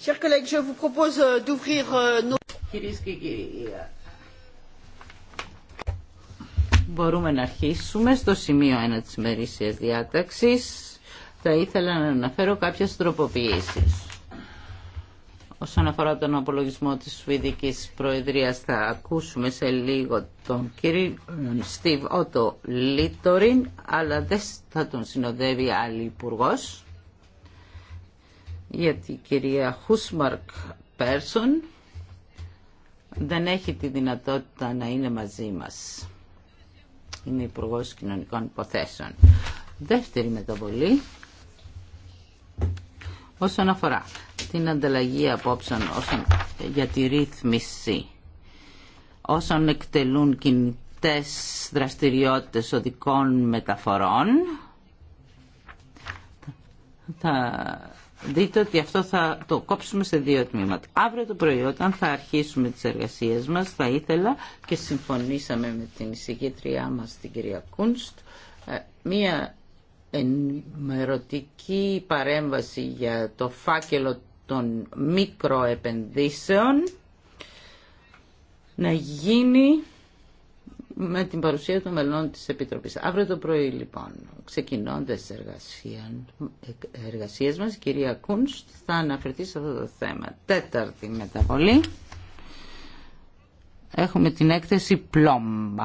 Chers collègues, je vous propose euh, euh, Μπορούμε να αρχίσουμε στο σημείο 1 της ημερήσιας διάταξης. Θα ήθελα να αναφέρω κάποιες τροποποιήσεις. Όσον αφορά τον απολογισμό της Σουηδικής Προεδρίας θα ακούσουμε σε λίγο τον κύριο Στίβ Ότο Λίτοριν, αλλά δεν θα τον συνοδεύει άλλη υπουργός γιατί την κυρία Χούσμαρκ Πέρσον δεν έχει τη δυνατότητα να είναι μαζί μας. Είναι υπουργό Κοινωνικών Υποθέσεων. Δεύτερη μεταβολή όσον αφορά την ανταλλαγή απόψεων όσον, για τη ρύθμιση όσων εκτελούν κινητές δραστηριότητες οδικών μεταφορών θα δείτε ότι αυτό θα το κόψουμε σε δύο τμήματα. Αύριο το πρωί όταν θα αρχίσουμε τις εργασίες μας θα ήθελα και συμφωνήσαμε με την εισηγήτριά μας την κυρία Κούνστ ε, μία ενημερωτική παρέμβαση για το φάκελο των μικροεπενδύσεων να γίνει με την παρουσία των μελών της Επιτροπής. Αύριο το πρωί λοιπόν, ξεκινώντας τις εργασίες μας, η κυρία Κούνστ θα αναφερθεί σε αυτό το θέμα. Τέταρτη μεταβολή. Έχουμε την έκθεση πλόμπα.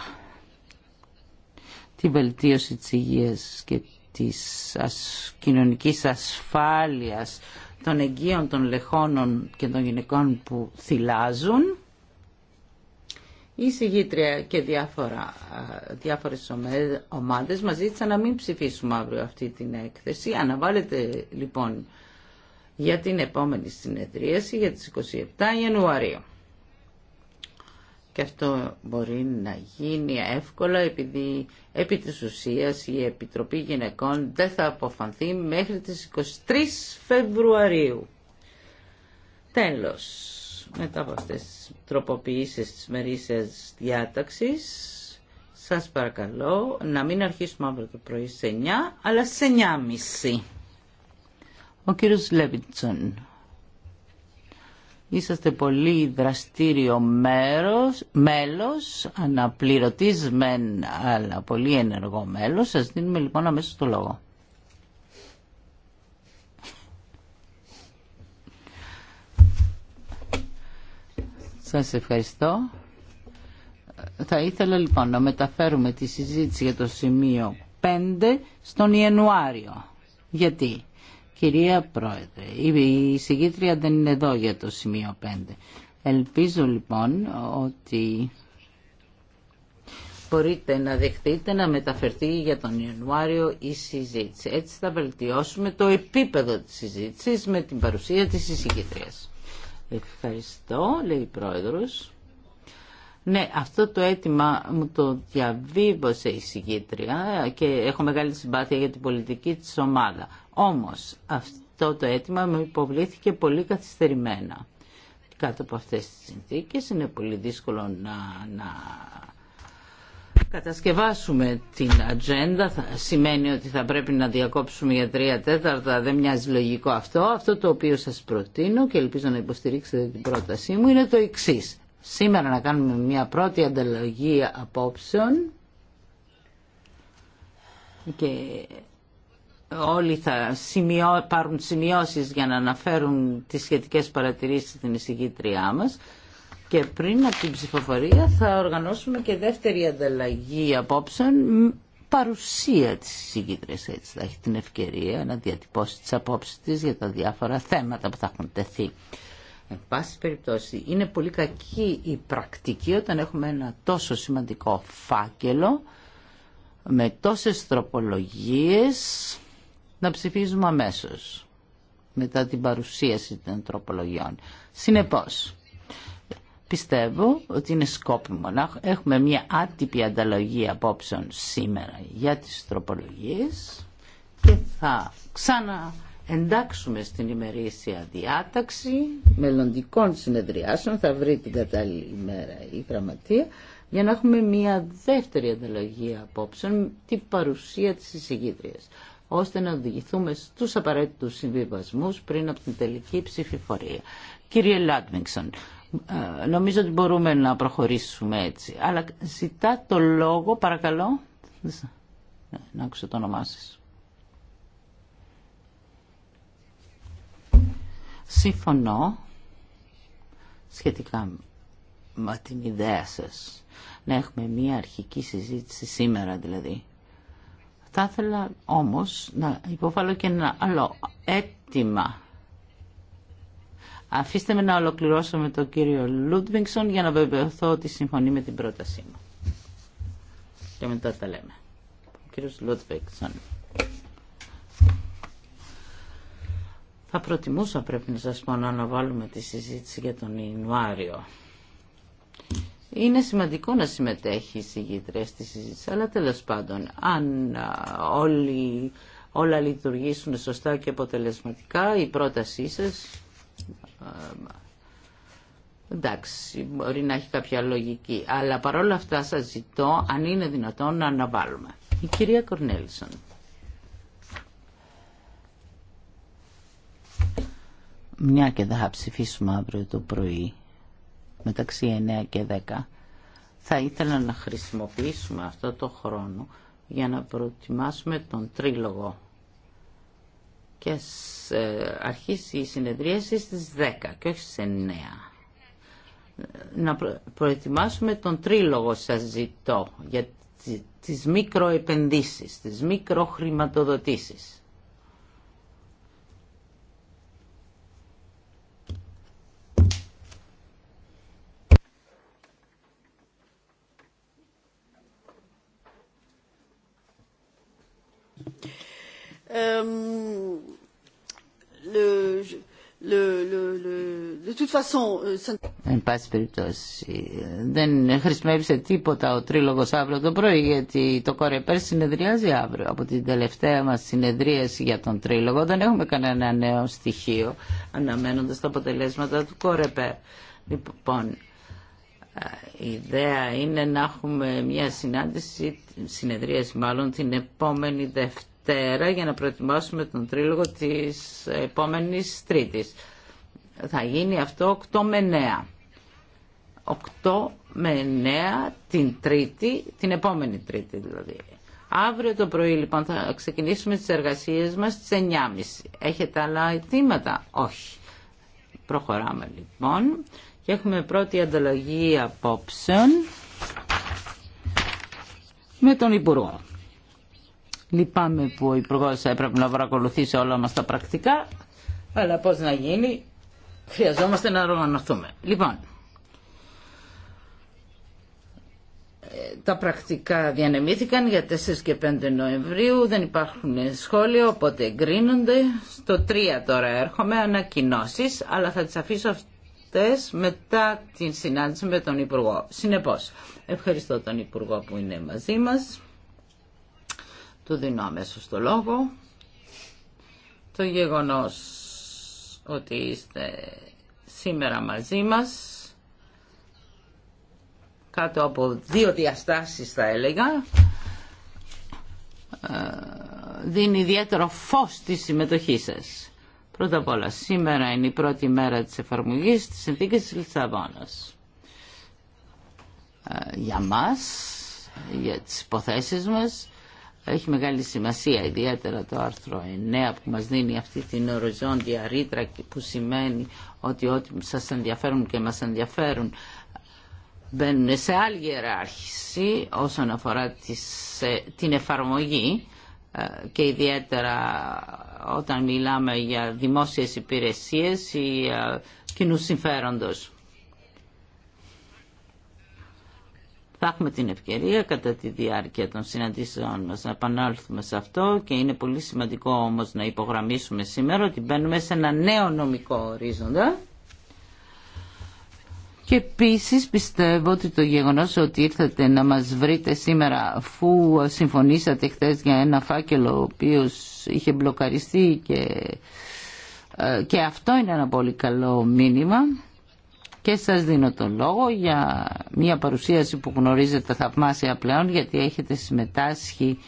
Τη βελτίωση της υγείας και της κοινωνικής ασφάλειας των εγγύων των λεχόνων και των γυναικών που θυλάζουν η συγγήτρια και διάφορα, διάφορες ομάδες μας ζήτησαν να μην ψηφίσουμε αύριο αυτή την έκθεση. Αναβάλλεται λοιπόν για την επόμενη συνεδρίαση για τις 27 Ιανουαρίου. Και αυτό μπορεί να γίνει εύκολα επειδή επί της ουσίας η Επιτροπή Γυναικών δεν θα αποφανθεί μέχρι τις 23 Φεβρουαρίου. Τέλος μετά από αυτές τις τροποποιήσεις της μερίσιας διάταξης, σας παρακαλώ να μην αρχίσουμε αύριο το πρωί σε 9, αλλά σε 9.30. Ο κύριος Λέβιτσον. Είσαστε πολύ δραστήριο μέρος, μέλος, αναπληρωτής μεν, αλλά πολύ ενεργό μέλος. Σας δίνουμε λοιπόν αμέσως το λόγο. Σας ευχαριστώ. Θα ήθελα λοιπόν να μεταφέρουμε τη συζήτηση για το σημείο 5 στον Ιανουάριο. Γιατί, κυρία Πρόεδρε, η συγκήτρια δεν είναι εδώ για το σημείο 5. Ελπίζω λοιπόν ότι μπορείτε να δεχτείτε να μεταφερθεί για τον Ιανουάριο η συζήτηση. Έτσι θα βελτιώσουμε το επίπεδο της συζήτησης με την παρουσία της συζήτητριας. Ευχαριστώ, λέει η Πρόεδρος. Ναι, αυτό το αίτημα μου το διαβίβωσε η συγκήτρια και έχω μεγάλη συμπάθεια για την πολιτική της ομάδα. Όμως, αυτό το αίτημα μου υποβλήθηκε πολύ καθυστερημένα. Κάτω από αυτές τις συνθήκες είναι πολύ δύσκολο να, να κατασκευάσουμε την ατζέντα σημαίνει ότι θα πρέπει να διακόψουμε για τρία τέταρτα δεν μοιάζει λογικό αυτό αυτό το οποίο σας προτείνω και ελπίζω να υποστηρίξετε την πρότασή μου είναι το εξή. σήμερα να κάνουμε μια πρώτη ανταλλαγή απόψεων και όλοι θα σημειώ, πάρουν σημειώσεις για να αναφέρουν τις σχετικές παρατηρήσεις στην εισηγήτριά μας και πριν από την ψηφοφορία θα οργανώσουμε και δεύτερη ανταλλαγή απόψεων παρουσία της συγκύτρες έτσι θα έχει την ευκαιρία να διατυπώσει τις απόψεις της για τα διάφορα θέματα που θα έχουν τεθεί. Εν πάση περιπτώσει είναι πολύ κακή η πρακτική όταν έχουμε ένα τόσο σημαντικό φάκελο με τόσες τροπολογίες να ψηφίζουμε αμέσως μετά την παρουσίαση των τροπολογιών. Συνεπώς, Πιστεύω ότι είναι σκόπιμο να έχουμε μια άτυπη ανταλλαγή απόψεων σήμερα για τις τροπολογίες και θα ξαναεντάξουμε στην ημερήσια διάταξη μελλοντικών συνεδριάσεων, θα βρει την κατάλληλη ημέρα η γραμματεία, για να έχουμε μια δεύτερη ανταλλαγή απόψεων, την παρουσία της εισηγήτριας, ώστε να οδηγηθούμε στους απαραίτητους συμβιβασμούς πριν από την τελική ψηφοφορία. Κύριε Λάτμιξον, ε, νομίζω ότι μπορούμε να προχωρήσουμε έτσι. Αλλά ζητά το λόγο, παρακαλώ. Να άκουσα το όνομά σας. Συμφωνώ σχετικά με την ιδέα σας να έχουμε μία αρχική συζήτηση σήμερα δηλαδή. Θα ήθελα όμως να υποβάλω και ένα άλλο αίτημα Αφήστε με να ολοκληρώσω με τον κύριο Λούντβινγκσον για να βεβαιωθώ ότι συμφωνεί με την πρότασή μου. Και μετά τα λέμε. Ο κύριος Λούντβινγκσον. Θα προτιμούσα πρέπει να σας πω να αναβάλουμε τη συζήτηση για τον Ιανουάριο. Είναι σημαντικό να συμμετέχει η συγγήτρια στη συζήτηση, αλλά τέλο πάντων, αν όλοι, όλα λειτουργήσουν σωστά και αποτελεσματικά, η πρότασή σας ε, εντάξει, μπορεί να έχει κάποια λογική. Αλλά παρόλα αυτά σας ζητώ, αν είναι δυνατόν, να αναβάλουμε. Η κυρία Κορνέλισον. Μια και δεν θα ψηφίσουμε αύριο το πρωί, μεταξύ 9 και 10, θα ήθελα να χρησιμοποιήσουμε αυτό το χρόνο για να προετοιμάσουμε τον τρίλογο και ε, αρχίσει η συνεδρίαση στις 10 και όχι στις 9. Να προετοιμάσουμε τον τρίλογο σας ζητώ για τις μικροεπενδύσεις, τις μικροχρηματοδοτήσεις. Εν πάση περιπτώσει, δεν χρησιμεύσε τίποτα ο Τρίλογος αύριο το πρωί, γιατί το Κορεπέρ συνεδριάζει αύριο. Από την τελευταία μας συνεδρίαση για τον Τρίλογο δεν έχουμε κανένα νέο στοιχείο, αναμένοντας τα αποτελέσματα του Κορεπέρ. Λοιπόν, ε, η ιδέα είναι να έχουμε μια συνάντηση, συνεδρίαση μάλλον, την επόμενη Δευτέρα Δευτέρα για να προετοιμάσουμε τον τρίλογο της επόμενης Τρίτης. Θα γίνει αυτό 8 με 9. 8 με 9 την Τρίτη, την επόμενη Τρίτη δηλαδή. Αύριο το πρωί λοιπόν θα ξεκινήσουμε τις εργασίες μας στις 9.30. Έχετε άλλα αιτήματα? Όχι. Προχωράμε λοιπόν και έχουμε πρώτη ανταλλαγή απόψεων με τον Υπουργό. Λυπάμαι που ο Υπουργό έπρεπε να παρακολουθήσει όλα μας τα πρακτικά, αλλά πώς να γίνει, χρειαζόμαστε να οργανωθούμε. Λοιπόν, ε, τα πρακτικά διανεμήθηκαν για 4 και 5 Νοεμβρίου, δεν υπάρχουν σχόλια, οπότε εγκρίνονται. Στο 3 τώρα έρχομαι, ανακοινώσει, αλλά θα τις αφήσω αυτές μετά την συνάντηση με τον Υπουργό. Συνεπώς, ευχαριστώ τον Υπουργό που είναι μαζί μας. Του δίνω αμέσω το λόγο. Το γεγονός ότι είστε σήμερα μαζί μας κάτω από δύο διαστάσεις θα έλεγα ε, δίνει ιδιαίτερο φως τη συμμετοχή σας. Πρώτα απ' όλα, σήμερα είναι η πρώτη μέρα της εφαρμογής της συνθήκης της Λισαβόνας. Ε, για μας, για τις υποθέσεις μας, έχει μεγάλη σημασία ιδιαίτερα το άρθρο 9 που μας δίνει αυτή την οριζόντια ρήτρα που σημαίνει ότι ό,τι σας ενδιαφέρουν και μας ενδιαφέρουν μπαίνουν σε άλλη ιεράρχηση όσον αφορά ε, την εφαρμογή ε, και ιδιαίτερα όταν μιλάμε για δημόσιες υπηρεσίες ή ε, κοινού συμφέροντος. Θα έχουμε την ευκαιρία κατά τη διάρκεια των συναντήσεών μας να επανέλθουμε σε αυτό και είναι πολύ σημαντικό όμως να υπογραμμίσουμε σήμερα ότι μπαίνουμε σε ένα νέο νομικό ορίζοντα και επίση πιστεύω ότι το γεγονός ότι ήρθατε να μας βρείτε σήμερα αφού συμφωνήσατε χθε για ένα φάκελο ο οποίο είχε μπλοκαριστεί και, ε, και αυτό είναι ένα πολύ καλό μήνυμα και σας δίνω τον λόγο για μια παρουσίαση που γνωρίζετε θαυμάσια πλέον γιατί έχετε συμμετάσχει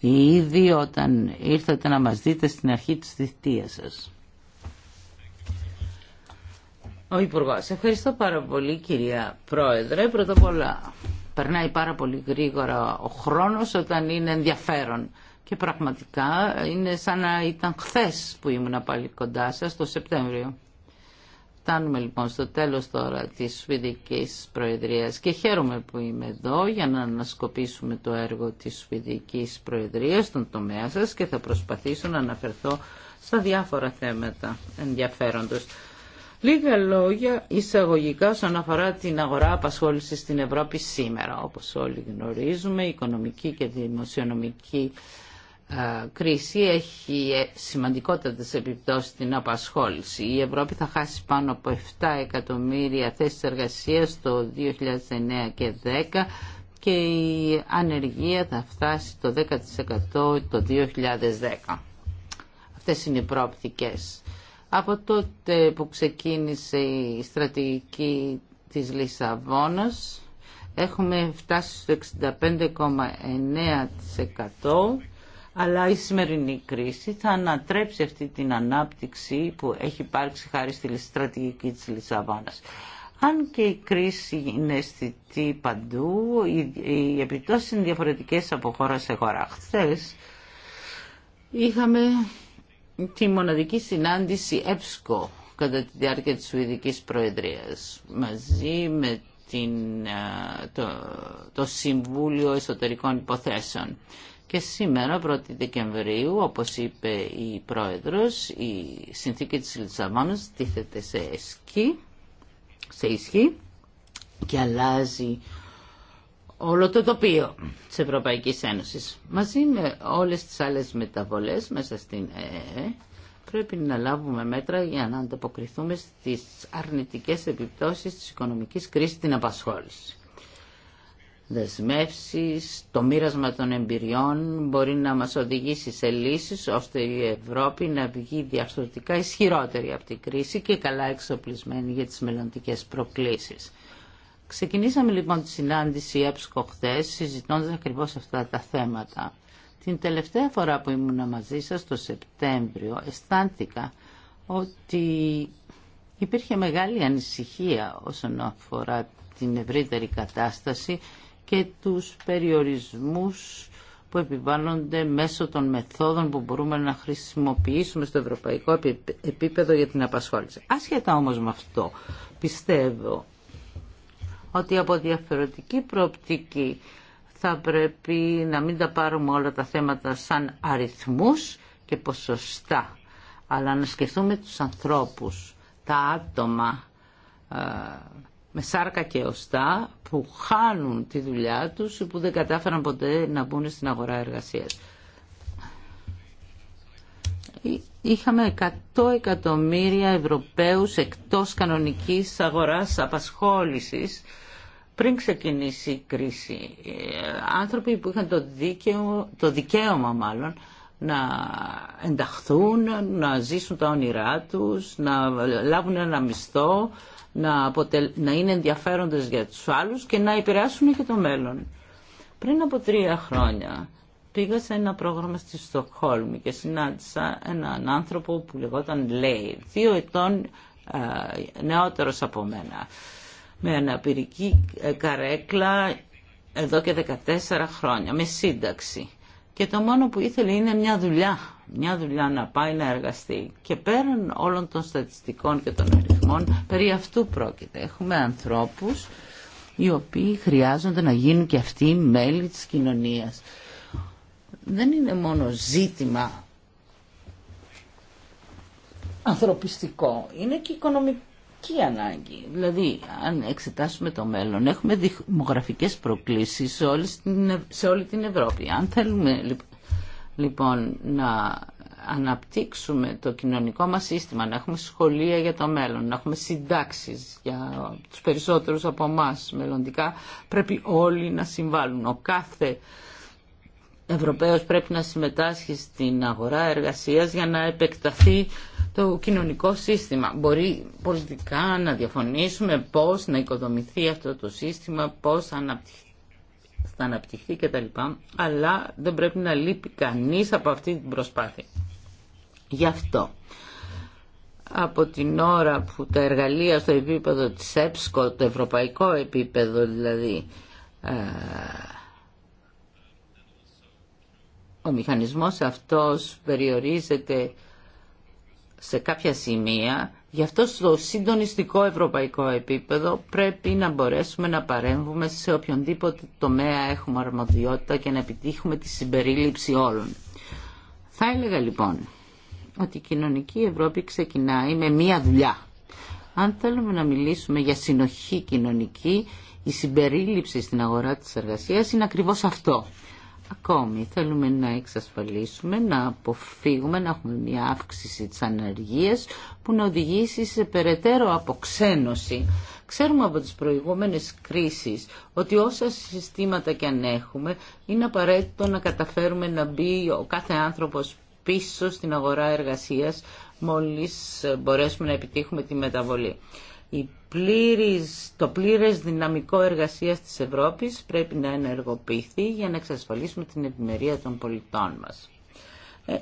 ήδη όταν ήρθατε να μας δείτε στην αρχή της θητείας σας. Ο υπουργό. Ευχαριστώ πάρα πολύ κυρία Πρόεδρε. Πρώτα απ' όλα περνάει πάρα πολύ γρήγορα ο χρόνος όταν είναι ενδιαφέρον. Και πραγματικά είναι σαν να ήταν χθες που ήμουν πάλι κοντά σας το Σεπτέμβριο. Φτάνουμε λοιπόν στο τέλος τώρα της Σουηδικής Προεδρίας και χαίρομαι που είμαι εδώ για να ανασκοπήσουμε το έργο της Σουηδικής Προεδρίας στον τομέα σας και θα προσπαθήσω να αναφερθώ στα διάφορα θέματα ενδιαφέροντος. Λίγα λόγια εισαγωγικά όσον αφορά την αγορά απασχόλησης στην Ευρώπη σήμερα. Όπως όλοι γνωρίζουμε, η οικονομική και δημοσιονομική ε, κρίση έχει ε, σημαντικότατες επιπτώσεις στην απασχόληση. Η Ευρώπη θα χάσει πάνω από 7 εκατομμύρια θέσεις εργασίας το 2009 και 10 και η ανεργία θα φτάσει το 10% το 2010. Αυτές είναι οι προοπτικές. Από τότε που ξεκίνησε η στρατηγική της Λισαβόνας έχουμε φτάσει στο 65,9% αλλά η σημερινή κρίση θα ανατρέψει αυτή την ανάπτυξη που έχει υπάρξει χάρη στη στρατηγική της Λισαβάνας. Αν και η κρίση είναι αισθητή παντού, οι επιπτώσεις είναι διαφορετικές από χώρα σε χώρα. Χθε είχαμε τη μοναδική συνάντηση ΕΠΣΚΟ κατά τη διάρκεια της Σουηδικής Προεδρίας μαζί με την, ε, το, το Συμβούλιο Εσωτερικών Υποθέσεων. Και σήμερα, 1η Δεκεμβρίου, όπως είπε η Πρόεδρος, η συνθήκη της Λισαβόνας τίθεται σε, σε ισχύ και αλλάζει όλο το τοπίο της Ευρωπαϊκής Ένωσης. Μαζί με όλες τις άλλες μεταβολές μέσα στην ΕΕ, πρέπει να λάβουμε μέτρα για να ανταποκριθούμε στις αρνητικές επιπτώσεις της οικονομικής κρίσης στην απασχόληση δεσμεύσεις, το μοίρασμα των εμπειριών μπορεί να μας οδηγήσει σε λύσεις ώστε η Ευρώπη να βγει διαρθρωτικά ισχυρότερη από την κρίση και καλά εξοπλισμένη για τις μελλοντικές προκλήσεις. Ξεκινήσαμε λοιπόν τη συνάντηση έψκο χθε συζητώντας ακριβώς αυτά τα θέματα. Την τελευταία φορά που ήμουν μαζί σας το Σεπτέμβριο αισθάνθηκα ότι υπήρχε μεγάλη ανησυχία όσον αφορά την ευρύτερη κατάσταση και τους περιορισμούς που επιβάλλονται μέσω των μεθόδων που μπορούμε να χρησιμοποιήσουμε στο ευρωπαϊκό επίπεδο για την απασχόληση. Άσχετα όμως με αυτό, πιστεύω ότι από διαφορετική προοπτική θα πρέπει να μην τα πάρουμε όλα τα θέματα σαν αριθμούς και ποσοστά, αλλά να σκεφτούμε τους ανθρώπους, τα άτομα, ε, με σάρκα και οστά που χάνουν τη δουλειά τους ή που δεν κατάφεραν ποτέ να μπουν στην αγορά εργασίας. Ε, είχαμε 100 εκατομμύρια Ευρωπαίους εκτός κανονικής αγοράς απασχόλησης πριν ξεκινήσει η κρίση. Ε, άνθρωποι που είχαν το, δίκαιο, το δικαίωμα μάλλον να ενταχθούν, να ζήσουν τα όνειρά τους, να λάβουν ένα μισθό, να, να είναι ενδιαφέροντες για τους άλλους και να επηρεάσουν και το μέλλον. Πριν από τρία χρόνια πήγα σε ένα πρόγραμμα στη Στοκχόλμη και συνάντησα έναν άνθρωπο που λεγόταν Λέι, δύο ετών νεότερος από μένα, με αναπηρική καρέκλα εδώ και 14 χρόνια, με σύνταξη και το μόνο που ήθελε είναι μια δουλειά, μια δουλειά να πάει να εργαστεί. Και πέραν όλων των στατιστικών και των αριθμών, περί αυτού πρόκειται. Έχουμε ανθρώπους οι οποίοι χρειάζονται να γίνουν και αυτοί μέλη της κοινωνίας. Δεν είναι μόνο ζήτημα ανθρωπιστικό, είναι και οικονομικό ανάγκη. Δηλαδή, αν εξετάσουμε το μέλλον, έχουμε δημογραφικέ προκλήσεις σε όλη, την, σε όλη Ευρώπη. Αν θέλουμε λοιπόν να αναπτύξουμε το κοινωνικό μας σύστημα, να έχουμε σχολεία για το μέλλον, να έχουμε συντάξεις για τους περισσότερους από εμά μελλοντικά, πρέπει όλοι να συμβάλλουν. Ο κάθε Ευρωπαίος πρέπει να συμμετάσχει στην αγορά εργασίας για να επεκταθεί το κοινωνικό σύστημα. Μπορεί πολιτικά να διαφωνήσουμε πώς να οικοδομηθεί αυτό το σύστημα, πώς θα αναπτυχθεί κτλ. Αλλά δεν πρέπει να λείπει κανείς από αυτή την προσπάθεια. Γι' αυτό από την ώρα που τα εργαλεία στο επίπεδο της ΕΠΣΚΟ, το ευρωπαϊκό επίπεδο δηλαδή, ε, ο μηχανισμός αυτός περιορίζεται σε κάποια σημεία, γι' αυτό στο συντονιστικό ευρωπαϊκό επίπεδο πρέπει να μπορέσουμε να παρέμβουμε σε οποιονδήποτε τομέα έχουμε αρμοδιότητα και να επιτύχουμε τη συμπερίληψη όλων. Θα έλεγα λοιπόν ότι η κοινωνική Ευρώπη ξεκινάει με μία δουλειά. Αν θέλουμε να μιλήσουμε για συνοχή κοινωνική, η συμπερίληψη στην αγορά της εργασίας είναι ακριβώς αυτό. Ακόμη θέλουμε να εξασφαλίσουμε, να αποφύγουμε, να έχουμε μια αύξηση της ανεργίας που να οδηγήσει σε περαιτέρω αποξένωση. Ξέρουμε από τις προηγούμενες κρίσεις ότι όσα συστήματα και αν έχουμε είναι απαραίτητο να καταφέρουμε να μπει ο κάθε άνθρωπος πίσω στην αγορά εργασίας μόλις μπορέσουμε να επιτύχουμε τη μεταβολή πλήρης, το πλήρες δυναμικό εργασίας της Ευρώπης πρέπει να ενεργοποιηθεί για να εξασφαλίσουμε την επιμερία των πολιτών μας. Ε,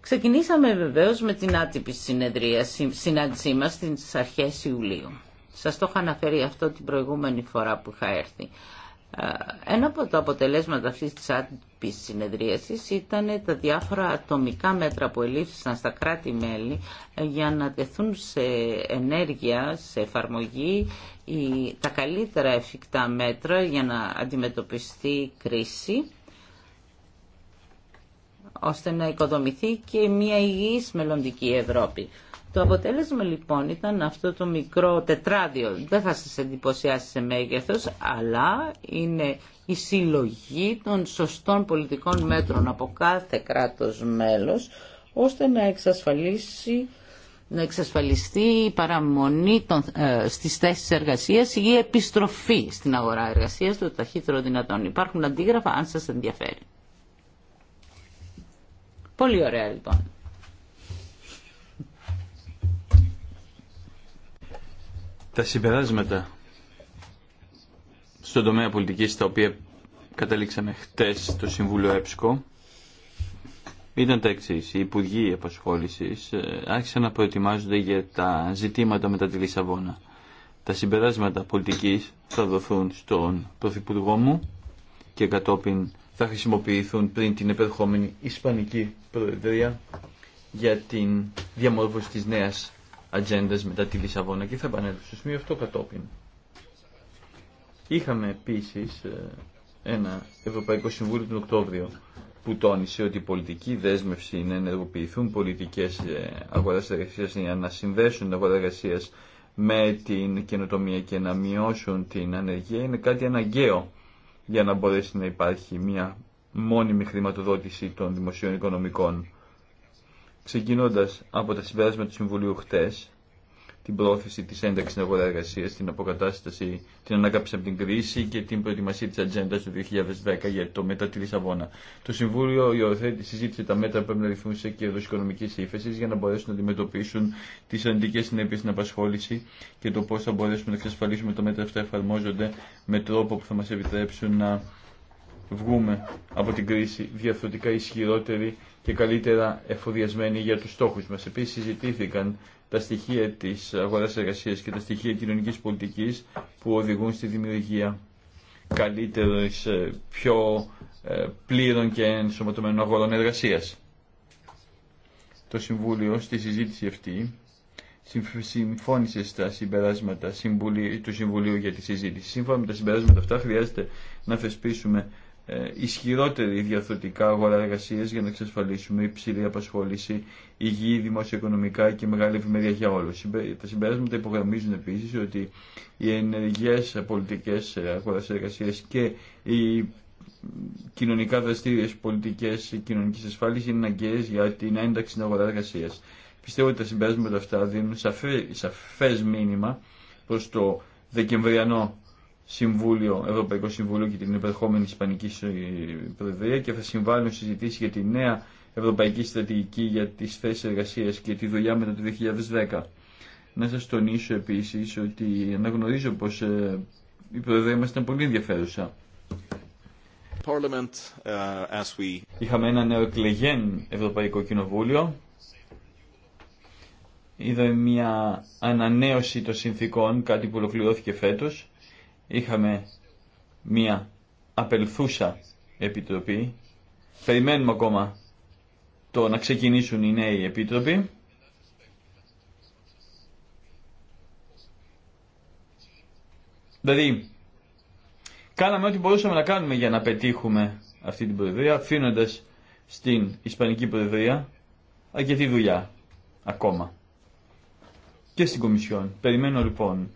ξεκινήσαμε βεβαίως με την άτυπη συνεδρία, συνάντησή μας στις αρχές Ιουλίου. Σας το είχα αναφέρει αυτό την προηγούμενη φορά που είχα έρθει. Ε, ένα από τα αποτελέσματα αυτής της άτυπης συνεδρίασης ήταν τα διάφορα ατομικά μέτρα που ελήφθησαν στα κράτη-μέλη ε, για να τεθούν σε ενέργεια, σε εφαρμογή τα καλύτερα εφικτά μέτρα για να αντιμετωπιστεί κρίση ώστε να οικοδομηθεί και μια υγιής μελλοντική Ευρώπη. Το αποτέλεσμα λοιπόν ήταν αυτό το μικρό τετράδιο. Δεν θα σας εντυπωσιάσει σε μέγεθος, αλλά είναι η συλλογή των σωστών πολιτικών μέτρων από κάθε κράτος μέλος, ώστε να εξασφαλίσει να εξασφαλιστεί η παραμονή των, ε, στις θέσεις εργασίας ή η επιστροφή στην αγορά εργασίας το ταχύτερο δυνατόν. Υπάρχουν αντίγραφα αν σας ενδιαφέρει. Πολύ ωραία λοιπόν. Τα συμπεράσματα στον τομέα πολιτικής τα οποία καταλήξαμε χτες στο Συμβούλιο ΕΠΣΚΟ ήταν τα εξή. Οι Υπουργοί Επασχόληση ε, άρχισαν να προετοιμάζονται για τα ζητήματα μετά τη Λισαβόνα. Τα συμπεράσματα πολιτική θα δοθούν στον Πρωθυπουργό μου και κατόπιν θα χρησιμοποιηθούν πριν την επερχόμενη Ισπανική Προεδρία για την διαμόρφωση της νέας ατζέντε μετά τη Λισαβόνα και θα επανέλθω στο σημείο αυτό κατόπιν. Είχαμε επίση ε, ένα Ευρωπαϊκό Συμβούλιο τον Οκτώβριο που τόνισε ότι η πολιτική δέσμευση να ενεργοποιηθούν πολιτικέ ε, αγορά εργασία για να συνδέσουν την αγορά εργασία με την καινοτομία και να μειώσουν την ανεργία είναι κάτι αναγκαίο για να μπορέσει να υπάρχει μια μόνιμη χρηματοδότηση των δημοσίων οικονομικών Ξεκινώντας από τα συμπέρασμα του Συμβουλίου χτες, την πρόθεση της ένταξης στην αγορά εργασία, την αποκατάσταση, την ανάκαμψη από την κρίση και την προετοιμασία της ατζέντα του 2010 για το μετά τη Λισαβόνα. Το Συμβούλιο συζήτησε τα μέτρα που πρέπει να ρυθμούν σε κερδός οικονομική ύφεση για να μπορέσουν να αντιμετωπίσουν τι αρνητικέ συνέπειε στην απασχόληση και το πώ θα μπορέσουμε να εξασφαλίσουμε τα μέτρα αυτά εφαρμόζονται με τρόπο που θα μα επιτρέψουν να βγούμε από την κρίση διαφορετικά ισχυρότερη και καλύτερα εφοδιασμένοι για τους στόχους μας. Επίσης συζητήθηκαν τα στοιχεία της αγοράς εργασίας και τα στοιχεία κοινωνικής πολιτικής που οδηγούν στη δημιουργία καλύτερης, ε, πιο ε, πλήρων και ενσωματωμένων αγορών εργασίας. Το Συμβούλιο στη συζήτηση αυτή συμφώνησε στα συμπεράσματα του Συμβουλίου για τη συζήτηση. Σύμφωνα με τα συμπεράσματα αυτά χρειάζεται να θεσπίσουμε ε, ισχυρότερη διαθωτικά αγορά εργασία για να εξασφαλίσουμε υψηλή απασχόληση, υγιή δημοσιοοικονομικά και μεγάλη ευημερία για όλου. Τα συμπεράσματα υπογραμμίζουν επίση ότι οι ενεργέ πολιτικέ αγορά εργασία και οι κοινωνικά δραστήριε πολιτικέ κοινωνική ασφάλιση είναι αναγκαίε για την ένταξη στην αγορά εργασία. Πιστεύω ότι τα συμπεράσματα αυτά δίνουν σαφέ μήνυμα προ το δεκεμβριανό Συμβούλιο, Ευρωπαϊκό Συμβούλιο και την επερχόμενη Ισπανική Προεδρία και θα συμβάλλουν συζητήσει για τη νέα Ευρωπαϊκή Στρατηγική για τι θέσει εργασία και τη δουλειά μετά το 2010. Να σα τονίσω επίση ότι αναγνωρίζω πω ε, η Προεδρία μα ήταν πολύ ενδιαφέρουσα. Ε, Είχαμε ένα εκλεγέν Ευρωπαϊκό Κοινοβούλιο. Είδαμε μια ανανέωση των συνθήκων, κάτι που ολοκληρώθηκε φέτος είχαμε μία απελθούσα επιτροπή. Περιμένουμε ακόμα το να ξεκινήσουν οι νέοι επίτροποι. Δηλαδή, κάναμε ό,τι μπορούσαμε να κάνουμε για να πετύχουμε αυτή την Προεδρία, αφήνοντα στην Ισπανική Προεδρία αρκετή δουλειά ακόμα. Και στην Κομισιόν. Περιμένω λοιπόν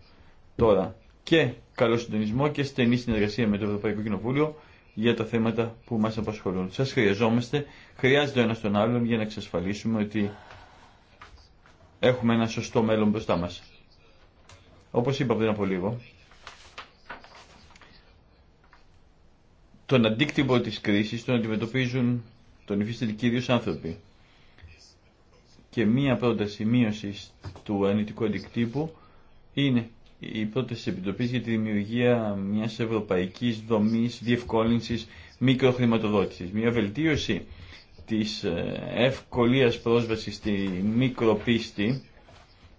τώρα και καλό συντονισμό και στενή συνεργασία με το Ευρωπαϊκό Κοινοβούλιο για τα θέματα που μας απασχολούν. Σας χρειαζόμαστε, χρειάζεται ο ένας τον άλλον για να εξασφαλίσουμε ότι έχουμε ένα σωστό μέλλον μπροστά μας. Όπως είπα πριν από λίγο, τον αντίκτυπο της κρίσης τον αντιμετωπίζουν τον υφίσταται κυρίως άνθρωποι. Και μία πρόταση μείωση του αρνητικού αντικτύπου είναι η πρόταση της για τη δημιουργία μιας ευρωπαϊκής δομή διευκόλυνση μικροχρηματοδότηση. Μια βελτίωση της ε, ευκολία πρόσβασης στη μικροπίστη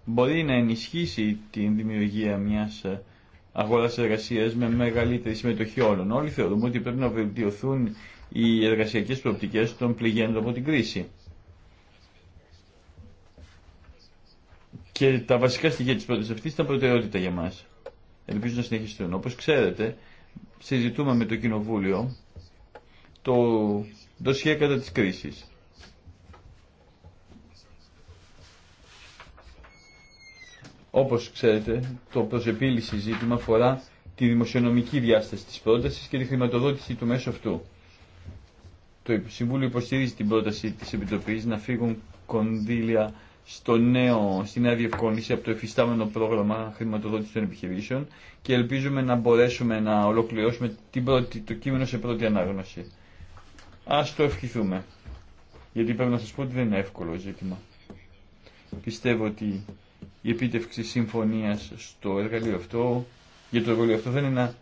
μπορεί να ενισχύσει την δημιουργία μιας ε, αγορά εργασία με μεγαλύτερη συμμετοχή όλων. Όλοι θεωρούμε ότι πρέπει να βελτιωθούν οι εργασιακές προοπτικές των πληγέντων από την κρίση. Και τα βασικά στοιχεία τη πρόταση αυτή ήταν προτεραιότητα για μα. Ελπίζω να συνεχιστούν. Όπω ξέρετε, συζητούμε με το Κοινοβούλιο το δοσιέ κατά τη κρίση. Όπως ξέρετε, το προσεπίληση ζήτημα αφορά τη δημοσιονομική διάσταση της πρότασης και τη χρηματοδότηση του μέσου αυτού. Το Συμβούλιο υποστηρίζει την πρόταση της Επιτροπής να φύγουν κονδύλια στο νέο, στη νέα διευκόλυνση από το εφιστάμενο πρόγραμμα χρηματοδότηση των επιχειρήσεων και ελπίζουμε να μπορέσουμε να ολοκληρώσουμε την πρώτη, το κείμενο σε πρώτη ανάγνωση. Α το ευχηθούμε. Γιατί πρέπει να σας πω ότι δεν είναι εύκολο ζήτημα. Πιστεύω ότι η επίτευξη συμφωνία στο εργαλείο αυτό, για το εργαλείο αυτό δεν είναι ένα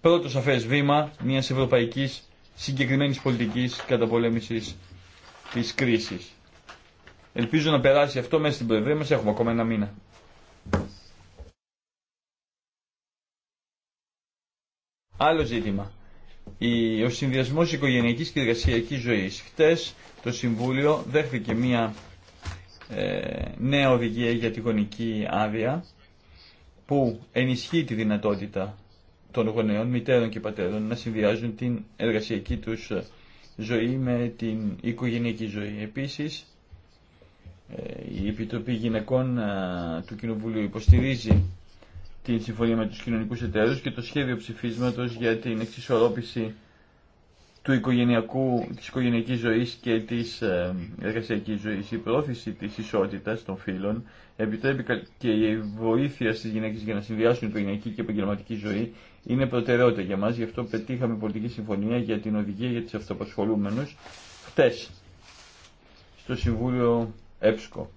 πρώτο σαφέ βήμα μια Ευρωπαϊκή συγκεκριμένη πολιτική καταπολέμησης τη κρίση. Ελπίζω να περάσει αυτό μέσα στην Προεδρία μας. Έχουμε ακόμα ένα μήνα. Άλλο ζήτημα. Ο συνδυασμός οικογενειακής και εργασιακής ζωής. Χτες το Συμβούλιο δέχθηκε μια ε, νέα οδηγία για τη γονική άδεια που ενισχύει τη δυνατότητα των γονέων, μητέρων και πατέρων να συνδυάζουν την εργασιακή τους ζωή με την οικογενειακή ζωή. Επίσης, ε, η Επιτροπή Γυναικών ε, του Κοινοβουλίου υποστηρίζει την συμφωνία με τους κοινωνικούς εταίρους και το σχέδιο ψηφίσματος για την εξισορρόπηση του οικογενειακού, της οικογενειακής ζωής και της ε, εργασιακής ζωής. Η πρόθεση της ισότητας των φύλων επιτρέπει και η βοήθεια στις γυναίκες για να συνδυάσουν οικογενειακή και επαγγελματική ζωή είναι προτεραιότητα για μας, γι' αυτό πετύχαμε πολιτική συμφωνία για την οδηγία για τις αυτοπασχολούμενους χτες στο Συμβούλιο έψκο.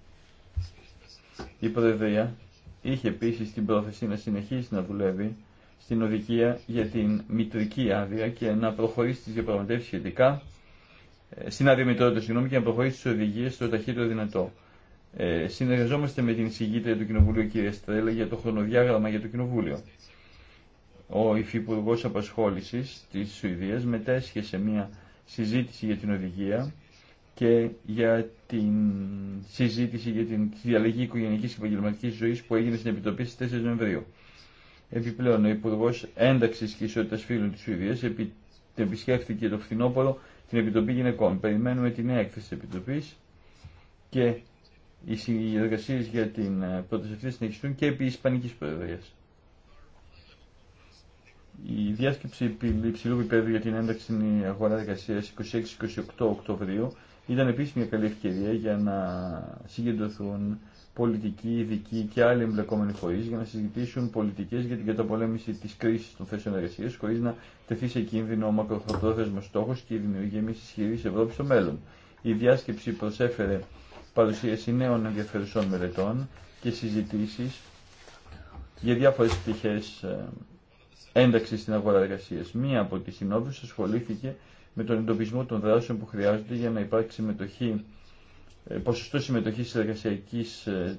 Η Προεδρία είχε επίση την πρόθεση να συνεχίσει να δουλεύει στην οδηγία για την μητρική άδεια και να προχωρήσει τι διαπραγματεύσει σχετικά ε, στην άδεια μητρότητα, συγγνώμη, και να προχωρήσει τι οδηγίε στο ταχύτερο δυνατό. Ε, συνεργαζόμαστε με την εισηγήτρια του Κοινοβουλίου, κυρία Στρέλα, για το χρονοδιάγραμμα για το Κοινοβούλιο. Ο Υφυπουργό Απασχόληση τη Σουηδία μετέσχε σε μια συζήτηση για την οδηγία και για την συζήτηση για την διαλογή οικογενειακής και επαγγελματική ζωή που έγινε στην Επιτροπή στι 4 Νοεμβρίου. Επιπλέον, ο Υπουργό Ένταξη και Ισότητα Φίλων τη Σουηδία επισκέφθηκε το φθινόπωρο την Επιτροπή Γυναικών. Περιμένουμε τη νέα έκθεση τη Επιτροπή και οι συνεργασίε για την πρόταση αυτή συνεχιστούν και επί Ισπανική Προεδρία. Η διάσκεψη υψηλού επίπεδου για την ένταξη στην αγορά εργασία 26-28 Οκτωβρίου ήταν επίση μια καλή ευκαιρία για να συγκεντρωθούν πολιτικοί, ειδικοί και άλλοι εμπλεκόμενοι φορεί για να συζητήσουν πολιτικέ για την καταπολέμηση τη κρίση των θέσεων εργασία, χωρί να τεθεί σε κίνδυνο ο μακροπρόθεσμο στόχο και η δημιουργία μια ισχυρή Ευρώπη στο μέλλον. Η διάσκεψη προσέφερε παρουσίαση νέων ενδιαφερουσών μελετών και συζητήσει για διάφορε πτυχέ ε, ένταξη στην αγορά εργασία. Μία από τι συνόδου ασχολήθηκε με τον εντοπισμό των δράσεων που χρειάζονται για να υπάρξει συμμετοχή, ε, ποσοστό συμμετοχή ε,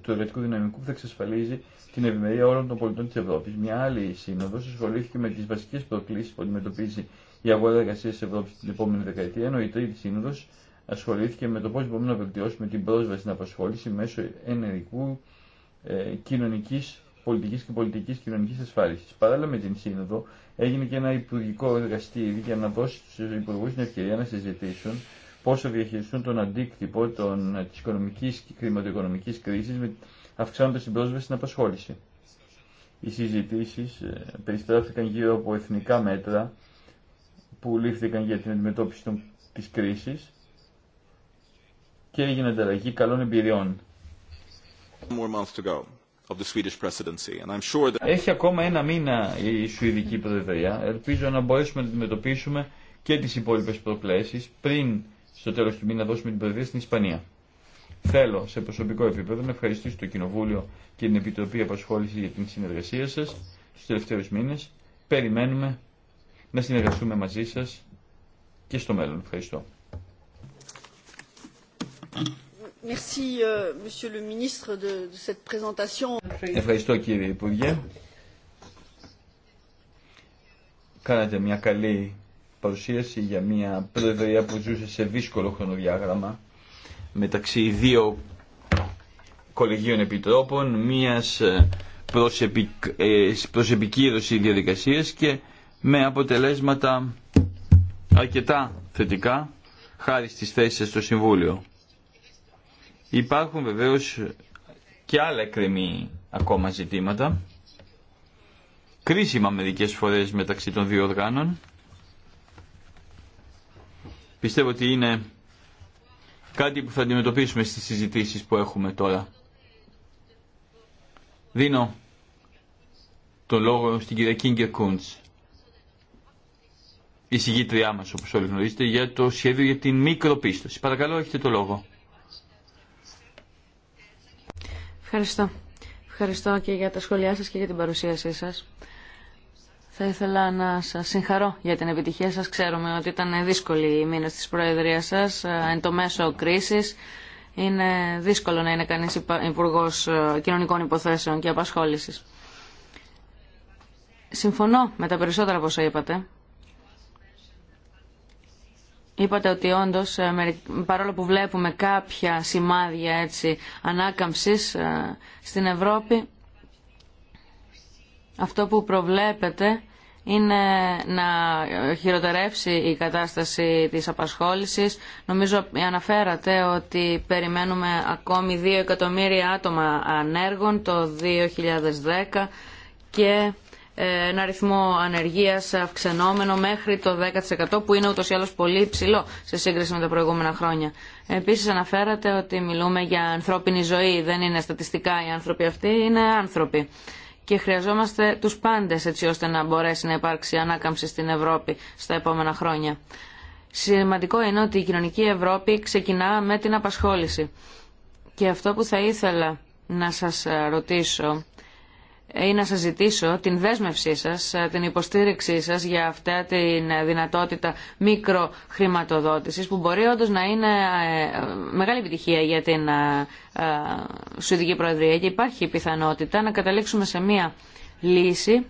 του εργατικού δυναμικού που θα εξασφαλίζει την ευημερία όλων των πολιτών τη Ευρώπη. Μια άλλη σύνοδο ασχολήθηκε με τι βασικέ προκλήσει που αντιμετωπίζει η αγορά εργασία τη Ευρώπη την επόμενη δεκαετία, ενώ η τρίτη σύνοδο ασχολήθηκε με το πώ μπορούμε να βελτιώσουμε την πρόσβαση στην απασχόληση μέσω ενεργικού ε, κοινωνική πολιτική και πολιτική κοινωνική ασφάλιση. Παράλληλα με την σύνοδο, έγινε και ένα υπουργικό εργαστήρι για να δώσει στους υπουργούς την ευκαιρία να συζητήσουν πόσο θα διαχειριστούν τον αντίκτυπο των, της οικονομικής και κλιματοοικονομικής κρίσης με, αυξάνοντας την πρόσβαση στην απασχόληση. Οι συζητήσεις ε, περιστράφηκαν γύρω από εθνικά μέτρα που λήφθηκαν για την αντιμετώπιση των, της κρίσης και έγινε ανταλλαγή καλών εμπειριών of the Swedish presidency. And I'm sure that... Έχει ακόμα ένα μήνα η Σουηδική Προεδρία. Ελπίζω να μπορέσουμε να αντιμετωπίσουμε και τις υπόλοιπες προκλήσεις πριν στο τέλος του μήνα δώσουμε την Προεδρία στην Ισπανία. Θέλω σε προσωπικό επίπεδο να ευχαριστήσω το Κοινοβούλιο και την Επιτροπή Απασχόληση για την συνεργασία σας στους τελευταίους μήνες. Περιμένουμε να συνεργαστούμε μαζί σας και στο μέλλον. Ευχαριστώ. Euh, Ευχαριστώ κύριε Υπουργέ. Κάνατε μια καλή παρουσίαση για μια προεδρία που ζούσε σε δύσκολο χρονοδιάγραμμα μεταξύ δύο κολεγίων επιτρόπων, μιας ε, προσεπικ... διαδικασία ε, διαδικασίας και με αποτελέσματα αρκετά θετικά χάρη στις θέσεις στο Συμβούλιο. Υπάρχουν βεβαίως και άλλα εκκρεμή ακόμα ζητήματα, κρίσιμα μερικές φορές μεταξύ των δύο οργάνων. Πιστεύω ότι είναι κάτι που θα αντιμετωπίσουμε στις συζητήσεις που έχουμε τώρα. Δίνω το λόγο στην κυρία Κίνγκερ Κούντς, η συγγήτριά μας όπως όλοι γνωρίζετε, για το σχέδιο για την μικροπίστωση. Παρακαλώ έχετε το λόγο. Ευχαριστώ. Ευχαριστώ και για τα σχόλιά σας και για την παρουσίασή σας. Θα ήθελα να σας συγχαρώ για την επιτυχία σας. Ξέρουμε ότι ήταν δύσκολη η μήνες της Προεδρίας σας, ε, εν το μέσο κρίσης. Είναι δύσκολο να είναι κανείς υπουργό ε, Κοινωνικών Υποθέσεων και Απασχόλησης. Συμφωνώ με τα περισσότερα από όσα είπατε. Είπατε ότι όντω, ε, παρόλο που βλέπουμε κάποια σημάδια έτσι ανάκαμψης ε, στην Ευρώπη αυτό που προβλέπετε είναι να χειροτερεύσει η κατάσταση της απασχόλησης. Νομίζω αναφέρατε ότι περιμένουμε ακόμη 2 εκατομμύρια άτομα ανέργων το 2010 και ένα ρυθμό ανεργίας αυξανόμενο μέχρι το 10% που είναι ούτως ή άλλως πολύ ψηλό σε σύγκριση με τα προηγούμενα χρόνια. Επίσης αναφέρατε ότι μιλούμε για ανθρώπινη ζωή, δεν είναι στατιστικά οι άνθρωποι αυτοί, είναι άνθρωποι. Και χρειαζόμαστε τους πάντες έτσι ώστε να μπορέσει να υπάρξει ανάκαμψη στην Ευρώπη στα επόμενα χρόνια. Σημαντικό είναι ότι η κοινωνική Ευρώπη ξεκινά με την απασχόληση. Και αυτό που θα ήθελα να σας ρωτήσω ή να σας ζητήσω την δέσμευσή σας, την υποστήριξή σας για αυτά τη δυνατότητα μικροχρηματοδότησης που μπορεί όντως να είναι ε, μεγάλη επιτυχία για την ε, ε, Σουηδική Προεδρία και υπάρχει πιθανότητα να καταλήξουμε σε μία λύση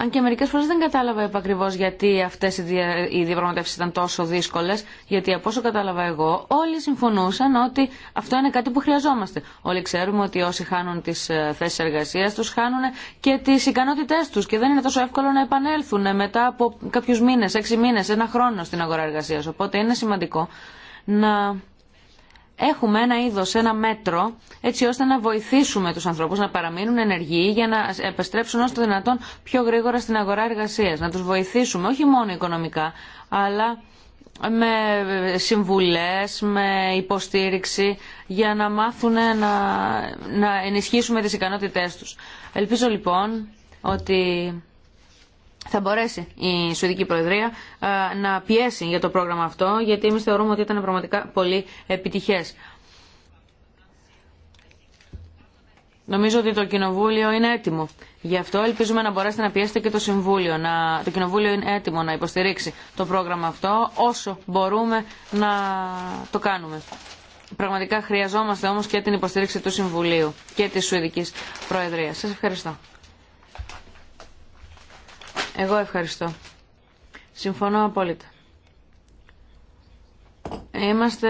αν και μερικέ φορέ δεν κατάλαβα ακριβώ γιατί αυτέ οι, δια... οι διαπραγματεύσει ήταν τόσο δύσκολε, γιατί από όσο κατάλαβα εγώ, όλοι συμφωνούσαν ότι αυτό είναι κάτι που χρειαζόμαστε. Όλοι ξέρουμε ότι όσοι χάνουν τι ε, θέσει εργασία του, χάνουν και τι ικανότητέ του και δεν είναι τόσο εύκολο να επανέλθουν μετά από κάποιου μήνε, έξι μήνε, ένα χρόνο στην αγορά εργασία. Οπότε είναι σημαντικό να έχουμε ένα είδος, ένα μέτρο, έτσι ώστε να βοηθήσουμε τους ανθρώπους να παραμείνουν ενεργοί για να επιστρέψουν όσο το δυνατόν πιο γρήγορα στην αγορά εργασίας. Να τους βοηθήσουμε όχι μόνο οικονομικά, αλλά με συμβουλές, με υποστήριξη για να μάθουν να, να ενισχύσουμε τις ικανότητές τους. Ελπίζω λοιπόν ότι θα μπορέσει η Σουηδική Προεδρία ε, να πιέσει για το πρόγραμμα αυτό, γιατί εμείς θεωρούμε ότι ήταν πραγματικά πολύ επιτυχές. Νομίζω ότι το Κοινοβούλιο είναι έτοιμο. Γι' αυτό ελπίζουμε να μπορέσετε να πιέσετε και το Συμβούλιο. Να... Το Κοινοβούλιο είναι έτοιμο να υποστηρίξει το πρόγραμμα αυτό όσο μπορούμε να το κάνουμε. Πραγματικά χρειαζόμαστε όμως και την υποστήριξη του Συμβουλίου και της Σουηδικής Προεδρίας. Σας ευχαριστώ. Εγώ ευχαριστώ. Συμφωνώ απόλυτα. Είμαστε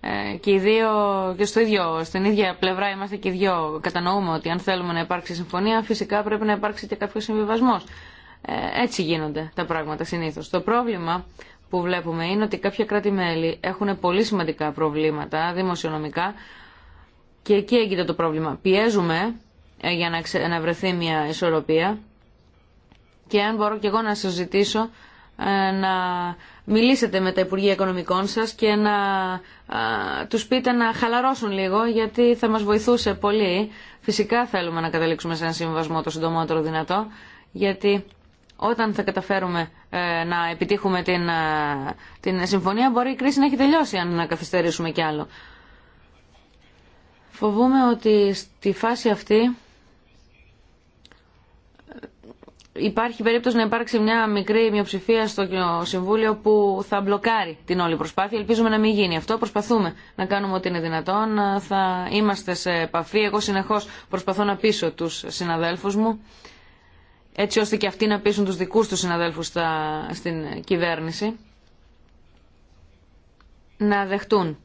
ε, και οι δύο και στο ίδιο, στην ίδια πλευρά είμαστε και οι δύο. Κατανοούμε ότι αν θέλουμε να υπάρξει συμφωνία, φυσικά πρέπει να υπάρξει και κάποιο συμβιβασμό. Ε, έτσι γίνονται τα πράγματα συνήθω. Το πρόβλημα που βλέπουμε είναι ότι κάποια κράτη-μέλη έχουν πολύ σημαντικά προβλήματα δημοσιονομικά και εκεί έγκυται το πρόβλημα. Πιέζουμε ε, για να, βρεθεί μια ισορροπία και αν μπορώ και εγώ να σας ζητήσω ε, να μιλήσετε με τα Υπουργεία Οικονομικών σας και να ε, τους πείτε να χαλαρώσουν λίγο γιατί θα μας βοηθούσε πολύ. Φυσικά θέλουμε να καταλήξουμε σε ένα συμβασμό το συντομότερο δυνατό γιατί όταν θα καταφέρουμε ε, να επιτύχουμε την, την συμφωνία μπορεί η κρίση να έχει τελειώσει αν να καθυστερήσουμε κι άλλο. Φοβούμαι ότι στη φάση αυτή υπάρχει περίπτωση να υπάρξει μια μικρή μειοψηφία στο Συμβούλιο που θα μπλοκάρει την όλη προσπάθεια. Ελπίζουμε να μην γίνει αυτό. Προσπαθούμε να κάνουμε ό,τι είναι δυνατόν. Θα είμαστε σε επαφή. Εγώ συνεχώς προσπαθώ να πείσω τους συναδέλφους μου έτσι ώστε και αυτοί να πείσουν τους δικούς τους συναδέλφους στην κυβέρνηση να δεχτούν.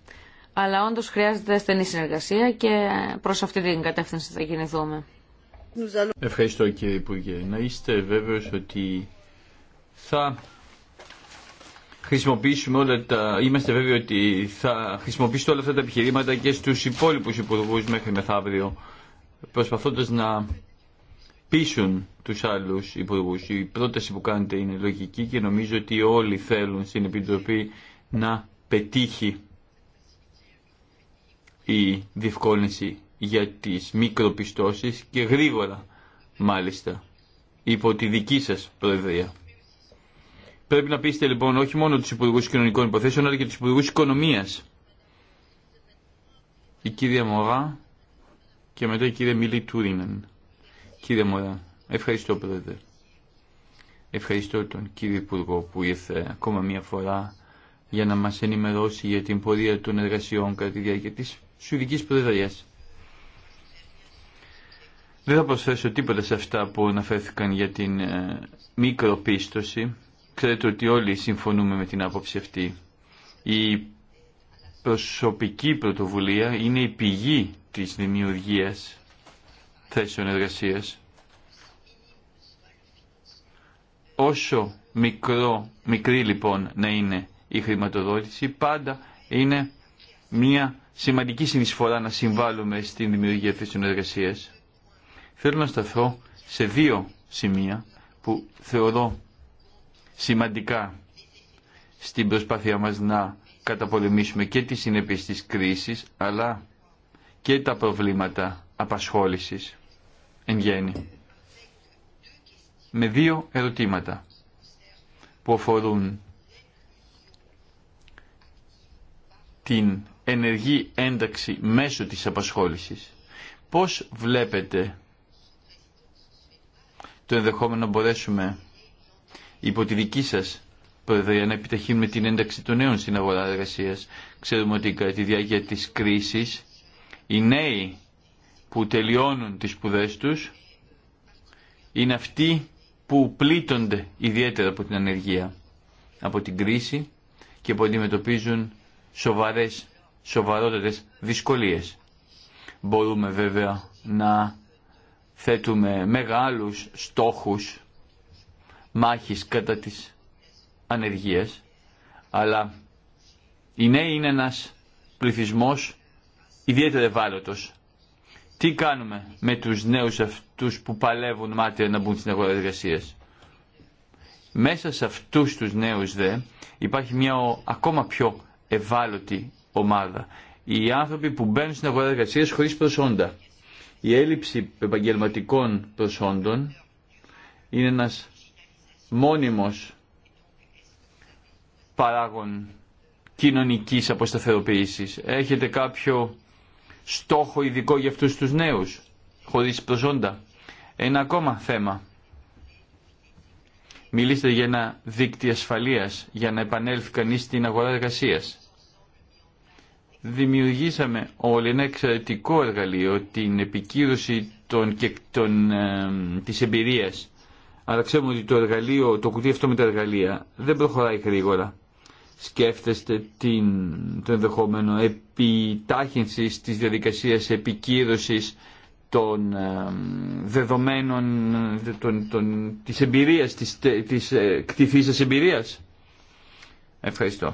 Αλλά όντως χρειάζεται στενή συνεργασία και προς αυτή την κατεύθυνση θα κινηθούμε. Ευχαριστώ κύριε Υπουργέ. Να είστε βέβαιος ότι θα χρησιμοποιήσουμε όλα τα... Είμαστε βέβαιοι ότι θα χρησιμοποιήσετε όλα αυτά τα επιχειρήματα και στους υπόλοιπους υπουργούς μέχρι μεθαύριο προσπαθώντας να πείσουν τους άλλους υπουργού. Η πρόταση που κάνετε είναι λογική και νομίζω ότι όλοι θέλουν στην Επιτροπή να πετύχει η διευκόλυνση για τις μικροπιστώσεις και γρήγορα μάλιστα υπό τη δική σας προεδρία. Πρέπει να πείστε λοιπόν όχι μόνο τους Υπουργούς Κοινωνικών Υποθέσεων αλλά και τους Υπουργούς Οικονομίας. Η κυρία Μωρά και μετά η κυρία Μίλη Τούρινεν. Κύριε Μωρά, ευχαριστώ πρόεδρε. Ευχαριστώ τον κύριο Υπουργό που ήρθε ακόμα μία φορά για να μας ενημερώσει για την πορεία των εργασιών κατά τη διάρκεια της Σουηδικής Προεδρίας. Δεν θα προσθέσω τίποτα σε αυτά που αναφέρθηκαν για την ε, μικροπίστωση. Ξέρετε ότι όλοι συμφωνούμε με την άποψη αυτή. Η προσωπική πρωτοβουλία είναι η πηγή της δημιουργίας θέσεων εργασίας. Όσο μικρό, μικρή λοιπόν να είναι η χρηματοδότηση, πάντα είναι μια σημαντική συνεισφορά να συμβάλλουμε στην δημιουργία θέσεων εργασίας. Θέλω να σταθώ σε δύο σημεία που θεωρώ σημαντικά στην προσπάθειά μας να καταπολεμήσουμε και τις συνέπειες της κρίσης αλλά και τα προβλήματα απασχόλησης εν γέννη. Με δύο ερωτήματα που αφορούν την ενεργή ένταξη μέσω της απασχόλησης. Πώς βλέπετε το ενδεχόμενο να μπορέσουμε υπό τη δική σα Προεδρία να επιταχύνουμε την ένταξη των νέων στην αγορά εργασία. Ξέρουμε ότι κατά τη διάρκεια της κρίση, οι νέοι που τελειώνουν τι σπουδέ τους είναι αυτοί που πλήττονται ιδιαίτερα από την ανεργία, από την κρίση και που αντιμετωπίζουν σοβαρές, σοβαρότερες δυσκολίες. Μπορούμε βέβαια να θέτουμε μεγάλους στόχους μάχης κατά της ανεργίας, αλλά οι νέοι είναι ένας πληθυσμός ιδιαίτερα ευάλωτος. Τι κάνουμε με τους νέους αυτούς που παλεύουν μάτια να μπουν στην αγορά εργασία. Μέσα σε αυτούς τους νέους δε υπάρχει μια ακόμα πιο ευάλωτη ομάδα. Οι άνθρωποι που μπαίνουν στην αγορά εργασία χωρίς προσόντα η έλλειψη επαγγελματικών προσόντων είναι ένας μόνιμος παράγων κοινωνικής αποσταθεροποίησης. Έχετε κάποιο στόχο ειδικό για αυτούς τους νέους, χωρίς προσόντα. Ένα ακόμα θέμα. Μιλήστε για ένα δίκτυο ασφαλείας για να επανέλθει κανείς στην αγορά εργασίας δημιουργήσαμε όλοι ένα εξαιρετικό εργαλείο, την επικύρωση των, και, των, της εμπειρίας. Αλλά ξέρουμε ότι το εργαλείο, το κουτί αυτό με τα εργαλεία δεν προχωράει γρήγορα. Σκέφτεστε την, το ενδεχόμενο επιτάχυνσης της διαδικασίας επικύρωσης των δεδομένων των, των, της εμπειρίας, της, της ε, εμπειρίας. Ευχαριστώ.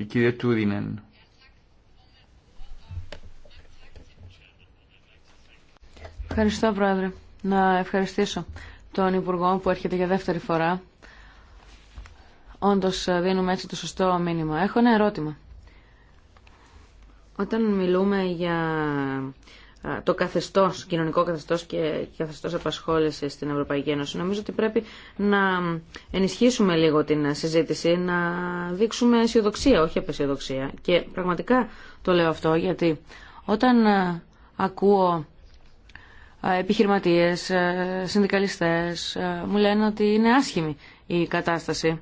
Η κυρία Τούρινεν. Ευχαριστώ, Πρόεδρε. Να ευχαριστήσω τον Υπουργό που έρχεται για δεύτερη φορά. Όντως δίνουμε έτσι το σωστό μήνυμα. Έχω ένα ερώτημα. Όταν μιλούμε για το καθεστώς, κοινωνικό καθεστώς και καθεστώς απασχόληση στην Ευρωπαϊκή Ένωση. Νομίζω ότι πρέπει να ενισχύσουμε λίγο την συζήτηση, να δείξουμε αισιοδοξία, όχι απεσιοδοξία. Και πραγματικά το λέω αυτό γιατί όταν ε, ακούω ε, επιχειρηματίες, ε, συνδικαλιστές, μου λένε ότι είναι άσχημη η κατάσταση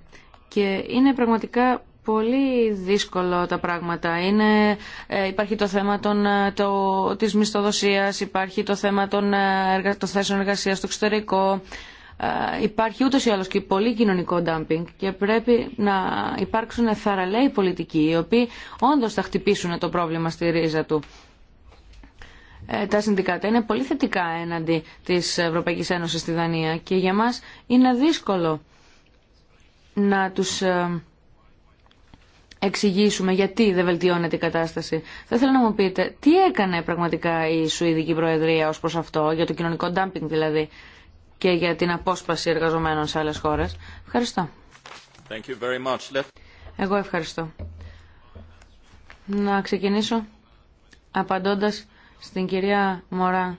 και είναι πραγματικά πολύ δύσκολο τα πράγματα. Είναι, ε, υπάρχει το θέμα των, ε, το, της μισθοδοσίας, υπάρχει το θέμα των, ε, των θέσεων εργασίας στο εξωτερικό, υπάρχει ούτως ή άλλως και πολύ κοινωνικό ντάμπινγκ και πρέπει να υπάρξουν θαραλέοι πολιτικοί οι οποίοι όντως θα χτυπήσουν το πρόβλημα στη ρίζα του. Τα συνδικάτα είναι πολύ θετικά έναντι της Ευρωπαϊκής Ένωσης στη Δανία και για μας είναι δύσκολο να τους εξηγήσουμε γιατί δεν βελτιώνεται η κατάσταση. Θα ήθελα να μου πείτε τι έκανε πραγματικά η Σουηδική Προεδρία ως προς αυτό, για το κοινωνικό ντάμπινγκ δηλαδή και για την απόσπαση εργαζομένων σε άλλες χώρες. Ευχαριστώ. Thank you very much. Εγώ ευχαριστώ. Να ξεκινήσω απαντώντας στην κυρία Μωρά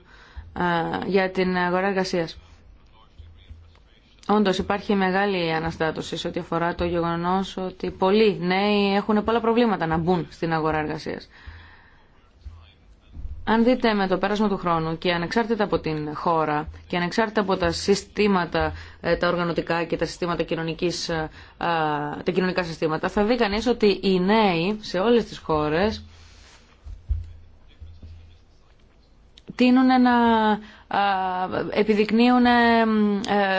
ε, για την αγορά εργασίας. Όντω υπάρχει μεγάλη αναστάτωση σε ό,τι αφορά το γεγονό ότι πολλοί νέοι έχουν πολλά προβλήματα να μπουν στην αγορά εργασία. Αν δείτε με το πέρασμα του χρόνου και ανεξάρτητα από την χώρα και ανεξάρτητα από τα συστήματα, ε, τα οργανωτικά και τα συστήματα κοινωνικής, ε, ε, τα κοινωνικά συστήματα, θα δει κανείς ότι οι νέοι σε όλες τις χώρες τείνουν να επιδεικνύουν ε,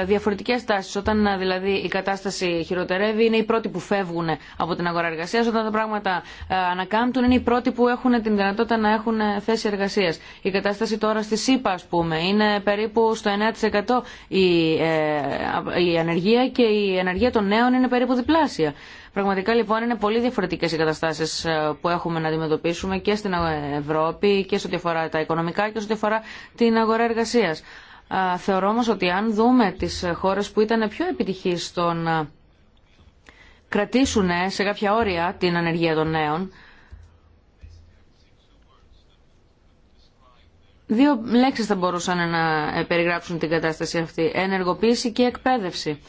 ε, διαφορετικές τάσει. Όταν ε, δηλαδή η κατάσταση χειροτερεύει είναι οι πρώτοι που φεύγουν από την αγορά εργασία, Όταν τα πράγματα ανακάμπτουν είναι οι πρώτοι που έχουν την δυνατότητα να έχουν θέση εργασία. Η κατάσταση τώρα στη ΣΥΠΑ α πούμε είναι περίπου στο 9% η, η ανεργία και η ανεργία των νέων είναι περίπου διπλάσια. Πραγματικά λοιπόν είναι πολύ διαφορετικές οι καταστάσεις ε, που έχουμε να αντιμετωπίσουμε και στην ε, Ευρώπη και σε ό,τι αφορά τα οικονομικά και σε ό,τι αφορά την αγορά εργασία. Θεωρώ όμω ότι αν δούμε τις χώρες που ήταν πιο επιτυχεί στο να κρατήσουν ε, σε κάποια όρια την ανεργία των νέων, Δύο λέξεις θα μπορούσαν να περιγράψουν την κατάσταση αυτή. Ενεργοποίηση και εκπαίδευση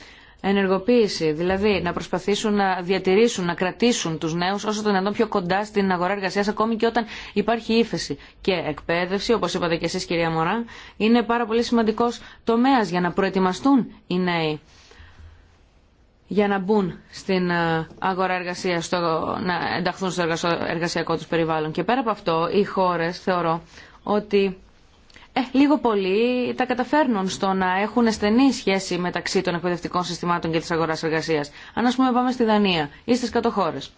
ενεργοποίηση, δηλαδή να προσπαθήσουν να διατηρήσουν, να κρατήσουν τους νέους όσο το δυνατόν πιο κοντά στην αγορά εργασίας ακόμη και όταν υπάρχει ύφεση. Και εκπαίδευση, όπως είπατε και εσείς κυρία Μωρά, είναι πάρα πολύ σημαντικός τομέας για να προετοιμαστούν οι νέοι για να μπουν στην ε, αγορά εργασίας, να ενταχθούν στο εργασιακό τους περιβάλλον. Και πέρα από αυτό, οι χώρες θεωρώ ότι ε, λίγο πολύ τα καταφέρνουν στο να έχουν στενή σχέση μεταξύ των εκπαιδευτικών συστημάτων και της αγοράς εργασίας. Αν ας πούμε πάμε στη Δανία ή στις κατοχώρες.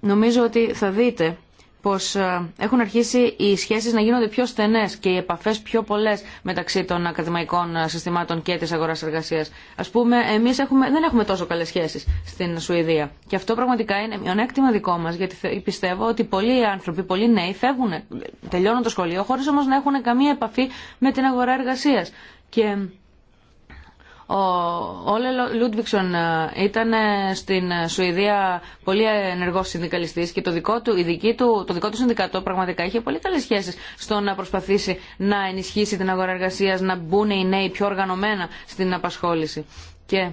Νομίζω ότι θα δείτε πως ε, έχουν αρχίσει οι σχέσεις να γίνονται πιο στενές και οι επαφές πιο πολλές μεταξύ των ακαδημαϊκών ε, συστημάτων και της αγοράς εργασίας. Ας πούμε, εμείς δεν έχουμε τόσο καλές σχέσεις στην Σουηδία. Και αυτό πραγματικά είναι μειονέκτημα δικό μας, γιατί πιστεύω ότι πολλοί άνθρωποι, πολλοί νέοι φεύγουν, ε, τελειώνουν το σχολείο, χωρίς όμως να έχουν καμία επαφή με την αγορά εργασίας. Και ο Όλε Λούντβιξον ε, ήταν ε, στην Σουηδία πολύ ενεργό συνδικαλιστή και το δικό του, του, το δικό του συνδικατό πραγματικά είχε πολύ καλέ σχέσει στο να προσπαθήσει να ενισχύσει την αγορά εργασία, να μπουν οι νέοι πιο οργανωμένα στην απασχόληση. Και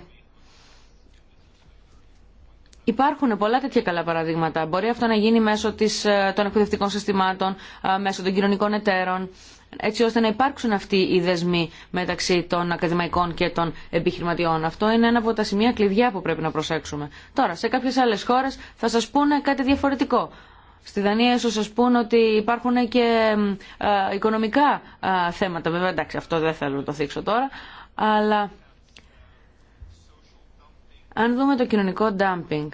Υπάρχουν πολλά τέτοια καλά παραδείγματα. Μπορεί αυτό να γίνει μέσω της, ε, των εκπαιδευτικών συστημάτων, μέσω των κοινωνικών εταίρων έτσι ώστε να υπάρξουν αυτοί οι δεσμοί μεταξύ των ακαδημαϊκών και των επιχειρηματιών. Αυτό είναι ένα από τα σημεία κλειδιά που πρέπει να προσέξουμε. Τώρα, σε κάποιες άλλες χώρες θα σας πούνε κάτι διαφορετικό. Στη Δανία ίσως σας πούνε ότι υπάρχουν και οικονομικά θέματα. Βέβαια, εντάξει, αυτό δεν θέλω να το θίξω τώρα, αλλά... Αν δούμε το κοινωνικό dumping,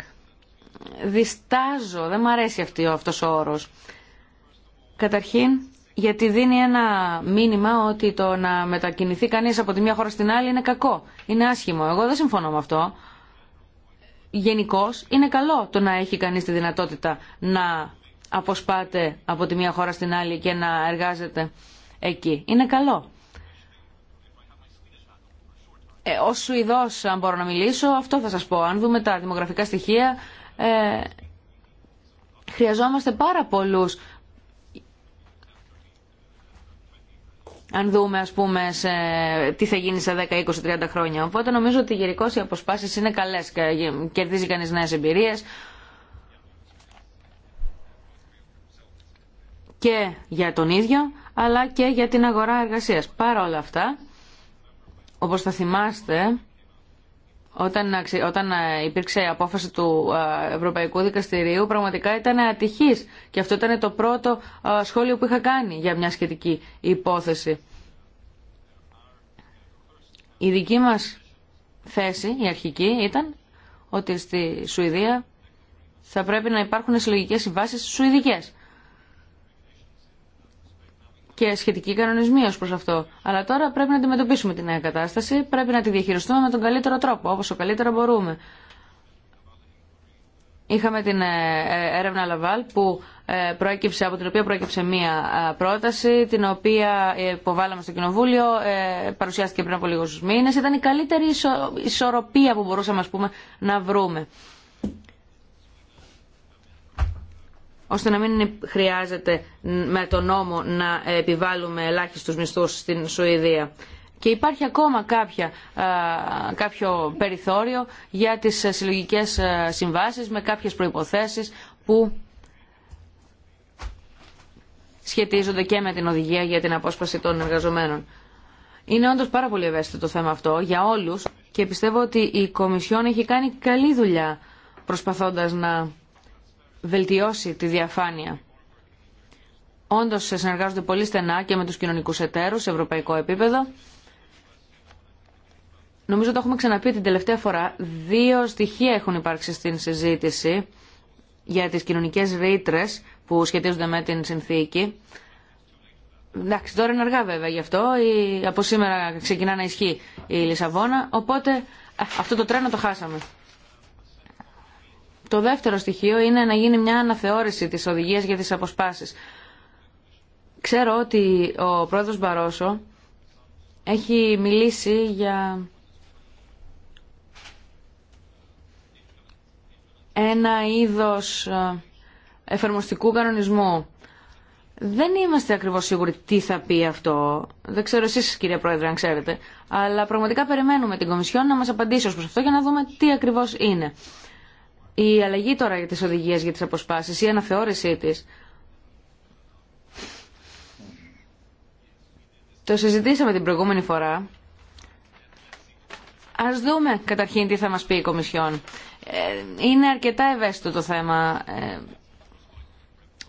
διστάζω, δεν μου αρέσει αυτό αυτός ο όρος. Καταρχήν, γιατί δίνει ένα μήνυμα ότι το να μετακινηθεί κανείς από τη μια χώρα στην άλλη είναι κακό, είναι άσχημο. Εγώ δεν συμφωνώ με αυτό. Γενικώ είναι καλό το να έχει κανείς τη δυνατότητα να αποσπάται από τη μια χώρα στην άλλη και να εργάζεται εκεί. Είναι καλό. Ε, ως Σουηδός, αν μπορώ να μιλήσω, αυτό θα σας πω. Αν δούμε τα δημογραφικά στοιχεία, ε, χρειαζόμαστε πάρα πολλούς αν δούμε ας πούμε τι θα γίνει σε 10, 20, 30 χρόνια. Οπότε νομίζω ότι γενικώ οι αποσπάσεις είναι καλές και κερδίζει κανείς νέες εμπειρίες. και για τον ίδιο αλλά και για την αγορά εργασίας. Παρ' όλα αυτά, όπως θα θυμάστε, όταν, όταν ε, υπήρξε η απόφαση του ε, Ευρωπαϊκού Δικαστηρίου πραγματικά ήταν ατυχής και αυτό ήταν το πρώτο ε, σχόλιο που είχα κάνει για μια σχετική υπόθεση. Η δική μας θέση, η αρχική, ήταν ότι στη Σουηδία θα πρέπει να υπάρχουν συλλογικές συμβάσεις σουηδικές και σχετικοί κανονισμοί ω προ αυτό. Αλλά τώρα πρέπει να αντιμετωπίσουμε την νέα κατάσταση, πρέπει να τη διαχειριστούμε με τον καλύτερο τρόπο, όπω ο καλύτερο μπορούμε. Είχαμε την ε, ε, έρευνα Λαβάλ που ε, προέκυψε, από την οποία προέκυψε μία πρόταση, την οποία υποβάλαμε στο Κοινοβούλιο, παρουσιάστηκε πριν από λίγους μήνες. Ήταν η καλύτερη ισορροπία που μπορούσαμε πούμε, να βρούμε. ώστε να μην χρειάζεται με τον νόμο να επιβάλλουμε ελάχιστους μισθούς στην Σουηδία. Και υπάρχει ακόμα κάποια, κάποιο περιθώριο για τις συλλογικές συμβάσεις με κάποιες προϋποθέσεις που σχετίζονται και με την οδηγία για την απόσπαση των εργαζομένων. Είναι όντως πάρα πολύ ευαίσθητο το θέμα αυτό για όλους και πιστεύω ότι η Κομισιόν έχει κάνει καλή δουλειά προσπαθώντας να βελτιώσει τη διαφάνεια. Όντω συνεργάζονται πολύ στενά και με του κοινωνικού εταίρου σε ευρωπαϊκό επίπεδο. Νομίζω το έχουμε ξαναπεί την τελευταία φορά. Δύο στοιχεία έχουν υπάρξει στην συζήτηση για τις κοινωνικές ρήτρε που σχετίζονται με την συνθήκη. Εντάξει, τώρα είναι αργά βέβαια γι' αυτό. Από σήμερα ξεκινά να ισχύει η Λισαβόνα, οπότε αυτό το τρένο το χάσαμε. Το δεύτερο στοιχείο είναι να γίνει μια αναθεώρηση της οδηγίας για τις αποσπάσεις. Ξέρω ότι ο πρόεδρος Μπαρόσο έχει μιλήσει για ένα είδος ε, εφαρμοστικού κανονισμού. Δεν είμαστε ακριβώς σίγουροι τι θα πει αυτό. Δεν ξέρω εσείς κυρία Πρόεδρε αν ξέρετε. Αλλά πραγματικά περιμένουμε την Κομισιόν να μας απαντήσει ως προς αυτό για να δούμε τι ακριβώς είναι. Η αλλαγή τώρα για τις οδηγίες για τις αποσπάσεις, η αναθεώρησή της. Το συζητήσαμε την προηγούμενη φορά. Ας δούμε καταρχήν τι θα μας πει η Κομισιόν. Ε, είναι αρκετά ευαίσθητο το θέμα ε,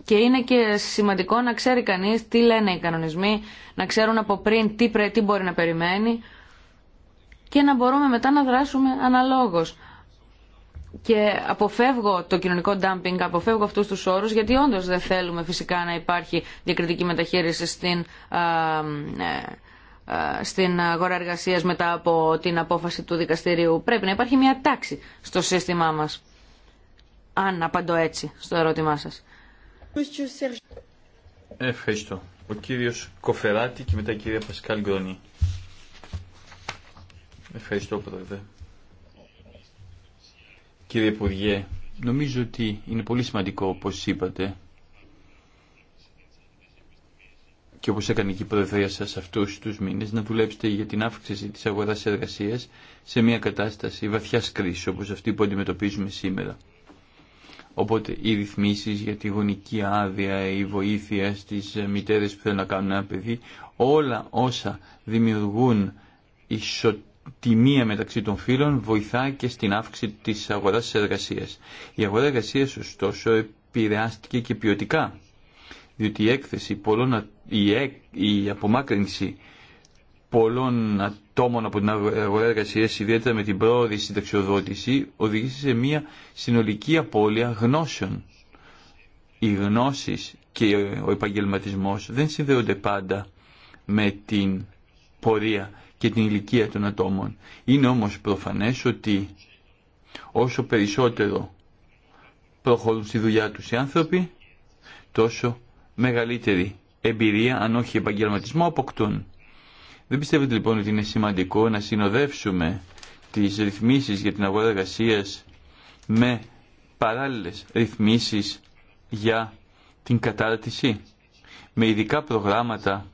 και είναι και σημαντικό να ξέρει κανείς τι λένε οι κανονισμοί, να ξέρουν από πριν τι, πρέ, τι μπορεί να περιμένει και να μπορούμε μετά να δράσουμε αναλόγως και αποφεύγω το κοινωνικό ντάμπινγκ, αποφεύγω αυτούς τους όρους γιατί όντως δεν θέλουμε φυσικά να υπάρχει διακριτική μεταχείριση στην, ε, στην αγορά εργασία μετά από την απόφαση του δικαστηρίου. Πρέπει να υπάρχει μια τάξη στο σύστημά μας. Αν απαντώ έτσι στο ερώτημά σας. Ευχαριστώ. Ο κύριος Κοφεράτη και μετά η κυρία Πασκάλ Γκρονή. Ευχαριστώ, Πρόεδρε. Κύριε Υπουργέ, νομίζω ότι είναι πολύ σημαντικό, όπως είπατε, και όπως έκανε και η Προεδρία σας αυτούς τους μήνες, να δουλέψετε για την αύξηση της αγοράς εργασίας σε μια κατάσταση βαθιάς κρίσης, όπως αυτή που αντιμετωπίζουμε σήμερα. Οπότε οι ρυθμίσεις για τη γονική άδεια, η βοήθεια στις μητέρες που θέλουν να κάνουν ένα παιδί, όλα όσα δημιουργούν ισοτήρια τη μία μεταξύ των φύλων βοηθά και στην αύξηση της αγοράς της εργασίας. Η αγορά εργασίας ωστόσο επηρεάστηκε και ποιοτικά, διότι η έκθεση πολλών, η, η απομάκρυνση πολλών ατόμων από την αγορά εργασία, ιδιαίτερα με την πρόοδη συνταξιοδότηση, οδηγήσε σε μια συνολική απώλεια γνώσεων. Οι γνώσει και ο επαγγελματισμό δεν συνδέονται πάντα με την πορεία και την ηλικία των ατόμων. Είναι όμως προφανές ότι όσο περισσότερο προχωρούν στη δουλειά τους οι άνθρωποι, τόσο μεγαλύτερη εμπειρία, αν όχι επαγγελματισμό, αποκτούν. Δεν πιστεύετε λοιπόν ότι είναι σημαντικό να συνοδεύσουμε τις ρυθμίσεις για την αγορά εργασία με παράλληλες ρυθμίσεις για την κατάρτιση, με ειδικά προγράμματα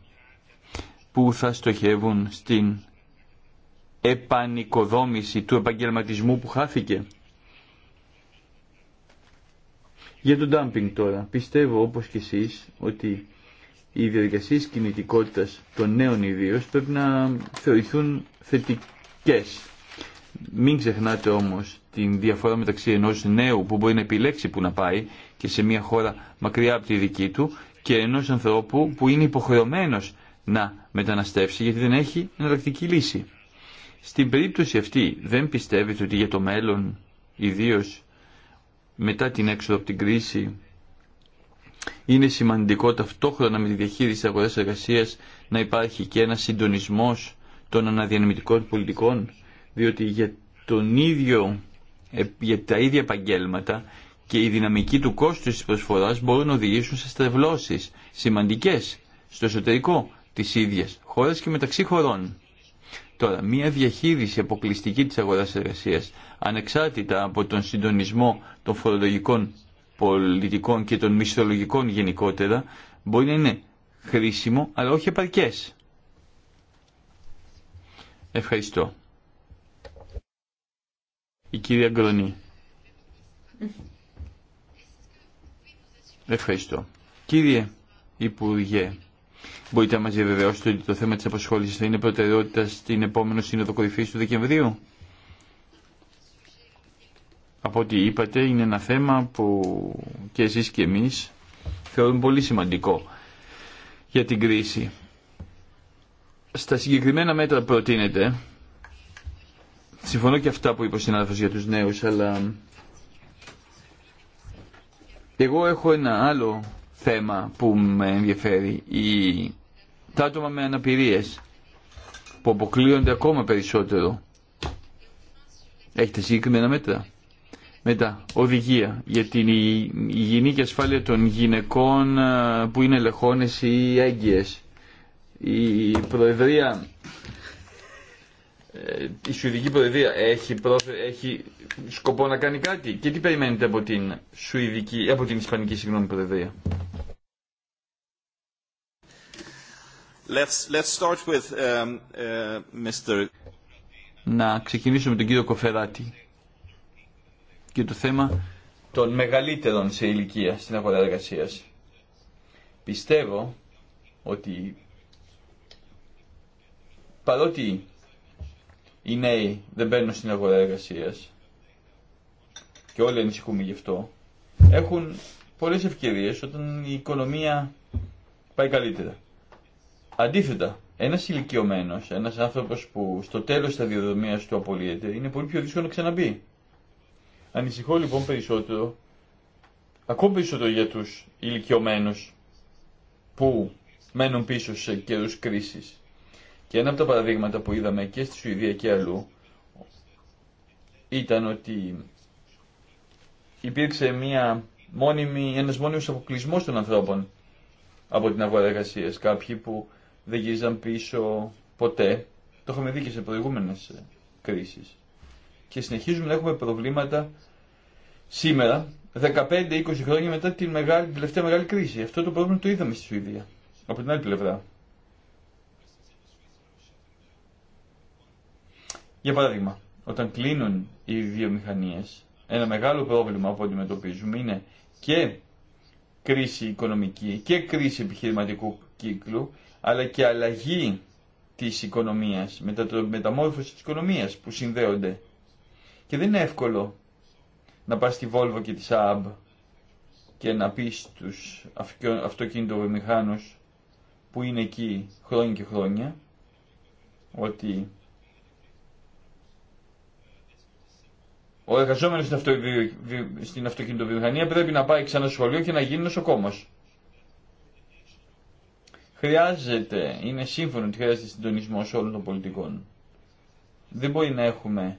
που θα στοχεύουν στην επανικοδόμηση του επαγγελματισμού που χάθηκε. Για το ντάμπινγκ τώρα. Πιστεύω όπως και εσείς ότι οι διαδικασίες κινητικότητας των νέων ιδίως πρέπει να θεωρηθούν θετικές. Μην ξεχνάτε όμως την διαφορά μεταξύ ενός νέου που μπορεί να επιλέξει που να πάει και σε μια χώρα μακριά από τη δική του και ενός ανθρώπου που είναι υποχρεωμένος να μεταναστεύσει γιατί δεν έχει εναλλακτική λύση. Στην περίπτωση αυτή δεν πιστεύετε ότι για το μέλλον, ιδίω μετά την έξοδο από την κρίση, είναι σημαντικό ταυτόχρονα με τη διαχείριση της αγοράς εργασίας να υπάρχει και ένα συντονισμός των αναδιανεμητικών πολιτικών, διότι για, τον ίδιο, ε, για τα ίδια επαγγέλματα και η δυναμική του κόστου της προσφοράς μπορούν να οδηγήσουν σε στρεβλώσεις σημαντικές στο εσωτερικό της ίδιας χώρας και μεταξύ χωρών. Τώρα, μια διαχείριση αποκλειστική της αγοράς εργασίας, ανεξάρτητα από τον συντονισμό των φορολογικών πολιτικών και των μισθολογικών γενικότερα, μπορεί να είναι χρήσιμο, αλλά όχι επαρκές. Ευχαριστώ. Η κυρία Γκρονή. Ευχαριστώ. Κύριε Υπουργέ, Μπορείτε να μα διαβεβαιώσετε ότι το θέμα τη απασχόληση θα είναι προτεραιότητα στην επόμενη Σύνοδο Κορυφή του Δεκεμβρίου. Από ό,τι είπατε, είναι ένα θέμα που και εσεί και εμεί θεωρούμε πολύ σημαντικό για την κρίση. Στα συγκεκριμένα μέτρα που προτείνεται, συμφωνώ και αυτά που είπε ο συνάδελφο για του νέου, αλλά εγώ έχω ένα άλλο θέμα που με ενδιαφέρει. ή Τα άτομα με αναπηρίες που αποκλείονται ακόμα περισσότερο. Έχετε συγκεκριμένα μέτρα. Μετά, οδηγία για την υγιεινή και ασφάλεια των γυναικών ε, που είναι λεχόνες ή έγκυες. Η Προεδρία ε, η Σουηδική Προεδρία έχει, έχει σκοπό να κάνει κάτι και τι περιμένετε από την, Σουηδική, από την Ισπανική συγγνώμη, Προεδρία. Let's, let's start with, Mr. Um, uh, να ξεκινήσουμε τον κύριο Κοφεράτη και το θέμα των μεγαλύτερων σε ηλικία στην αγορά εργασία. Πιστεύω ότι παρότι οι νέοι δεν μπαίνουν στην αγορά εργασία και όλοι ανησυχούμε γι' αυτό, έχουν πολλές ευκαιρίες όταν η οικονομία πάει καλύτερα. Αντίθετα, ένας ηλικιωμένο, ένας άνθρωπος που στο τέλος της διαδρομία του απολύεται, είναι πολύ πιο δύσκολο να ξαναμπεί. Ανησυχώ λοιπόν περισσότερο, ακόμη περισσότερο για τους ηλικιωμένου που μένουν πίσω σε καιρούς κρίσης. Και ένα από τα παραδείγματα που είδαμε και στη Σουηδία και αλλού ήταν ότι υπήρξε μια μόνιμη, ένας μόνιμος αποκλεισμός των ανθρώπων από την αγορά εργασία. Κάποιοι που δεν γύριζαν πίσω ποτέ. Το είχαμε δει και σε προηγούμενες ε, κρίσεις. Και συνεχίζουμε να έχουμε προβλήματα σήμερα, 15-20 χρόνια μετά την, μεγάλη, την τελευταία μεγάλη κρίση. Αυτό το πρόβλημα το είδαμε στη Σουηδία. Από την άλλη πλευρά, Για παράδειγμα, όταν κλείνουν οι βιομηχανίες, ένα μεγάλο πρόβλημα που αντιμετωπίζουμε είναι και κρίση οικονομική και κρίση επιχειρηματικού κύκλου, αλλά και αλλαγή της οικονομίας, μεταμόρφωση της οικονομίας που συνδέονται. Και δεν είναι εύκολο να πας στη Volvo και τη Saab και να πεις στους αυτοκίνητο που είναι εκεί χρόνια και χρόνια ότι Ο εργαζόμενο στην, στην αυτοκινητοβιομηχανία πρέπει να πάει ξανά στο σχολείο και να γίνει νοσοκόμο. Χρειάζεται, είναι σύμφωνο ότι χρειάζεται συντονισμό όλων των πολιτικών. Δεν μπορεί να έχουμε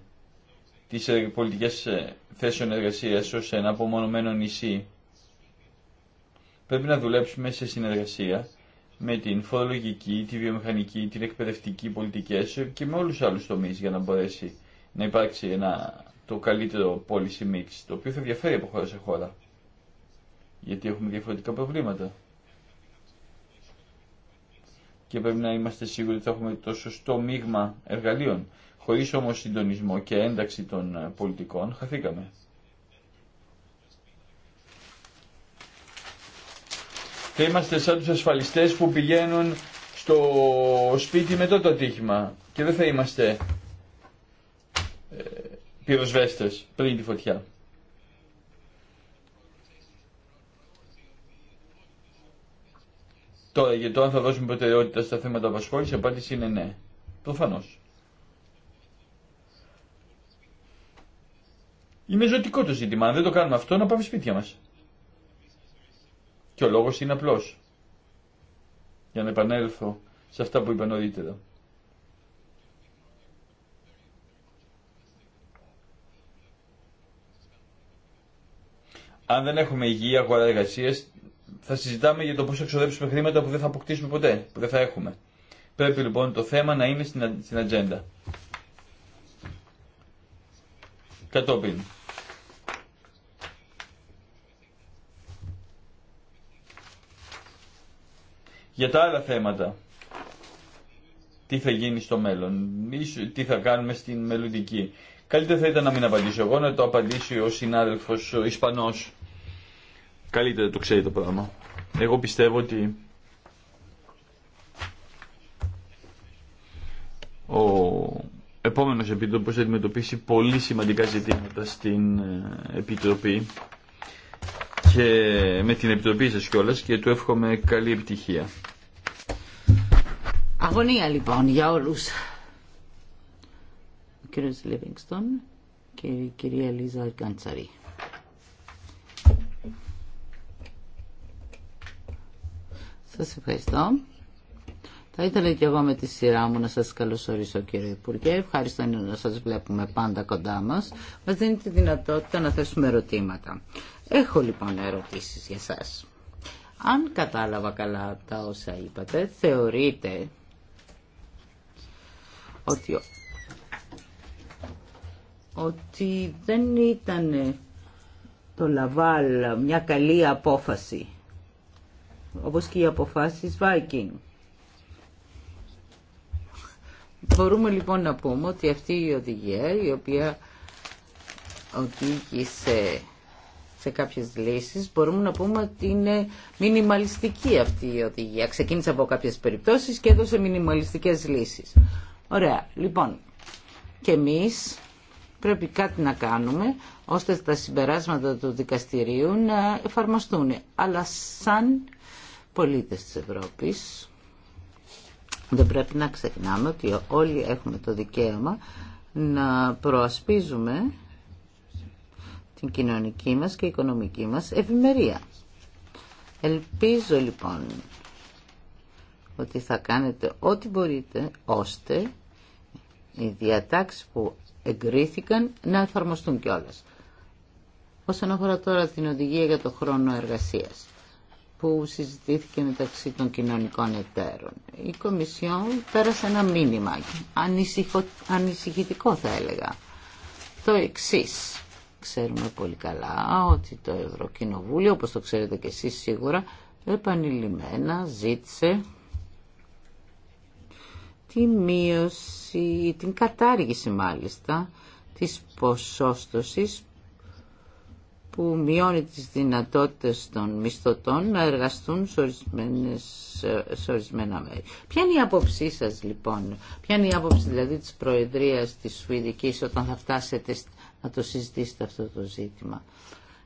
τι ε, πολιτικέ ε, θέσει εργασία ω ένα απομονωμένο νησί. Πρέπει να δουλέψουμε σε συνεργασία με την φορολογική, τη βιομηχανική, την εκπαιδευτική πολιτικέ και με όλου του άλλου τομεί για να μπορέσει να υπάρξει ένα το καλύτερο policy mix, το οποίο θα διαφέρει από χώρα σε χώρα. Γιατί έχουμε διαφορετικά προβλήματα. Και πρέπει να είμαστε σίγουροι ότι θα έχουμε το σωστό μείγμα εργαλείων. Χωρίς όμως συντονισμό και ένταξη των ε, πολιτικών, χαθήκαμε. Θα είμαστε σαν του ασφαλιστές που πηγαίνουν στο σπίτι με το ατύχημα και δεν θα είμαστε πυροσβέστες πριν τη φωτιά. Τώρα για το αν θα δώσουμε προτεραιότητα στα θέματα απασχόληση, η απάντηση είναι ναι. Προφανώ. Είναι ζωτικό το ζήτημα. Αν δεν το κάνουμε αυτό, να πάμε σπίτια μα. Και ο λόγο είναι απλό. Για να επανέλθω σε αυτά που είπα νωρίτερα. αν δεν έχουμε υγεία αγορά εργασία, θα συζητάμε για το πώ θα ξοδέψουμε χρήματα που δεν θα αποκτήσουμε ποτέ, που δεν θα έχουμε. Πρέπει λοιπόν το θέμα να είναι στην, στην ατζέντα. Κατόπιν. Για τα άλλα θέματα, τι θα γίνει στο μέλλον, τι θα κάνουμε στην μελλοντική. Καλύτερα θα ήταν να μην απαντήσω εγώ, να το απαντήσει ο συνάδελφος ο Ισπανός καλύτερα το ξέρει το πράγμα. Εγώ πιστεύω ότι ο επόμενος επίτροπος θα αντιμετωπίσει πολύ σημαντικά ζητήματα στην ε, Επιτροπή και με την Επιτροπή σας κιόλας και του εύχομαι καλή επιτυχία. Αγωνία λοιπόν για όλους. Ο κύριος Λεβινγκστον και η κυρία Λίζα Καντσαρή. Σας ευχαριστώ. Θα ήθελα και εγώ με τη σειρά μου να σας καλωσορίσω κύριε Υπουργέ. Ευχαριστώ να σας βλέπουμε πάντα κοντά μας. Μας δίνει τη δυνατότητα να θέσουμε ερωτήματα. Έχω λοιπόν ερωτήσεις για σας. Αν κατάλαβα καλά τα όσα είπατε, θεωρείτε ότι, ότι δεν ήταν το Λαβάλ μια καλή απόφαση όπως και οι αποφάσεις Viking. Μπορούμε λοιπόν να πούμε ότι αυτή η οδηγία η οποία οδήγησε σε κάποιες λύσεις μπορούμε να πούμε ότι είναι μινιμαλιστική αυτή η οδηγία. Ξεκίνησε από κάποιες περιπτώσεις και έδωσε μινιμαλιστικές λύσεις. Ωραία. Λοιπόν, και εμείς πρέπει κάτι να κάνουμε ώστε τα συμπεράσματα του δικαστηρίου να εφαρμοστούν. Αλλά σαν πολίτες της Ευρώπης. Δεν πρέπει να ξεχνάμε ότι όλοι έχουμε το δικαίωμα να προασπίζουμε την κοινωνική μας και οικονομική μας ευημερία. Ελπίζω λοιπόν ότι θα κάνετε ό,τι μπορείτε ώστε οι διατάξεις που εγκρίθηκαν να εφαρμοστούν κιόλας. Όσον αφορά τώρα την οδηγία για το χρόνο εργασίας που συζητήθηκε μεταξύ των κοινωνικών εταίρων. Η Κομισιόν πέρασε ένα μήνυμα, ανησυχο, ανησυχητικό θα έλεγα, το εξή. Ξέρουμε πολύ καλά ότι το Ευρωκοινοβούλιο, όπως το ξέρετε και εσείς σίγουρα, επανειλημμένα ζήτησε τη μείωση, την κατάργηση μάλιστα, της ποσόστοσης που μειώνει τις δυνατότητες των μισθωτών να εργαστούν σε, ορισμένες, ορισμένα μέρη. Ποια είναι η άποψή σας λοιπόν, ποια είναι η άποψη δηλαδή της Προεδρίας της Σουηδικής όταν θα φτάσετε να το συζητήσετε αυτό το ζήτημα.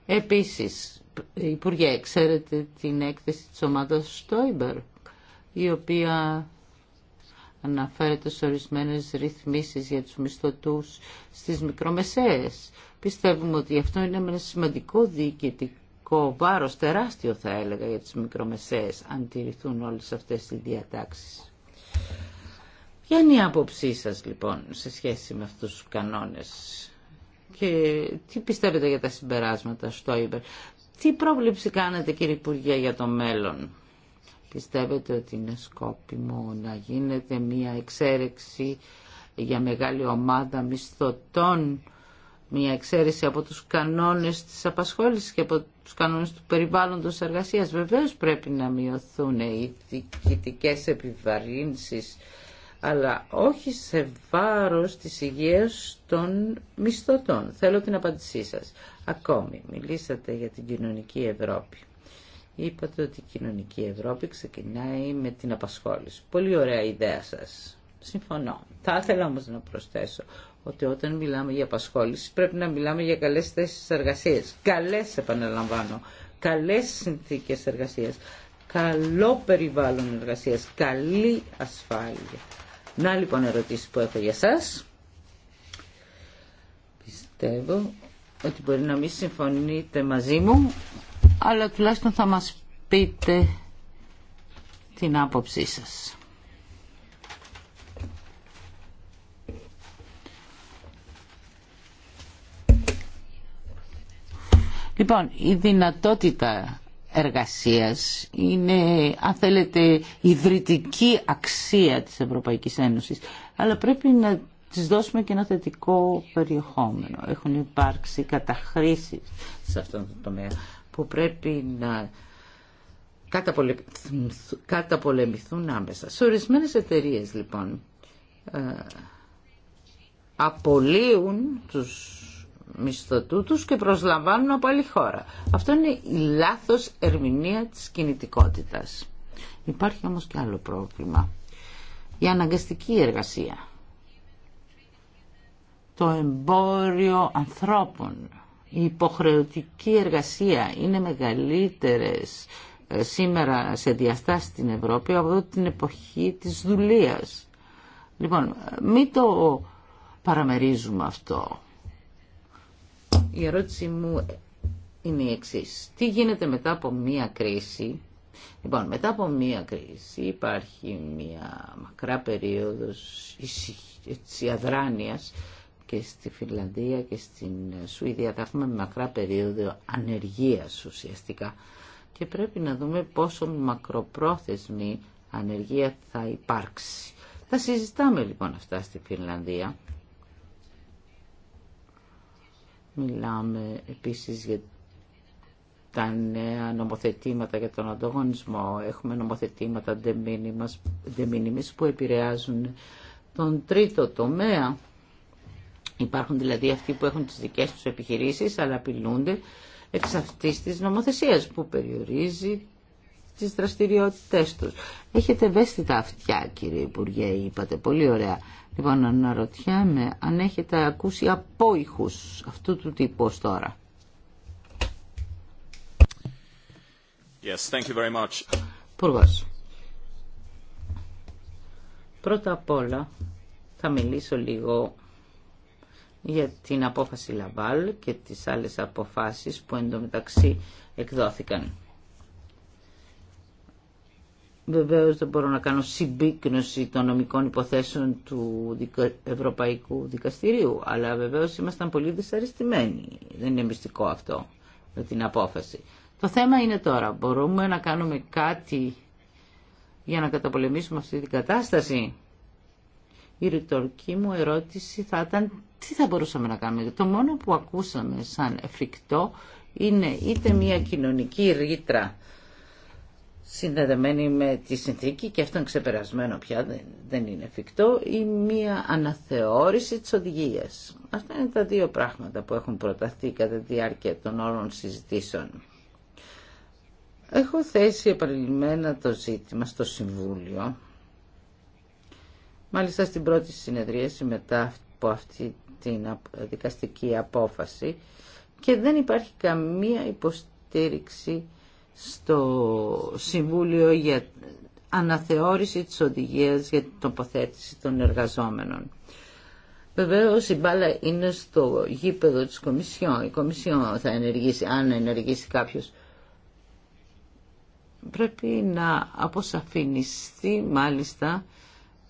Επίσης, Υπουργέ, ξέρετε την έκθεση της ομάδας Στόιμπερ, η οποία αναφέρεται σε ορισμένες ρυθμίσεις για τους μισθωτούς στις μικρομεσαίες. Πιστεύουμε ότι αυτό είναι ένα σημαντικό διοικητικό βάρος, τεράστιο θα έλεγα για τις μικρομεσαίες, αν τηρηθούν όλες αυτές οι διατάξεις. Ποια είναι η άποψή σας λοιπόν σε σχέση με αυτούς τους κανόνες και τι πιστεύετε για τα συμπεράσματα στο ΙΜΠΕΡ. Τι πρόβλεψη κάνετε κύριε Υπουργέ για το μέλλον. Πιστεύετε ότι είναι σκόπιμο να γίνεται μια εξέρεξη για μεγάλη ομάδα μισθωτών, μια εξαίρεση από τους κανόνες της απασχόλησης και από τους κανόνες του περιβάλλοντος εργασίας. Βεβαίως πρέπει να μειωθούν οι διοικητικές επιβαρύνσεις, αλλά όχι σε βάρος της υγείας των μισθωτών. Θέλω την απάντησή σας. Ακόμη, μιλήσατε για την κοινωνική Ευρώπη. Είπατε ότι η κοινωνική Ευρώπη ξεκινάει με την απασχόληση. Πολύ ωραία ιδέα σας. Συμφωνώ. Θα ήθελα όμως να προσθέσω ότι όταν μιλάμε για απασχόληση πρέπει να μιλάμε για καλές θέσεις εργασίας. Καλές, επαναλαμβάνω, καλές συνθήκες εργασίας, καλό περιβάλλον εργασίας, καλή ασφάλεια. Να λοιπόν ερωτήσει που έχω για σας. Πιστεύω ότι μπορεί να μην συμφωνείτε μαζί μου αλλά τουλάχιστον θα μας πείτε την άποψή σας. Λοιπόν, η δυνατότητα εργασίας είναι, αν θέλετε, η αξία της Ευρωπαϊκής Ένωσης. Αλλά πρέπει να τις δώσουμε και ένα θετικό περιεχόμενο. Έχουν υπάρξει καταχρήσεις σε αυτόν τον τομέα που πρέπει να καταπολεμηθούν άμεσα. Σε ορισμένε εταιρείε λοιπόν ε, απολύουν τους μισθωτού του και προσλαμβάνουν από άλλη χώρα. Αυτό είναι η λάθος ερμηνεία της κινητικότητας. Υπάρχει όμως και άλλο πρόβλημα. Η αναγκαστική εργασία. Το εμπόριο ανθρώπων η υποχρεωτική εργασία είναι μεγαλύτερες ε, σήμερα σε διαστάσεις στην Ευρώπη από την εποχή της δουλείας. Λοιπόν, μην το παραμερίζουμε αυτό. Η ερώτηση μου είναι η εξής. Τι γίνεται μετά από μία κρίση Λοιπόν, μετά από μία κρίση υπάρχει μία μακρά περίοδος έτσι, αδράνειας και στη Φιλανδία και στην Σουηδία θα έχουμε μακρά περίοδο ανεργίας ουσιαστικά και πρέπει να δούμε πόσο μακροπρόθεσμη ανεργία θα υπάρξει. Θα συζητάμε λοιπόν αυτά στη Φιλανδία. Μιλάμε επίσης για τα νέα νομοθετήματα για τον ανταγωνισμό. Έχουμε νομοθετήματα de που επηρεάζουν τον τρίτο τομέα Υπάρχουν δηλαδή αυτοί που έχουν τις δικές τους επιχειρήσεις αλλά απειλούνται εξ αυτής της νομοθεσίας που περιορίζει τις δραστηριότητές τους. Έχετε ευαίσθητα αυτιά κύριε Υπουργέ, είπατε πολύ ωραία. Λοιπόν αναρωτιάμαι αν έχετε ακούσει απόϊχους αυτού του τύπου ως τώρα. Yes, thank you very much. Πρώτα απ' όλα θα μιλήσω λίγο για την απόφαση Λαβάλ και τις άλλες αποφάσεις που εντωμεταξύ εκδόθηκαν. Βεβαίω δεν μπορώ να κάνω συμπίκνωση των νομικών υποθέσεων του Ευρωπαϊκού Δικαστηρίου, αλλά βεβαίω ήμασταν πολύ δυσαρεστημένοι. Δεν είναι μυστικό αυτό με την απόφαση. Το θέμα είναι τώρα, μπορούμε να κάνουμε κάτι για να καταπολεμήσουμε αυτή την κατάσταση η ρητορική μου ερώτηση θα ήταν τι θα μπορούσαμε να κάνουμε. Το μόνο που ακούσαμε σαν εφικτό είναι είτε μια κοινωνική ρήτρα συνδεδεμένη με τη συνθήκη και αυτό είναι ξεπερασμένο πια, δεν, είναι εφικτό, ή μία αναθεώρηση της οδηγίας. Αυτά είναι τα δύο πράγματα που έχουν προταθεί κατά τη διάρκεια των όλων συζητήσεων. Έχω θέσει επαναλημμένα το ζήτημα στο Συμβούλιο Μάλιστα στην πρώτη συνεδρίαση μετά από αυτή την δικαστική απόφαση και δεν υπάρχει καμία υποστήριξη στο Συμβούλιο για αναθεώρηση της οδηγίας για την τοποθέτηση των εργαζόμενων. Βεβαίω η μπάλα είναι στο γήπεδο της Κομισιόν. Η Κομισιόν θα ενεργήσει, αν ενεργήσει κάποιος, πρέπει να αποσαφινιστεί μάλιστα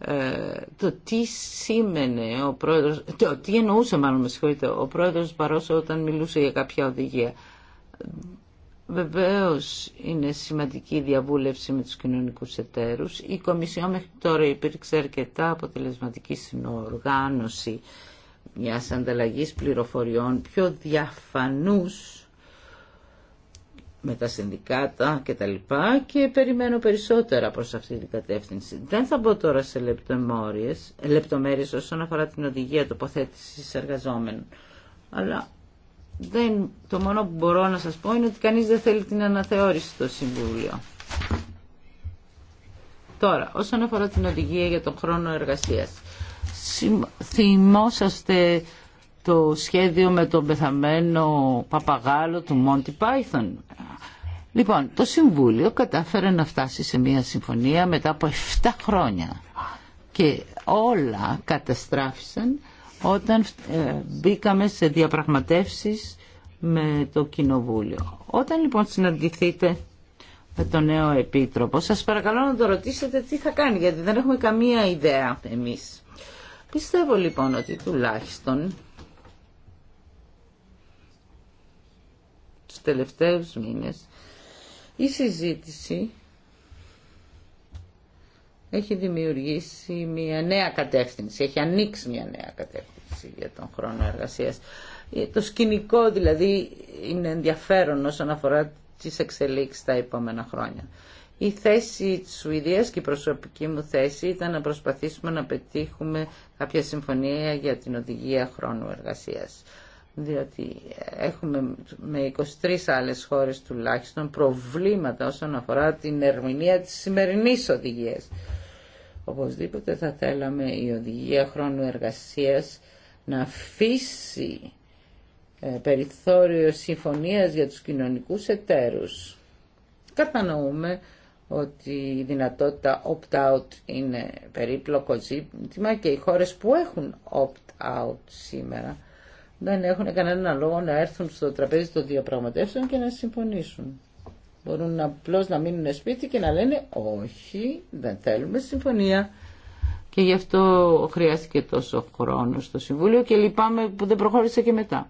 ε, το τι σήμαινε ο πρόεδρος, το τι εννοούσε μάλλον με συγχωρείτε, ο πρόεδρος Μπαρόσο όταν μιλούσε για κάποια οδηγία. Βεβαίως είναι σημαντική η διαβούλευση με τους κοινωνικούς εταίρους. Η Κομισιόν μέχρι τώρα υπήρξε αρκετά αποτελεσματική συνοργάνωση μιας ανταλλαγής πληροφοριών πιο διαφανούς με τα συνδικάτα και τα λοιπά και περιμένω περισσότερα προς αυτή την κατεύθυνση. Δεν θα μπω τώρα σε λεπτομέρειες, λεπτομέρειες όσον αφορά την οδηγία τοποθέτηση εργαζόμενων. Αλλά δεν, το μόνο που μπορώ να σας πω είναι ότι κανείς δεν θέλει την αναθεώρηση στο Συμβούλιο. Τώρα, όσον αφορά την οδηγία για τον χρόνο εργασίας. Θυμόσαστε το σχέδιο με τον πεθαμένο παπαγάλο του Μόντι Πάιθον. Λοιπόν, το Συμβούλιο κατάφερε να φτάσει σε μια συμφωνία μετά από 7 χρόνια και όλα καταστράφησαν όταν ε, μπήκαμε σε διαπραγματεύσεις με το Κοινοβούλιο. Όταν λοιπόν συναντηθείτε με τον νέο Επίτροπο, σας παρακαλώ να το ρωτήσετε τι θα κάνει, γιατί δεν έχουμε καμία ιδέα εμείς. Πιστεύω λοιπόν ότι τουλάχιστον τους τελευταίους μήνες η συζήτηση έχει δημιουργήσει μια νέα κατεύθυνση, έχει ανοίξει μια νέα κατεύθυνση για τον χρόνο εργασίας. Ε, το σκηνικό δηλαδή είναι ενδιαφέρον όσον αφορά τις εξελίξεις τα επόμενα χρόνια. Η θέση της Σουηδίας και η προσωπική μου θέση ήταν να προσπαθήσουμε να πετύχουμε κάποια συμφωνία για την οδηγία χρόνου εργασίας διότι έχουμε με 23 άλλες χώρες τουλάχιστον προβλήματα όσον αφορά την ερμηνεία της σημερινής οδηγίας. Οπωσδήποτε θα θέλαμε η οδηγία χρόνου εργασίας να αφήσει ε, περιθώριο συμφωνίας για τους κοινωνικούς εταίρους. Κατανοούμε ότι η δυνατότητα opt-out είναι περίπλοκο ζήτημα και οι χώρες που έχουν opt-out σήμερα δεν έχουν κανέναν λόγο να έρθουν στο τραπέζι των διαπραγματεύσεων και να συμφωνήσουν. Μπορούν απλώ να μείνουν σπίτι και να λένε όχι, δεν θέλουμε συμφωνία. Και γι' αυτό χρειάστηκε τόσο χρόνο στο Συμβούλιο και λυπάμαι που δεν προχώρησε και μετά.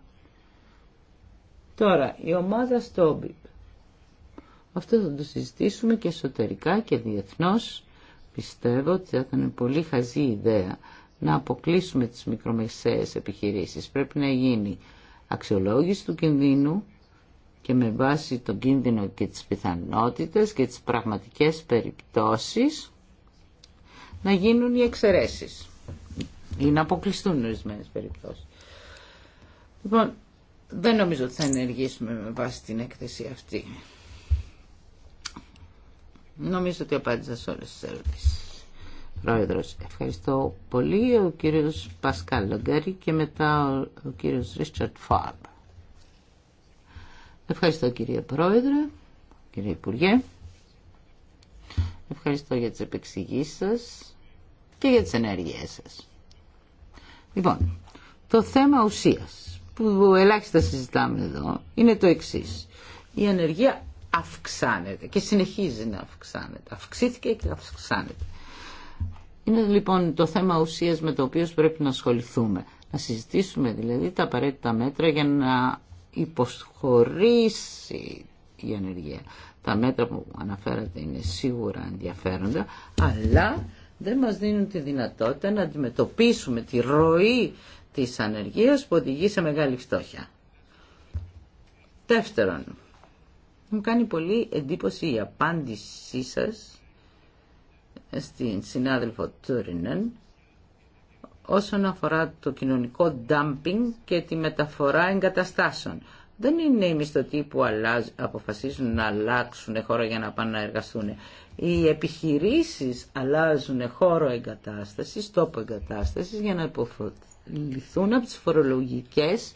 Τώρα, η ομάδα στο ΟΜΠΙΠ. Αυτό θα το συζητήσουμε και εσωτερικά και διεθνώς. Πιστεύω ότι θα ήταν πολύ χαζή ιδέα να αποκλείσουμε τις μικρομεσαίες επιχειρήσεις. Πρέπει να γίνει αξιολόγηση του κινδύνου και με βάση τον κίνδυνο και τις πιθανότητες και τις πραγματικές περιπτώσεις να γίνουν οι εξαιρεσει ή να αποκλειστούν ορισμένε περιπτώσεις. Λοιπόν, δεν νομίζω ότι θα ενεργήσουμε με βάση την έκθεση αυτή. Νομίζω ότι απάντησα σε όλες τις Πρόεδρος. Ευχαριστώ πολύ ο κύριος Πασκάλ Λογκάρη και μετά ο κύριος Ρίτσαρτ Φαρμ. Ευχαριστώ κύριε Πρόεδρε, κύριε Υπουργέ. Ευχαριστώ για τις επεξηγήσεις σας και για τις ενέργειές σας. Λοιπόν, το θέμα ουσίας που ελάχιστα συζητάμε εδώ είναι το εξής. Η ενεργεία αυξάνεται και συνεχίζει να αυξάνεται. Αυξήθηκε και αυξάνεται. Είναι λοιπόν το θέμα ουσίας με το οποίο πρέπει να ασχοληθούμε. Να συζητήσουμε δηλαδή τα απαραίτητα μέτρα για να υποσχωρήσει η ανεργία. Τα μέτρα που αναφέρατε είναι σίγουρα ενδιαφέροντα, αλλά δεν μας δίνουν τη δυνατότητα να αντιμετωπίσουμε τη ροή της ανεργίας που οδηγεί σε μεγάλη φτώχεια. Δεύτερον, μου κάνει πολύ εντύπωση η απάντησή σας στην συνάδελφο Τούρινεν όσον αφορά το κοινωνικό dumping και τη μεταφορά εγκαταστάσεων. Δεν είναι οι μισθωτοί που αποφασίζουν να αλλάξουν χώρο για να πάνε να εργαστούν. Οι επιχειρήσεις αλλάζουν χώρο εγκατάστασης, τόπο εγκατάστασης για να υποφεληθούν από τις φορολογικές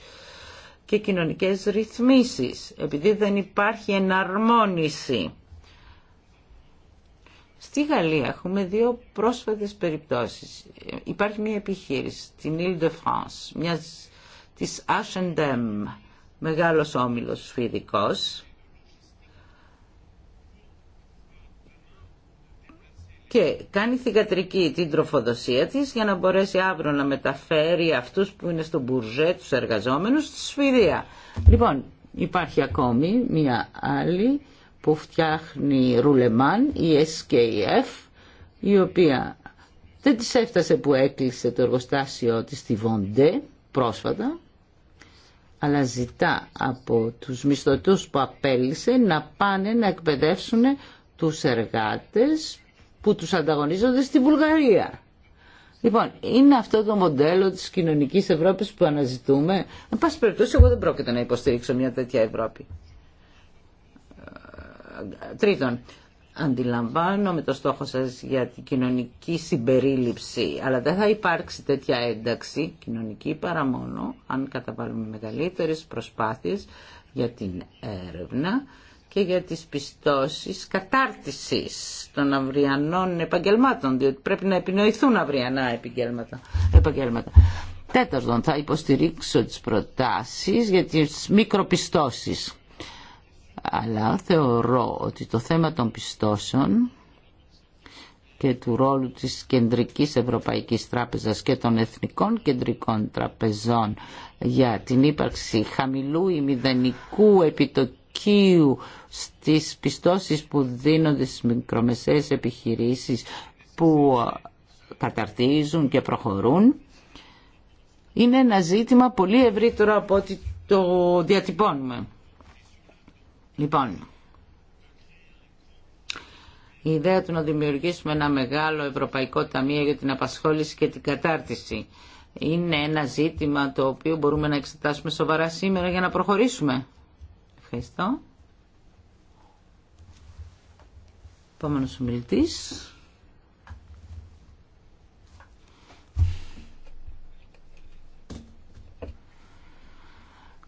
και κοινωνικές ρυθμίσεις. Επειδή δεν υπάρχει εναρμόνιση Στη Γαλλία έχουμε δύο πρόσφατες περιπτώσεις. Υπάρχει μια επιχείρηση στην Ile de France, μιας, της H&M, μεγάλος όμιλος και κάνει θηγατρική την τροφοδοσία της για να μπορέσει αύριο να μεταφέρει αυτούς που είναι στον μπουρζέ, τους εργαζόμενους, στη σφυδία. Λοιπόν, υπάρχει ακόμη μία άλλη που φτιάχνει Ρουλεμάν, η SKF, η οποία δεν της έφτασε που έκλεισε το εργοστάσιο της στη Βοντέ πρόσφατα, αλλά ζητά από τους μισθωτούς που απέλησε να πάνε να εκπαιδεύσουν τους εργάτες που τους ανταγωνίζονται στη Βουλγαρία. Λοιπόν, είναι αυτό το μοντέλο της κοινωνικής Ευρώπης που αναζητούμε. Εν πάση περιπτώσει, εγώ δεν πρόκειται να υποστηρίξω μια τέτοια Ευρώπη. Τρίτον, αντιλαμβάνομαι το στόχο σας για την κοινωνική συμπερίληψη, αλλά δεν θα υπάρξει τέτοια ένταξη κοινωνική παρά μόνο αν καταβάλουμε μεγαλύτερες προσπάθειες για την έρευνα και για τις πιστώσεις κατάρτισης των αυριανών επαγγελμάτων, διότι πρέπει να επινοηθούν αυριανά επαγγέλματα. επαγγέλματα. Τέταρτον, θα υποστηρίξω τις προτάσεις για τις μικροπιστώσεις αλλά θεωρώ ότι το θέμα των πιστώσεων και του ρόλου της Κεντρικής Ευρωπαϊκής Τράπεζας και των Εθνικών Κεντρικών Τραπεζών για την ύπαρξη χαμηλού ή μηδενικού επιτοκίου στις πιστώσεις που δίνονται στις μικρομεσαίες επιχειρήσεις που καταρτίζουν και προχωρούν είναι ένα ζήτημα πολύ ευρύτερο από ό,τι το διατυπώνουμε. Λοιπόν, η ιδέα του να δημιουργήσουμε ένα μεγάλο ευρωπαϊκό ταμείο για την απασχόληση και την κατάρτιση είναι ένα ζήτημα το οποίο μπορούμε να εξετάσουμε σοβαρά σήμερα για να προχωρήσουμε. Ευχαριστώ. Επόμενος ομιλητής.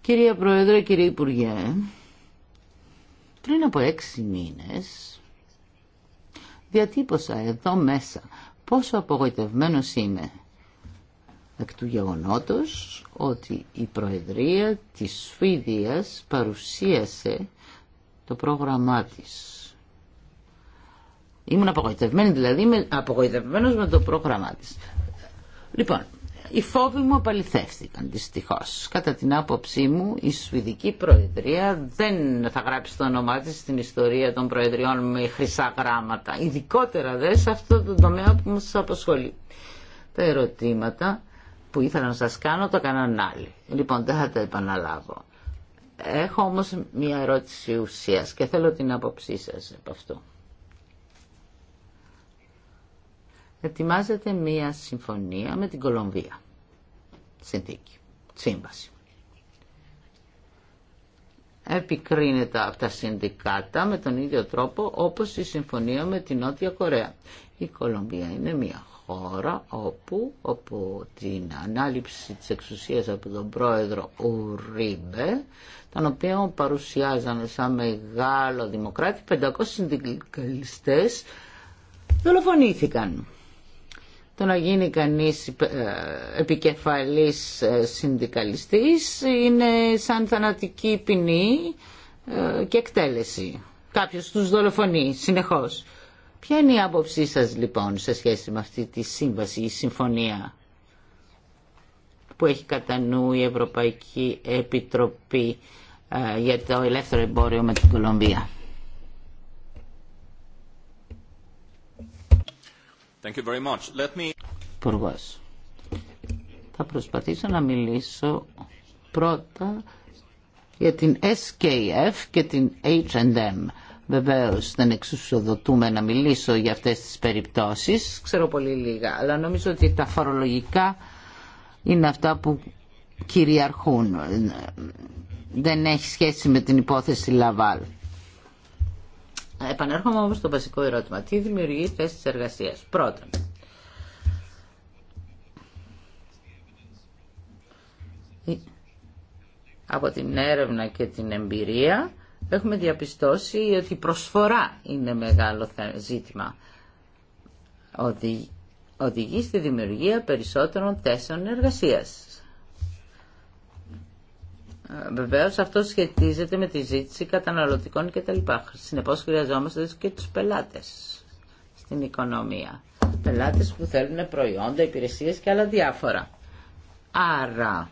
Κυρία Πρόεδρε, κύριε Υπουργέ, πριν από έξι μήνες διατύπωσα εδώ μέσα πόσο απογοητευμένος είμαι εκ του γεγονότος ότι η Προεδρία της Σουηδίας παρουσίασε το πρόγραμμά της. Ήμουν απογοητευμένη δηλαδή, είμαι απογοητευμένος με το πρόγραμμά της. Λοιπόν, οι φόβοι μου απαληθεύτηκαν δυστυχώ. Κατά την άποψή μου η Σουηδική Προεδρία δεν θα γράψει το όνομά της στην ιστορία των Προεδριών με χρυσά γράμματα. Ειδικότερα δε σε αυτό το τομέα που μας απασχολεί. Τα ερωτήματα που ήθελα να σας κάνω τα κάναν άλλοι. Λοιπόν δεν θα τα επαναλάβω. Έχω όμως μια ερώτηση ουσία και θέλω την άποψή σα από αυτό. Ετοιμάζεται μία συμφωνία με την Κολομβία συνθήκη, σύμβαση. Επικρίνεται από τα συνδικάτα με τον ίδιο τρόπο όπως η συμφωνία με την Νότια Κορέα. Η Κολομπία είναι μια χώρα όπου, όπου την ανάληψη της εξουσίας από τον πρόεδρο Ουρίμπε, τον οποίο παρουσιάζανε σαν μεγάλο δημοκράτη, 500 συνδικαλιστές δολοφονήθηκαν. Το να γίνει κανείς ε, επικεφαλής ε, συνδικαλιστής είναι σαν θανατική ποινή ε, και εκτέλεση. Κάποιος τους δολοφονεί συνεχώς. Ποια είναι η άποψή σας λοιπόν σε σχέση με αυτή τη σύμβαση ή συμφωνία που έχει κατά νου η Ευρωπαϊκή Επιτροπή για το ελεύθερο εμπόριο με την Κολομβία. Thank Θα προσπαθήσω να μιλήσω πρώτα για την SKF και την H&M. Βεβαίως δεν εξουσιοδοτούμε να μιλήσω για αυτές τις περιπτώσεις, ξέρω πολύ λίγα, αλλά νομίζω ότι τα φορολογικά είναι αυτά που κυριαρχούν. Δεν έχει σχέση με την υπόθεση Λαβάλ. Επανέρχομαι όμως στο βασικό ερώτημα. Τι δημιουργεί θέσεις εργασίας. Πρώτον, από την έρευνα και την εμπειρία έχουμε διαπιστώσει ότι η προσφορά είναι μεγάλο ζήτημα. Οδηγεί στη δημιουργία περισσότερων θέσεων εργασίας. Βεβαίω, αυτό σχετίζεται με τη ζήτηση καταναλωτικών κτλ. Συνεπώς χρειαζόμαστε και τους πελάτες στην οικονομία. Πελάτες που θέλουν προϊόντα, υπηρεσίες και άλλα διάφορα. Άρα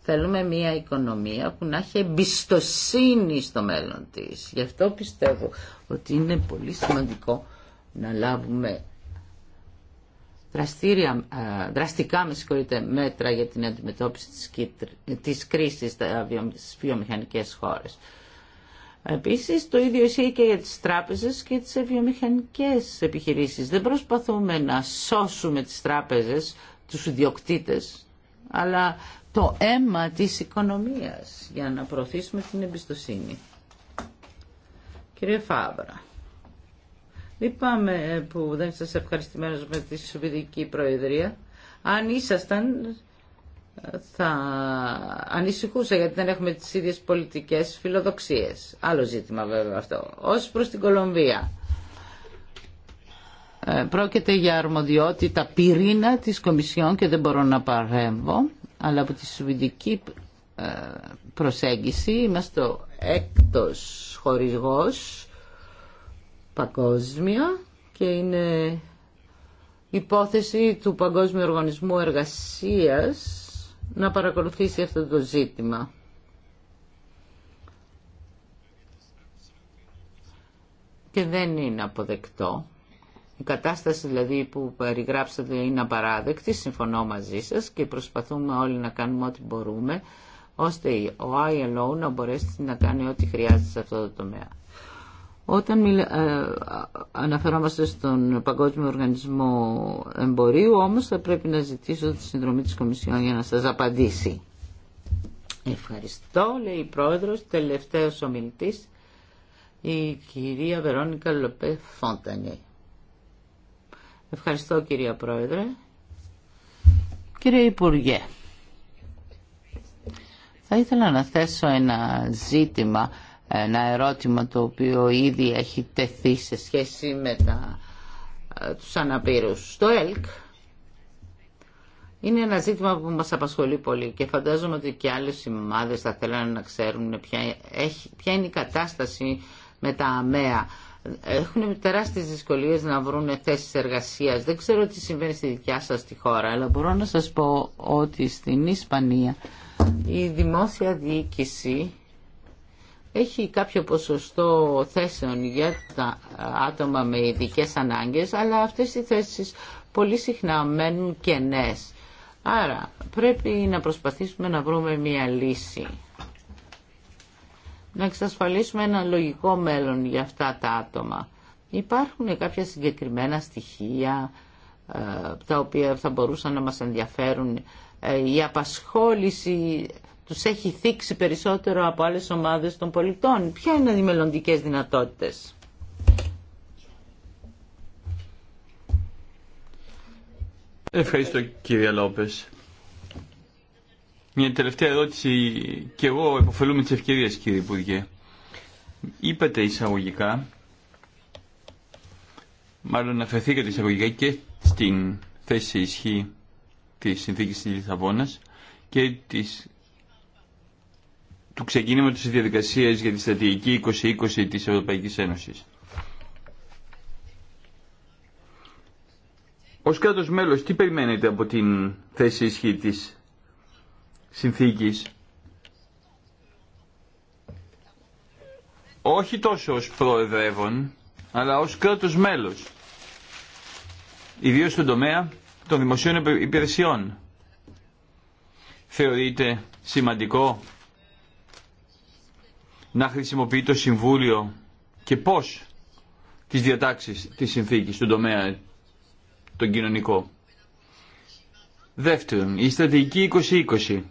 θέλουμε μια οικονομία που να έχει εμπιστοσύνη στο μέλλον της. Γι' αυτό πιστεύω ότι είναι πολύ σημαντικό να λάβουμε δραστήρια, ε, δραστικά με μέτρα για την αντιμετώπιση της κρίσης στις βιομηχανικές χώρες. Επίσης το ίδιο ισχύει και για τις τράπεζες και τις βιομηχανικές επιχειρήσεις. Δεν προσπαθούμε να σώσουμε τις τράπεζες, τους ιδιοκτήτες, αλλά το αίμα της οικονομίας για να προωθήσουμε την εμπιστοσύνη. Κύριε Φάβρα. Λυπάμαι ε, που δεν σας ευχαριστημένος με τη Σουηδική Προεδρία. Αν ήσασταν, θα ανησυχούσα γιατί δεν έχουμε τις ίδιες πολιτικές φιλοδοξίες. Άλλο ζήτημα βέβαια αυτό. Ως προς την Κολομβία. Ε, πρόκειται για αρμοδιότητα πυρήνα της Κομισιόν και δεν μπορώ να παρέμβω, αλλά από τη Σουηδική ε, προσέγγιση είμαστε ο έκτος χορηγός παγκόσμια και είναι υπόθεση του Παγκόσμιου Οργανισμού Εργασίας να παρακολουθήσει αυτό το ζήτημα. Και δεν είναι αποδεκτό. Η κατάσταση δηλαδή που περιγράψατε είναι απαράδεκτη, συμφωνώ μαζί σας και προσπαθούμε όλοι να κάνουμε ό,τι μπορούμε ώστε ο ILO να μπορέσει να κάνει ό,τι χρειάζεται σε αυτό το τομέα. Όταν ε, αναφερόμαστε στον Παγκόσμιο Οργανισμό Εμπορίου, όμως θα πρέπει να ζητήσω τη συνδρομή της Κομισιόν για να σας απαντήσει. Ευχαριστώ, λέει η Πρόεδρος, τελευταίος ομιλητής, η κυρία Βερόνικα Λοπέ Φόντανιε. Ευχαριστώ, κυρία Πρόεδρε. Κύριε Υπουργέ, θα ήθελα να θέσω ένα ζήτημα ένα ερώτημα το οποίο ήδη έχει τεθεί σε σχέση με τα, ε, τους αναπήρους. Το ΕΛΚ είναι ένα ζήτημα που μας απασχολεί πολύ και φαντάζομαι ότι και άλλες συμμάδες θα θέλουν να ξέρουν ποια, έχει, ποια είναι η κατάσταση με τα ΑΜΕΑ. Έχουν τεράστιες δυσκολίες να βρουν θέσεις εργασίας. Δεν ξέρω τι συμβαίνει στη δικιά σας τη χώρα, αλλά μπορώ να σας πω ότι στην Ισπανία η δημόσια διοίκηση έχει κάποιο ποσοστό θέσεων για τα άτομα με ειδικέ ανάγκες, αλλά αυτές οι θέσεις πολύ συχνά μένουν κενές. Άρα πρέπει να προσπαθήσουμε να βρούμε μια λύση. Να εξασφαλίσουμε ένα λογικό μέλλον για αυτά τα άτομα. Υπάρχουν κάποια συγκεκριμένα στοιχεία ε, τα οποία θα μπορούσαν να μας ενδιαφέρουν. Ε, η απασχόληση τους έχει θίξει περισσότερο από άλλες ομάδες των πολιτών. Ποια είναι οι μελλοντικέ δυνατότητες. Ευχαριστώ κύριε Λόπες. Μια τελευταία ερώτηση και εγώ υποφελούμαι τις ευκαιρίες κύριε Υπουργέ. Είπατε εισαγωγικά, μάλλον αναφερθήκατε εισαγωγικά και στην θέση ισχύ της συνθήκης της Λισαβόνας και της του ξεκινήματος της διαδικασίας για τη στρατηγική 2020 της Ευρωπαϊκής Ένωσης. Ως κράτος μέλος, τι περιμένετε από την θέση ισχύ της συνθήκης. Όχι τόσο ως προεδρεύων, αλλά ως κράτος μέλος. Ιδίως στον τομέα των δημοσίων υπηρεσιών. Θεωρείται σημαντικό να χρησιμοποιεί το Συμβούλιο και πώς τις διατάξεις της συνθήκης στον τομέα τον κοινωνικό. Δεύτερον, η στρατηγική 2020,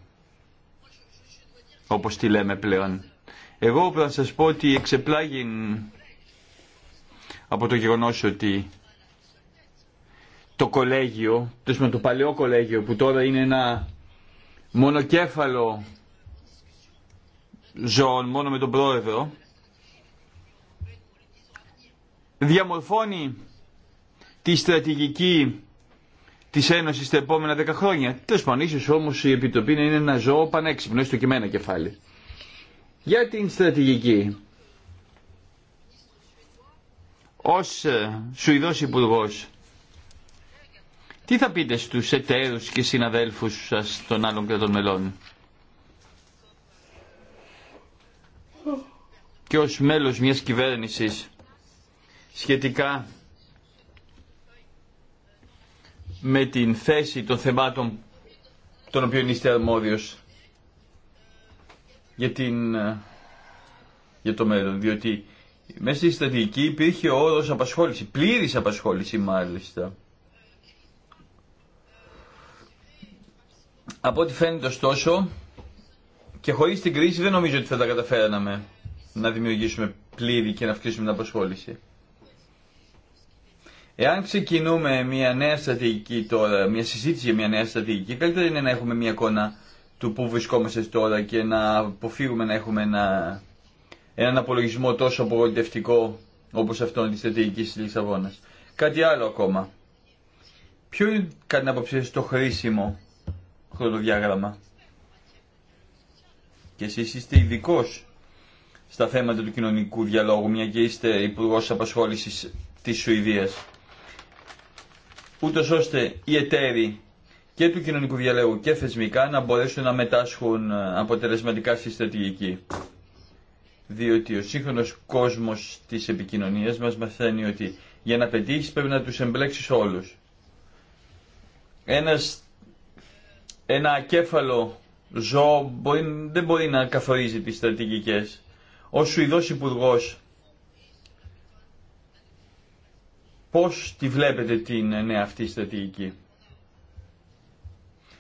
όπως τη λέμε πλέον. Εγώ πρέπει να σας πω ότι εξεπλάγει από το γεγονός ότι το κολέγιο, το παλαιό κολέγιο που τώρα είναι ένα μονοκέφαλο ζώων μόνο με τον πρόεδρο διαμορφώνει τη στρατηγική της Ένωσης τα επόμενα δέκα χρόνια. Τέλος πάντων, ίσως όμως η Επιτροπή να είναι ένα ζώο πανέξυπνο, έστω και ένα κεφάλι. Για την στρατηγική. Ως ε, Σουηδός υπουργό. τι θα πείτε στους εταίρους και συναδέλφους σας των άλλων κρατών μελών. και ως μέλος μιας κυβέρνησης σχετικά με την θέση των θεμάτων των οποίων είστε αρμόδιος για, την, για το μέλλον. Διότι μέσα στη στρατηγική υπήρχε ο όρος απασχόληση, πλήρης απασχόληση μάλιστα. Από ό,τι φαίνεται ωστόσο και χωρίς την κρίση δεν νομίζω ότι θα τα καταφέραναμε να δημιουργήσουμε πλήρη και να αυξήσουμε την απασχόληση. Εάν ξεκινούμε μια νέα στρατηγική τώρα, μια συζήτηση για μια νέα στρατηγική, καλύτερα είναι να έχουμε μια εικόνα του που βρισκόμαστε τώρα και να αποφύγουμε να έχουμε ένα, έναν απολογισμό τόσο απογοητευτικό όπως αυτόν τη στρατηγική τη Λισαβόνα. Κάτι άλλο ακόμα. Ποιο είναι κατά την άποψή το χρήσιμο χρονοδιάγραμμα. Και εσείς είστε ειδικό στα θέματα του κοινωνικού διαλόγου, μια και είστε υπουργό απασχόληση τη Σουηδία. Ούτω ώστε οι εταίροι και του κοινωνικού διαλόγου και θεσμικά να μπορέσουν να μετάσχουν ε, αποτελεσματικά στη στρατηγική. Διότι ο σύγχρονο κόσμο τη επικοινωνία μα μαθαίνει ότι για να πετύχει πρέπει να του εμπλέξει όλου. Ένας, ένα ακέφαλο ζώο μπορεί, δεν μπορεί να καθορίζει τις στρατηγικές ο Σουηδός υπουργό. πώς τη βλέπετε την ε, νέα αυτή στρατηγική.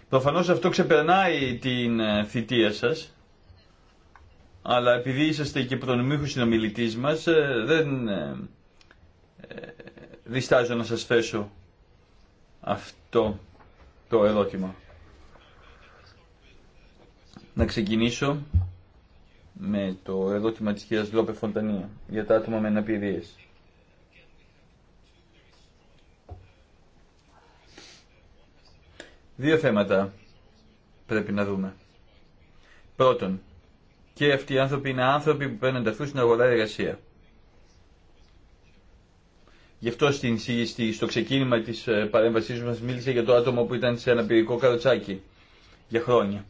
Προφανώς αυτό ξεπερνάει την ε, θητεία σας, αλλά επειδή είσαστε και προνομίχους συνομιλητής μας, ε, δεν διστάζω να σας θέσω αυτό το ερώτημα. Να ξεκινήσω με το ερώτημα της κυρίας Λόπε Φοντανία για τα άτομα με αναπηρίες. Δύο θέματα πρέπει να δούμε. Πρώτον, και αυτοί οι άνθρωποι είναι άνθρωποι που παίρνουν ταυτού στην αγορά εργασία. Γι' αυτό στην, στο ξεκίνημα της ε, παρέμβασής μας μίλησε για το άτομο που ήταν σε αναπηρικό καροτσάκι για χρόνια.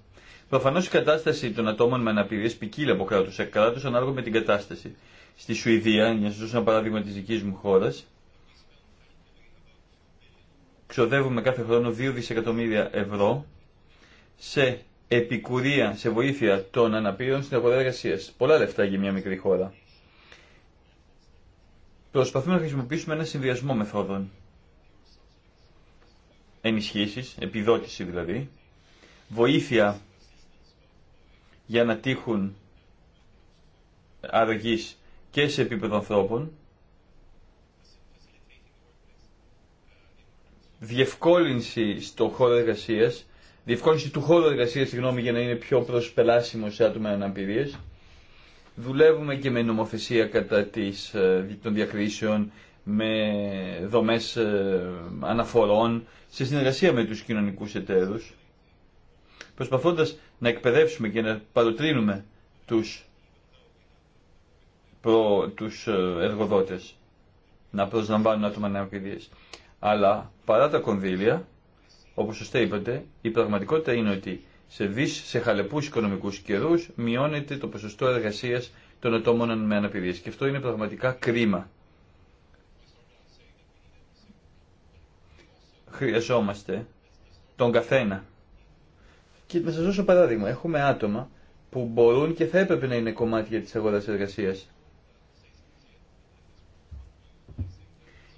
Προφανώ η κατάσταση των ατόμων με αναπηρίε ποικίλει από κράτο σε κράτο ανάλογα με την κατάσταση. Στη Σουηδία, για να σα δώσω ένα παράδειγμα τη δική μου χώρα, ξοδεύουμε κάθε χρόνο 2 δισεκατομμύρια ευρώ σε επικουρία, σε βοήθεια των αναπήρων στην αγορά εργασία. Πολλά λεφτά για μια μικρή χώρα. Προσπαθούμε να χρησιμοποιήσουμε ένα συνδυασμό μεθόδων. Ενισχύσει, επιδότηση δηλαδή, βοήθεια για να τύχουν αργής και σε επίπεδο ανθρώπων, διευκόλυνση στο χώρο εργασία, διευκόλυνση του χώρου εργασία, συγγνώμη, για να είναι πιο προσπελάσιμο σε άτομα αναπηρίε. Δουλεύουμε και με νομοθεσία κατά της, ε, των διακρίσεων, με δομέ ε, αναφορών, σε συνεργασία με του κοινωνικού εταίρου. προσπαθώντας να εκπαιδεύσουμε και να παροτρύνουμε τους, προ, τους ε, εργοδότες να προσλαμβάνουν άτομα αναπηρίες. Αλλά παρά τα κονδύλια, όπως σωστά είπατε, η πραγματικότητα είναι ότι σε δις, σε χαλεπούς οικονομικούς καιρούς μειώνεται το ποσοστό εργασίας των ατόμων με αναπηρίες. Και αυτό είναι πραγματικά κρίμα. Χρειαζόμαστε τον καθένα και να σα δώσω παράδειγμα. Έχουμε άτομα που μπορούν και θα έπρεπε να είναι κομμάτια της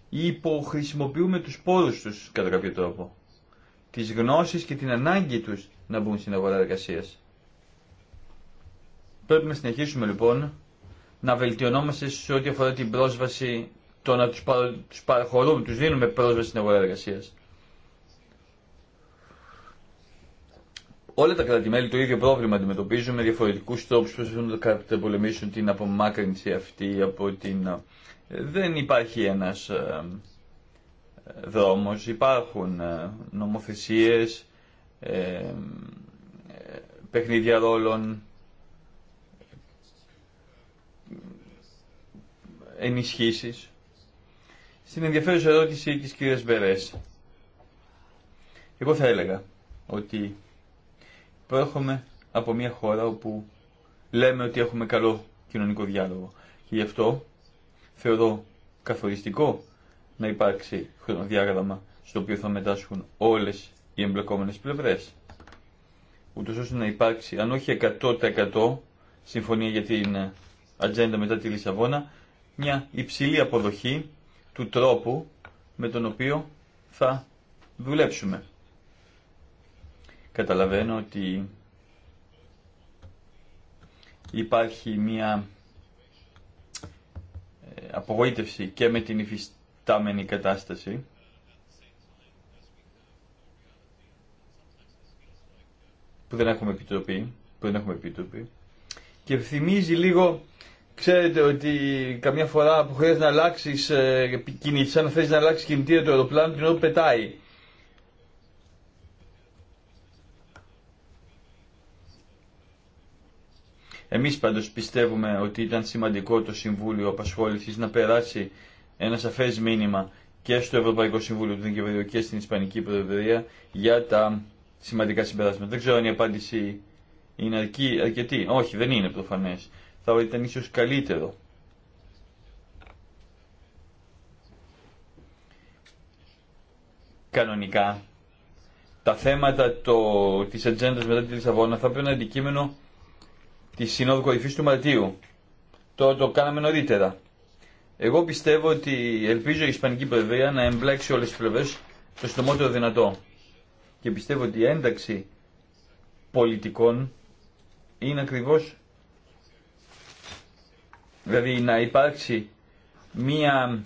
Ή που χρησιμοποιούμε τους πόρου του κατά κάποιο τρόπο. τι γνώσει και την ανάγκη τους να μπουν στην αγορά εργασία. Πρέπει να συνεχίσουμε λοιπόν να βελτιωνόμαστε σε ό,τι αφορά την πρόσβαση, το να τους, παραχωρούμε, τους δίνουμε πρόσβαση στην αγορά εργασίας. Όλα τα κράτη-μέλη το ίδιο πρόβλημα αντιμετωπίζουν με διαφορετικού τρόπου που προσπαθούν να καταπολεμήσουν την απομάκρυνση αυτή από την. Ε, δεν υπάρχει ένα ε, δρόμο. Υπάρχουν ε, νομοθεσίε, παιχνίδια ρόλων, ενισχύσει. Στην ενδιαφέρουσα ερώτηση τη κυρία Μπερέ, εγώ θα έλεγα ότι Προέρχομαι από μια χώρα όπου λέμε ότι έχουμε καλό κοινωνικό διάλογο. Και γι' αυτό θεωρώ καθοριστικό να υπάρξει χρονοδιάγραμμα στο οποίο θα μετάσχουν όλες οι εμπλεκόμενες πλευρές. Ούτως ώστε να υπάρξει, αν όχι 100% συμφωνία για την ε, ατζέντα μετά τη Λισαβόνα, μια υψηλή αποδοχή του τρόπου με τον οποίο θα δουλέψουμε. Καταλαβαίνω ότι υπάρχει μία ε, απογοήτευση και με την υφιστάμενη κατάσταση που δεν έχουμε επιτροπή, που δεν έχουμε επιτροπή και θυμίζει λίγο Ξέρετε ότι καμιά φορά που χρειάζεται να αλλάξει, ε, να να αλλάξει κινητήρα του αεροπλάνου, την ώρα πετάει. Εμείς πάντως πιστεύουμε ότι ήταν σημαντικό το Συμβούλιο Απασχόλησης να περάσει ένα σαφές μήνυμα και στο Ευρωπαϊκό Συμβούλιο του Δικαιωματικού και στην Ισπανική Προεδρία για τα σημαντικά συμπεράσματα. Δεν ξέρω αν η απάντηση είναι αρκή, αρκετή. Όχι, δεν είναι προφανές. Θα ήταν ίσως καλύτερο. Κανονικά, τα θέματα το, της ατζέντα μετά τη Λισαβόνα θα πρέπει να αντικείμενο τη Συνόδου Κορυφή του Μαρτίου. Το, το κάναμε νωρίτερα. Εγώ πιστεύω ότι ελπίζω η Ισπανική Προεδρία να εμπλέξει όλε τι πλευρέ το στομότερο δυνατό. Και πιστεύω ότι η ένταξη πολιτικών είναι ακριβώ. Δηλαδή να υπάρξει μία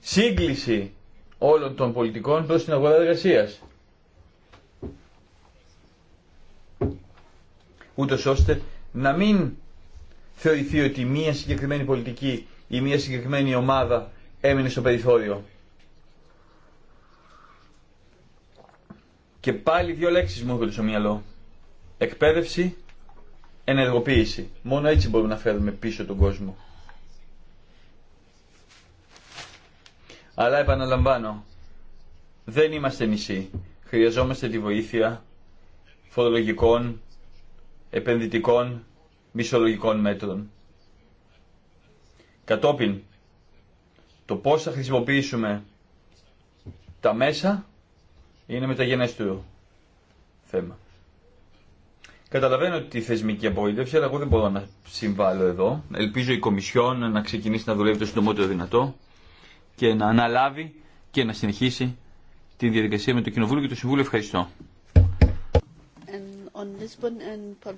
σύγκληση όλων των πολιτικών προς την αγορά εργασία. Ούτως ώστε να μην θεωρηθεί ότι μία συγκεκριμένη πολιτική ή μία συγκεκριμένη ομάδα έμεινε στο περιθώριο. Και πάλι δύο λέξεις μου έρχονται στο μυαλό. Εκπαίδευση, ενεργοποίηση. Μόνο έτσι μπορούμε να φέρουμε πίσω τον κόσμο. Αλλά επαναλαμβάνω, δεν είμαστε νησί. Χρειαζόμαστε τη βοήθεια φορολογικών επενδυτικών μισολογικών μέτρων. Κατόπιν, το πώς θα χρησιμοποιήσουμε τα μέσα είναι μεταγενέστερο θέμα. Καταλαβαίνω η θεσμική απογοήτευση, αλλά εγώ δεν μπορώ να συμβάλλω εδώ. Ελπίζω η Κομισιόν να ξεκινήσει να δουλεύει το συντομότερο δυνατό και να αναλάβει και να συνεχίσει τη διαδικασία με το Κοινοβούλιο και το Συμβούλιο. Ευχαριστώ on Lisbon and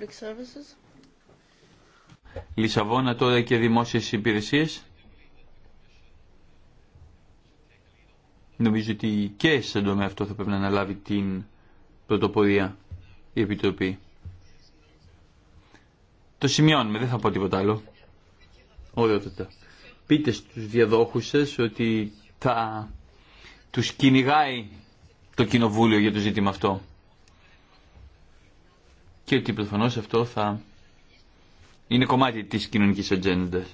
Λισαβόνα τώρα και δημόσιες υπηρεσίες. Νομίζω ότι και σε τομέα αυτό θα πρέπει να αναλάβει την πρωτοπορία η Επιτροπή. Το σημειώνουμε, δεν θα πω τίποτα άλλο. Ωραιότατα. Πείτε στους διαδόχους σας ότι θα τους κυνηγάει το Κοινοβούλιο για το ζήτημα αυτό και ότι προφανώς αυτό θα είναι κομμάτι της κοινωνικής ατζέντα.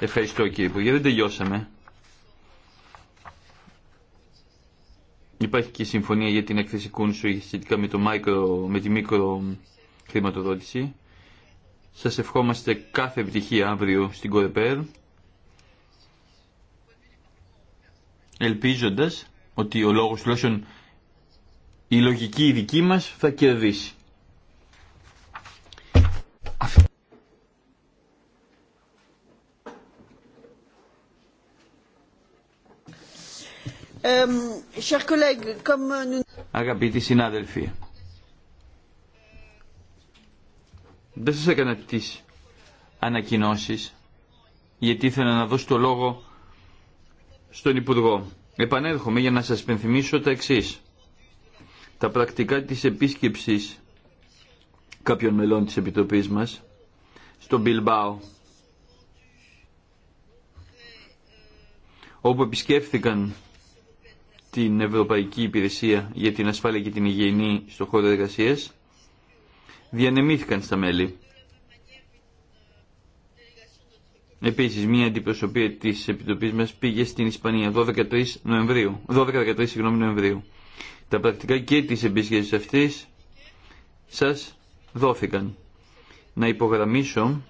Ευχαριστώ κύριε Υπουργέ, δεν τελειώσαμε. Υπάρχει και συμφωνία για την έκθεση Κούνσου σχετικά με, το με τη μικρο χρηματοδότηση. Σας ευχόμαστε κάθε επιτυχία αύριο στην Κορεπέρ. Ελπίζοντας ότι ο λόγος τουλάχιστον η λογική δική μας θα κερδίσει. Αγαπητοί συνάδελφοι, δεν σας έκανα τις ανακοινώσεις γιατί ήθελα να δώσω το λόγο στον Υπουργό. Επανέρχομαι για να σας πενθυμίσω τα εξής. Τα πρακτικά της επίσκεψης κάποιων μελών της Επιτροπής μας στο Μπιλμπάο όπου επισκέφθηκαν την Ευρωπαϊκή Υπηρεσία για την Ασφάλεια και την Υγιεινή στον χώρο εργασία διανεμήθηκαν στα μέλη. Επίσης, μία αντιπροσωπεία της Επιτροπής μας πήγε στην Ισπανία 12-13 Νοεμβρίου. Νοεμβρίου. Τα πρακτικά και της επίσκεψης αυτής σας δόθηκαν. Να υπογραμμίσω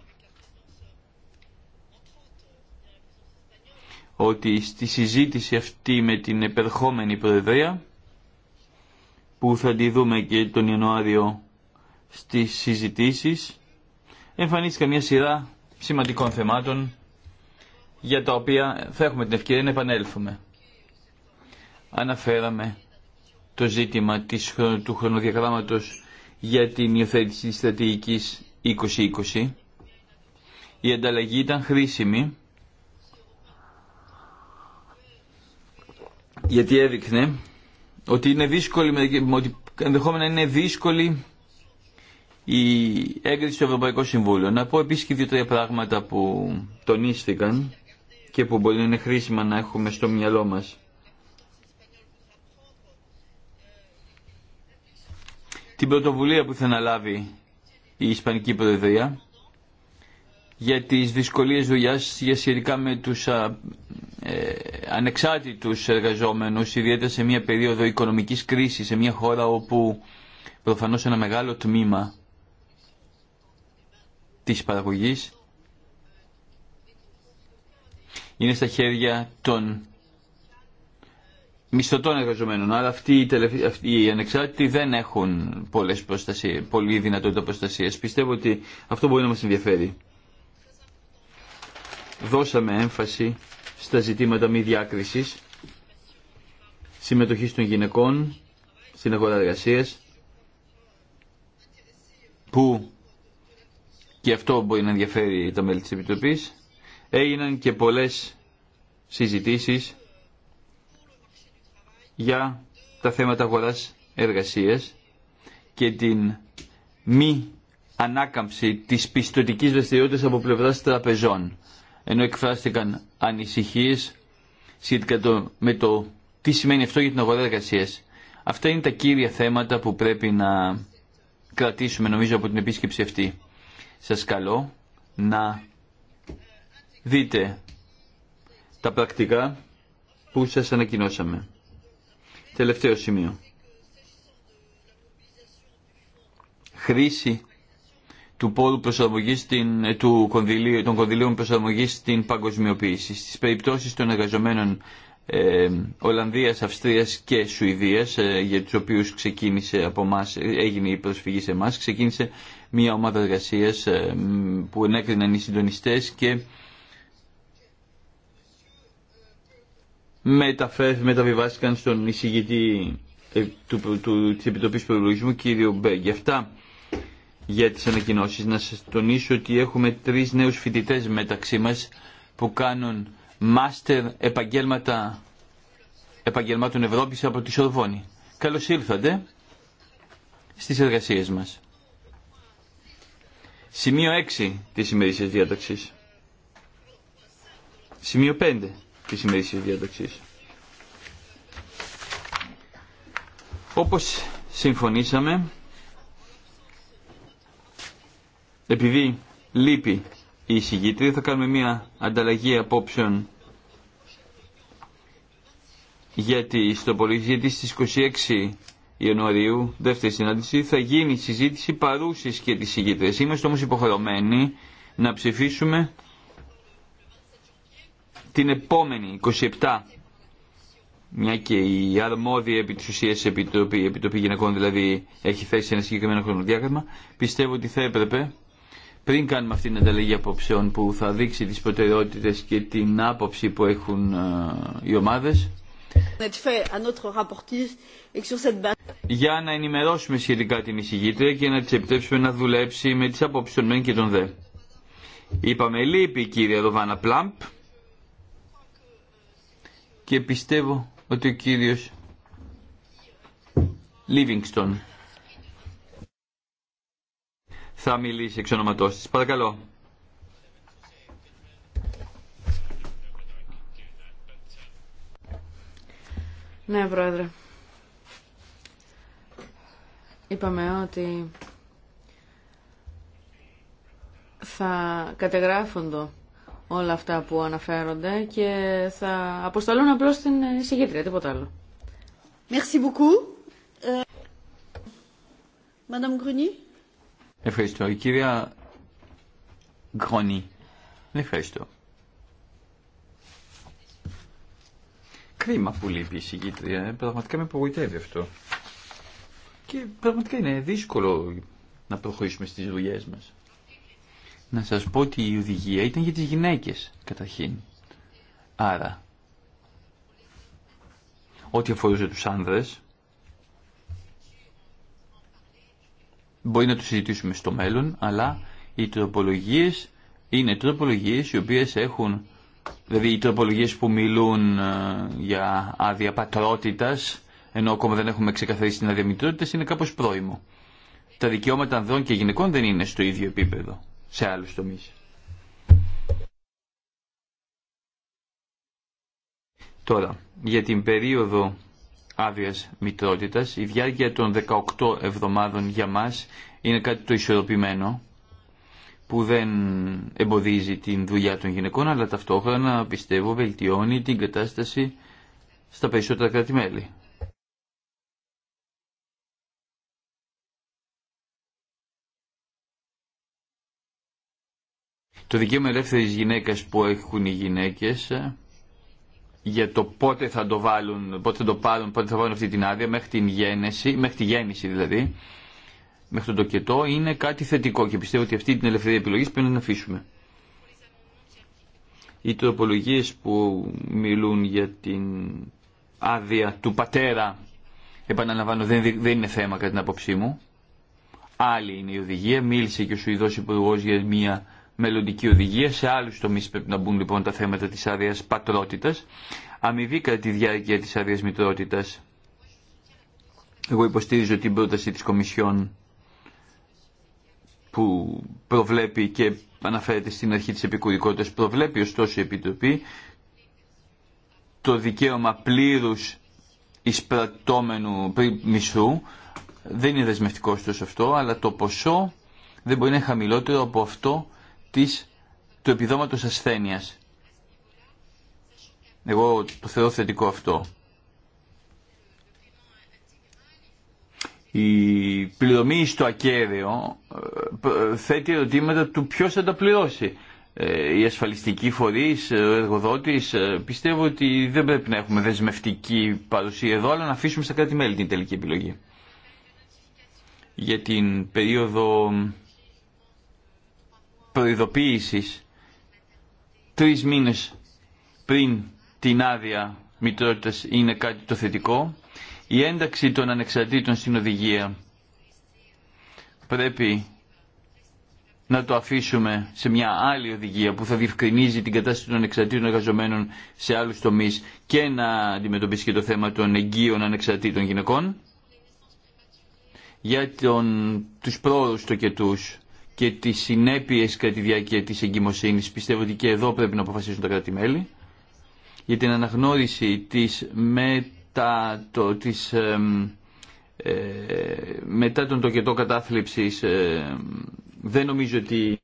ότι στη συζήτηση αυτή με την επερχόμενη Προεδρία που θα τη δούμε και τον Ιανουάριο στις συζητήσεις εμφανίστηκε μια σειρά σημαντικών θεμάτων για τα οποία θα έχουμε την ευκαιρία να επανέλθουμε. Αναφέραμε το ζήτημα της, του χρονοδιαγράμματος για την υιοθέτηση της στρατηγικής 2020. Η ανταλλαγή ήταν χρήσιμη γιατί έδειχνε ότι είναι δύσκολη, ότι ενδεχόμενα είναι δύσκολη η έγκριση του Ευρωπαϊκού Συμβούλιο. Να πω επίσης και δύο-τρία πράγματα που τονίστηκαν και που μπορεί να είναι χρήσιμα να έχουμε στο μυαλό μας. Την πρωτοβουλία που θα αναλάβει η Ισπανική Προεδρία για τις δυσκολίες δουλειάς για σχετικά με τους α, ε, ανεξάρτητους εργαζόμενους, ιδιαίτερα σε μια περίοδο οικονομικής κρίσης, σε μια χώρα όπου προφανώς ένα μεγάλο τμήμα της παραγωγής είναι στα χέρια των μισθωτών εργαζομένων. αλλά αυτοί οι, οι ανεξάρτητοι δεν έχουν πολλές προστασίες, πολλή δυνατότητα προστασίας. Πιστεύω ότι αυτό μπορεί να μας ενδιαφέρει δώσαμε έμφαση στα ζητήματα μη διάκρισης, συμμετοχής των γυναικών στην αγορά εργασία, που και αυτό μπορεί να ενδιαφέρει τα μέλη της Επιτροπής, έγιναν και πολλές συζητήσεις για τα θέματα αγοράς εργασίας και την μη ανάκαμψη της πιστοτικής δραστηριότητας από πλευράς τραπεζών ενώ εκφράστηκαν ανησυχίες σχετικά με το τι σημαίνει αυτό για την αγορά εργασία. Αυτά είναι τα κύρια θέματα που πρέπει να κρατήσουμε νομίζω από την επίσκεψη αυτή. Σας καλώ να δείτε τα πρακτικά που σας ανακοινώσαμε. Τελευταίο σημείο. Χρήση του πόρου προσαρμογής ε, των κονδυλίων προσαρμογή στην παγκοσμιοποίηση. στι περιπτώσει των εργαζομένων ε, Ολλανδίας, Αυστρίας και Σουηδίας, ε, για του οποίου ξεκίνησε από μας, ε, έγινε η προσφυγή σε εμά, ξεκίνησε μια ομάδα εργασία που ενέκριναν οι συντονιστέ και μεταβιβάστηκαν στον εισηγητή του, του, του, της Επιτροπής Προλογισμού, κύριο Μπέγκ. Αυτά για τις ανακοινώσεις. Να σας τονίσω ότι έχουμε τρεις νέους φοιτητές μεταξύ μας που κάνουν μάστερ επαγγέλματα επαγγελμάτων Ευρώπης από τη Σορβόνη. Καλώς ήλθατε στις εργασίες μας. Σημείο 6 της ημερήσιας διάταξης. Σημείο 5 της ημερήσιας διάταξης. Όπως συμφωνήσαμε, Επειδή λείπει η εισηγήτρια θα κάνουμε μια ανταλλαγή απόψεων γιατί στο πολιχείτη στις 26 Ιανουαρίου, δεύτερη συνάντηση, θα γίνει συζήτηση παρούσης και της ηγήτρες. Είμαστε όμως υποχρεωμένοι να ψηφίσουμε την επόμενη 27 μια και η αρμόδια επί της ουσίας επιτροπή, επιτροπή γυναικών δηλαδή έχει θέσει ένα συγκεκριμένο χρονοδιάγραμμα πιστεύω ότι θα έπρεπε πριν κάνουμε αυτήν την ανταλλαγή απόψεων που θα δείξει τις προτεραιότητες και την άποψη που έχουν ε, οι ομάδες για να ενημερώσουμε σχετικά την εισηγήτρια και να της επιτρέψουμε να δουλέψει με τις απόψεις των μεν και των δε. Είπαμε λείπει η κυρία Ροβάνα Πλάμπ και πιστεύω ότι ο κύριος Λίβινγκστον θα μιλήσει εξ ονοματός Παρακαλώ. Ναι, Πρόεδρε. Είπαμε ότι θα κατεγράφονται όλα αυτά που αναφέρονται και θα αποσταλούν απλώς στην εισηγήτρια, τίποτα άλλο. Merci beaucoup. Euh, Madame Ευχαριστώ. Η κυρία Γκρονή. Ευχαριστώ. Κρίμα που λείπει η συγκήτρια. Ε, πραγματικά με απογοητεύει αυτό. Και πραγματικά είναι δύσκολο να προχωρήσουμε στις δουλειές μας. Να σας πω ότι η οδηγία ήταν για τις γυναίκες καταρχήν. Άρα, ό,τι αφορούσε τους άνδρες, Μπορεί να το συζητήσουμε στο μέλλον, αλλά οι τροπολογίε είναι τροπολογίες οι οποίες έχουν, δηλαδή οι τροπολογίες που μιλούν ε, για άδεια πατρότητα ενώ ακόμα δεν έχουμε ξεκαθαρίσει την αδιαμητρότητα, είναι κάπως πρόημο. Τα δικαιώματα ανδρών και γυναικών δεν είναι στο ίδιο επίπεδο σε άλλου τομείς. Τώρα, για την περίοδο άδεια μητρότητα. Η διάρκεια των 18 εβδομάδων για μα είναι κάτι το ισορροπημένο που δεν εμποδίζει την δουλειά των γυναικών αλλά ταυτόχρονα πιστεύω βελτιώνει την κατάσταση στα περισσότερα κράτη-μέλη. Το δικαίωμα ελεύθερη γυναίκας που έχουν οι γυναίκες για το πότε θα το βάλουν, πότε το πάρουν, πότε θα βάλουν αυτή την άδεια μέχρι την γέννηση, μέχρι τη γέννηση δηλαδή, μέχρι τον τοκετό είναι κάτι θετικό και πιστεύω ότι αυτή την ελευθερία επιλογή πρέπει να την αφήσουμε. Οι τροπολογίε που μιλούν για την άδεια του πατέρα, επαναλαμβάνω δεν, δεν είναι θέμα κατά την άποψή μου, άλλη είναι η οδηγία, μίλησε και ο Σουηδό υπουργό για μια μελλοντική οδηγία. Σε άλλους τομεί πρέπει να μπουν λοιπόν τα θέματα της άδεια πατρότητας. Αμοιβή κατά τη διάρκεια της άδεια μητρότητας. Εγώ υποστήριζω την πρόταση τη Κομισιόν που προβλέπει και αναφέρεται στην αρχή της επικουρικότητας, προβλέπει ωστόσο η Επιτροπή το δικαίωμα πλήρους εισπρατώμενου μισθού, δεν είναι δεσμευτικό ωστόσο αυτό, αλλά το ποσό δεν μπορεί να είναι χαμηλότερο από αυτό της, του επιδόματος ασθένειας. Εγώ το θεωρώ θετικό αυτό. Η πληρωμή στο ακέραιο ε, θέτει ερωτήματα του ποιος θα τα πληρώσει. Η ε, ασφαλιστικοί φορείς, ε, ο εργοδότης, πιστεύω ότι δεν πρέπει να έχουμε δεσμευτική παρουσία εδώ, αλλά να αφήσουμε στα κράτη-μέλη την τελική επιλογή. Για την περίοδο προειδοποίησης τρεις μήνες πριν την άδεια μητρότητας είναι κάτι το θετικό. Η ένταξη των ανεξαρτήτων στην οδηγία πρέπει να το αφήσουμε σε μια άλλη οδηγία που θα διευκρινίζει την κατάσταση των ανεξαρτήτων εργαζομένων σε άλλους τομείς και να αντιμετωπίσει και το θέμα των εγγύων ανεξαρτήτων γυναικών. Για τον, τους πρόορους τοκετούς και τις συνέπειες κατά τη διάρκεια της εγκυμοσύνης. Πιστεύω ότι και εδώ πρέπει να αποφασίσουν τα κράτη-μέλη. Για την αναγνώριση τη ε, μετά, το, ε, τον τοκετό κατάθλιψης ε, δεν νομίζω ότι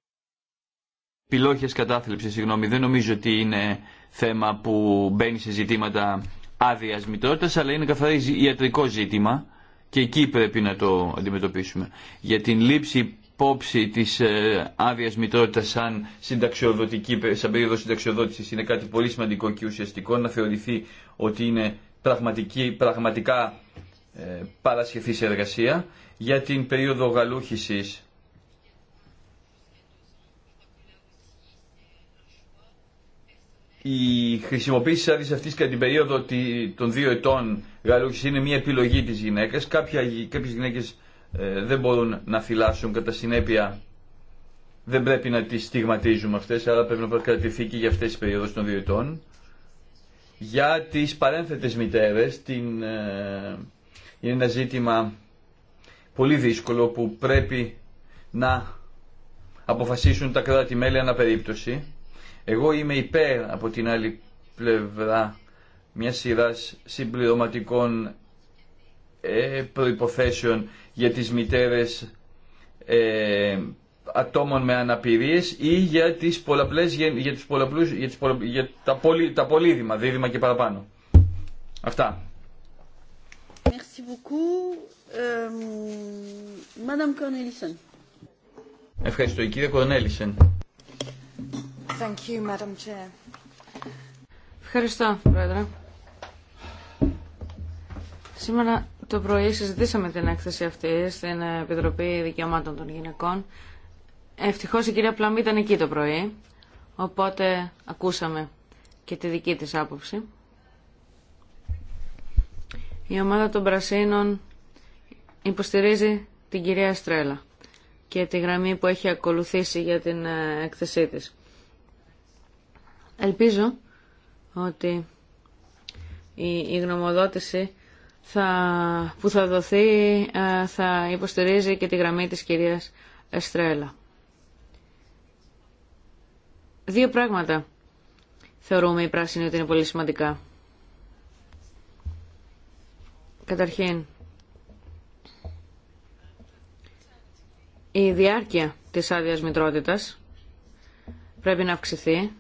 κατάθλιψης, συγγνώμη, δεν νομίζω ότι είναι θέμα που μπαίνει σε ζητήματα άδεια μητρότητα, αλλά είναι καθαρά ιατρικό ζήτημα και εκεί πρέπει να το αντιμετωπίσουμε. Για την λήψη υπόψη της ε, άδεια μητρότητα σαν, συνταξιοδοτική, σαν περίοδο συνταξιοδότησης είναι κάτι πολύ σημαντικό και ουσιαστικό να θεωρηθεί ότι είναι πραγματική, πραγματικά ε, παρασχεθής εργασία. Για την περίοδο γαλούχησης η χρησιμοποίηση άδεια αυτή κατά την περίοδο των δύο ετών γαλούχησης είναι μια επιλογή τη γυναίκα. Κάποιε κάποιες ε, δεν μπορούν να φυλάσουν κατά συνέπεια δεν πρέπει να τις στιγματίζουμε αυτές αλλά πρέπει να προκρατηθεί και για αυτές τις περιόδους των δύο ετών για τις παρένθετες μητέρες την, ε, είναι ένα ζήτημα πολύ δύσκολο που πρέπει να αποφασίσουν τα κράτη-μέλη περίπτωση Εγώ είμαι υπέρ από την άλλη πλευρά μια σειρά συμπληρωματικών ε, προϋποθέσεων για τις μητέρες ε, ατόμων με αναπηρίες ή για, τις πολλαπλές, για, για, τους πολλαπλούς, για, τις για τα, πολυ, τα πολύδημα, δίδυμα και παραπάνω. Αυτά. Merci beaucoup. Euh, Madame Cornelissen. Ευχαριστώ. Η κυρία Κορνέλισεν. Thank you, Madam Chair. Ευχαριστώ, Πρόεδρε. Σήμερα το πρωί συζητήσαμε την έκθεση αυτή στην Επιτροπή Δικαιωμάτων των Γυναικών. Ευτυχώς η κυρία Πλαμή ήταν εκεί το πρωί, οπότε ακούσαμε και τη δική της άποψη. Η ομάδα των Πρασίνων υποστηρίζει την κυρία Στρέλα και τη γραμμή που έχει ακολουθήσει για την ε, έκθεσή της. Ελπίζω ότι η γνωμοδότηση θα, που θα δοθεί ε, θα υποστηρίζει και τη γραμμή της κυρίας Εστρέλα. Δύο πράγματα θεωρούμε οι πράσινοι ότι είναι πολύ σημαντικά. Καταρχήν, η διάρκεια της άδειας μητρότητας πρέπει να αυξηθεί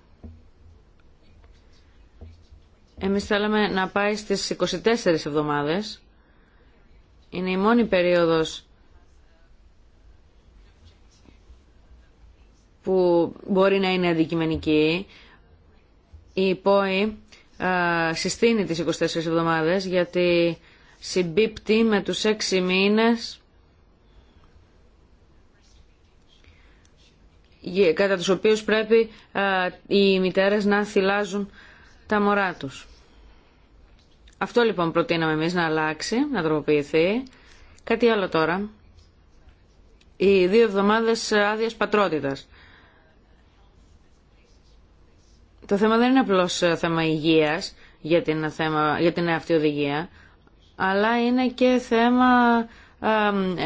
εμείς θέλαμε να πάει στις 24 εβδομάδες. Είναι η μόνη περίοδος που μπορεί να είναι αντικειμενική. Η ΠΟΗ συστήνει τις 24 εβδομάδες γιατί συμπίπτει με τους 6 μήνες κατά τους οποίους πρέπει οι μητέρες να θυλάζουν τα μωρά τους. Αυτό λοιπόν προτείναμε εμείς να αλλάξει, να τροποποιηθεί. Κάτι άλλο τώρα. Οι δύο εβδομάδες άδεια πατρότητας. Το θέμα δεν είναι απλώς θέμα υγείας για την, θέμα, αυτή οδηγία, αλλά είναι και θέμα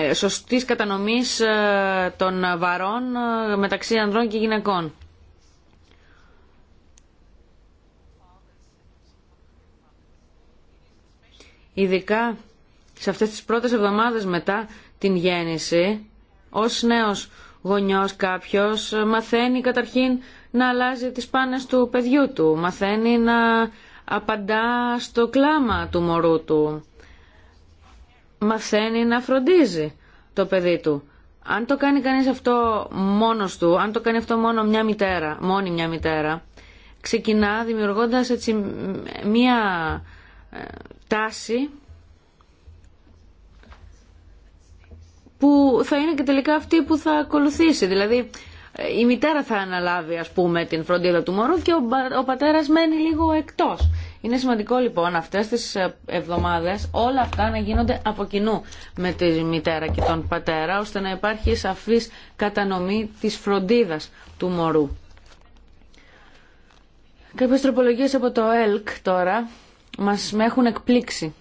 ε, σωστής κατανομής ε, των βαρών ε, μεταξύ ανδρών και γυναικών. ειδικά σε αυτές τις πρώτες εβδομάδες μετά την γέννηση, ως νέος γονιός κάποιος μαθαίνει καταρχήν να αλλάζει τις πάνες του παιδιού του, μαθαίνει να απαντά στο κλάμα του μωρού του, μαθαίνει να φροντίζει το παιδί του. Αν το κάνει κανείς αυτό μόνος του, αν το κάνει αυτό μόνο μια μητέρα, μόνη μια μητέρα, ξεκινά δημιουργώντας έτσι μια τάση που θα είναι και τελικά αυτή που θα ακολουθήσει. Δηλαδή η μητέρα θα αναλάβει ας πούμε την φροντίδα του μωρού και ο, πατέρας μένει λίγο εκτός. Είναι σημαντικό λοιπόν αυτές τις ε, εβδομάδες όλα αυτά να γίνονται από κοινού με τη μητέρα και τον πατέρα ώστε να υπάρχει σαφής κατανομή της φροντίδας του μωρού. Κάποιες τροπολογίες από το ΕΛΚ τώρα μας με έχουν εκπλήξει.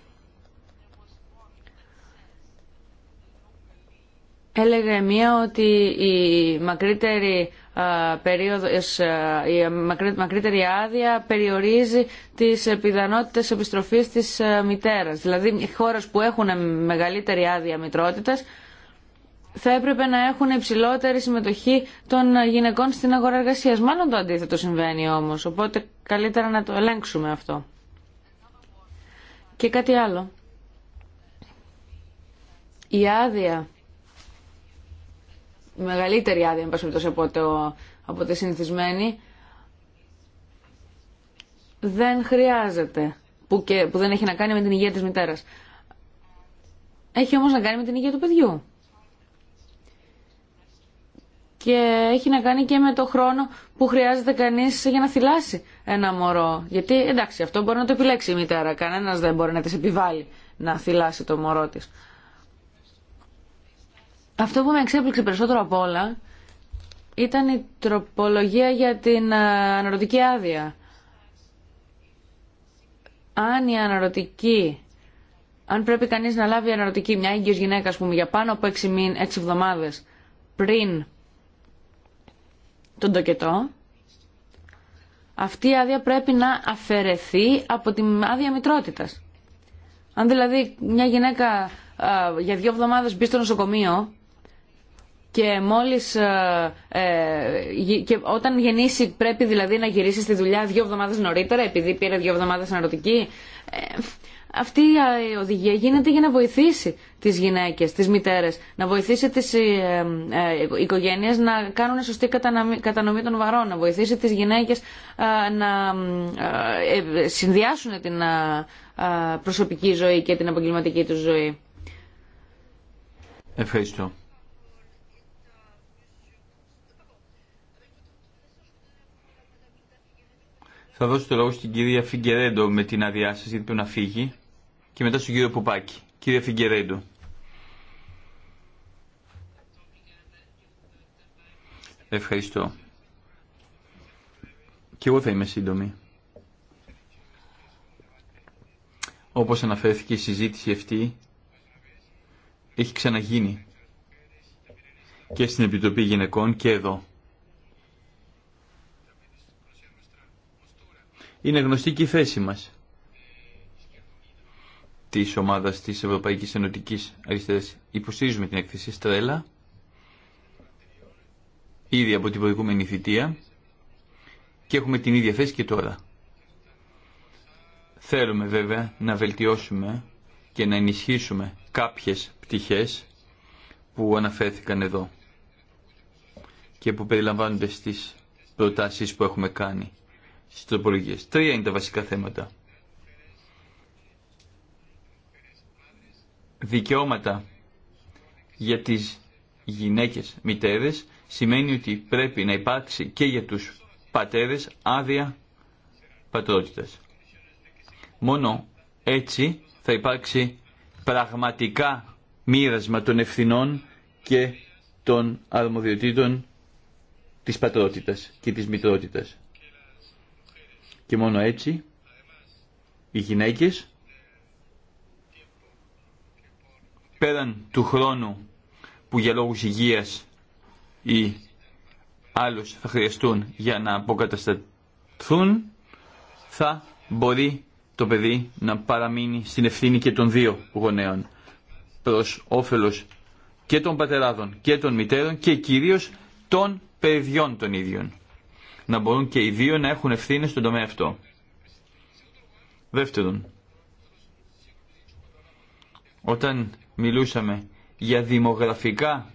Έλεγε μία ότι η μακρύτερη, περίοδος, η μακρύτερη άδεια περιορίζει τις πιθανότητες επιστροφής της μητέρας. Δηλαδή οι χώρες που έχουν μεγαλύτερη άδεια μητρότητας θα έπρεπε να έχουν υψηλότερη συμμετοχή των γυναικών στην αγορά εργασίας. Μάλλον το αντίθετο συμβαίνει όμως, οπότε καλύτερα να το ελέγξουμε αυτό. Και κάτι άλλο. Η άδεια, η μεγαλύτερη άδεια, εν από, το, από τη συνηθισμένη, δεν χρειάζεται, που, και, που δεν έχει να κάνει με την υγεία της μητέρας. Έχει όμως να κάνει με την υγεία του παιδιού και έχει να κάνει και με το χρόνο που χρειάζεται κανείς για να θυλάσει ένα μωρό. Γιατί εντάξει αυτό μπορεί να το επιλέξει η μητέρα, κανένας δεν μπορεί να της επιβάλλει να θυλάσει το μωρό της. Αυτό που με εξέπληξε περισσότερο απ' όλα ήταν η τροπολογία για την ε, αναρωτική άδεια. Αν η αναρωτική, αν πρέπει κανείς να λάβει αναρωτική, μια έγκυος γυναίκα, ας πούμε, για πάνω από 6, εβδομάδες πριν τον τοκετό, αυτή η άδεια πρέπει να αφαιρεθεί από την άδεια μητρότητας. Αν δηλαδή μια γυναίκα για δύο εβδομάδες μπει στο νοσοκομείο και μόλις ε, και όταν γεννήσει πρέπει δηλαδή να γυρίσει στη δουλειά δύο εβδομάδες νωρίτερα επειδή πήρε δύο εβδομάδες αναρωτική ε, αυτή η ε, οδηγία γίνεται για να βοηθήσει τις γυναίκες, τις μητέρες, να βοηθήσει τις ε, ε, οικογένειες να κάνουν σωστή κατανομή των βαρών, να βοηθήσει τις γυναίκες να συνδυάσουν την προσωπική ζωή και την επαγγελματική τους ζωή. Ευχαριστώ. Θα δώσω το λόγο στην κυρία Φιγκερέντο με την άδειά σα, γιατί πρέπει να φύγει. Και μετά στον κύριο Πουπάκη. Κύριε Φιγκερέντο. Ευχαριστώ. Και εγώ θα είμαι σύντομη. Όπως αναφέρθηκε η συζήτηση αυτή, έχει ξαναγίνει και στην Επιτροπή Γυναικών και εδώ. Είναι γνωστή και η θέση μας τη ομάδα της Ευρωπαϊκής Ενωτική Αριστερά. Υποστηρίζουμε την έκθεση Στρέλα ήδη από την προηγούμενη θητεία και έχουμε την ίδια θέση και τώρα. Θέλουμε βέβαια να βελτιώσουμε και να ενισχύσουμε κάποιες πτυχές που αναφέρθηκαν εδώ και που περιλαμβάνονται στις προτάσεις που έχουμε κάνει. Στι τροπολογίε. Τρία είναι τα βασικά θέματα. Δικαιώματα για τις γυναίκες μητέρες σημαίνει ότι πρέπει να υπάρξει και για τους πατέρες άδεια πατρότητας. Μόνο έτσι θα υπάρξει πραγματικά μοίρασμα των ευθυνών και των αρμοδιοτήτων της πατρότητας και της μητρότητας και μόνο έτσι οι γυναίκες πέραν του χρόνου που για λόγους υγείας ή άλλους θα χρειαστούν για να αποκατασταθούν θα μπορεί το παιδί να παραμείνει στην ευθύνη και των δύο γονέων προς όφελος και των πατεράδων και των μητέρων και κυρίως των παιδιών των ίδιων να μπορούν και οι δύο να έχουν ευθύνε στον τομέα αυτό. Δεύτερον, όταν μιλούσαμε για δημογραφικά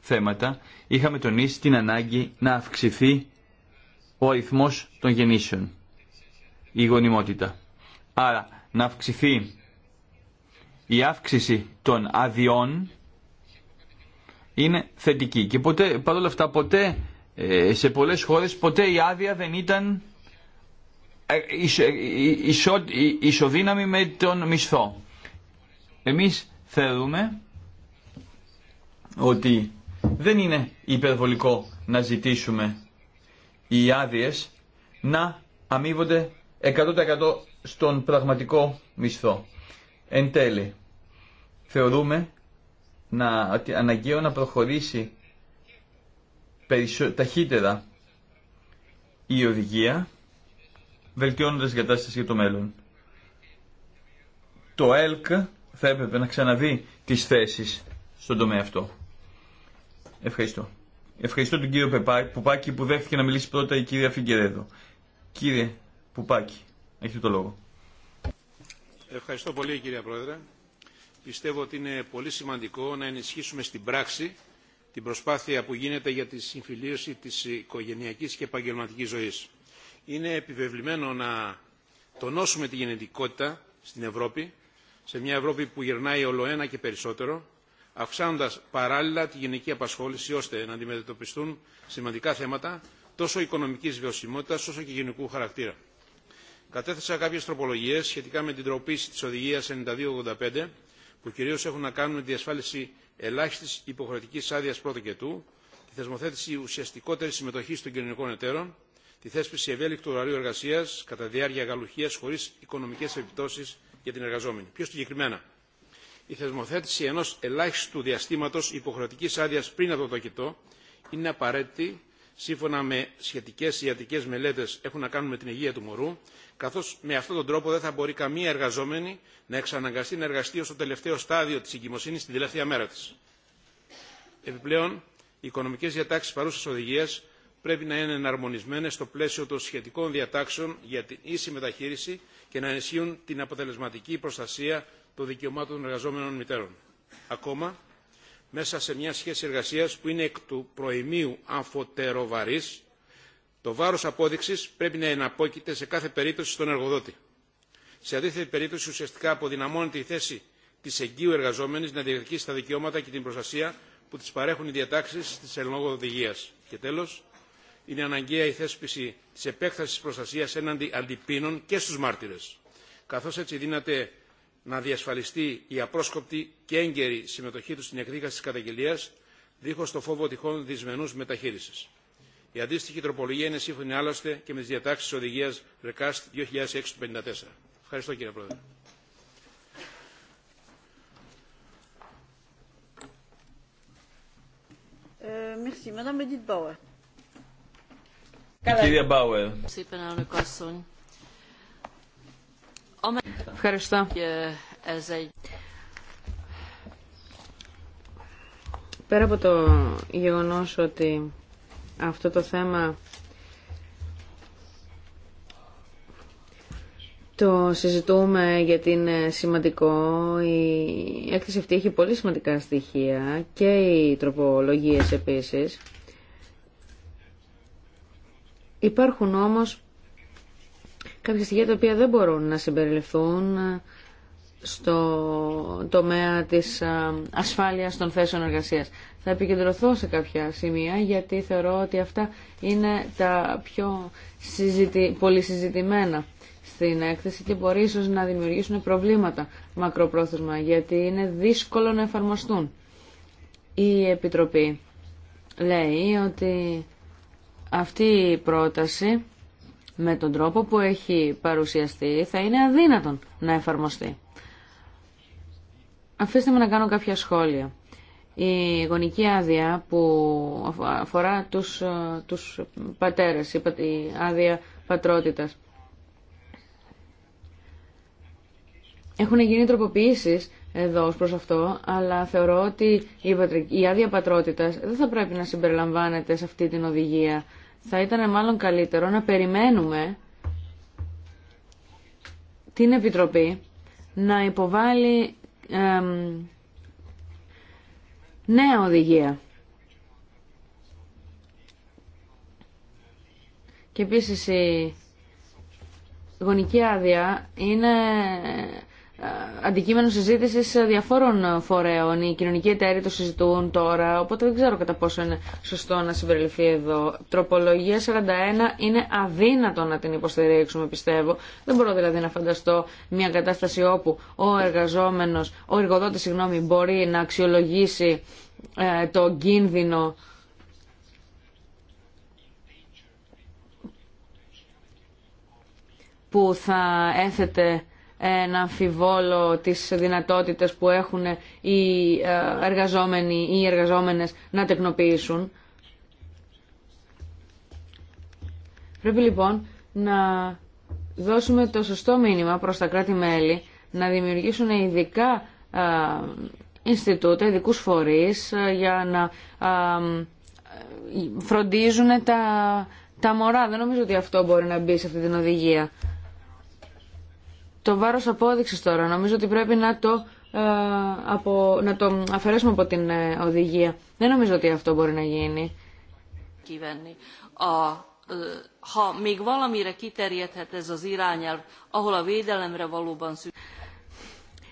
θέματα, είχαμε τονίσει την ανάγκη να αυξηθεί ο αριθμός των γεννήσεων, η γονιμότητα. Άρα, να αυξηθεί η αύξηση των αδειών είναι θετική. Και ποτέ, παρόλα αυτά ποτέ ε, σε πολλές χώρες ποτέ η άδεια δεν ήταν ε, ε, ισοδύναμη με τον μισθό. Εμείς θεωρούμε ότι δεν είναι υπερβολικό να ζητήσουμε οι άδειε να αμείβονται 100% στον πραγματικό μισθό. Εν τέλει, θεωρούμε να, αναγκαίο να προχωρήσει ταχύτερα η οδηγία, βελτιώνοντας την κατάσταση για το μέλλον. Το ΕΛΚ θα έπρεπε να ξαναδεί τις θέσεις στον τομέα αυτό. Ευχαριστώ. Ευχαριστώ τον κύριο Πουπάκη που δέχθηκε να μιλήσει πρώτα η κυρία Φιγκερέδο. Κύριε Πουπάκη, έχετε το λόγο. Ευχαριστώ πολύ κύριε Πρόεδρε. Πιστεύω ότι είναι πολύ σημαντικό να ενισχύσουμε στην πράξη την προσπάθεια που γίνεται για τη συμφιλίωση της οικογενειακής και επαγγελματικής ζωής. Είναι επιβεβλημένο να τονώσουμε τη γενετικότητα στην Ευρώπη, σε μια Ευρώπη που γυρνάει ολοένα και περισσότερο, αυξάνοντα παράλληλα τη γενική απασχόληση ώστε να αντιμετωπιστούν σημαντικά θέματα τόσο οικονομικής βιωσιμότητας όσο και γενικού χαρακτήρα. Κατέθεσα κάποιες τροπολογίες σχετικά με την τροποποίηση της Οδηγίας 9285 που κυρίως έχουν να κάνουν με τη διασφάλιση ελάχιστης υποχρεωτικής άδεια πρώτου και του, τη θεσμοθέτηση ουσιαστικότερης συμμετοχής των κοινωνικών εταίρων, τη θέσπιση ευέλικτου ωραρίου εργασία κατά διάρκεια γαλουχία χωρί οικονομικέ επιπτώσει για την εργαζόμενη. Πιο συγκεκριμένα, η θεσμοθέτηση ενό ελάχιστου διαστήματο υποχρεωτική άδεια πριν από το τοκετό είναι απαραίτητη σύμφωνα με σχετικέ ιατρικές μελέτε έχουν να κάνουν με την υγεία του μωρού, καθώς με αυτόν τον τρόπο δεν θα μπορεί καμία εργαζόμενη να εξαναγκαστεί να εργαστεί ως το τελευταίο στάδιο της εγκυμοσύνης την τελευταία μέρα της. Επιπλέον, οι οικονομικέ διατάξει παρούσας οδηγίας πρέπει να είναι εναρμονισμένες στο πλαίσιο των σχετικών διατάξεων για την ίση μεταχείριση και να ενισχύουν την αποτελεσματική προστασία των δικαιωμάτων των εργαζόμενων μητέρων. Ακόμα, μέσα σε μια σχέση εργασίας που είναι εκ του προημίου αφοτεροβαρή, το βάρος απόδειξης πρέπει να εναπόκειται σε κάθε περίπτωση στον εργοδότη. Σε αντίθετη περίπτωση ουσιαστικά αποδυναμώνεται η θέση της εγγύου εργαζόμενης να διεκδικήσει τα δικαιώματα και την προστασία που της παρέχουν οι διατάξεις της ελληνική Και τέλος, είναι αναγκαία η θέσπιση της επέκτασης προστασίας έναντι αντιπίνων και στους μάρτυρες. καθώ έτσι δίνεται να διασφαλιστεί η απρόσκοπτη και έγκαιρη συμμετοχή του στην εκδίκαση τη καταγγελία, δίχω το φόβο τυχόν δυσμενού μεταχείριση. Η αντίστοιχη τροπολογία είναι σύμφωνη άλλωστε και με τι διατάξει τη οδηγία RECAST 2006-54. Ευχαριστώ κύριε Πρόεδρε. κύριε Μπάουερ. Ευχαριστώ. Πέρα από το γεγονός ότι αυτό το θέμα Το συζητούμε γιατί είναι σημαντικό. Η έκθεση αυτή έχει πολύ σημαντικά στοιχεία και οι τροπολογίες επίσης. Υπάρχουν όμως κάποια στοιχεία τα οποία δεν μπορούν να συμπεριληφθούν στο τομέα της ασφάλειας των θέσεων εργασίας. Θα επικεντρωθώ σε κάποια σημεία γιατί θεωρώ ότι αυτά είναι τα πιο συζητη... πολυσυζητημένα στην έκθεση και μπορεί ίσως να δημιουργήσουν προβλήματα μακροπρόθεσμα γιατί είναι δύσκολο να εφαρμοστούν. Η Επιτροπή λέει ότι αυτή η πρόταση με τον τρόπο που έχει παρουσιαστεί θα είναι αδύνατον να εφαρμοστεί. Αφήστε με να κάνω κάποια σχόλια. Η γονική άδεια που αφορά τους, ε, τους πατέρες, η άδεια πατρότητας. Έχουν γίνει τροποποιήσεις εδώ ως προς αυτό, αλλά θεωρώ ότι η άδεια πατρότητας δεν θα πρέπει να συμπεριλαμβάνεται σε αυτή την οδηγία θα ήταν μάλλον καλύτερο να περιμένουμε την Επιτροπή να υποβάλει νέα οδηγία. Και επίσης η γονική άδεια είναι αντικείμενο συζήτηση διαφόρων φορέων. Οι κοινωνικοί εταίροι το συζητούν τώρα, οπότε δεν ξέρω κατά πόσο είναι σωστό να συμπεριληφθεί εδώ. Τροπολογία 41 είναι αδύνατο να την υποστηρίξουμε, πιστεύω. Δεν μπορώ δηλαδή να φανταστώ μια κατάσταση όπου ο εργαζόμενο, ο εργοδότη, συγγνώμη, μπορεί να αξιολογήσει ε, το κίνδυνο που θα έθετε να αμφιβόλω τις δυνατότητες που έχουν οι ε, εργαζόμενοι ή οι εργαζόμενες να τεκνοποιήσουν. Πρέπει λοιπόν να δώσουμε το σωστό μήνυμα προς τα κράτη-μέλη να δημιουργήσουν ειδικά ε, Ινστιτούτα, ειδικού φορείς ε, για να φροντίζουν τα, τα μωρά. Δεν νομίζω ότι αυτό μπορεί να μπει σε αυτή την οδηγία. Το βάρος απόδειξης τώρα νομίζω ότι πρέπει να το, ε, από, να το αφαιρέσουμε από την ε, οδηγία. Δεν νομίζω ότι αυτό μπορεί να γίνει.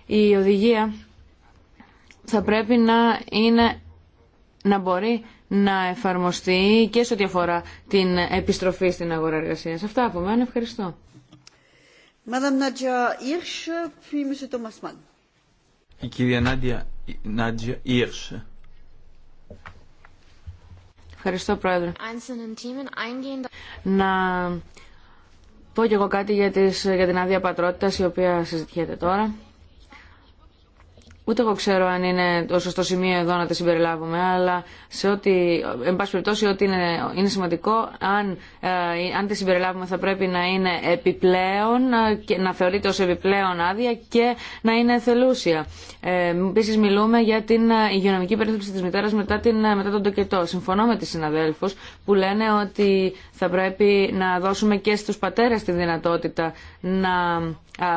Η οδηγία θα πρέπει να, είναι, να μπορεί να εφαρμοστεί και σε ό,τι αφορά την επιστροφή στην αγορά εργασία. Αυτά από μένα. Ευχαριστώ. Madame Nadia Η κυρία Νάντια, Ευχαριστώ, Πρόεδρε. Να πω κι εγώ κάτι για, για την άδεια πατρότητας, η οποία συζητιέται τώρα. Ούτε εγώ ξέρω αν είναι το σωστό σημείο εδώ να τα συμπεριλάβουμε, αλλά σε ό,τι, εν περιπτώσει, ότι είναι, είναι σημαντικό, αν, ε, αν τη συμπεριλάβουμε θα πρέπει να είναι επιπλέον, ε, και να θεωρείται ως επιπλέον άδεια και να είναι εθελούσια. Ε, Επίση μιλούμε για την ε, υγειονομική περίθαλψη της μητέρας μετά, την, ε, μετά τον τοκετό. Συμφωνώ με τις συναδέλφους που λένε ότι θα πρέπει να δώσουμε και στους πατέρες τη δυνατότητα να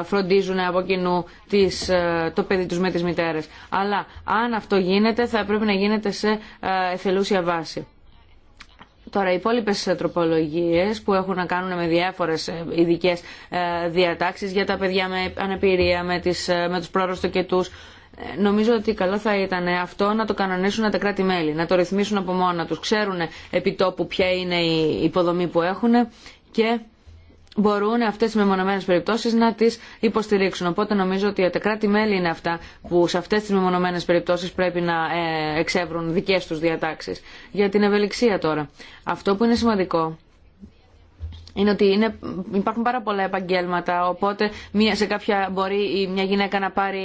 φροντίζουν από κοινού τις, το παιδί τους με τις μητέρες μητέρες. Αλλά αν αυτό γίνεται θα πρέπει να γίνεται σε ε, εθελούσια βάση. Τώρα, οι υπόλοιπε τροπολογίε που έχουν να κάνουν με διάφορε ειδικέ ε, διατάξει για τα παιδιά με αναπηρία, με, τις, ε, με του πρόρωστοκετού, νομίζω ότι καλό θα ήταν αυτό να το κανονίσουν τα κράτη-μέλη, να το ρυθμίσουν από μόνα του. Ξέρουν επί τόπου ποια είναι η υποδομή που έχουν και μπορούν αυτές οι μεμονωμένε περιπτώσεις να τις υποστηρίξουν. Οπότε νομίζω ότι τα κράτη-μέλη είναι αυτά που σε αυτές τι μεμονωμένε περιπτώσεις πρέπει να ε, εξεύρουν δικέ τους διατάξεις. Για την ευελιξία τώρα. Αυτό που είναι σημαντικό είναι ότι είναι, υπάρχουν πάρα πολλά επαγγέλματα, οπότε μια, σε κάποια μπορεί μια γυναίκα να πάρει,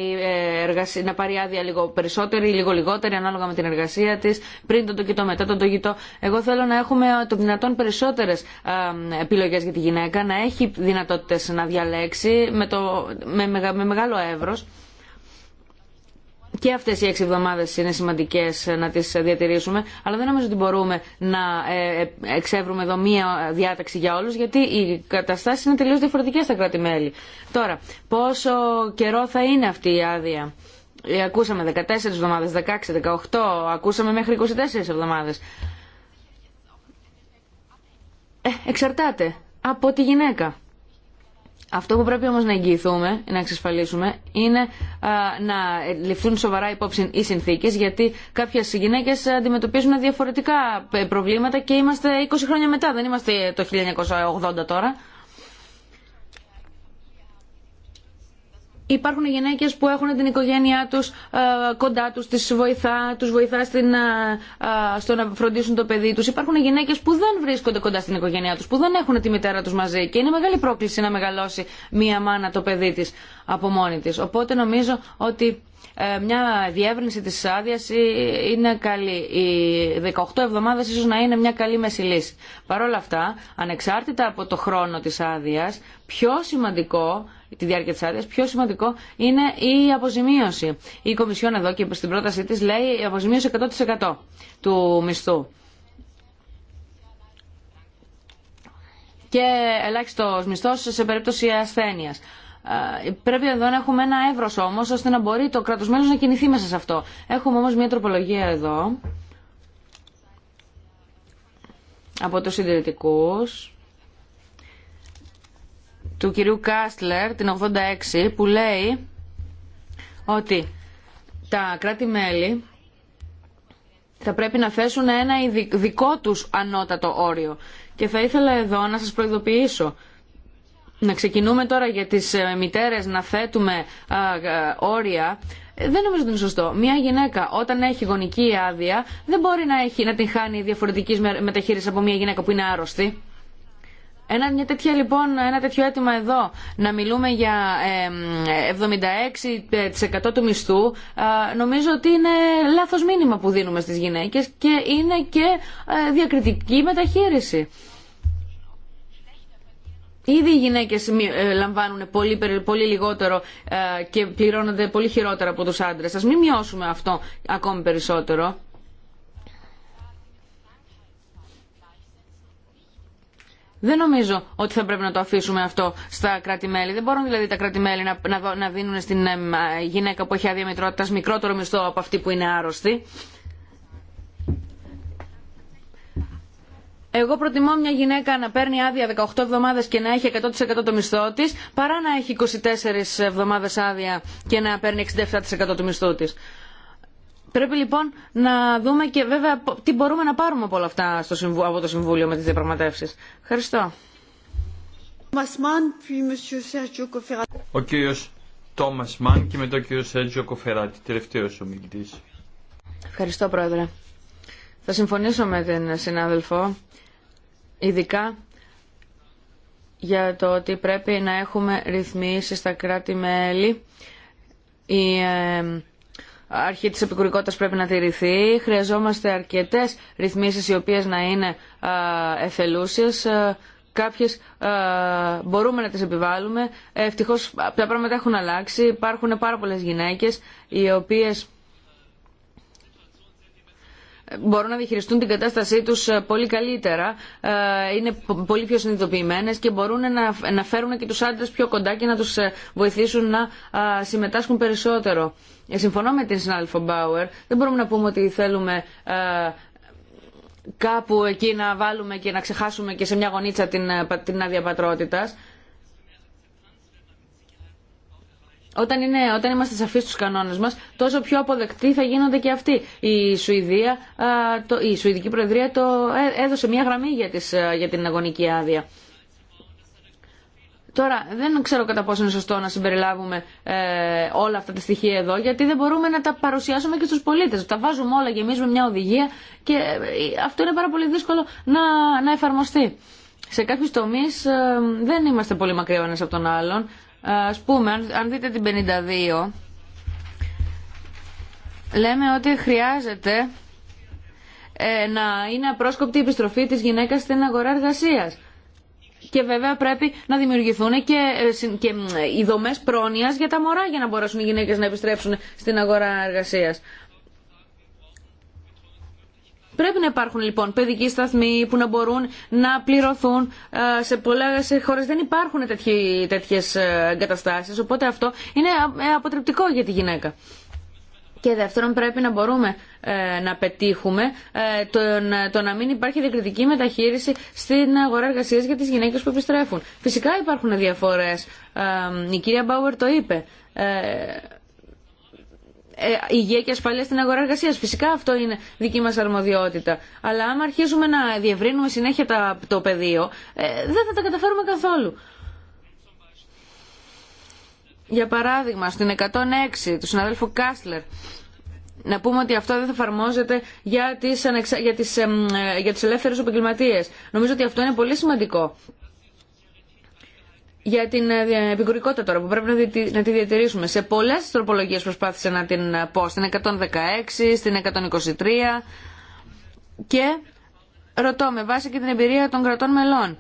ε, να πάρει άδεια λίγο περισσότερη, λίγο λιγότερη, ανάλογα με την εργασία της, πριν τον τογητό, μετά τον τογητό. Εγώ θέλω να έχουμε το δυνατόν περισσότερες επιλογές για τη γυναίκα, να έχει δυνατότητες να διαλέξει με, το, με, με μεγάλο εύρος και αυτές οι έξι εβδομάδες είναι σημαντικές ε, να τις διατηρήσουμε, αλλά δεν νομίζω ότι μπορούμε να ε, ε, εξεύρουμε εδώ μία διάταξη για όλους, γιατί οι καταστάσει είναι τελείως διαφορετικέ στα κράτη-μέλη. Τώρα, πόσο καιρό θα είναι αυτή η άδεια. Ακούσαμε 14 εβδομάδες, 16, 18, ακούσαμε μέχρι 24 εβδομάδε Ε, εξαρτάται από τη γυναίκα. Αυτό που πρέπει όμως να εγγυηθούμε, να εξασφαλίσουμε, είναι να ληφθούν σοβαρά υπόψη οι συνθήκες, γιατί κάποιες γυναίκες αντιμετωπίζουν διαφορετικά ε, προβλήματα και είμαστε 20 χρόνια μετά, δεν είμαστε το 1980 τώρα. Υπάρχουν γυναίκε που έχουν την οικογένειά του ε, κοντά του τι βοηθά, τους βοηθά στην, ε, ε, στο να φροντίσουν το παιδί του. Υπάρχουν γυναίκε που δεν βρίσκονται κοντά στην οικογένειά του, που δεν έχουν τη μητέρα του μαζί και είναι μεγάλη πρόκληση να μεγαλώσει μία μάνα το παιδί της από μόνη της. Οπότε νομίζω ότι μια διεύρυνση τη απο μονη τη. οποτε είναι τη αδεια ειναι καλη Οι 18 εβδομάδε ίσω να είναι μια καλή λύση. Παρ' όλα αυτά, ανεξάρτητα από το χρόνο τη άδεια, πιο σημαντικό τη διάρκεια τη άδεια. πιο σημαντικό είναι η αποζημίωση. Η Κομισιόν εδώ και στην πρότασή τη λέει η αποζημίωση 100% του μισθού. Και ελάχιστος μισθό σε περίπτωση ασθένειας. Ε, πρέπει εδώ να έχουμε ένα εύρο όμω, ώστε να μπορεί το κράτο μέλο να κινηθεί μέσα σε αυτό. Έχουμε όμω μια τροπολογία εδώ από τους συντηρητικούς του κυρίου Κάστλερ, την 86, που λέει ότι τα κράτη-μέλη θα πρέπει να θέσουν ένα δικό τους ανώτατο όριο. Και θα ήθελα εδώ να σας προειδοποιήσω να ξεκινούμε τώρα για τις ε, μητέρες να θέτουμε όρια ε, δεν νομίζω ότι είναι σωστό. Μια γυναίκα όταν έχει γονική άδεια δεν μπορεί να, έχει, να την χάνει διαφορετική μεταχείριση από μια γυναίκα που είναι άρρωστη. Ένα, μια τέτοια, λοιπόν, ένα τέτοιο αίτημα εδώ, να μιλούμε για 76% του μισθού, νομίζω ότι είναι λάθος μήνυμα που δίνουμε στις γυναίκες και είναι και ε, διακριτική μεταχείριση. Ήδη οι γυναίκε ε, λαμβάνουν πολύ, πολύ λιγότερο ε, και πληρώνονται πολύ χειρότερα από τους άντρες Α μην μειώσουμε αυτό ακόμη περισσότερο. Δεν νομίζω ότι θα πρέπει να το αφήσουμε αυτό στα κράτη-μέλη. Δεν μπορούν δηλαδή τα κράτη-μέλη να, να, να δίνουν στην γυναίκα που έχει άδεια μικρότερο μισθό από αυτή που είναι άρρωστη. Εγώ προτιμώ μια γυναίκα να παίρνει άδεια 18 εβδομάδε και να έχει 100% το μισθό τη, παρά να έχει 24 εβδομάδε άδεια και να παίρνει 67% του μισθό τη. Πρέπει λοιπόν να δούμε και βέβαια τι μπορούμε να πάρουμε από όλα αυτά στο από το Συμβούλιο με τις διαπραγματεύσεις. Ευχαριστώ. Ο κύριος Τόμας Μαν και μετά ο κύριος Σέρτζιο Κοφεράτη, τελευταίος ομιλητής. Ευχαριστώ πρόεδρε. Θα συμφωνήσω με την συνάδελφο, ειδικά για το ότι πρέπει να έχουμε ρυθμίσει στα κράτη-μέλη. Η, ε, αρχή της επικουρικότητας πρέπει να τηρηθεί. Χρειαζόμαστε αρκετές ρυθμίσεις οι οποίες να είναι εθελούσιες. Κάποιες μπορούμε να τις επιβάλλουμε. Ευτυχώς τα πράγματα έχουν αλλάξει. Υπάρχουν πάρα πολλές γυναίκες οι οποίες μπορούν να διαχειριστούν την κατάστασή τους ε, πολύ καλύτερα, ε, είναι πολύ πιο συνειδητοποιημένες και μπορούν να φέρουν και τους άντρες πιο κοντά και να τους ε, βοηθήσουν να συμμετάσχουν περισσότερο. Συμφωνώ με την συνάδελφο Μπάουερ, δεν μπορούμε να πούμε ότι θέλουμε κάπου εκεί να βάλουμε και να ξεχάσουμε και σε μια γωνίτσα την, την άδεια πατρότητας. όταν, είναι, όταν είμαστε σαφεί στου κανόνε μα, τόσο πιο αποδεκτοί θα γίνονται και αυτοί. Η, Σουηδία, το, η Σουηδική Προεδρία το έδωσε μια γραμμή για, τις, για την αγωνική άδεια. Τώρα, δεν ξέρω κατά πόσο είναι σωστό να συμπεριλάβουμε ε, όλα αυτά τα στοιχεία εδώ, γιατί δεν μπορούμε να τα παρουσιάσουμε και στους πολίτες. Τα βάζουμε όλα και εμείς με μια οδηγία και ε, αυτό είναι πάρα πολύ δύσκολο να, να εφαρμοστεί. Σε κάποιους τομείς ε, δεν είμαστε πολύ μακριά από τον άλλον. Ας πούμε, αν δείτε την 52, λέμε ότι χρειάζεται ε, να είναι απρόσκοπτη η επιστροφή της γυναίκας στην αγορά εργασίας. Και βέβαια πρέπει να δημιουργηθούν και, ε, και ε, οι δομέ πρόνοια για τα μωρά για να μπορέσουν οι γυναίκε να επιστρέψουν στην αγορά εργασία. Πρέπει να υπάρχουν λοιπόν παιδικοί σταθμοί που να μπορούν να πληρωθούν. Ε, σε πολλέ χώρε δεν υπάρχουν τέτοιε εγκαταστάσει, οπότε αυτό είναι ε, αποτρεπτικό για τη γυναίκα. Και δεύτερον πρέπει να μπορούμε ε, να πετύχουμε το, να μην υπάρχει διακριτική μεταχείριση στην αγορά εργασία για τι γυναίκε που επιστρέφουν. Φυσικά υπάρχουν διαφορέ. η κυρία Μπάουερ το είπε. Ε, υγεία και ασφάλεια στην αγορά εργασία. Φυσικά αυτό είναι δική μα αρμοδιότητα. Αλλά άμα αρχίζουμε να διευρύνουμε συνέχεια το πεδίο, ε, δεν θα τα καταφέρουμε καθόλου. Για παράδειγμα, στην 106 του συναδέλφου κάσλερ να πούμε ότι αυτό δεν θα εφαρμόζεται για τις, ανεξα... για τις, ε, για τις ελεύθερες επαγγελματίε. Νομίζω ότι αυτό είναι πολύ σημαντικό για την ε, επικουρικότητα τώρα που πρέπει να τη διατηρήσουμε. Σε πολλές τροπολογίες προσπάθησα να την ε, πω, στην 116, στην 123 και ρωτώ με βάση και την εμπειρία των κρατών μελών.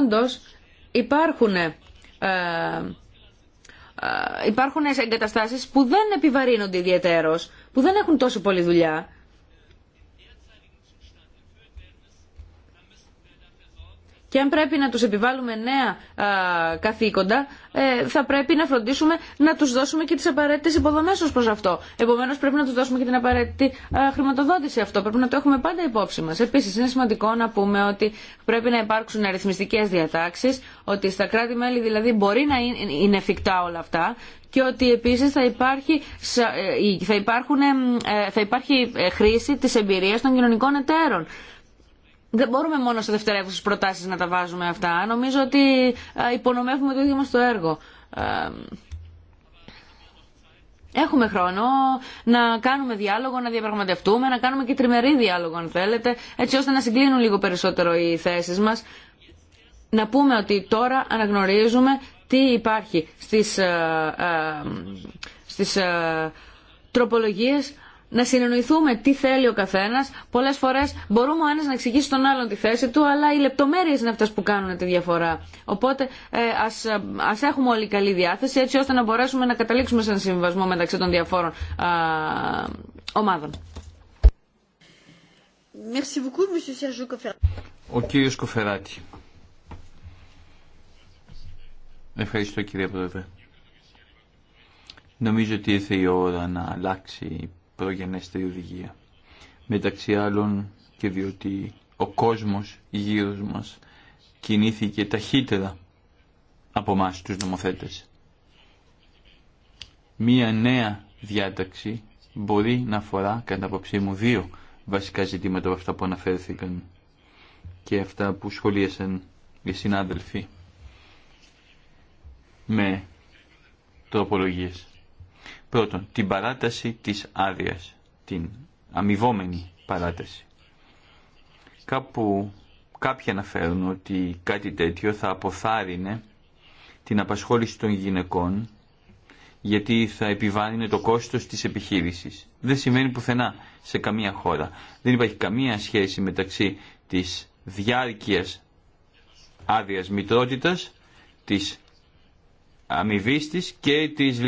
Όντως υπάρχουν, ε, ε, ε εγκαταστάσεις που δεν επιβαρύνονται ιδιαίτερως, που δεν έχουν τόσο πολλή δουλειά Και αν πρέπει να τους επιβάλλουμε νέα καθήκοντα, ε, θα πρέπει να φροντίσουμε να τους δώσουμε και τις απαραίτητες υποδομές ως προς αυτό. Επομένως πρέπει να τους δώσουμε και την απαραίτητη χρηματοδότηση αυτό. Πρέπει να το έχουμε πάντα υπόψη μας. Επίσης είναι σημαντικό να πούμε ότι πρέπει να υπάρξουν αριθμιστικές διατάξεις, ότι στα κράτη-μέλη δηλαδή μπορεί να είναι εφικτά όλα αυτά και ότι επίσης θα, υπάρχει, ε, θα, υπάρχουν, ε, θα υπάρχει ε, χρήση της εμπειρίας των κοινωνικών εταίρων δεν μπορούμε μόνο σε δευτερεύουσες προτάσεις να τα βάζουμε αυτά. Νομίζω ότι ε, υπονομεύουμε το ίδιο μας το έργο. Ε, έχουμε χρόνο να κάνουμε διάλογο, να διαπραγματευτούμε, να κάνουμε και τριμερή διάλογο αν θέλετε, έτσι ώστε να συγκλίνουν λίγο περισσότερο οι θέσεις μας. Να πούμε ότι τώρα αναγνωρίζουμε τι υπάρχει στις, ε, στις τροπολογίες να συνεννοηθούμε τι θέλει ο καθένα. Πολλές φορές μπορούμε ο ένα να εξηγήσει τον άλλον τη θέση του, αλλά οι λεπτομέρειε είναι αυτές που κάνουν τη διαφορά. Οπότε ε, ας, έχουμε όλη καλή διάθεση, έτσι ώστε να μπορέσουμε να καταλήξουμε σε ένα συμβασμό μεταξύ των διαφόρων ομάδων. Ο κύριος Κοφεράτη. Ευχαριστώ κύριε Πρόεδρε. Νομίζω ότι ήρθε η ώρα να αλλάξει προγενέστερη οδηγία. Μεταξύ άλλων και διότι ο κόσμος γύρω μας κινήθηκε ταχύτερα από εμά τους νομοθέτες. Μία νέα διάταξη μπορεί να αφορά κατά απόψή μου δύο βασικά ζητήματα από αυτά που αναφέρθηκαν και αυτά που σχολίασαν οι συνάδελφοι με τροπολογίες. Πρώτον, την παράταση της άδεια, την αμοιβόμενη παράταση. Κάπου, κάποιοι αναφέρουν ότι κάτι τέτοιο θα αποθάρρυνε την απασχόληση των γυναικών γιατί θα επιβάλλει το κόστος της επιχείρησης. Δεν σημαίνει πουθενά σε καμία χώρα. Δεν υπάρχει καμία σχέση μεταξύ της διάρκειας άδειας μητρότητας, της αμοιβή τη και της,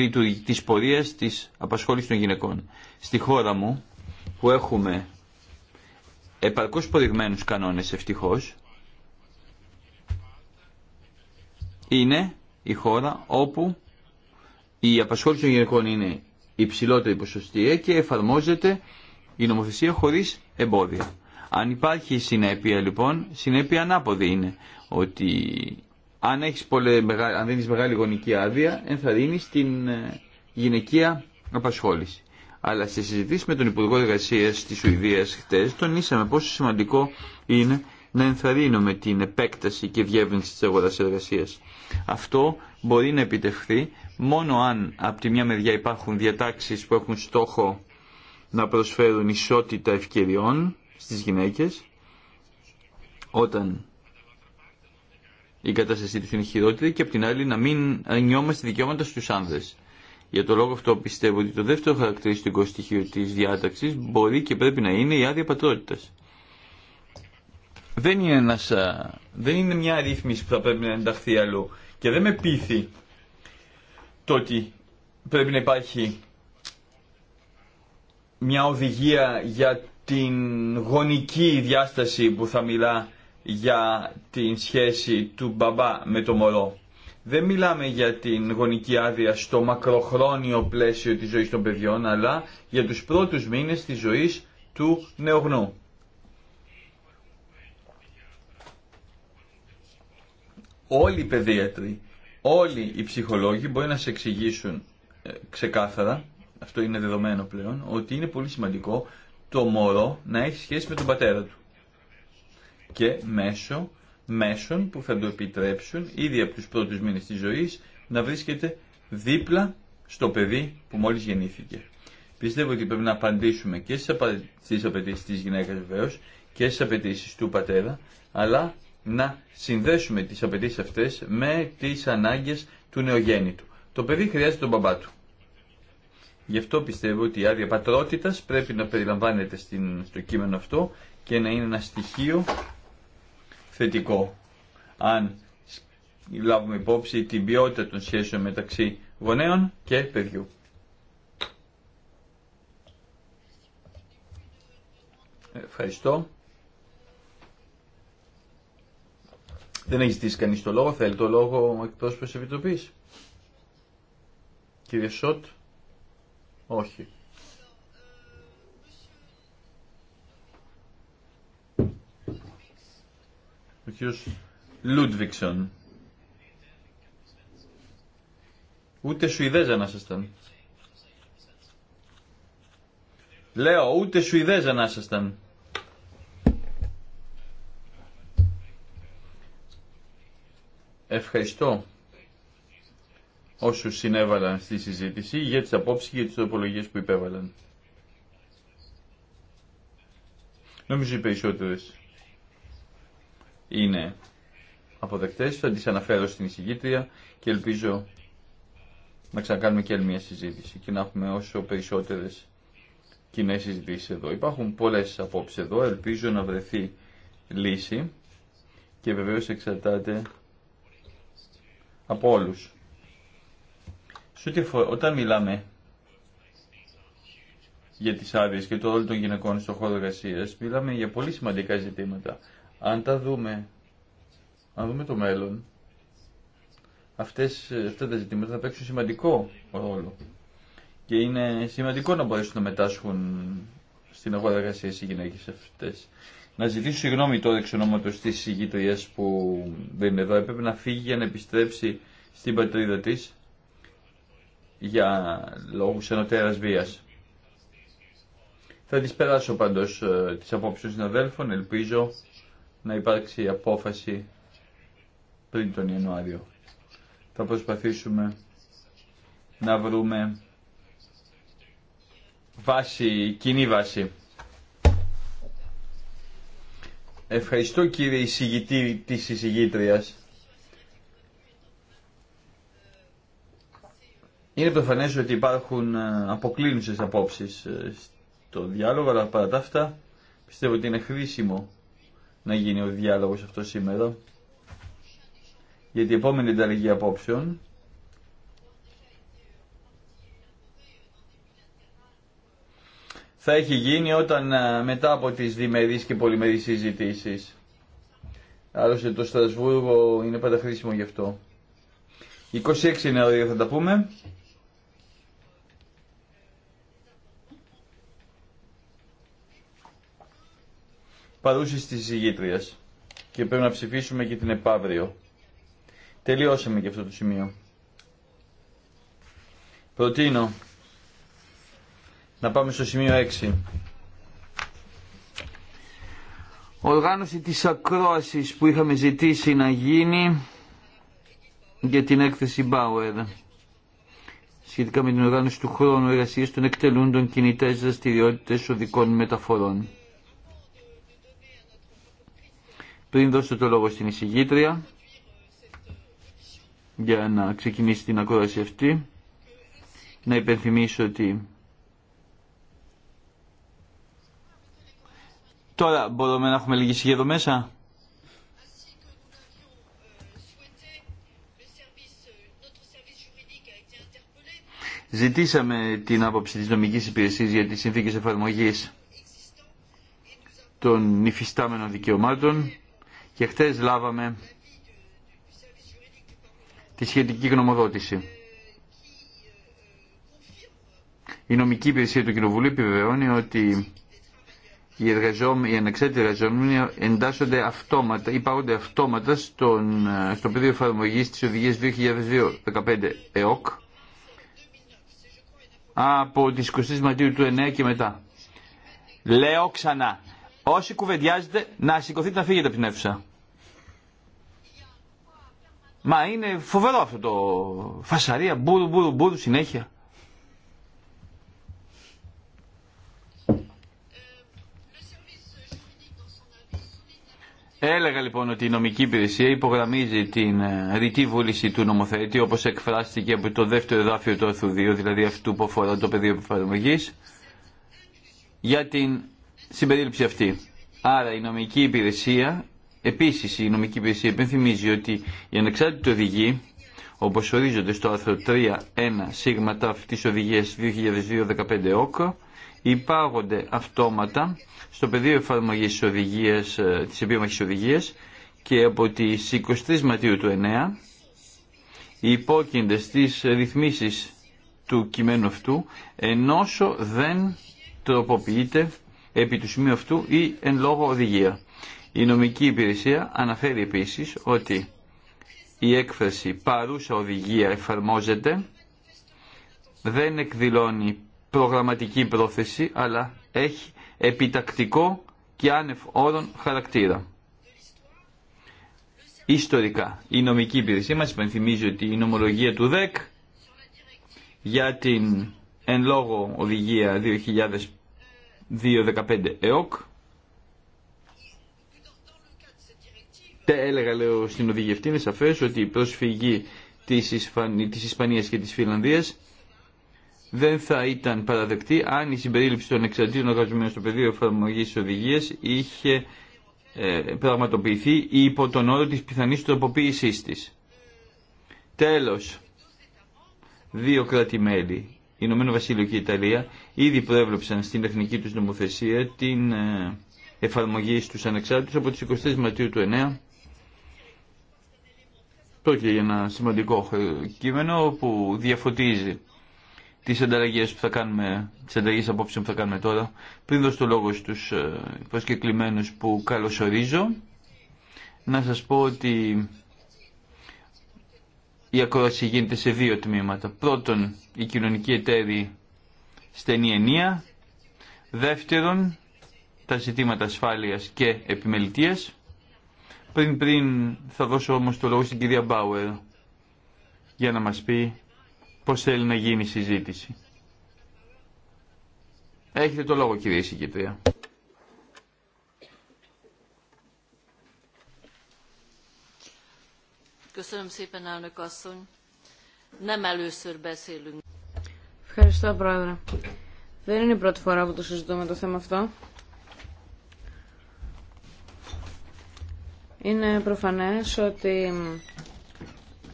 της πορείας της απασχόλησης των γυναικών. Στη χώρα μου που έχουμε επαρκώς προηγμένους κανόνες ευτυχώς είναι η χώρα όπου η απασχόληση των γυναικών είναι υψηλότερη ποσοστία και εφαρμόζεται η νομοθεσία χωρίς εμπόδια. Αν υπάρχει συνέπεια λοιπόν, συνέπεια ανάποδη είναι ότι αν, έχεις αν δίνεις μεγάλη γονική άδεια, ενθαρρύνεις την ε, γυναικεία απασχόληση. Αλλά σε συζητήσει με τον Υπουργό Εργασία τη Σουηδία χτε, τονίσαμε πόσο σημαντικό είναι να ενθαρρύνουμε την επέκταση και διεύρυνση τη αγορά εργασία. Αυτό μπορεί να επιτευχθεί μόνο αν από τη μια μεριά υπάρχουν διατάξει που έχουν στόχο να προσφέρουν ισότητα ευκαιριών στις γυναίκες όταν η κατάστασή τη είναι χειρότερη και απ' την άλλη να μην νιώμαστε δικαιώματα στους άνδρες. Για το λόγο αυτό πιστεύω ότι το δεύτερο χαρακτηριστικό στοιχείο της διάταξης μπορεί και πρέπει να είναι η άδεια πατρότητας. Δεν είναι, δεν είναι μια αρρύθμιση που θα πρέπει να ενταχθεί αλλού και δεν με πείθει το ότι πρέπει να υπάρχει μια οδηγία για την γονική διάσταση που θα μιλά για την σχέση του μπαμπά με το μωρό. Δεν μιλάμε για την γονική άδεια στο μακροχρόνιο πλαίσιο της ζωής των παιδιών, αλλά για τους πρώτους μήνες της ζωής του νεογνού. Όλοι οι παιδίατροι, όλοι οι ψυχολόγοι μπορεί να σε εξηγήσουν ε, ξεκάθαρα, αυτό είναι δεδομένο πλέον, ότι είναι πολύ σημαντικό το μωρό να έχει σχέση με τον πατέρα του και μέσω, μέσων που θα του επιτρέψουν ήδη από τους πρώτους μήνες της ζωής να βρίσκεται δίπλα στο παιδί που μόλις γεννήθηκε. Πιστεύω ότι πρέπει να απαντήσουμε και στις απαιτήσει της γυναίκας βεβαίω και στις απαιτήσει του πατέρα, αλλά να συνδέσουμε τις απαιτήσει αυτές με τις ανάγκες του νεογέννητου. Το παιδί χρειάζεται τον μπαμπά του. Γι' αυτό πιστεύω ότι η άδεια πατρότητας πρέπει να περιλαμβάνεται στο κείμενο αυτό και να είναι ένα στοιχείο θετικό αν λάβουμε υπόψη την ποιότητα των σχέσεων μεταξύ γονέων και παιδιού. Ευχαριστώ. Δεν έχει ζητήσει κανεί το λόγο. Θέλει το λόγο ο εκπρόσωπο τη Επιτροπή. Κύριε Σότ. Όχι. ο κ. Λούντβικσον. Ούτε Σουηδέζα να ήσασταν. Λέω, ούτε Σουηδέζα να ήσασταν. Ευχαριστώ όσους συνέβαλαν στη συζήτηση για τις απόψεις και τις τοπολογίες που υπέβαλαν. Νομίζω οι περισσότερες είναι αποδεκτές, θα τις αναφέρω στην εισηγήτρια και ελπίζω να ξανακάνουμε και άλλη μια συζήτηση και να έχουμε όσο περισσότερες κοινέ συζητήσει εδώ. Υπάρχουν πολλές απόψεις εδώ, ελπίζω να βρεθεί λύση και βεβαίως εξαρτάται από όλους. Όταν μιλάμε για τις άδειε και το όλο των γυναικών στον χώρο εργασία, μιλάμε για πολύ σημαντικά ζητήματα αν τα δούμε, αν δούμε το μέλλον, αυτές, αυτά τα ζητήματα θα παίξουν σημαντικό ρόλο. Και είναι σημαντικό να μπορέσουν να μετάσχουν στην αγορά εργασία οι γυναίκε αυτέ. Να ζητήσω συγγνώμη τώρα εξ ονόματο τη γειτονιά που δεν είναι εδώ. Έπρεπε να φύγει για να επιστρέψει στην πατρίδα τη για λόγου ενωτέρα βία. Θα τις περάσω πάντω ε, τι απόψει των συναδέλφων, ελπίζω να υπάρξει απόφαση πριν τον Ιανουάριο. Θα προσπαθήσουμε να βρούμε βάση, κοινή βάση. Ευχαριστώ κύριε εισηγητή της εισηγήτριας. Είναι προφανές ότι υπάρχουν ε, αποκλίνουσες απόψεις ε, στο διάλογο, αλλά παρά τα αυτά πιστεύω ότι είναι χρήσιμο να γίνει ο διάλογος αυτό σήμερα. Γιατί η επόμενη ενταλλαγή απόψεων θα έχει γίνει όταν ε, μετά από τις διμερείς και πολυμερείς συζητήσεις. Άλλωστε το Στρασβούργο είναι πάντα χρήσιμο γι' αυτό. 26 Ιανουαρίου θα τα πούμε. παρούσης της ηγήτριας και πρέπει να ψηφίσουμε και την επαύριο. Τελειώσαμε και αυτό το σημείο. Προτείνω να πάμε στο σημείο 6. Οργάνωση της ακρόασης που είχαμε ζητήσει να γίνει για την έκθεση Bauer σχετικά με την οργάνωση του χρόνου εργασίας των εκτελούντων κινητές δραστηριότητες οδικών μεταφορών. Πριν δώσω το λόγο στην εισηγήτρια για να ξεκινήσει την ακρόαση αυτή, να υπενθυμίσω ότι Τώρα μπορούμε να έχουμε λίγη σιγή εδώ μέσα. Ζητήσαμε την άποψη της νομικής υπηρεσίας για τις συνθήκες εφαρμογής των υφιστάμενων δικαιωμάτων και χτες λάβαμε τη σχετική γνωμοδότηση. Η νομική υπηρεσία του Κοινοβουλίου επιβεβαιώνει ότι οι, εργαζόμενοι, οι εργαζόμενοι εντάσσονται αυτόματα ή πάγονται αυτόματα στον, στο πεδίο εφαρμογή τη οδηγία 2015 ΕΟΚ από τι 20 Μαρτίου του 2009 και μετά. Λέω ξανά, Όσοι κουβεντιάζετε, να σηκωθείτε να φύγετε από την αίθουσα. Μα είναι φοβερό αυτό το φασαρία, μπουρου μπουρου μπουρου συνέχεια. Έλεγα λοιπόν ότι η νομική υπηρεσία υπογραμμίζει την ε, ρητή βούληση του νομοθέτη όπως εκφράστηκε από το δεύτερο εδάφιο του άρθρου δηλαδή αυτού που αφορά το πεδίο επιφαρμογής, για την συμπερίληψη αυτή. Άρα η νομική υπηρεσία, επίση η νομική υπηρεσία υπενθυμίζει ότι οι ανεξάρτητοι οδηγοί, όπω ορίζονται στο άρθρο 3.1 σιγμα τη αυτής οδηγίας 2002-15 ΟΚ, υπάγονται αυτόματα στο πεδίο εφαρμογή τη οδηγίας, ε, της οδηγίας και από τις 23 Μαρτίου του 9 οι υπόκεινται στις ρυθμίσεις του κειμένου αυτού ενώσο δεν τροποποιείται επί του σημείου αυτού ή εν λόγω οδηγία. Η νομική υπηρεσία αναφέρει επίσης ότι η έκφραση παρούσα οδηγία εφαρμόζεται δεν εκδηλώνει προγραμματική πρόθεση αλλά έχει επιτακτικό και άνευ όρων χαρακτήρα. Ιστορικά, η νομική υπηρεσία μας υπενθυμίζει ότι η νομολογία του ΔΕΚ για την εν λόγω οδηγία 2.15 ΕΟΚ. Έλεγα λέω στην οδηγία αυτή, είναι σαφές ότι η προσφυγή της, Ισπανία της Ισπανίας και της Φιλανδίας δεν θα ήταν παραδεκτή αν η συμπερίληψη των εξαρτήτων εργαζομένων στο πεδίο εφαρμογή τη οδηγία είχε ε, πραγματοποιηθεί υπό τον όρο τη πιθανή τροποποίησή τη. Τέλο, δύο κράτη-μέλη, Ηνωμένο Βασίλειο και η Ιταλία ήδη προέβλεψαν στην εθνική τους νομοθεσία την ε, εφαρμογή στους ανεξάρτητους από τις 23 Μαρτίου του 2009 Πρόκειται για ένα σημαντικό κείμενο που διαφωτίζει τις ανταλλαγές που θα κάνουμε, τις ανταλλαγές απόψεων που θα κάνουμε τώρα. Πριν δώσω το λόγο στους ε, προσκεκλημένους που καλωσορίζω, να σας πω ότι η ακρόαση γίνεται σε δύο τμήματα. Πρώτον, η κοινωνική εταίρη στενή ενία. Δεύτερον, τα ζητήματα ασφάλειας και επιμελητίας. Πριν, πριν θα δώσω όμως το λόγο στην κυρία Μπάουερ για να μας πει πώς θέλει να γίνει η συζήτηση. Έχετε το λόγο κυρία Συγκητρία. Ευχαριστώ, Πρόεδρε. Δεν είναι η πρώτη φορά που το συζητούμε το θέμα αυτό. Είναι προφανές ότι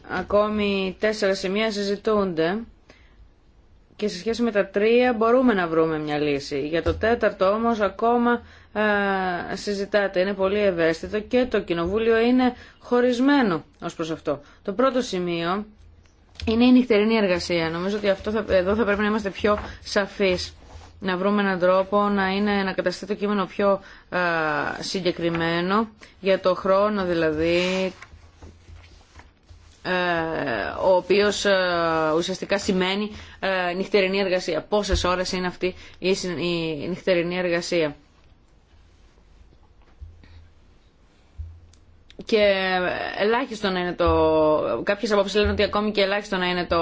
ακόμη τέσσερα σημεία συζητούνται και σε σχέση με τα τρία μπορούμε να βρούμε μια λύση. Για το τέταρτο όμως ακόμα συζητάτε. Είναι πολύ ευαίσθητο και το Κοινοβούλιο είναι χωρισμένο ως προς αυτό. Το πρώτο σημείο είναι η νυχτερινή εργασία. Νομίζω ότι αυτό θα, εδώ θα πρέπει να είμαστε πιο σαφείς. Να βρούμε έναν τρόπο να, είναι, να καταστεί το κείμενο πιο συγκεκριμένο για το χρόνο δηλαδή ο οποίος ουσιαστικά σημαίνει νυχτερινή εργασία. Πόσες ώρες είναι αυτή η νυχτερινή εργασία. και ελάχιστο να είναι το. Κάποιε απόψει λένε ότι ακόμη και ελάχιστο να είναι το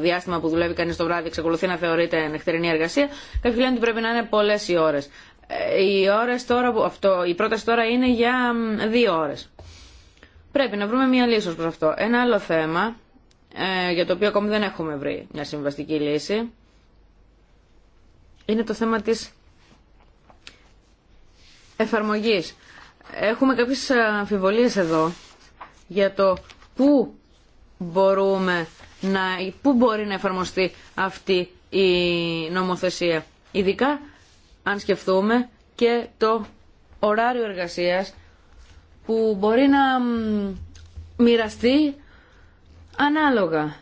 διάστημα που δουλεύει κανεί το βράδυ, εξακολουθεί να θεωρείται νεκτερινή εργασία. Κάποιοι λένε ότι πρέπει να είναι πολλέ οι ώρε. Ε, οι ώρες τώρα, αυτό, η πρόταση τώρα είναι για δύο ώρες. Πρέπει να βρούμε μια λύση ως προς αυτό. Ένα άλλο θέμα, ε, για το οποίο ακόμη δεν έχουμε βρει μια συμβαστική λύση, είναι το θέμα της εφαρμογής έχουμε κάποιες αμφιβολίες εδώ για το πού μπορούμε να, πού μπορεί να εφαρμοστεί αυτή η νομοθεσία. Ειδικά αν σκεφτούμε και το ωράριο εργασίας που μπορεί να μοιραστεί ανάλογα.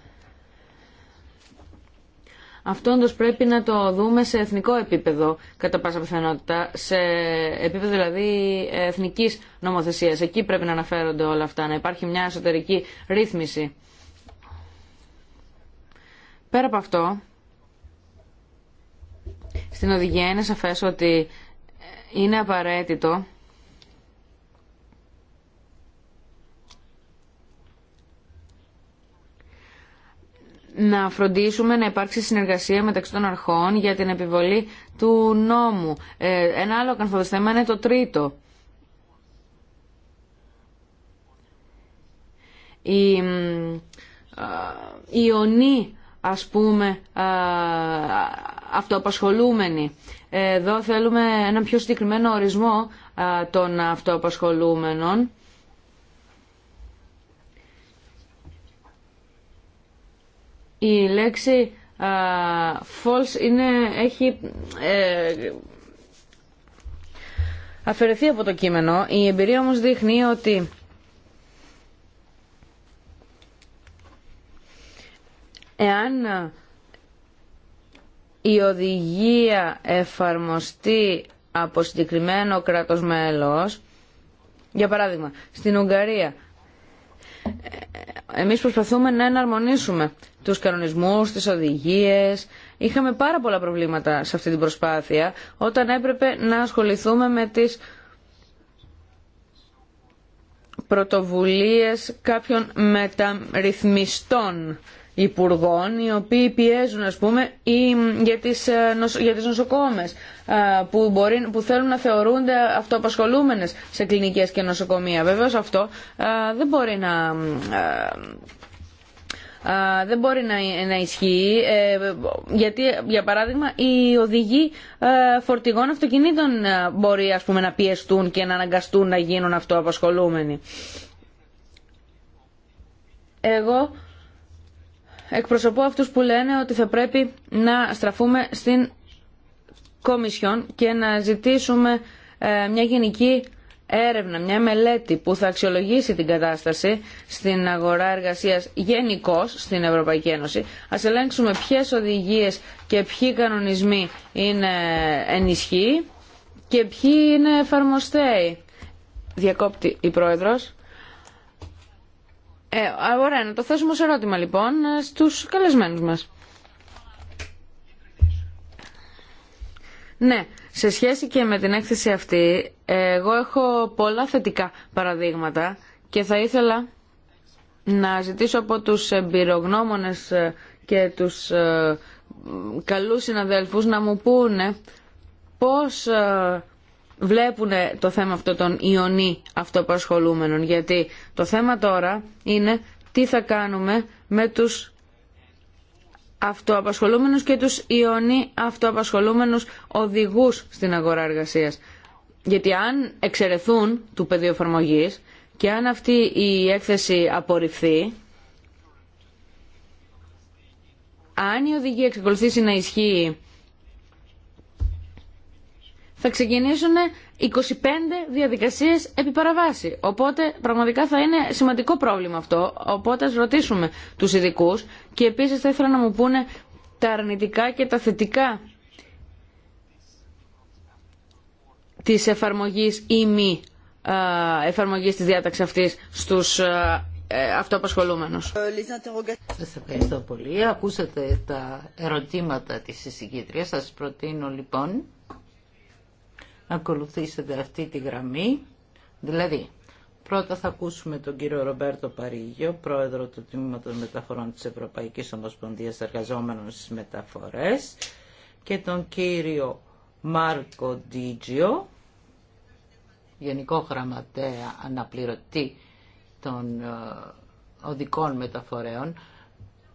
Αυτό όντω πρέπει να το δούμε σε εθνικό επίπεδο, κατά πάσα πιθανότητα, σε επίπεδο δηλαδή εθνικής νομοθεσίας. Εκεί πρέπει να αναφέρονται όλα αυτά, να υπάρχει μια εσωτερική ρύθμιση. Πέρα από αυτό, στην οδηγία είναι σαφές ότι είναι απαραίτητο να φροντίσουμε να υπάρξει συνεργασία μεταξύ των αρχών για την επιβολή του νόμου. Ε, ένα άλλο καρφωτός θέμα είναι το τρίτο. Η, η ονή, ας πούμε, αυτοαπασχολούμενη. Εδώ θέλουμε ένα πιο συγκεκριμένο ορισμό των αυτοαπασχολούμενων η λέξη false είναι, έχει ε, αφαιρεθεί από το κείμενο. Η εμπειρία όμως δείχνει ότι εάν η οδηγία εφαρμοστεί από συγκεκριμένο κράτος μέλος, για παράδειγμα, στην Ουγγαρία, εμείς προσπαθούμε να εναρμονίσουμε τους κανονισμούς, τις οδηγίες. Είχαμε πάρα πολλά προβλήματα σε αυτή την προσπάθεια όταν έπρεπε να ασχοληθούμε με τις πρωτοβουλίες κάποιων μεταρρυθμιστών υπουργών οι οποίοι πιέζουν ας πούμε για τις, ε, για τις νοσοκόμες ε, που, που θέλουν να θεωρούνται αυτοαπασχολούμενες σε κλινικές και νοσοκομεία. Βεβαίω αυτό ε, δεν μπορεί να δεν μπορεί να ισχύει ε, γιατί για παράδειγμα οι οδηγοί ε, φορτηγών αυτοκινήτων ε, μπορεί ας πούμε να πιεστούν και να αναγκαστούν να γίνουν αυτοαπασχολούμενοι. Εγώ εκπροσωπώ αυτούς που λένε ότι θα πρέπει να στραφούμε στην Κομισιόν και να ζητήσουμε μια γενική έρευνα, μια μελέτη που θα αξιολογήσει την κατάσταση στην αγορά εργασίας γενικώ στην Ευρωπαϊκή Ένωση. Ας ελέγξουμε ποιες οδηγίες και ποιοι κανονισμοί είναι ενισχύοι και ποιοι είναι εφαρμοστέοι. Διακόπτη η Πρόεδρος. Ε, ωραία, να το θέσουμε ως ερώτημα λοιπόν στους καλεσμένους μας. Ναι, σε σχέση και με την έκθεση αυτή, εγώ έχω πολλά θετικά παραδείγματα και θα ήθελα να ζητήσω από τους εμπειρογνώμονες ε, και τους ε, καλούς συναδέλφους να μου πούνε πώς ε, βλέπουν το θέμα αυτό των ιονί αυτοπασχολούμενων. Γιατί το θέμα τώρα είναι τι θα κάνουμε με τους αυτοαπασχολούμενους και τους ιονί αυτοαπασχολούμενους οδηγούς στην αγορά εργασίας. Γιατί αν εξαιρεθούν του πεδίου εφαρμογή και αν αυτή η έκθεση απορριφθεί, αν η οδηγία εξακολουθήσει να ισχύει, θα ξεκινήσουν 25 διαδικασίες επί παραβάση. Οπότε πραγματικά θα είναι σημαντικό πρόβλημα αυτό. Οπότε ας ρωτήσουμε τους ειδικού και επίσης θα ήθελα να μου πούνε τα αρνητικά και τα θετικά της εφαρμογής ή μη εφαρμογής της διάταξης αυτής στους ε, αυτοαπασχολούμενους. Σας ευχαριστώ πολύ. Ακούσατε τα ερωτήματα της εισηγήτριας. Σας προτείνω λοιπόν ακολουθήσετε αυτή τη γραμμή. Δηλαδή, πρώτα θα ακούσουμε τον κύριο Ρομπέρτο Παρίγιο, πρόεδρο του Τμήματος Μεταφορών της Ευρωπαϊκής Ομοσπονδίας Εργαζόμενων στις Μεταφορές και τον κύριο Μάρκο Ντίτζιο, Γενικό Γραμματέα Αναπληρωτή των ε, Οδικών Μεταφορέων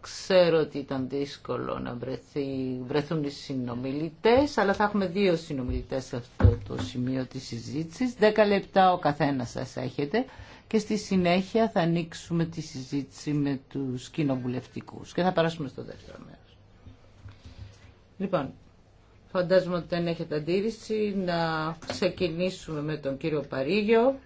Ξέρω ότι ήταν δύσκολο να βρεθεί, βρεθούν οι συνομιλητές, αλλά θα έχουμε δύο συνομιλητές σε αυτό το σημείο της συζήτησης. Δέκα λεπτά ο καθένας σας έχετε και στη συνέχεια θα ανοίξουμε τη συζήτηση με τους κοινοβουλευτικούς και θα περάσουμε στο δεύτερο μέρος. Λοιπόν, φαντάζομαι ότι δεν έχετε αντίρρηση να ξεκινήσουμε με τον κύριο Παρίγιο.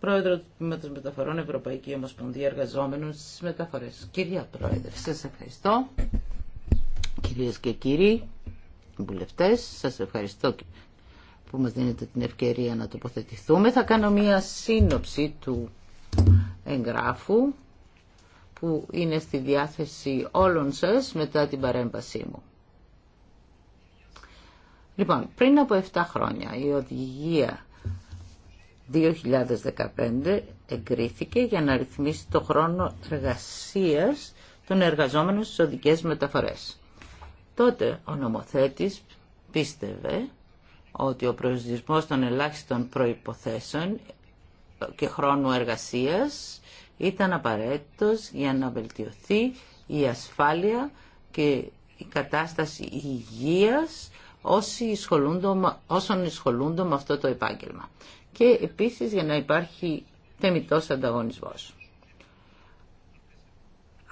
Πρόεδρο του Τμήματο Μεταφορών Ευρωπαϊκή Ομοσπονδία Εργαζόμενων στι Μεταφορές. Κυρία Πρόεδρε, σας ευχαριστώ. Κυρίες και κύριοι βουλευτέ, σας ευχαριστώ που μας δίνετε την ευκαιρία να τοποθετηθούμε. Θα κάνω μία σύνοψη του εγγράφου που είναι στη διάθεση όλων σας μετά την παρέμβασή μου. Λοιπόν, πριν από 7 χρόνια η οδηγία 2015 εγκρίθηκε για να ρυθμίσει το χρόνο εργασίας των εργαζόμενων στις οδικές μεταφορές. Τότε ο νομοθέτης πίστευε ότι ο προσδιορισμός των ελάχιστων προϋποθέσεων και χρόνου εργασίας ήταν απαραίτητος για να βελτιωθεί η ασφάλεια και η κατάσταση υγείας όσων ασχολούνται με αυτό το επάγγελμα και επίσης για να υπάρχει θεμητός ανταγωνισμός.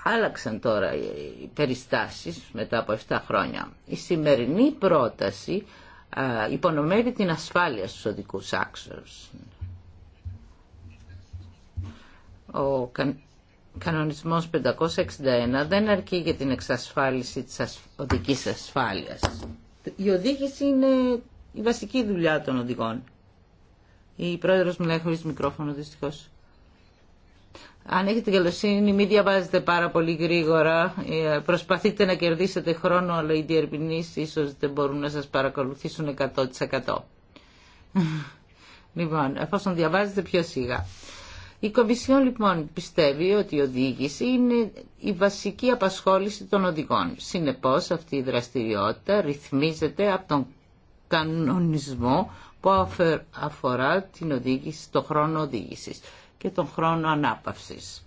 Άλλαξαν τώρα οι περιστάσεις μετά από 7 χρόνια. Η σημερινή πρόταση υπονομεύει την ασφάλεια στους οδικούς άξονες. Ο κανονισμός 561 δεν αρκεί για την εξασφάλιση της οδικής ασφάλειας. Η οδήγηση είναι η βασική δουλειά των οδηγών. Η πρόεδρος μιλάει χωρί μικρόφωνο δυστυχώ. Αν έχετε καλοσύνη, μην διαβάζετε πάρα πολύ γρήγορα. Ε, προσπαθείτε να κερδίσετε χρόνο, αλλά οι διερμηνεί ίσως δεν μπορούν να σα παρακολουθήσουν 100%. Λοιπόν, εφόσον διαβάζετε πιο σιγά. Η Κομισιόν λοιπόν πιστεύει ότι η οδήγηση είναι η βασική απασχόληση των οδηγών. Συνεπώς αυτή η δραστηριότητα ρυθμίζεται από τον κανονισμό που αφορά την οδήγηση, το χρόνο οδήγησης και τον χρόνο ανάπαυσης.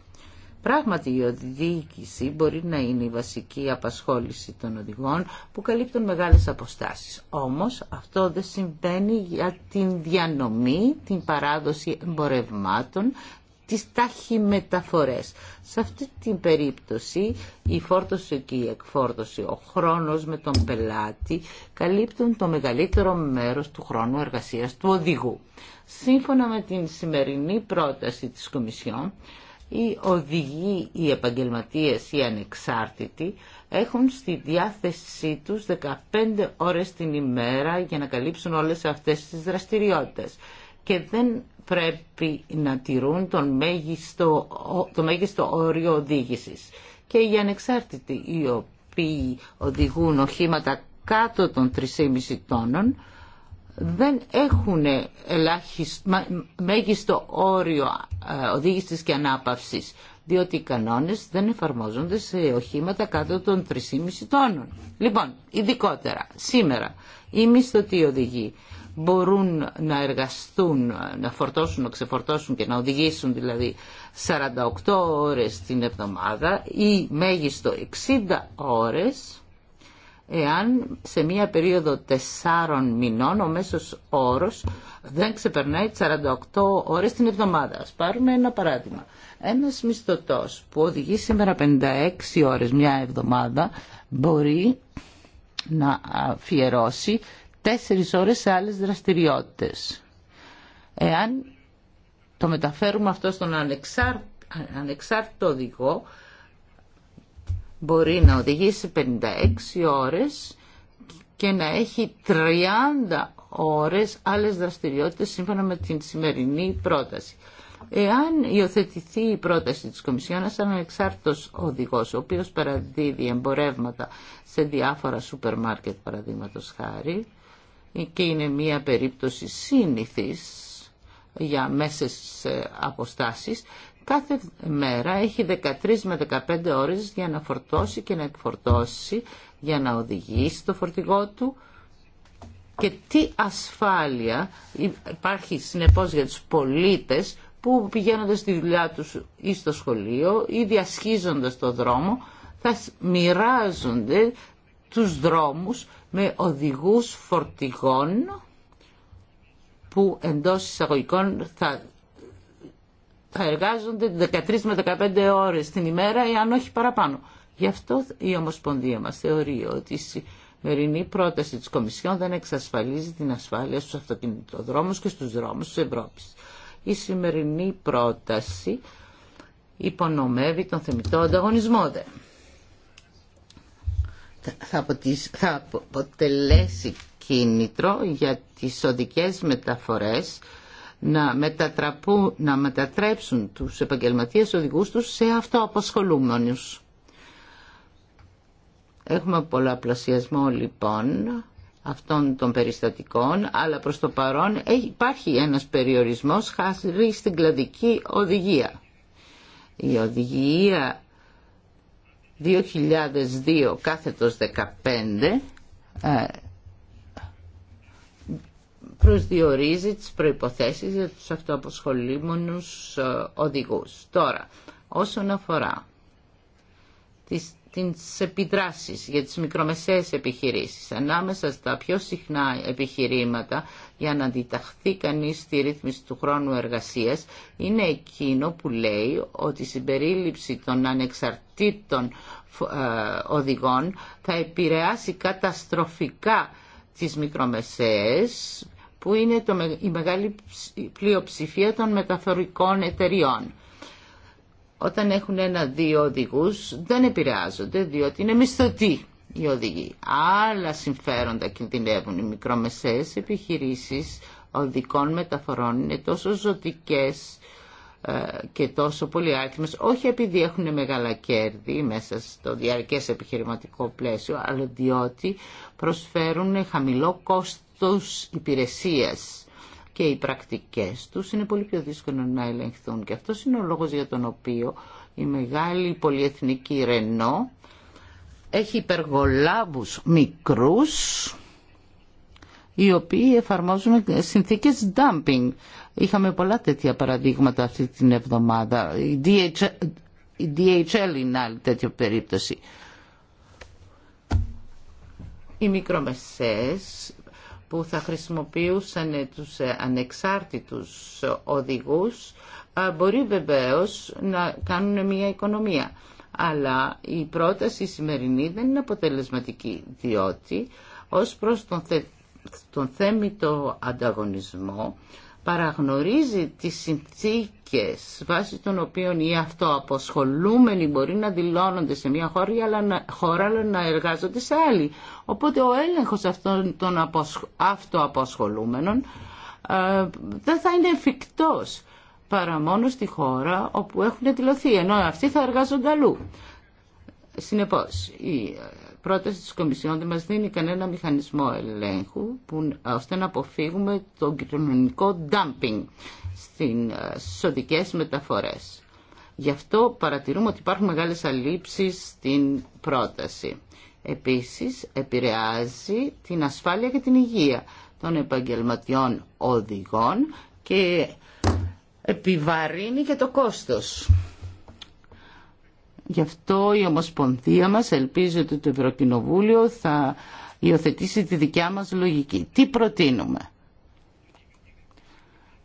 Πράγματι η οδήγηση μπορεί να είναι η βασική απασχόληση των οδηγών που καλύπτουν μεγάλες αποστάσεις. Όμως αυτό δεν συμβαίνει για την διανομή, την παράδοση εμπορευμάτων, τις μεταφορές. Σε αυτή την περίπτωση η φόρτωση και η εκφόρτωση, ο χρόνος με τον πελάτη καλύπτουν το μεγαλύτερο μέρος του χρόνου εργασίας του οδηγού. Σύμφωνα με την σημερινή πρόταση της Κομισιόν, οι οδηγοί, οι επαγγελματίες, οι ανεξάρτητοι έχουν στη διάθεσή τους 15 ώρες την ημέρα για να καλύψουν όλες αυτές τις δραστηριότητες και δεν πρέπει να τηρούν τον μέγιστο, το μέγιστο όριο οδήγησης. Και οι ανεξάρτητοι οι οποίοι οδηγούν οχήματα κάτω των 3,5 τόνων δεν έχουν ελάχιστο, μέγιστο όριο οδήγησης και ανάπαυσης διότι οι κανόνες δεν εφαρμόζονται σε οχήματα κάτω των 3,5 τόνων. Λοιπόν, ειδικότερα, σήμερα η μισθωτή οδηγεί μπορούν να εργαστούν, να φορτώσουν, να ξεφορτώσουν και να οδηγήσουν δηλαδή 48 ώρες την εβδομάδα ή μέγιστο 60 ώρες εάν σε μία περίοδο 4 μηνών ο μέσος όρος δεν ξεπερνάει 48 ώρες την εβδομάδα. Ας πάρουμε ένα παράδειγμα. Ένας μισθωτός που οδηγεί σήμερα 56 ώρες μια εβδομάδα μπορεί να αφιερώσει τέσσερις ώρες σε άλλες δραστηριότητες. Εάν το μεταφέρουμε αυτό στον ανεξάρτητο οδηγό μπορεί να οδηγήσει 56 ώρες και να έχει 30 ώρες άλλες δραστηριότητες σύμφωνα με την σημερινή πρόταση. Εάν υιοθετηθεί η πρόταση της Κομισιόν, ένας ανεξάρτητος οδηγός, ο οποίος παραδίδει εμπορεύματα σε διάφορα σούπερ μάρκετ παραδείγματος χάρη, και είναι μία περίπτωση σύνηθης για μέσες ε, αποστάσεις, κάθε μέρα έχει 13 με 15 ώρες για να φορτώσει και να εκφορτώσει, για να οδηγήσει το φορτηγό του και τι ασφάλεια υπάρχει συνεπώς για τους πολίτες που πηγαίνοντας στη δουλειά τους ή στο σχολείο ή διασχίζοντας το δρόμο θα μοιράζονται τους δρόμους με οδηγούς φορτηγών που εντός εισαγωγικών θα, θα εργάζονται 13 με 15 ώρες την ημέρα ή αν όχι παραπάνω. Γι' αυτό η Ομοσπονδία μας θεωρεί ότι η σημερινή πρόταση της Κομισιόν δεν εξασφαλίζει την ασφάλεια στους αυτοκινητοδρόμους και στους δρόμους της Ευρώπης. Η σημερινή πρόταση υπονομεύει τον θεμητό ανταγωνισμό θα αποτελέσει κίνητρο για τις οδικές μεταφορές να, μετατραπού να μετατρέψουν τους επαγγελματίες οδηγούς τους σε αυτοαποσχολούμενους. Έχουμε πολλαπλασιασμό λοιπόν αυτών των περιστατικών, αλλά προς το παρόν υπάρχει ένας περιορισμός χάρη στην κλαδική οδηγία. Η οδηγία 2002 κάθετος 15 ε, προσδιορίζει τις προϋποθέσεις για τους αυτοαποσχολήμονους ε, οδηγούς. Τώρα, όσον αφορά τις τις επιδράσεις, για τις μικρομεσαίες επιχειρήσεις. Ανάμεσα στα πιο συχνά επιχειρήματα για να αντιταχθεί κανείς στη ρύθμιση του χρόνου εργασίας είναι εκείνο που λέει ότι η συμπερίληψη των ανεξαρτήτων ε, οδηγών θα επηρεάσει καταστροφικά τις μικρομεσαίες που είναι η μεγάλη πλειοψηφία των μεταφορικών εταιριών όταν έχουν ένα-δύο οδηγού δεν επηρεάζονται διότι είναι μισθωτοί οι οδηγοί. Άλλα συμφέροντα κινδυνεύουν οι μικρομεσαίε επιχειρήσεις οδικών μεταφορών είναι τόσο ζωτικές ε, και τόσο πολύ άριθμες, όχι επειδή έχουν μεγάλα κέρδη μέσα στο διαρκές επιχειρηματικό πλαίσιο, αλλά διότι προσφέρουν χαμηλό κόστος υπηρεσίας και οι πρακτικές τους είναι πολύ πιο δύσκολο να ελεγχθούν. Και αυτός είναι ο λόγος για τον οποίο η μεγάλη πολυεθνική Ρενό έχει υπεργολάβους μικρούς οι οποίοι εφαρμόζουν συνθήκες dumping. Είχαμε πολλά τέτοια παραδείγματα αυτή την εβδομάδα. Η DHL, η DHL είναι άλλη τέτοια περίπτωση. Οι μικρομεσαίες που θα χρησιμοποιούσαν τους ε, ανεξάρτητους οδηγούς μπορεί βεβαίως να κάνουν μια οικονομία. Αλλά η πρόταση σημερινή δεν είναι αποτελεσματική διότι ως προς τον, θε, τον θέμητο ανταγωνισμό παραγνωρίζει τις συνθήκες βάσει των οποίων οι αυτοαποσχολούμενοι μπορεί να δηλώνονται σε μια χώρα αλλά να, χώρα, να εργάζονται σε άλλη. Οπότε ο έλεγχος αυτών των αυτοαποσχολούμενων ε, δεν θα είναι εφικτός παρά μόνο στη χώρα όπου έχουν δηλωθεί, ενώ αυτοί θα εργάζονται αλλού. Συνεπώς, η πρόταση της Κομισιόν δεν μας δίνει κανένα μηχανισμό ελέγχου που, ώστε να αποφύγουμε το κοινωνικό dumping στις οδικές ε, μεταφορές. Γι' αυτό παρατηρούμε ότι υπάρχουν μεγάλες αλήψεις στην πρόταση. Επίσης, επηρεάζει την ασφάλεια και την υγεία των επαγγελματιών οδηγών και επιβαρύνει και το κόστος. Γι' αυτό η Ομοσπονδία μας ελπίζει ότι το Ευρωκοινοβούλιο θα υιοθετήσει τη δικιά μας λογική. Τι προτείνουμε.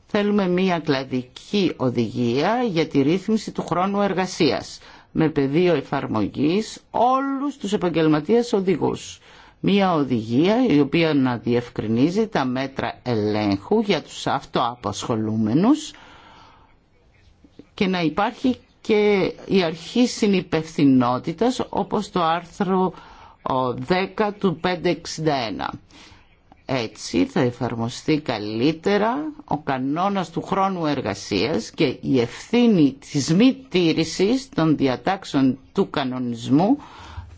Θέλουμε μία κλαδική οδηγία για τη ρύθμιση του χρόνου εργασίας με πεδίο εφαρμογής όλους τους επαγγελματίες οδηγούς. Μία οδηγία η οποία να διευκρινίζει τα μέτρα ελέγχου για τους αυτοαπασχολούμενους και να υπάρχει και η αρχή συνυπευθυνότητας όπως το άρθρο 10 του 561. Έτσι θα εφαρμοστεί καλύτερα ο κανόνας του χρόνου εργασίας και η ευθύνη της μη τήρησης των διατάξεων του κανονισμού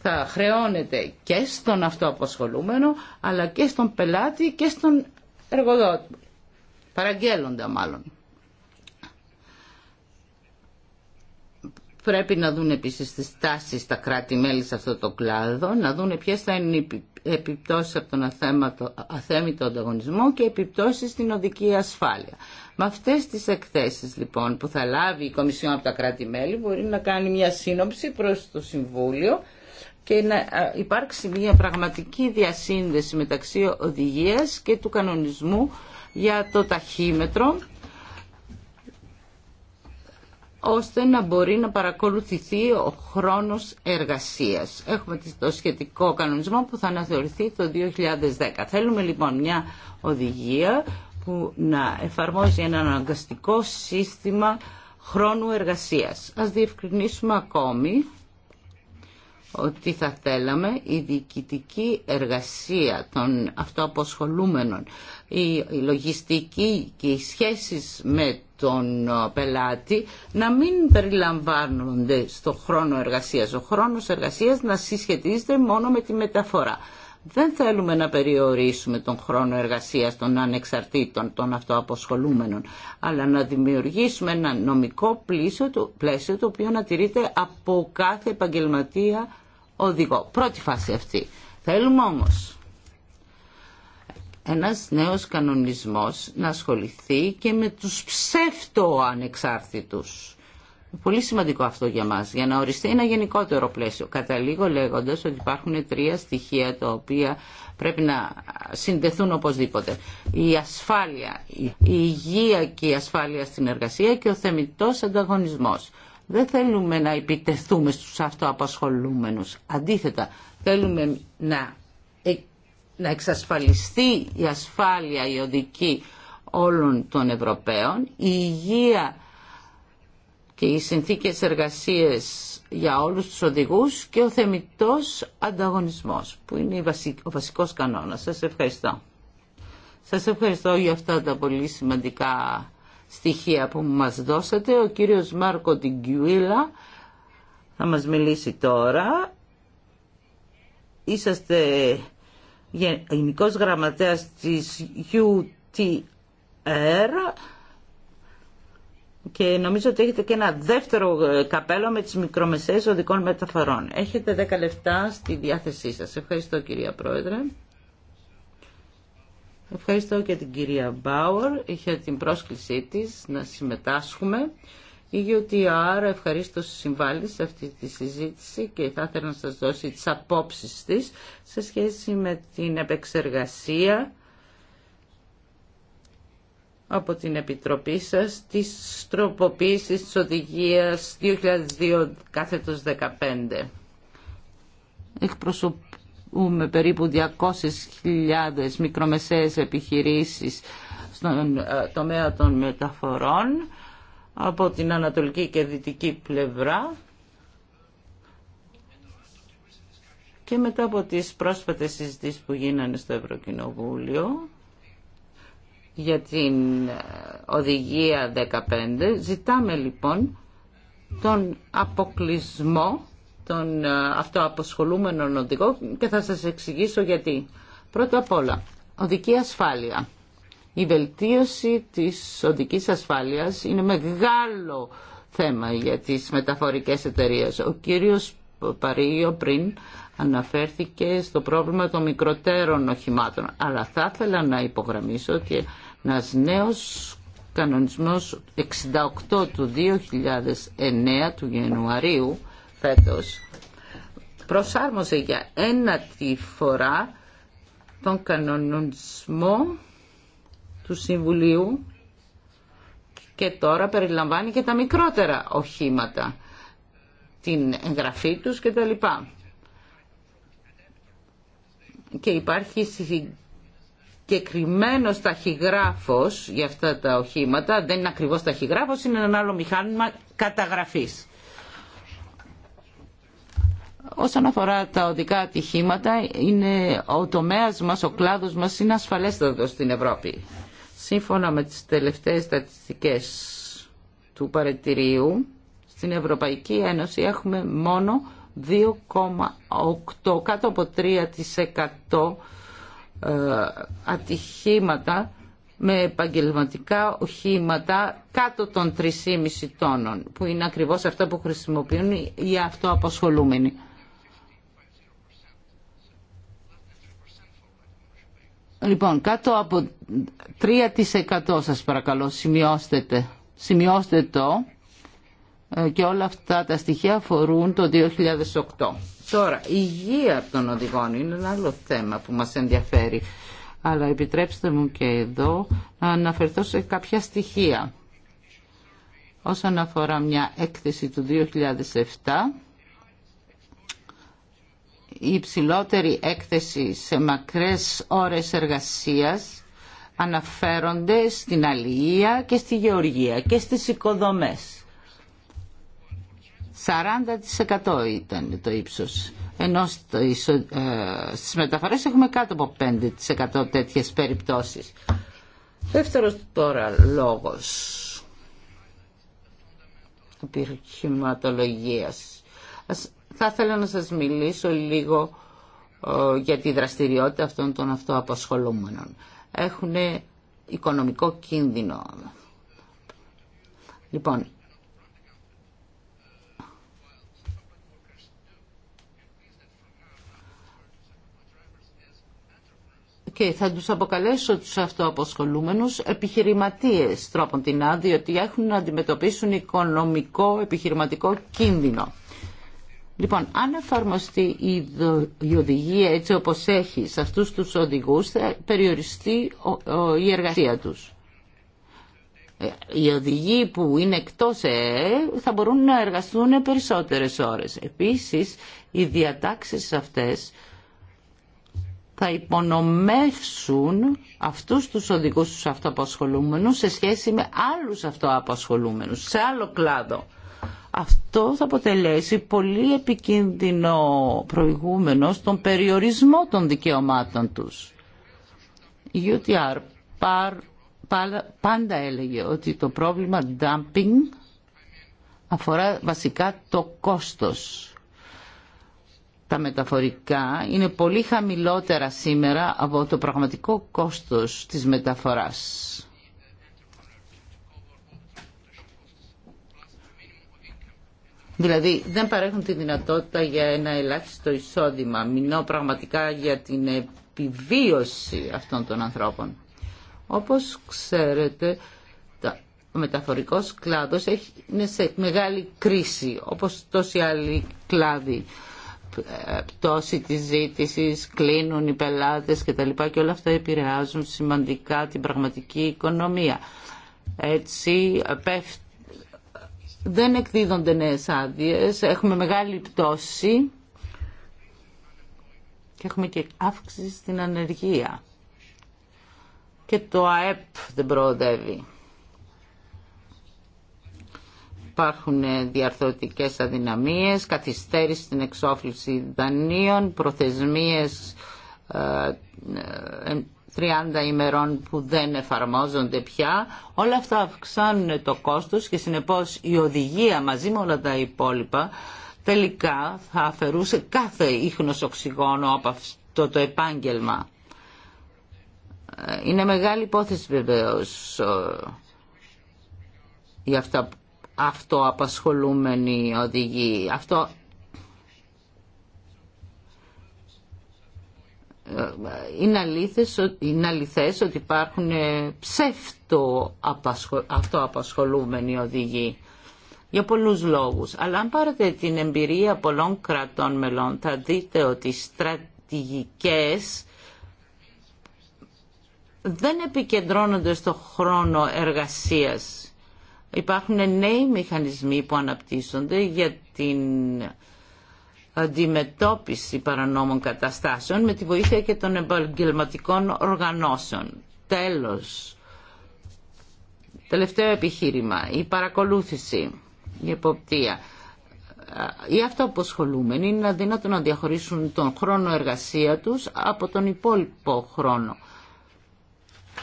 θα χρεώνεται και στον αυτοαποσχολούμενο αλλά και στον πελάτη και στον εργοδότη. Παραγγέλλοντα μάλλον. Πρέπει να δουν επίσης τις τάσεις στα κράτη-μέλη σε αυτό το κλάδο, να δουν ποιες θα είναι οι επιπτώσεις από τον αθέμητο ανταγωνισμό και επιπτώσεις στην οδική ασφάλεια. Με αυτές τις εκθέσεις λοιπόν που θα λάβει η Κομισιόν από τα κράτη-μέλη μπορεί να κάνει μια σύνοψη προς το Συμβούλιο και να υπάρξει μια πραγματική διασύνδεση μεταξύ οδηγίας και του κανονισμού για το ταχύμετρο ώστε να μπορεί να παρακολουθηθεί ο χρόνος εργασίας. Έχουμε το σχετικό κανονισμό που θα αναθεωρηθεί το 2010. Θέλουμε λοιπόν μια οδηγία που να εφαρμόζει ένα αναγκαστικό σύστημα χρόνου εργασίας. Ας διευκρινίσουμε ακόμη ότι θα θέλαμε η διοικητική εργασία των αυτοαποσχολούμενων, η λογιστική και οι σχέσεις με τον ε, πελάτη να μην περιλαμβάνονται στο χρόνο εργασίας. Ο χρόνος εργασίας να συσχετίζεται μόνο με τη μεταφορά. Δεν θέλουμε να περιορίσουμε τον χρόνο εργασίας των ανεξαρτήτων, των αυτοαποσχολούμενων, αλλά να δημιουργήσουμε ένα νομικό πλαίσιο, πλαίσιο το οποίο να τηρείται από κάθε επαγγελματία οδηγό. Πρώτη φάση αυτή. Θέλουμε όμως ένας νέος κανονισμός να ασχοληθεί και με τους ψεύτο ανεξάρτητους. Πολύ σημαντικό αυτό για μας, για να οριστεί ένα γενικότερο πλαίσιο. Καταλήγω λέγοντας ότι υπάρχουν τρία στοιχεία τα οποία πρέπει να συνδεθούν οπωσδήποτε. Η ασφάλεια, η υγεία και η ασφάλεια στην εργασία και ο θεμητός ανταγωνισμός. Δεν θέλουμε να επιτεθούμε στους αυτοαπασχολούμενους. Αντίθετα, θέλουμε να να εξασφαλιστεί η ασφάλεια η οδική όλων των Ευρωπαίων, η υγεία και οι συνθήκες εργασίες για όλους τους οδηγούς και ο θεμητός ανταγωνισμός που είναι ο βασικός κανόνας. Σας ευχαριστώ. Σας ευχαριστώ για αυτά τα πολύ σημαντικά στοιχεία που μας δώσατε. Ο κύριος Μάρκο Τιγκιουίλα θα μας μιλήσει τώρα. Είσαστε Γενικός Γραμματέας της UTR και νομίζω ότι έχετε και ένα δεύτερο ε, καπέλο με τις μικρομεσαίες οδικών μεταφορών. Έχετε 10 λεπτά στη διάθεσή σας. Ευχαριστώ κυρία Πρόεδρε. Ευχαριστώ και την κυρία Μπάουερ για την πρόσκλησή της να συμμετάσχουμε. Η UTR ευχαρίστω συμβάλλει σε αυτή τη συζήτηση και θα ήθελα να σας δώσει τις απόψεις της σε σχέση με την επεξεργασία από την Επιτροπή σας της τροποποίησης της οδηγίας 2002 κάθετος 15. Εκπροσωπούμε περίπου 200.000 μικρομεσαίες επιχειρήσεις στον ε, τομέα των μεταφορών από την ανατολική και δυτική πλευρά και μετά από τις πρόσφατες συζητήσεις που γίνανε στο Ευρωκοινοβούλιο για την ε, οδηγία 15 ζητάμε λοιπόν τον αποκλεισμό των ε, αυτοαποσχολούμενων οδηγών και θα σας εξηγήσω γιατί. Πρώτα απ' όλα, οδική ασφάλεια. Η βελτίωση της οδικής ασφάλειας είναι μεγάλο θέμα για τις μεταφορικές εταιρείες. Ο κύριος Παρίο πριν αναφέρθηκε στο πρόβλημα των μικροτέρων οχημάτων. Αλλά θα ήθελα να υπογραμμίσω ότι ένας νέος κανονισμός 68 του 2009 του Ιανουαρίου φέτος προσάρμοσε για ένα τη φορά τον κανονισμό του Συμβουλίου και τώρα περιλαμβάνει και τα μικρότερα οχήματα, την εγγραφή τους και τα λοιπά. Και υπάρχει συγκεκριμένο ταχυγράφος για αυτά τα οχήματα, δεν είναι ακριβώς ταχυγράφος, είναι ένα άλλο μηχάνημα καταγραφής. Όσον αφορά τα οδικά ατυχήματα, είναι ο τομέας μας, ο κλάδος μας είναι ασφαλέστατος στην Ευρώπη. Σύμφωνα με τις τελευταίες στατιστικές του παρετηρίου, στην Ευρωπαϊκή Ένωση έχουμε μόνο 2,8 κάτω από 3% ε, ατυχήματα με επαγγελματικά οχήματα κάτω των 3,5 τόνων που είναι ακριβώς αυτά που χρησιμοποιούν οι αυτοαποσχολούμενοι. Λοιπόν, κάτω από 3% σας παρακαλώ, σημειώστε, σημειώστε το ε, και όλα αυτά τα στοιχεία αφορούν το 2008. Τώρα, η υγεία των οδηγών είναι ένα άλλο θέμα που μας ενδιαφέρει. Αλλά επιτρέψτε μου και εδώ να αναφερθώ σε κάποια στοιχεία. Όσον αφορά μια έκθεση του 2007 η υψηλότερη έκθεση σε μακρές ώρες εργασίας αναφέρονται στην αλληλεία και στη γεωργία και στις οικοδομές. 40% ήταν το ύψος. Ενώ ε, στις μεταφορές έχουμε κάτω από 5% τέτοιες περιπτώσεις. Δεύτερος τώρα λόγος πυροχηματολογίας. Ας θα ήθελα να σας μιλήσω λίγο ε, για τη δραστηριότητα αυτών των αυτοαπασχολούμενων. Έχουν οικονομικό κίνδυνο. Λοιπόν, και θα τους αποκαλέσω τους αυτοαποσχολούμενους επιχειρηματίες τρόπον την άδεια, διότι έχουν να αντιμετωπίσουν οικονομικό επιχειρηματικό κίνδυνο. Λοιπόν, αν εφαρμοστεί η οδηγία έτσι όπως έχει σε αυτούς τους οδηγούς, θα περιοριστεί η εργασία τους. Ε, οι οδηγοί που είναι εκτός ΕΕ θα μπορούν να εργαστούν περισσότερες ώρες. Επίσης, οι διατάξεις αυτές θα υπονομεύσουν αυτούς τους οδηγούς τους αυτοαπασχολούμενους σε σχέση με άλλους αυτοαπασχολούμενους, σε άλλο κλάδο. Αυτό θα αποτελέσει πολύ επικίνδυνο προηγούμενο στον περιορισμό των δικαιωμάτων τους. Η UTR πάντα έλεγε ότι το πρόβλημα dumping αφορά βασικά το κόστος. Τα μεταφορικά είναι πολύ χαμηλότερα σήμερα από το πραγματικό κόστος της μεταφοράς. Δηλαδή δεν παρέχουν τη δυνατότητα για ένα ελάχιστο εισόδημα. Μιλώ πραγματικά για την επιβίωση αυτών των ανθρώπων. Όπως ξέρετε, ο μεταφορικός κλάδος είναι σε μεγάλη κρίση, όπως τόσοι άλλοι κλάδοι. Ε, πτώση της ζήτησης, κλείνουν οι πελάτες κτλ. Και όλα αυτά επηρεάζουν σημαντικά την πραγματική οικονομία. Έτσι πέφτει δεν εκδίδονται νέες άδειες, έχουμε μεγάλη πτώση και έχουμε και αύξηση στην ανεργία. Και το ΑΕΠ δεν προοδεύει. Υπάρχουν διαρθρωτικές αδυναμίες, καθυστέρηση στην εξόφληση δανείων, προθεσμίες ε, ε, 30 ημερών που δεν εφαρμόζονται πια, όλα αυτά αυξάνουν το κόστος και συνεπώς η οδηγία μαζί με όλα τα υπόλοιπα τελικά θα αφαιρούσε κάθε ίχνος οξυγόνο από αυτό το επάγγελμα. Ε, είναι μεγάλη υπόθεση βεβαίως για ε, αυτά αυτό απασχολούμενοι οδηγοί. Αυτό είναι αλήθες, ότι υπάρχουν ε, ψεύτο αυτοαπασχολούμενοι οδηγοί για πολλούς λόγους. Αλλά αν πάρετε την εμπειρία πολλών κρατών μελών θα δείτε ότι στρατηγικές δεν επικεντρώνονται στο χρόνο εργασίας. Υπάρχουν νέοι μηχανισμοί που αναπτύσσονται για την αντιμετώπιση παρανόμων καταστάσεων με τη βοήθεια και των επαγγελματικών οργανώσεων. Τέλος, τελευταίο επιχείρημα, η παρακολούθηση, η εποπτεία. Οι αυτοαποσχολούμενοι είναι αδύνατο να διαχωρίσουν τον χρόνο εργασία τους από τον υπόλοιπο χρόνο.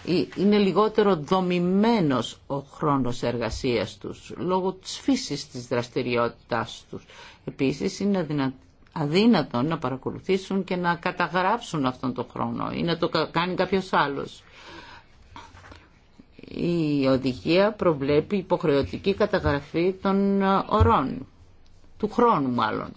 Ε, είναι λιγότερο δομημένος ο χρόνος εργασίας τους λόγω της φύσης της δραστηριότητάς τους. Επίσης είναι αδύνατο να παρακολουθήσουν και να καταγράψουν αυτόν τον χρόνο ή να το κάνει κάποιος άλλος. Η οδηγία προβλέπει υποχρεωτική καταγραφή των ε, ωρών, του χρόνου μάλλον.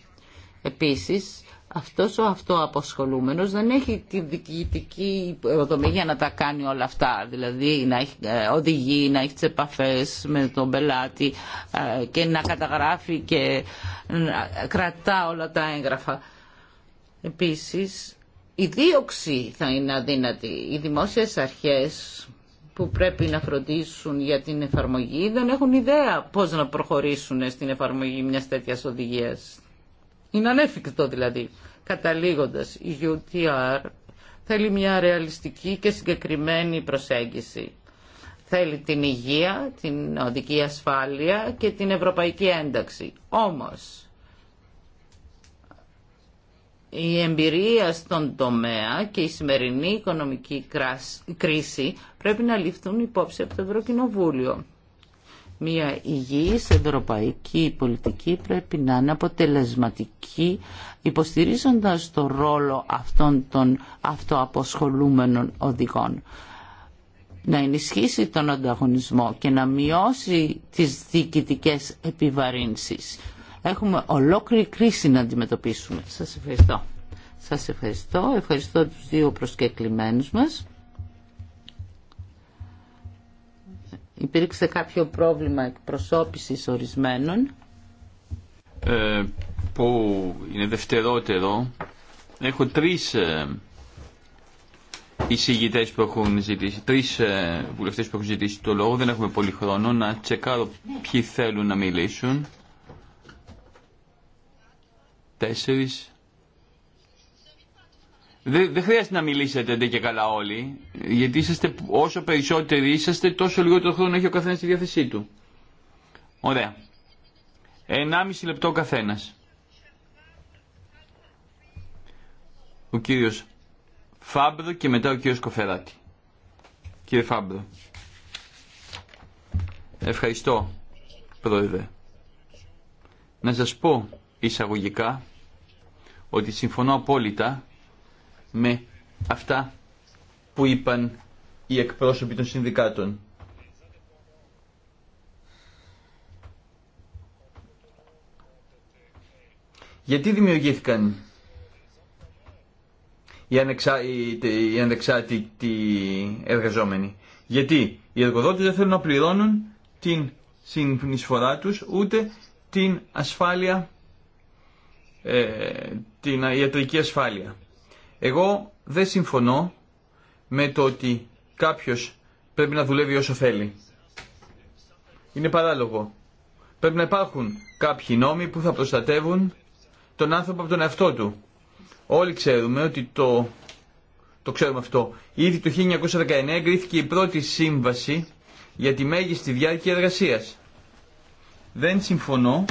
Επίσης, αυτός ο αυτοαποσχολούμενος δεν έχει τη διοικητική υποδομή για να τα κάνει όλα αυτά. Δηλαδή να έχει ε, οδηγεί, να έχει τι επαφέ με τον πελάτη ε, και να καταγράφει και να ε, κρατά όλα τα έγγραφα. Επίσης, η δίωξη θα είναι αδύνατη. Οι δημόσιες αρχές που πρέπει να φροντίσουν για την εφαρμογή δεν έχουν ιδέα πώς να προχωρήσουν στην εφαρμογή μιας τέτοιας οδηγίας είναι ανέφικτο δηλαδή. Καταλήγοντας, η UTR θέλει μια ρεαλιστική και συγκεκριμένη προσέγγιση. Θέλει την υγεία, την οδική ασφάλεια και την ευρωπαϊκή ένταξη. Όμως, η εμπειρία στον τομέα και η σημερινή οικονομική κρίση πρέπει να ληφθούν υπόψη από το Ευρωκοινοβούλιο. Μια υγιής ευρωπαϊκή πολιτική πρέπει να είναι αποτελεσματική υποστηρίζοντας το ρόλο αυτών των αυτοαποσχολούμενων οδηγών. Να ενισχύσει τον ανταγωνισμό και να μειώσει τις διοικητικές επιβαρύνσεις. Έχουμε ολόκληρη κρίση να αντιμετωπίσουμε. Σας ευχαριστώ. Σας ευχαριστώ. Ευχαριστώ τους δύο προσκεκλημένους μας. υπήρξε κάποιο πρόβλημα εκπροσώπησης ορισμένων ε, που είναι δευτερότερο έχω τρεις ε, που έχουν ζητήσει τρεις ε, που έχουν ζητήσει το λόγο δεν έχουμε πολύ χρόνο να τσεκάρω ποιοι θέλουν να μιλήσουν τέσσερις δεν, χρειάζεται να μιλήσετε και καλά όλοι, γιατί είσαστε, όσο περισσότεροι είσαστε, τόσο λιγότερο χρόνο έχει ο καθένα στη διάθεσή του. Ωραία. 1,5 λεπτό ο καθένα. Ο κύριο Φάμπρο και μετά ο κύριο Κοφεράτη. Κύριε Φάμπρο. Ευχαριστώ, πρόεδρε. Να σας πω εισαγωγικά ότι συμφωνώ απόλυτα με αυτά που είπαν οι εκπρόσωποι των συνδικάτων. Γιατί δημιουργήθηκαν οι, ανεξά, οι, οι εργαζόμενοι. Γιατί οι εργοδότες δεν θέλουν να πληρώνουν την συνεισφορά τους ούτε την ασφάλεια, ε, την ιατρική ασφάλεια. Εγώ δεν συμφωνώ με το ότι κάποιος πρέπει να δουλεύει όσο θέλει. Είναι παράλογο. Πρέπει να υπάρχουν κάποιοι νόμοι που θα προστατεύουν τον άνθρωπο από τον εαυτό του. Όλοι ξέρουμε ότι το, το ξέρουμε αυτό. Ήδη το 1919 εγκρίθηκε η πρώτη σύμβαση για τη μέγιστη διάρκεια εργασίας. Δεν συμφωνώ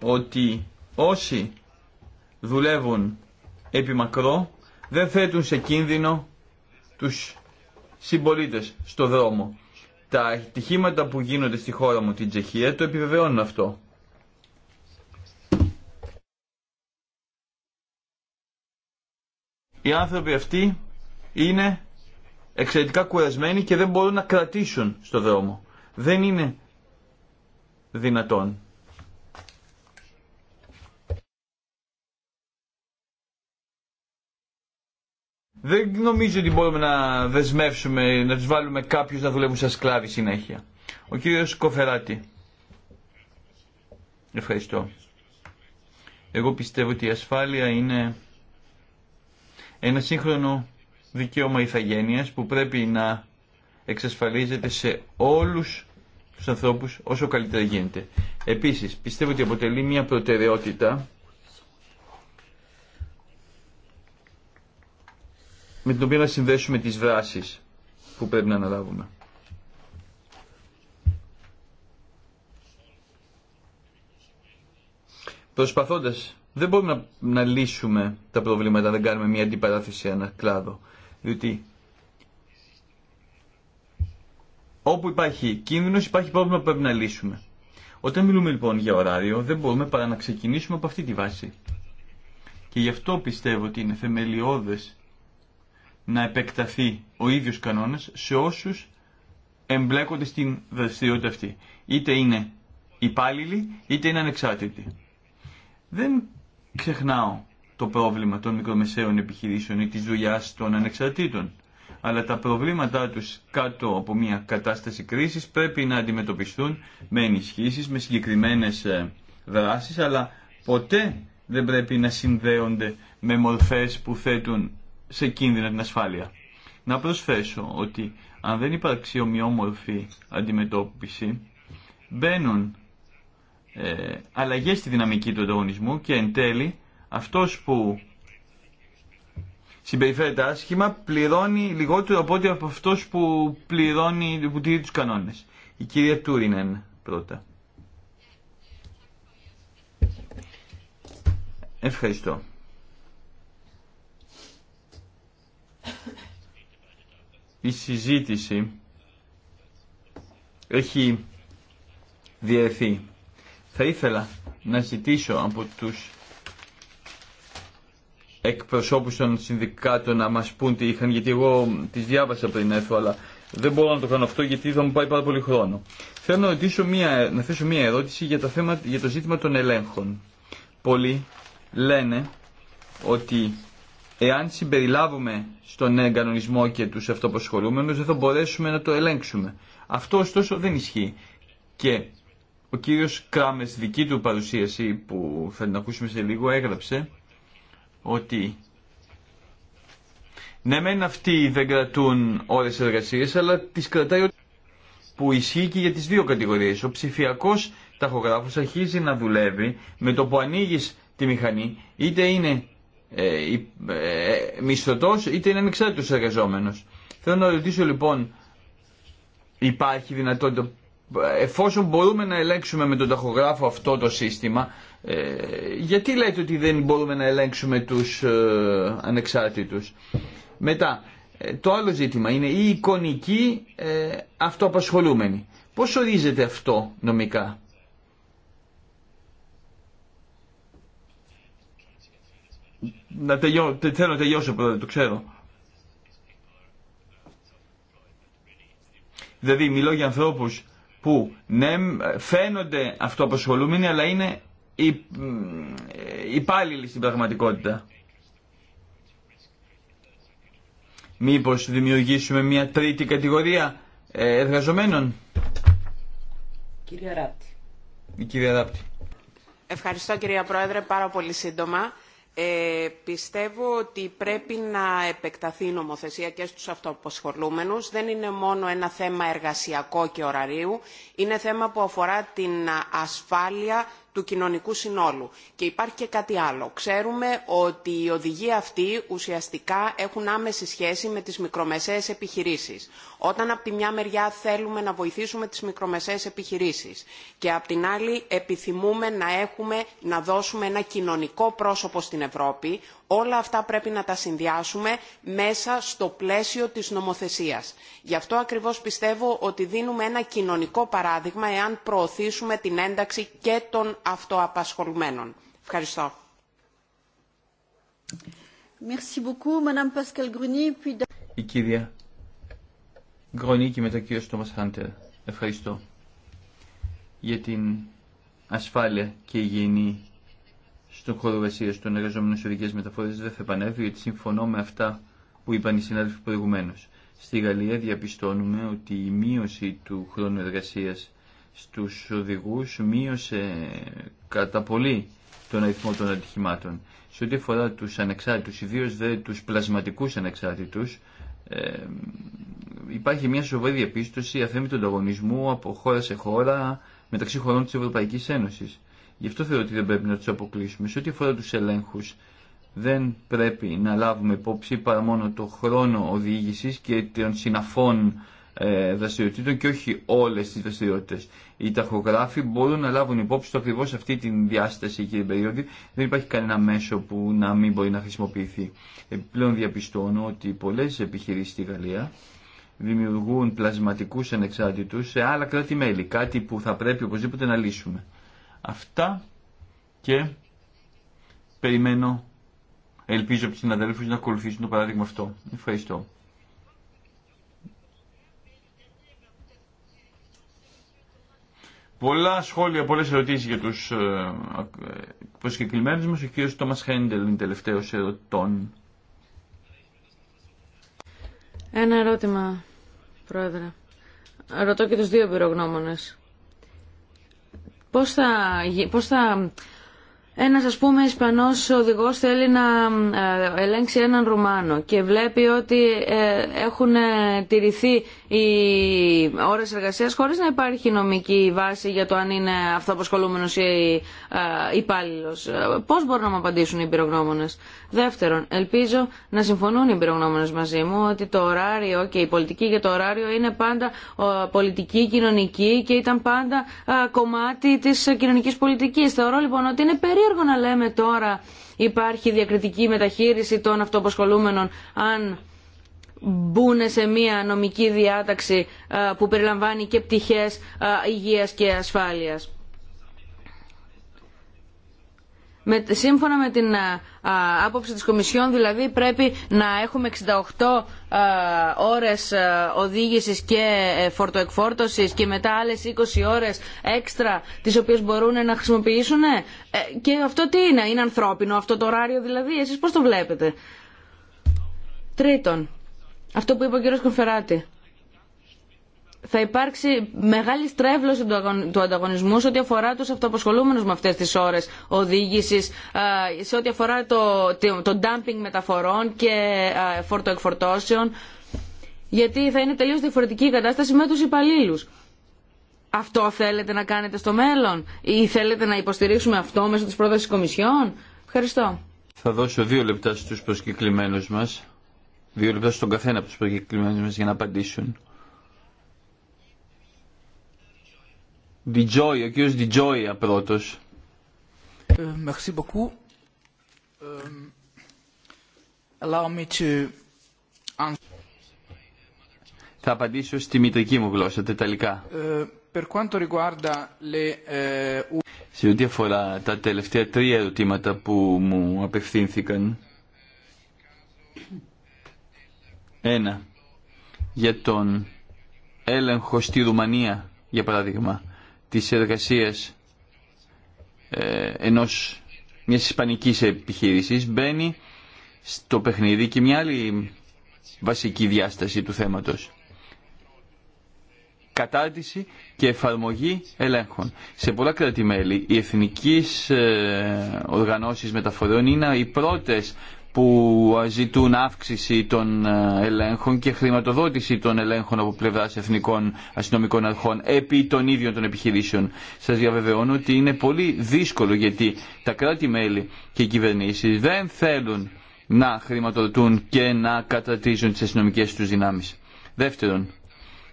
ότι όσοι δουλεύουν επιμακρό δεν θέτουν σε κίνδυνο τους συμπολίτες στο δρόμο. Τα ατυχήματα που γίνονται στη χώρα μου, την Τσεχία, το επιβεβαιώνουν αυτό. Οι άνθρωποι αυτοί είναι εξαιρετικά κουρασμένοι και δεν μπορούν να κρατήσουν στο δρόμο. Δεν είναι δυνατόν. Δεν νομίζω ότι μπορούμε να δεσμεύσουμε, να του βάλουμε κάποιου να δουλεύουν σαν σκλάβοι συνέχεια. Ο κύριος Κοφεράτη. Ευχαριστώ. Εγώ πιστεύω ότι η ασφάλεια είναι ένα σύγχρονο δικαίωμα ηθαγένειας που πρέπει να εξασφαλίζεται σε όλους τους ανθρώπους όσο καλύτερα γίνεται. Επίσης, πιστεύω ότι αποτελεί μια προτεραιότητα με την οποία να συνδέσουμε τις βράσεις που πρέπει να αναλάβουμε. Προσπαθώντας, δεν μπορούμε να, λύσουμε τα προβλήματα, δεν κάνουμε μια αντιπαράθεση ένα κλάδο. Διότι όπου υπάρχει κίνδυνος υπάρχει πρόβλημα που πρέπει να λύσουμε. Όταν μιλούμε λοιπόν για ωράριο δεν μπορούμε παρά να ξεκινήσουμε από αυτή τη βάση. Και γι' αυτό πιστεύω ότι είναι θεμελιώδες να επεκταθεί ο ίδιος κανόνας σε όσους εμπλέκονται στην δραστηριότητα αυτή. Είτε είναι υπάλληλοι, είτε είναι ανεξάρτητοι. Δεν ξεχνάω το πρόβλημα των μικρομεσαίων επιχειρήσεων ή της δουλειά των ανεξαρτήτων. Αλλά τα προβλήματά τους κάτω από μια κατάσταση κρίσης πρέπει να αντιμετωπιστούν με ενισχύσεις, με συγκεκριμένες ε, δράσεις, αλλά ποτέ δεν πρέπει να συνδέονται με μορφές που θέτουν σε κίνδυνα την ασφάλεια. Να προσθέσω ότι αν δεν υπάρξει ομοιόμορφη αντιμετώπιση, μπαίνουν ε, αλλαγές στη δυναμική του ανταγωνισμού και εν τέλει αυτός που συμπεριφέρεται άσχημα πληρώνει λιγότερο από ό,τι από αυτός που πληρώνει, που τηρεί τους κανόνες. Η κυρία Τούρινεν πρώτα. Ευχαριστώ. η συζήτηση έχει διαιρεθεί. Θα ήθελα να ζητήσω από τους εκπροσώπους των συνδικάτων να μας πούν τι είχαν, γιατί εγώ τις διάβασα πριν έρθω, αλλά δεν μπορώ να το κάνω αυτό γιατί θα μου πάει πάρα πολύ χρόνο. Θέλω να, ρωτήσω μία, να θέσω μία ερώτηση για, τα θέμα, για το ζήτημα των ελέγχων. Πολλοί λένε ότι Εάν συμπεριλάβουμε στον εγκανονισμό και τους αυτοπασχολούμενους δεν θα μπορέσουμε να το ελέγξουμε. Αυτό ωστόσο δεν ισχύει. Και ο κύριος Κράμες δική του παρουσίαση που θα την ακούσουμε σε λίγο έγραψε ότι ναι μεν αυτοί δεν κρατούν ώρες εργασίας αλλά τις κρατάει που ισχύει και για τις δύο κατηγορίες. Ο ψηφιακός ταχογράφος αρχίζει να δουλεύει με το που ανοίγει τη μηχανή είτε είναι ε, ε, μισθωτός είτε είναι ανεξάρτητος εργαζόμενος. Θέλω να ρωτήσω λοιπόν υπάρχει δυνατότητα εφόσον μπορούμε να ελέγξουμε με τον ταχογράφο αυτό το σύστημα ε, γιατί λέτε ότι δεν μπορούμε να ελέγξουμε τους ανεξάρτητους. Μετά το άλλο ζήτημα είναι η εικονική αυτοαπασχολούμενη. Πώς ορίζεται αυτό νομικά. να τελειώ, θέλω να τελειώσω πρώτα, το ξέρω. Δηλαδή μιλώ για ανθρώπους που ναι φαίνονται αυτοαπασχολούμενοι αλλά είναι υπάλληλοι στην πραγματικότητα. Μήπως δημιουργήσουμε μια τρίτη κατηγορία ε, εργαζομένων. Κυρία Ράπτη. Ευχαριστώ κυρία Πρόεδρε πάρα πολύ σύντομα. Ε, πιστεύω ότι πρέπει να επεκταθεί η νομοθεσία και στους αυτοαποσχολούμενους. Δεν είναι μόνο ένα θέμα εργασιακό και ωραρίου. Είναι θέμα που αφορά την ασφάλεια του κοινωνικού συνόλου. Και υπάρχει και κάτι άλλο. Ξέρουμε ότι οι οδηγοί αυτοί ουσιαστικά έχουν άμεση σχέση με τις μικρομεσαίες επιχειρήσεις. Όταν από τη μια μεριά θέλουμε να βοηθήσουμε τις μικρομεσαίες επιχειρήσεις και από την άλλη επιθυμούμε να έχουμε, να δώσουμε ένα κοινωνικό πρόσωπο στην Ευρώπη, Όλα αυτά πρέπει να τα συνδυάσουμε μέσα στο πλαίσιο της νομοθεσίας. Γι' αυτό ακριβώς πιστεύω ότι δίνουμε ένα κοινωνικό παράδειγμα εάν προωθήσουμε την ένταξη και των αυτοαπασχολουμένων. Ευχαριστώ. Η κυρία Γκρονή μετά Χάντερ. Ευχαριστώ για την ασφάλεια και υγιεινή στον χώρο εργασία των εργαζόμενων σε οδικέ μεταφορέ δεν θα επανέλθω γιατί συμφωνώ με αυτά που είπαν οι συνάδελφοι προηγουμένω. Στη Γαλλία διαπιστώνουμε ότι η μείωση του χρόνου εργασία στου οδηγού μείωσε κατά πολύ τον αριθμό των ατυχημάτων. Σε ό,τι αφορά του ανεξάρτητου, ιδίω δε του πλασματικού ανεξάρτητου, ε, υπάρχει μια σοβαρή διαπίστωση αθέμητου ανταγωνισμού από χώρα σε χώρα μεταξύ χωρών τη Ευρωπαϊκή Ένωση. Γι' αυτό θεωρώ ότι δεν πρέπει να του αποκλείσουμε. Σε ό,τι αφορά του ελέγχου, δεν πρέπει να λάβουμε υπόψη παρά μόνο το χρόνο οδήγηση και των συναφών ε, δραστηριοτήτων και όχι όλε τι δραστηριότητε. Οι ταχογράφοι μπορούν να λάβουν υπόψη το ακριβώ αυτή την διάσταση και την περίοδο. Δεν υπάρχει κανένα μέσο που να μην μπορεί να χρησιμοποιηθεί. Επιπλέον διαπιστώνω ότι πολλέ επιχειρήσει στη Γαλλία δημιουργούν πλασματικού ανεξάρτητου σε άλλα κράτη-μέλη. Κάτι που θα πρέπει οπωσδήποτε να λύσουμε. Αυτά και περιμένω, ελπίζω από τους συναδέλφους να ακολουθήσουν το παράδειγμα αυτό. Ευχαριστώ. Πολλά σχόλια, πολλές ερωτήσεις για τους ε, ε, προσκεκλημένους μας. Ο κύριος Τόμας Χέντελ είναι τελευταίος ερωτών. Ένα ερώτημα, Πρόεδρε. Ρωτώ και τους δύο εμπειρογνώμονες πώς θα, πώς θα ένα α πούμε Ισπανός οδηγό θέλει να ε, ελέγξει έναν Ρουμάνο και βλέπει ότι ε, έχουν ε, τηρηθεί οι ώρε εργασία χωρί να υπάρχει νομική βάση για το αν είναι αυτοαπασχολούμενο ή υπάλληλο. Πώ μπορούν να μου απαντήσουν οι πυρογνώμονε. Δεύτερον, ελπίζω να συμφωνούν οι πυρογνώμονε μαζί μου ότι το ωράριο και η πολιτική για το ωράριο είναι πάντα πολιτική, κοινωνική και ήταν πάντα κομμάτι της κοινωνική πολιτική. Θεωρώ λοιπόν ότι είναι περίπου περίεργο να λέμε τώρα υπάρχει διακριτική μεταχείριση των αυτοποσχολούμενων αν μπουν σε μια νομική διάταξη ε, που περιλαμβάνει και πτυχές ε, υγείας και ασφάλειας. με, σύμφωνα με την άποψη της Κομισιόν δηλαδή πρέπει να έχουμε 68 α, ώρες οδήγησης και ε, φορτοεκφόρτωσης και μετά άλλες 20 ώρες έξτρα τις οποίες μπορούν να χρησιμοποιήσουν ε, και αυτό τι είναι, είναι ανθρώπινο αυτό το ωράριο δηλαδή, εσείς πώς το βλέπετε. Τρίτον, αυτό που είπε ο κύριος Κονφεράτη θα υπάρξει μεγάλη στρέβλωση του ανταγωνισμού σε ό,τι αφορά του αυτοαποσχολούμενου με αυτέ τι ώρε οδήγηση, σε ό,τι αφορά το, το, dumping μεταφορών και φορτοεκφορτώσεων, γιατί θα είναι τελείω διαφορετική η κατάσταση με του υπαλλήλου. Αυτό θέλετε να κάνετε στο μέλλον ή θέλετε να υποστηρίξουμε αυτό μέσω της πρόταση Κομισιόν. Ευχαριστώ. Θα δώσω δύο λεπτά στους προσκεκλημένους μας, δύο λεπτά στον καθένα από τους προσκεκλημένους μας για να απαντήσουν. Διτζόη, ο κύριο Διτζόη πρώτο. Ε, merci beaucoup. Ε, allow me to θα απαντήσω στη μητρική μου γλώσσα, τεταλικά. Ε, Σε ό,τι αφορά τα τελευταία τρία ερωτήματα που μου απευθύνθηκαν. Ένα. Για τον έλεγχο στη Ρουμανία, για παράδειγμα τις εργασίες ε, ενός μιας ισπανικής επιχείρησης μπαίνει στο παιχνίδι και μια άλλη βασική διάσταση του θέματος. Κατάρτιση και εφαρμογή ελέγχων. Σε πολλά κράτη-μέλη οι εθνικές ε, οργανώσεις μεταφορών είναι οι πρώτες που ζητούν αύξηση των ε, ελέγχων και χρηματοδότηση των ελέγχων από πλευρά εθνικών αστυνομικών αρχών επί των ίδιων των επιχειρήσεων. Σας διαβεβαιώνω ότι είναι πολύ δύσκολο γιατί τα κράτη-μέλη και οι κυβερνήσει δεν θέλουν να χρηματοδοτούν και να κατατρίζουν τις αστυνομικέ του δυνάμει. Δεύτερον,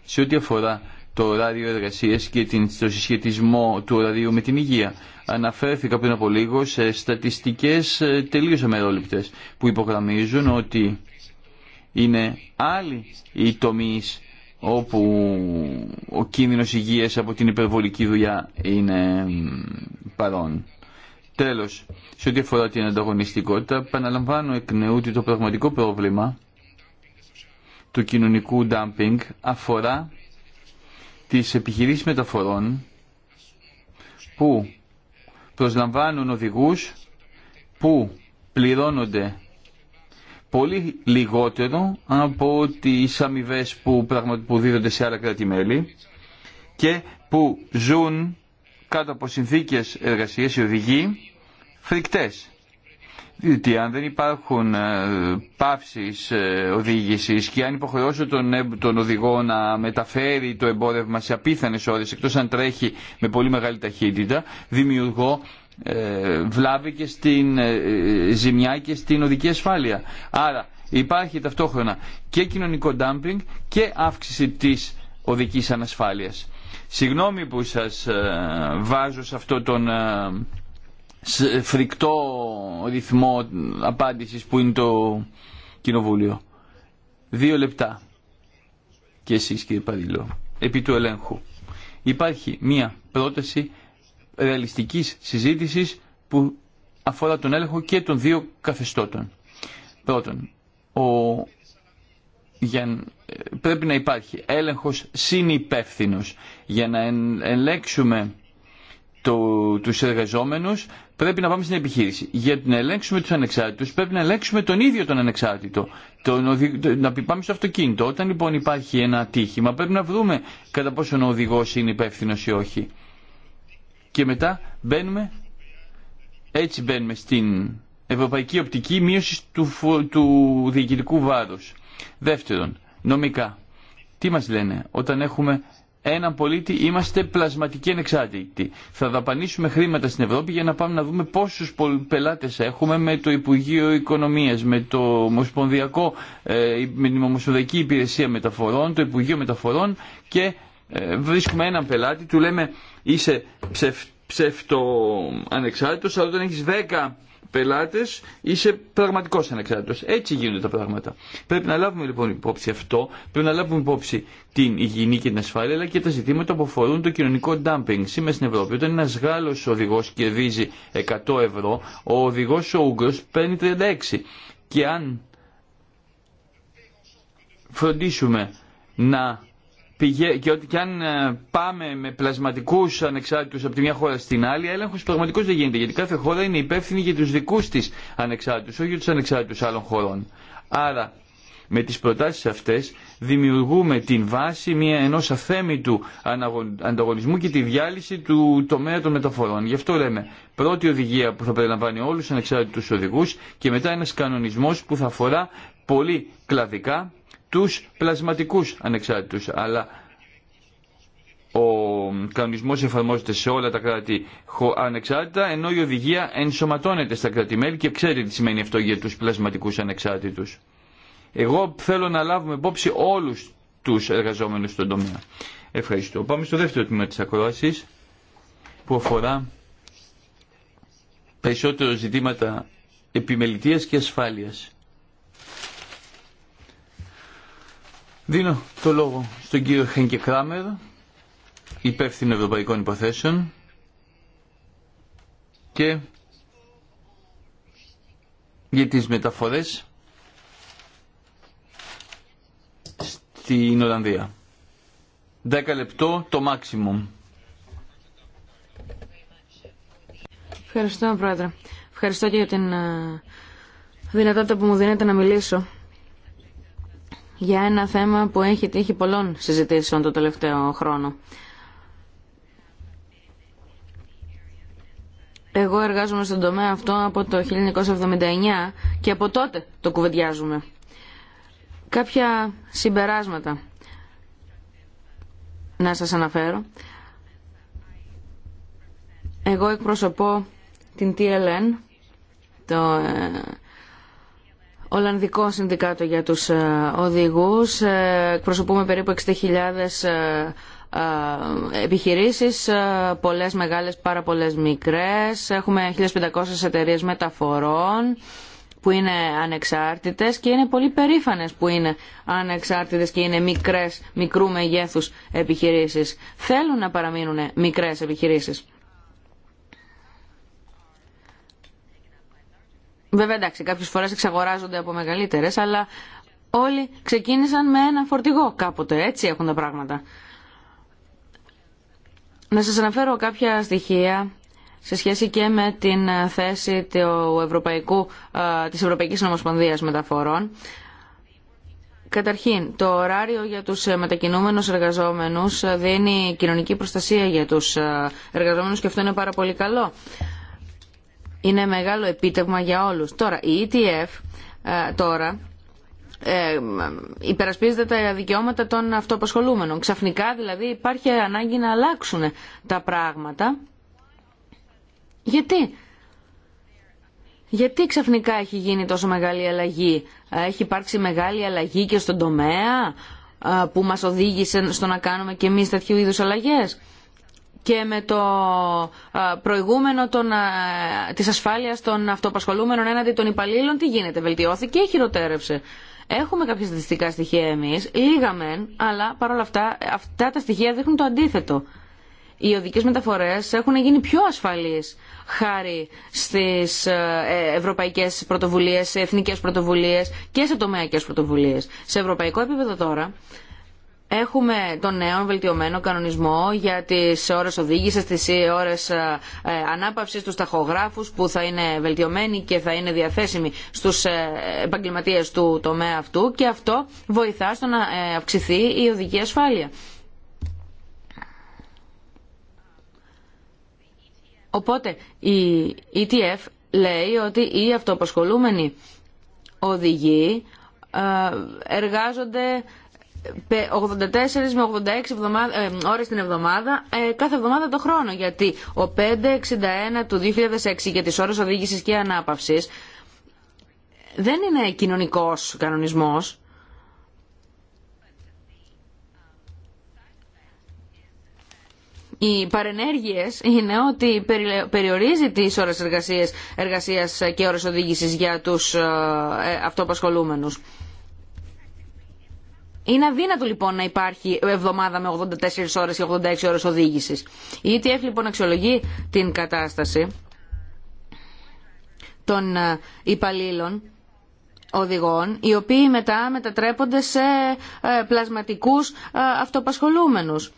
σε ό,τι αφορά το ωράριο εργασία και το συσχετισμό του ωραρίου με την υγεία αναφέρθηκα πριν από λίγο σε στατιστικές ε, τελείως αμερόληπτες που υπογραμμίζουν ότι είναι άλλοι οι τομείς όπου ο κίνδυνος υγείας από την υπερβολική δουλειά είναι παρόν. Τέλος, σε ό,τι αφορά την ανταγωνιστικότητα, επαναλαμβάνω εκ νεού ότι το πραγματικό πρόβλημα του κοινωνικού ντάμπινγκ αφορά τις επιχειρήσεις μεταφορών που προσλαμβάνουν οδηγούς που πληρώνονται πολύ λιγότερο από τις αμοιβέ που, που δίδονται σε άλλα κράτη-μέλη και που ζουν κάτω από συνθήκες εργασίας οι οδηγοί φρικτές. Διότι αν δεν υπάρχουν ε, πάυσεις ε, οδήγησης και αν υποχρεώσω τον, ε, τον οδηγό να μεταφέρει το εμπόρευμα σε απίθανες ώρες εκτός αν τρέχει με πολύ μεγάλη ταχύτητα δημιουργώ βλάβη και στην ζημιά και στην οδική ασφάλεια. Άρα υπάρχει ταυτόχρονα και κοινωνικό ντάμπινγκ και αύξηση της οδικής ανασφάλειας. Συγγνώμη που σας βάζω σε αυτό τον φρικτό ρυθμό απάντησης που είναι το Κοινοβούλιο. Δύο λεπτά. Και εσείς κύριε Παρίλο. Επί του ελέγχου. Υπάρχει μία πρόταση ρεαλιστικής συζήτησης που αφορά τον έλεγχο και των δύο καθεστώτων. Πρώτον, ο... για... πρέπει να υπάρχει έλεγχος συνυπεύθυνος για να ελέγξουμε του, τους πρέπει να πάμε στην επιχείρηση. Για να ελέγξουμε τους ανεξάρτητους πρέπει να ελέγξουμε τον ίδιο τον ανεξάρτητο. Τον, να πάμε στο αυτοκίνητο. Όταν λοιπόν υπάρχει ένα ατύχημα πρέπει να βρούμε κατά πόσο ο οδηγός είναι υπεύθυνο ή όχι. Και μετά μπαίνουμε, έτσι μπαίνουμε στην ευρωπαϊκή οπτική μείωση του, του διοικητικού βάρους. Δεύτερον, νομικά. Τι μας λένε όταν έχουμε έναν πολίτη είμαστε πλασματικοί ανεξάρτητοι. Θα δαπανίσουμε χρήματα στην Ευρώπη για να πάμε να δούμε πόσους πελάτες έχουμε με το Υπουργείο Οικονομίας, με, το Ομοσπονδιακό, ε, με την Ομοσπονδιακή Υπηρεσία Μεταφορών, το Υπουργείο Μεταφορών και ε, βρίσκουμε έναν πελάτη, του λέμε είσαι ψευτο ανεξάρτητος, αλλά όταν έχεις δέκα πελάτες είσαι πραγματικό ανεξάρτητο. Έτσι γίνονται τα πράγματα. Πρέπει να λάβουμε λοιπόν υπόψη αυτό, πρέπει να λάβουμε υπόψη την υγιεινή και την ασφάλεια, αλλά και τα ζητήματα που αφορούν το κοινωνικό dumping. Σήμερα στην Ευρώπη, όταν ένα Γάλλος οδηγό κερδίζει 100 ευρώ, ο οδηγό ο Ούγκρος παίρνει 36. Και αν φροντίσουμε να και ότι και αν ε, πάμε με πλασματικού ανεξάρτητου από τη μια χώρα στην άλλη, έλεγχο πραγματικό δεν γίνεται. Γιατί κάθε χώρα είναι υπεύθυνη για του δικού τη ανεξάρτητου, όχι για του ανεξάρτητου άλλων χωρών. Άρα, με τι προτάσει αυτέ, δημιουργούμε την βάση μια, ενός αφέμητου ανταγωνισμού και τη διάλυση του τομέα των μεταφορών. Γι' αυτό λέμε πρώτη οδηγία που θα περιλαμβάνει όλους τους ανεξάρτητους οδηγούς και μετά ένας κανονισμός που θα αφορά πολύ κλαδικά τους πλασματικούς ανεξάρτητους. Αλλά ο κανονισμός εφαρμόζεται σε όλα τα κράτη ανεξάρτητα, ενώ η οδηγία ενσωματώνεται στα κράτη-μέλη και ξέρετε τι σημαίνει αυτό για τους πλασματικούς ανεξάρτητους. Εγώ θέλω να λάβουμε υπόψη όλους τους εργαζόμενους στον τομέα. Ευχαριστώ. Πάμε στο δεύτερο τμήμα της ακρόασης που αφορά περισσότερο ζητήματα επιμελητίας και ασφάλειας. Δίνω το λόγο στον κύριο Χένκε Κράμερ, υπεύθυνο ευρωπαϊκών υποθέσεων και για τις μεταφορές στην Ολλανδία. Δέκα λεπτό το maximum. Ευχαριστώ, Πρόεδρε. Ευχαριστώ και για την ε, δυνατότητα που μου δίνετε να μιλήσω για ένα θέμα που έχει τύχει πολλών συζητήσεων το τελευταίο χρόνο. Εγώ εργάζομαι στον τομέα αυτό από το 1979 και από τότε το κουβεντιάζουμε. Κάποια συμπεράσματα να σας αναφέρω. Εγώ εκπροσωπώ την TLN, το ε, Ολλανδικό Συνδικάτο για τους ε, Οδηγούς. Ε, εκπροσωπούμε περίπου 60.000 ε, επιχειρήσεις, πολλές μεγάλες, πάρα πολλές μικρές. Έχουμε 1.500 εταιρείες μεταφορών που είναι ανεξάρτητες και είναι πολύ περήφανες που είναι ανεξάρτητες και είναι μικρές, μικρού μεγέθους επιχειρήσεις. Θέλουν να παραμείνουν μικρές επιχειρήσεις. Βέβαια εντάξει κάποιες φορές εξαγοράζονται από μεγαλύτερες αλλά όλοι ξεκίνησαν με ένα φορτηγό κάποτε. Έτσι έχουν τα πράγματα. Να σας αναφέρω κάποια στοιχεία σε σχέση και με την θέση του Ευρωπαϊκού, της Ευρωπαϊκής Νομοσπονδίας Μεταφορών. Καταρχήν, το ωράριο για τους μετακινούμενους εργαζόμενους δίνει κοινωνική προστασία για τους εργαζόμενους και αυτό είναι πάρα πολύ καλό είναι μεγάλο επίτευγμα για όλους. Τώρα, η ETF ε, τώρα ε, υπερασπίζεται τα δικαιώματα των αυτοαπασχολούμενων. Ξαφνικά δηλαδή υπάρχει ανάγκη να αλλάξουν τα πράγματα. Γιατί? Γιατί ξαφνικά έχει γίνει τόσο μεγάλη αλλαγή. Ε, έχει υπάρξει μεγάλη αλλαγή και στον τομέα ε, που μας οδήγησε στο να κάνουμε και εμείς τέτοιου είδους αλλαγές και με το ε, προηγούμενο των, ε, της ασφάλειας των αυτοπασχολούμενων έναντι των υπαλλήλων, τι γίνεται, βελτιώθηκε ή χειροτέρευσε. Έχουμε κάποια στατιστικά στοιχεία εμείς, λίγα μεν, αλλά παρόλα αυτά, αυτά τα στοιχεία δείχνουν το αντίθετο. Οι οδικές μεταφορές έχουν γίνει πιο ασφαλείς χάρη στις ε, ευρωπαϊκές πρωτοβουλίες, σε εθνικές πρωτοβουλίες και σε τομεακές πρωτοβουλίες. Σε ευρωπαϊκό επίπεδο τώρα, Έχουμε τον νέο βελτιωμένο κανονισμό για τις ώρες οδήγησης, τις ώρες ε, ε, ανάπαυσης, του ταχογράφου που θα είναι βελτιωμένοι και θα είναι διαθέσιμοι στους ε, επαγγελματίε του τομέα αυτού και αυτό βοηθά στο να αυξηθεί η οδική ασφάλεια. Οπότε η ETF λέει ότι οι αυτοαπασχολούμενοι οδηγοί εργάζονται 84 με 86 εβδομάδα, ε, ώρες την εβδομάδα, ε, κάθε εβδομάδα το χρόνο. Γιατί ο 561 του 2006 για τις ώρες οδήγησης και ανάπαυσης δεν είναι κοινωνικός κανονισμός. Οι παρενέργειες είναι ότι περιορίζει τις ώρες εργασίας, εργασίας και ώρες οδήγησης για τους ε, αυτοπασχολούμενους. Είναι αδύνατο λοιπόν να υπάρχει εβδομάδα με 84 ώρες ή 86 ώρες οδήγησης. Η ETF λοιπόν αξιολογεί την κατάσταση των ε, υπαλλήλων οδηγών, οι οποίοι μετά μετατρέπονται σε ε, πλασματικούς ε, αυτοπασχολούμενους.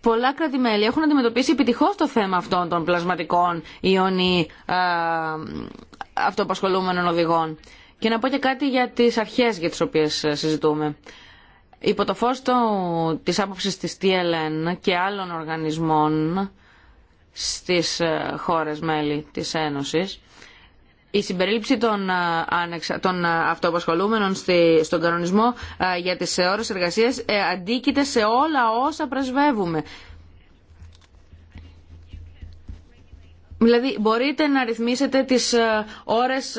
Πολλά έχουν αντιμετωπίσει επιτυχώς το θέμα αυτών των πλασματικών ή αυτοπασχολούμενων οδηγών. Και να πω και κάτι για τις αρχές για τις οποίες ε, συζητούμε. Υπό το φως τη της άποψης της TLN και άλλων οργανισμών στις ε, χώρες μέλη της Ένωσης, η συμπερίληψη των, ε, των αυτοαπασχολούμενων στον κανονισμό για τις ώρες εργασίας αντίκειται σε όλα όσα πρεσβεύουμε. Δηλαδή μπορείτε να ρυθμίσετε τις ώρες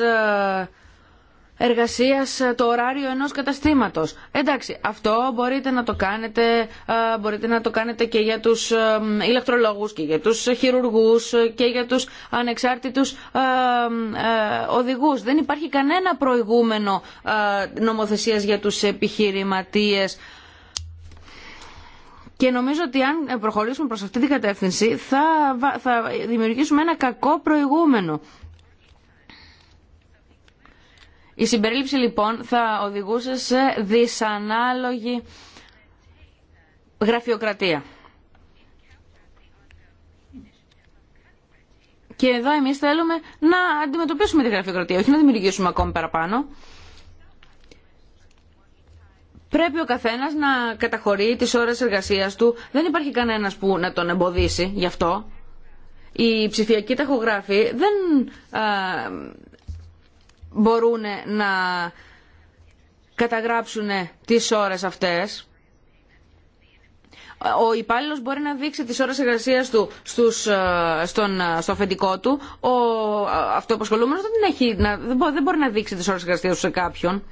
Εργασία ε, το ωράριο ενό καταστήματο. Εντάξει, αυτό μπορείτε να το κάνετε, ε, μπορείτε να το κάνετε και για τους ε, ηλεκτρολογού και για τους χειρουργού και για τους ανεξάρτητους οδηγού. Δεν υπάρχει κανένα προηγούμενο νομοθεσίας για τους επιχειρηματίε. Και νομίζω ότι αν προχωρήσουμε προς αυτή την κατεύθυνση θα, θα δημιουργήσουμε ένα κακό προηγούμενο. Η συμπερίληψη λοιπόν θα οδηγούσε σε δυσανάλογη γραφειοκρατία. Και εδώ εμείς θέλουμε να αντιμετωπίσουμε τη γραφειοκρατία, όχι να δημιουργήσουμε ακόμη παραπάνω. Πρέπει ο καθένας να καταχωρεί τις ώρες εργασίας του. Δεν υπάρχει κανένας που να τον εμποδίσει γι' αυτό. Η ψηφιακή ταχογράφη δεν μπορούν να καταγράψουν τις ώρες αυτές. Ο υπάλληλο μπορεί να δείξει τις ώρες εργασία του στους, ε, στον, ε, στο αφεντικό του. Ο ε, αυτοαπασχολούμενος δεν, έχει, δεν μπορεί να δείξει τις ώρες εργασίας του σε κάποιον.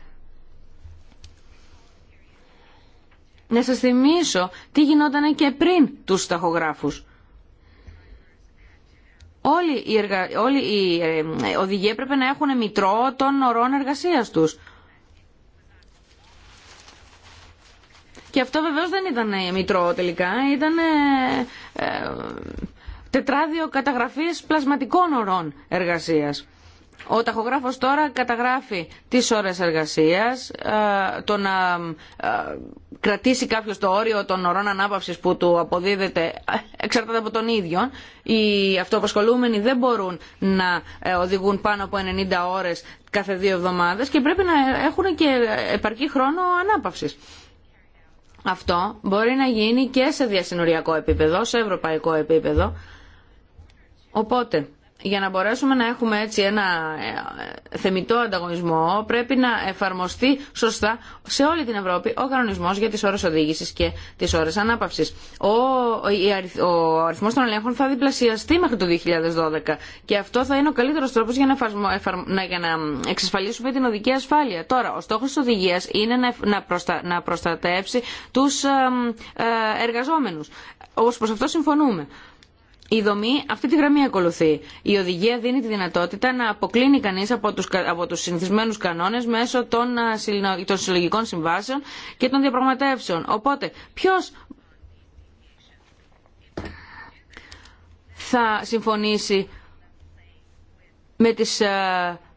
Να σας θυμίσω τι γινόταν και πριν τους ταχογράφους. Όλοι οι, εργα... όλοι οι ε, οδηγοί έπρεπε να έχουν μητρό των ωρών εργασίας τους. Και αυτό βεβαίως δεν ήταν ε, μητρό τελικά, ήταν ε, τετράδιο καταγραφής πλασματικών ωρών εργασίας. Ο ταχογράφος τώρα καταγράφει τις ώρες εργασίας, το κρατήσει κάποιο το όριο των ωρών ανάπαυση που του αποδίδεται, εξαρτάται από τον ίδιο. Οι αυτοαπασχολούμενοι δεν μπορούν να ε, οδηγούν πάνω από 90 ώρε κάθε δύο εβδομάδε και πρέπει να έχουν και επαρκή χρόνο ανάπαυση. Αυτό μπορεί να γίνει και σε διασυνοριακό επίπεδο, σε ευρωπαϊκό επίπεδο. Οπότε, για να μπορέσουμε να έχουμε έτσι ένα ε, ε, θεμητό ανταγωνισμό πρέπει να εφαρμοστεί σωστά σε όλη την Ευρώπη ο κανονισμός για τις ώρες οδήγηση και τις ώρες ανάπαυσης. Ο, ο αριθμός των ελέγχων θα διπλασιαστεί μέχρι το 2012 και αυτό θα είναι ο καλύτερος τρόπος για να, να εξασφαλίσουμε την οδική ασφάλεια. Τώρα, ο στόχο της οδηγία είναι να, να, προστα, να προστατεύσει του εργαζόμενου. Ω εργαζόμενους. αυτό συμφωνούμε η δομή αυτή τη γραμμή ακολουθεί. Η οδηγία δίνει τη δυνατότητα να αποκλίνει κανείς από τους, από τους συνηθισμένους κανόνες μέσω των, των συλλογικών συμβάσεων και των διαπραγματεύσεων. Οπότε, ποιο θα συμφωνήσει με τις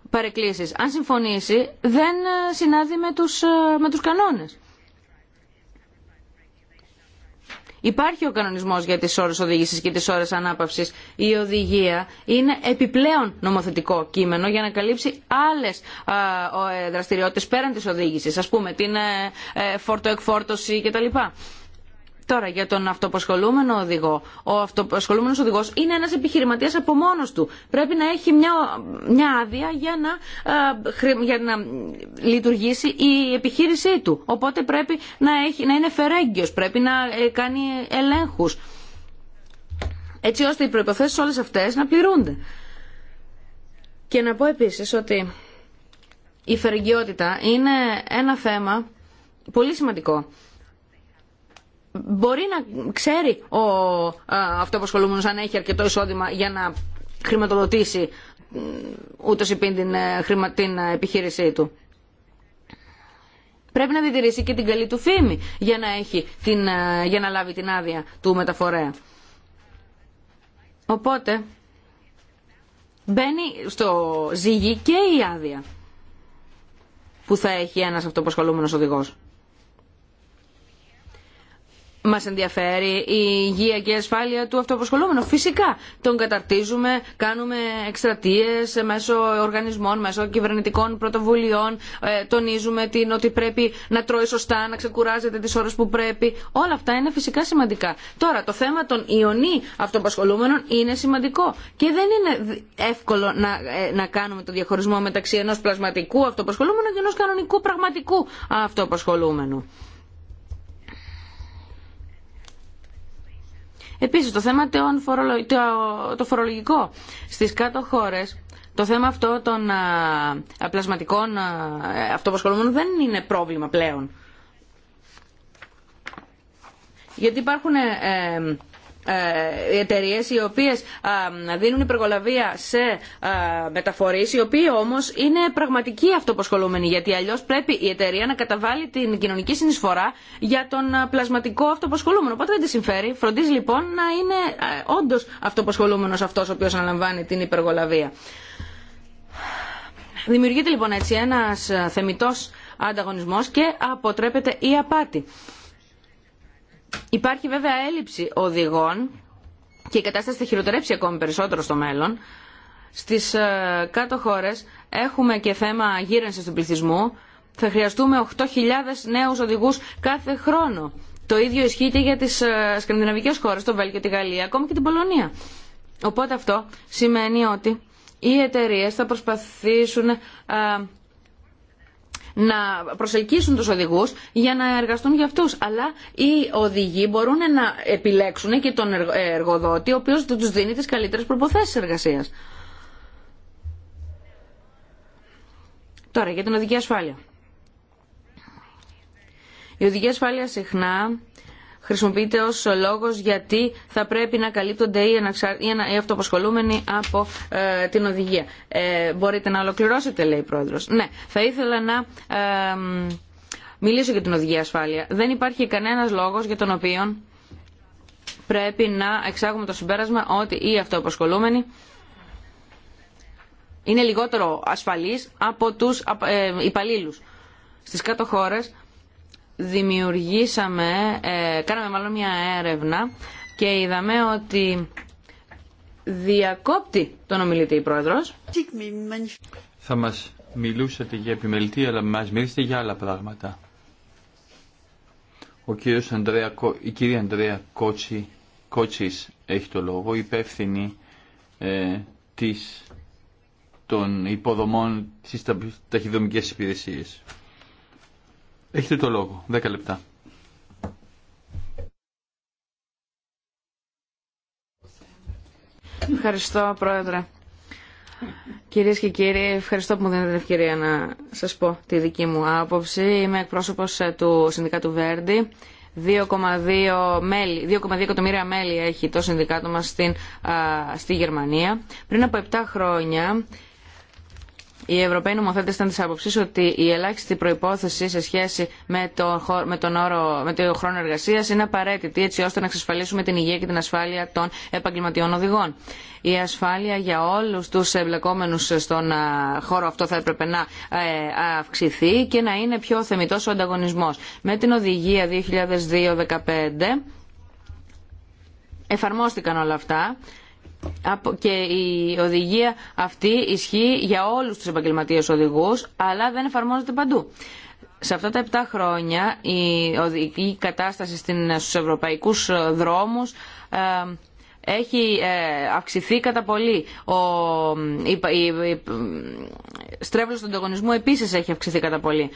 παρεκκλήσεις. Αν συμφωνήσει, δεν συνάδει με τους, με τους κανόνες. Υπάρχει ο κανονισμό για τι ώρε οδήγηση και τι ώρε ανάπαυση. Η οδηγία είναι επιπλέον νομοθετικό κείμενο για να καλύψει άλλε δραστηριότητε πέραν τη οδήγηση, α πούμε την ε, ε, φορτοεκφόρτωση κτλ. Τώρα για τον αυτοπασχολούμενο οδηγό. Ο αυτοπασχολούμενο οδηγό είναι ένα επιχειρηματία από μόνο του. Πρέπει να έχει μια, μια άδεια για να, για να λειτουργήσει η επιχείρησή του. Οπότε πρέπει να, έχει, να είναι φερέγγιο, πρέπει να ε, κάνει ελέγχου. Έτσι ώστε οι προποθέσει όλε αυτέ να πληρούνται. Και να πω επίση ότι η φερεγγιότητα είναι ένα θέμα πολύ σημαντικό μπορεί να ξέρει ο αυτοαπασχολούμενος αν έχει αρκετό εισόδημα για να χρηματοδοτήσει ούτως ή την, ε, την ε, επιχείρησή του. Πρέπει να διτηρήσει και την καλή του φήμη για να, έχει την, ε, για να λάβει την άδεια του μεταφορέα. Οπότε μπαίνει στο ζύγι και η άδεια που θα έχει ένας αυτοπασχολούμενος οδηγός. Μα ενδιαφέρει η υγεία και η ασφάλεια του αυτοαπασχολούμενου. Φυσικά τον καταρτίζουμε, κάνουμε εκστρατείε μέσω οργανισμών, μέσω κυβερνητικών πρωτοβουλειών. Ε, τονίζουμε την ότι πρέπει να τρώει σωστά, να ξεκουράζεται τι ώρε που πρέπει. Όλα αυτά είναι φυσικά σημαντικά. Τώρα, το θέμα των ιονί αυτοαπασχολούμενων είναι σημαντικό και δεν είναι εύκολο να, ε, να κάνουμε το διαχωρισμό μεταξύ ενό πλασματικού αυτοαπασχολούμενου και ενό κανονικού πραγματικού αυτοαπασχολούμενου. Επίσης το θέμα το φορολογικό στις κάτω χώρες το θέμα αυτό των πλασματικών αυτοπασχολούμενων δεν είναι πρόβλημα πλέον. Γιατί υπάρχουν ε, ε, εταιρείε οι οποίε δίνουν υπεργολαβία σε μεταφορεί, οι οποίοι όμω είναι πραγματικοί αυτοποσχολούμενοι γιατί αλλιώ πρέπει η εταιρεία να καταβάλει την κοινωνική συνεισφορά για τον πλασματικό αυτοποσχολούμενο. Οπότε δεν τη συμφέρει. Φροντίζει λοιπόν να είναι όντω αυτοποσχολούμενο αυτό ο οποίο αναλαμβάνει την υπεργολαβία. Δημιουργείται λοιπόν έτσι ένας θεμητός ανταγωνισμός και αποτρέπεται η απάτη. Υπάρχει βέβαια έλλειψη οδηγών και η κατάσταση θα χειροτερέψει ακόμη περισσότερο στο μέλλον. Στις ε, κάτω χώρες έχουμε και θέμα γύρενσης του πληθυσμού. Θα χρειαστούμε 8.000 νέους οδηγού κάθε χρόνο. Το ίδιο ισχύει και για τις ε, Σκανδιναβικέ χώρες, το Βέλγιο, τη Γαλλία, ακόμη και την Πολωνία. Οπότε αυτό σημαίνει ότι οι εταιρείε θα προσπαθήσουν ε, να προσελκύσουν τους οδηγούς για να εργαστούν για αυτούς. Αλλά οι οδηγοί μπορούν να επιλέξουν και τον εργοδότη ο οποίος τους δίνει τις καλύτερες προποθέσεις εργασίας. Τώρα για την οδική ασφάλεια. Η οδική ασφάλεια συχνά χρησιμοποιείται ως λόγος γιατί θα πρέπει να καλύπτονται οι αυτοπασχολούμενοι από ε, την οδηγία. Ε, μπορείτε να ολοκληρώσετε, λέει η Πρόεδρος. Ναι, θα ήθελα να... Ε, μιλήσω για την οδηγία ασφάλεια. Δεν υπάρχει κανένας λόγος για τον οποίο πρέπει να εξάγουμε το συμπέρασμα ότι οι αυτοαποσχολούμενοι είναι λιγότερο ασφαλείς από τους υπαλλήλους. Στις κάτω χώρες δημιουργήσαμε, ε, κάναμε μάλλον μια έρευνα και είδαμε ότι διακόπτει τον ομιλητή η πρόεδρος. Θα μας μιλούσατε για επιμελητή, αλλά μας μιλήσετε για άλλα πράγματα. Ο κύριος Ανδρέα, η κυρία Ανδρέα Κότσι, Κότσης έχει το λόγο, υπεύθυνη ε, της, των υποδομών στις ταχυδομικές υπηρεσίες. Έχετε το λόγο. 10 λεπτά. Ευχαριστώ, Πρόεδρε. Κυρίε και κύριοι, ευχαριστώ που μου δίνετε την ευκαιρία να σα πω τη δική μου άποψη. Είμαι εκπρόσωπο ε, του Συνδικάτου Βέρντι. 2,2 εκατομμύρια μέλη έχει το Συνδικάτο μας στη Γερμανία. Πριν από 7 χρόνια, οι Ευρωπαίοι νομοθέτες ήταν της άποψης ότι η ελάχιστη προϋπόθεση σε σχέση με, το, τον χρόνο εργασίας είναι απαραίτητη έτσι ώστε να εξασφαλίσουμε την υγεία και την ασφάλεια των επαγγελματιών οδηγών. Η ασφάλεια για όλους τους εμπλεκόμενους στον χώρο αυτό θα έπρεπε να ε, αυξηθεί και να είναι πιο θεμητός ο ανταγωνισμός. Με την οδηγία 2012-2015 εφαρμόστηκαν όλα αυτά και η οδηγία αυτή ισχύει για όλους τους επαγγελματίες οδηγούς, αλλά δεν εφαρμόζεται παντού. Σε αυτά τα 7 χρόνια η κατάσταση στους ευρωπαϊκούς ε, δρόμους ε, έχει ε, αυξηθεί κατά πολύ. Ο, η, η, στρέβλος του ανταγωνισμού επίσης έχει αυξηθεί κατά πολύ.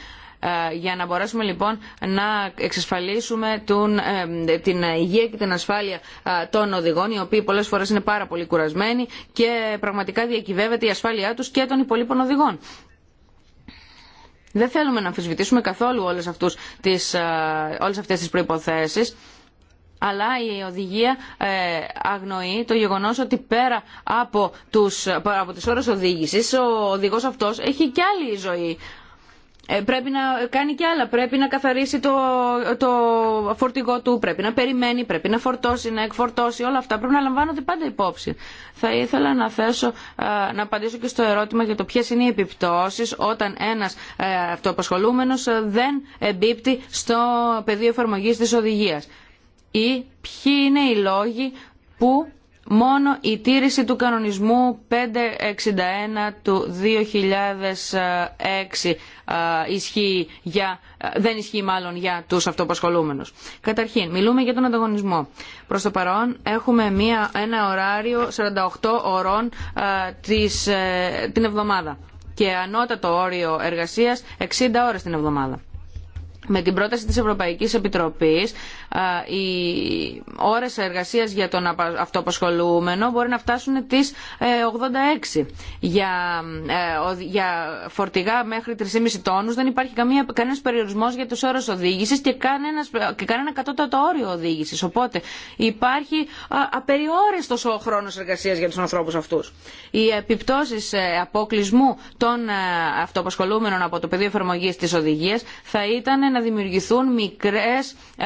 Ε, για να μπορέσουμε λοιπόν να εξασφαλίσουμε ε, την υγεία και την ασφάλεια ε, των οδηγών, οι οποίοι πολλές φορές είναι πάρα πολύ κουρασμένοι και πραγματικά διακυβεύεται η ασφάλειά τους και των υπολείπων οδηγών. Δεν θέλουμε να αμφισβητήσουμε καθόλου όλες, αυτούς τις, όλες αυτές τις προϋποθέσεις, αλλά η οδηγία αγνοεί το γεγονός ότι πέρα από, τους, από τις ώρες οδήγησης, ο οδηγός αυτός έχει και άλλη ζωή ε, πρέπει να κάνει και άλλα. Πρέπει να καθαρίσει το, το φορτηγό του, πρέπει να περιμένει, πρέπει να φορτώσει, να εκφορτώσει. Όλα αυτά πρέπει να λαμβάνονται πάντα υπόψη. Θα ήθελα να, θέσω, να απαντήσω και στο ερώτημα για το ποιε είναι οι επιπτώσει όταν ένα ε, αυτοαπασχολούμενο ε, δεν εμπίπτει στο πεδίο εφαρμογή τη οδηγία. Ή ποιοι είναι οι λόγοι που μόνο η τήρηση του κανονισμού 561 του 2006 ισχύει για, δεν ισχύει μάλλον για τους αυτοπασχολούμενους. Καταρχήν, μιλούμε για τον ανταγωνισμό. Προς το παρόν έχουμε μία, ένα ωράριο 48 ωρών της, ε, την εβδομάδα και ανώτατο όριο εργασίας 60 ώρες την εβδομάδα με την πρόταση της Ευρωπαϊκής Επιτροπής οι ώρες εργασίας για τον αυτοαπασχολούμενο μπορεί να φτάσουν τις 86. Ε, για, ε, για φορτηγά μέχρι 3,5 τόνους δεν υπάρχει καμία, κανένας περιορισμός για τους ώρες οδήγησης και, και κανένα κατώτατο όριο οδήγησης. Οπότε υπάρχει απεριόριστος ο χρόνος εργασίας για τους ανθρώπους αυτούς. Οι επιπτώσεις ε, αποκλεισμού των αυτοαπασχολούμενων από το πεδίο εφαρμογής της οδηγία θα ήταν να δημιουργηθούν μικρές, ε,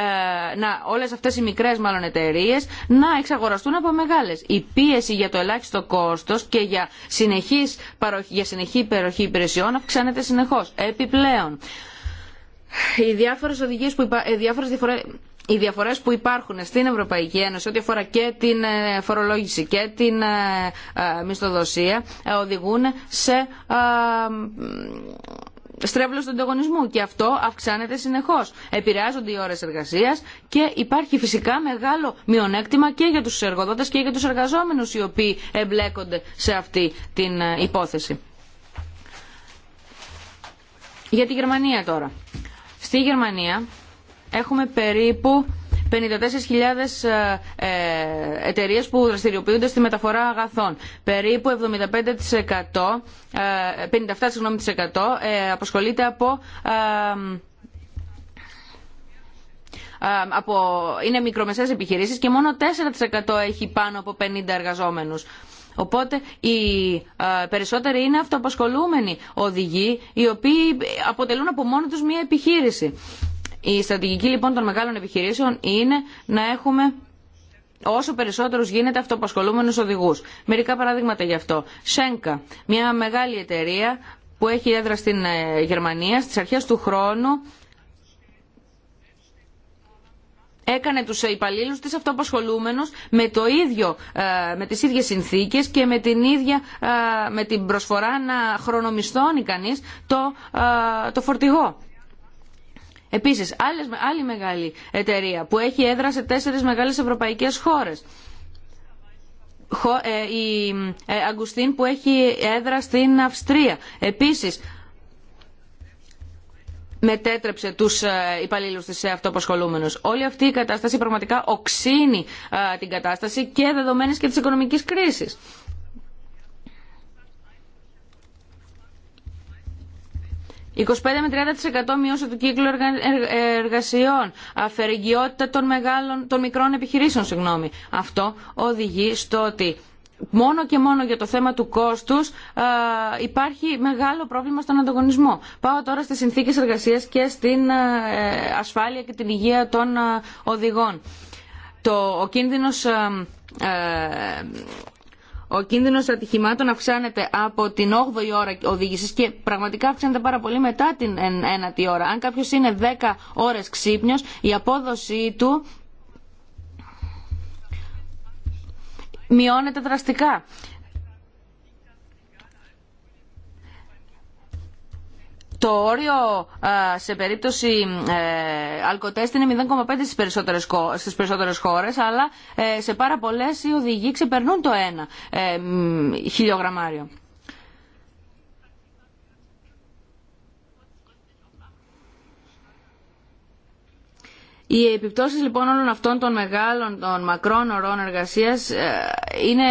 να, όλες αυτές οι μικρές μάλλον εταιρείες να εξαγοραστούν από μεγάλες. Η πίεση για το ελάχιστο κόστος και για, συνεχής, για συνεχή υπεροχή υπηρεσιών αυξάνεται συνεχώς. Επιπλέον, οι διάφορες οδηγίες που ε, διάφορες διαφορε... Οι διαφορές που υπάρχουν στην Ευρωπαϊκή Ένωση ό,τι αφορά και την ε, φορολόγηση και την μισθοδοσία οδηγούν σε στρέβλος του ανταγωνισμού και αυτό αυξάνεται συνεχώς. Επηρεάζονται οι ώρες εργασίας και υπάρχει φυσικά μεγάλο μειονέκτημα και για τους εργοδότες και για τους εργαζόμενους οι οποίοι εμπλέκονται σε αυτή την ε, υπόθεση. Για τη Γερμανία τώρα. Στη Γερμανία έχουμε περίπου 54.000 ε, ε, εταιρείε που δραστηριοποιούνται στη μεταφορά αγαθών. Περίπου 75%, 57% ε, απασχολείται από από, είναι μικρομεσαίες επιχειρήσεις και μόνο 4% έχει πάνω από 50 εργαζόμενους. Οπότε οι περισσότεροι είναι αυτοαπασχολούμενοι οδηγοί οι οποίοι αποτελούν από μόνοι τους μια επιχείρηση. Η στρατηγική λοιπόν των μεγάλων επιχειρήσεων είναι να έχουμε όσο περισσότερου γίνεται αυτοπασχολούμενου οδηγού. Μερικά παραδείγματα γι' αυτό. Σένκα, μια μεγάλη εταιρεία που έχει έδρα στην ε, Γερμανία, στι αρχέ του χρόνου έκανε τους υπαλλήλους της αυτοπασχολούμενους με, το ίδιο, ε, με τις ίδιες συνθήκες και με την, ίδια, ε, με την προσφορά να χρονομισθώνει κανείς το, το φορτηγό. Επίσης, άλλη μεγάλη εταιρεία που έχει έδρα σε τέσσερι μεγάλες ευρωπαϊκές χώρες. Ε, η ε, Αγκουστίν που έχει έδρα στην Αυστρία. Επίσης, μετέτρεψε τους ε, υπαλλήλου τη σε αυτοαπασχολούμενου. Όλη αυτή η κατάσταση πραγματικά οξύνει την κατάσταση και δεδομένη και τη οικονομική κρίση. 25 με 30% μείωση του κύκλου εργασιών, αφαιρεγγιότητα των, μεγάλων, των μικρών επιχειρήσεων. Συγγνώμη. Αυτό οδηγεί στο ότι μόνο και μόνο για το θέμα του κόστους υπάρχει μεγάλο πρόβλημα στον ανταγωνισμό. Πάω τώρα στις συνθήκες εργασίας και στην ε, ασφάλεια και την υγεία των ε, οδηγών. Το, ο κίνδυνος ε, ο κίνδυνο ατυχημάτων αυξάνεται από την 8η ώρα οδήγηση και πραγματικά αυξάνεται πάρα πολύ μετά την 9η ώρα. Αν κάποιο είναι 10 ώρε ξύπνιο, η απόδοσή του μειώνεται δραστικά. Το όριο σε περίπτωση ε, αλκοτέστ είναι 0,5 στις περισσότερες, στις περισσότερες χώρες, αλλά ε, σε πάρα πολλές οι οδηγοί ξεπερνούν το 1 ε, χιλιογραμμάριο. Οι επιπτώσεις λοιπόν όλων αυτών των μεγάλων, των μακρών ωρών εργασίας ε, είναι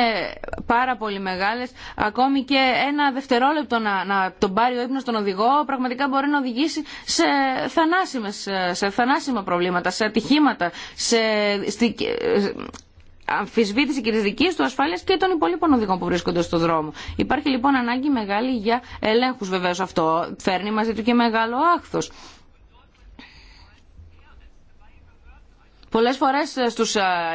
πάρα πολύ μεγάλες. Ακόμη και ένα δευτερόλεπτο να, να τον πάρει ο ύπνος τον οδηγό πραγματικά μπορεί να οδηγήσει σε, θανάσιμες, ε, σε θανάσιμα προβλήματα, σε ατυχήματα, σε, στη, ε, αμφισβήτηση και τη δική του ασφάλειας και των υπολείπων οδηγών που βρίσκονται στον δρόμο. Υπάρχει λοιπόν ανάγκη μεγάλη για ελέγχου βεβαίως Αυτό φέρνει μαζί του και μεγάλο άχθος. Πολλέ φορέ ε, στου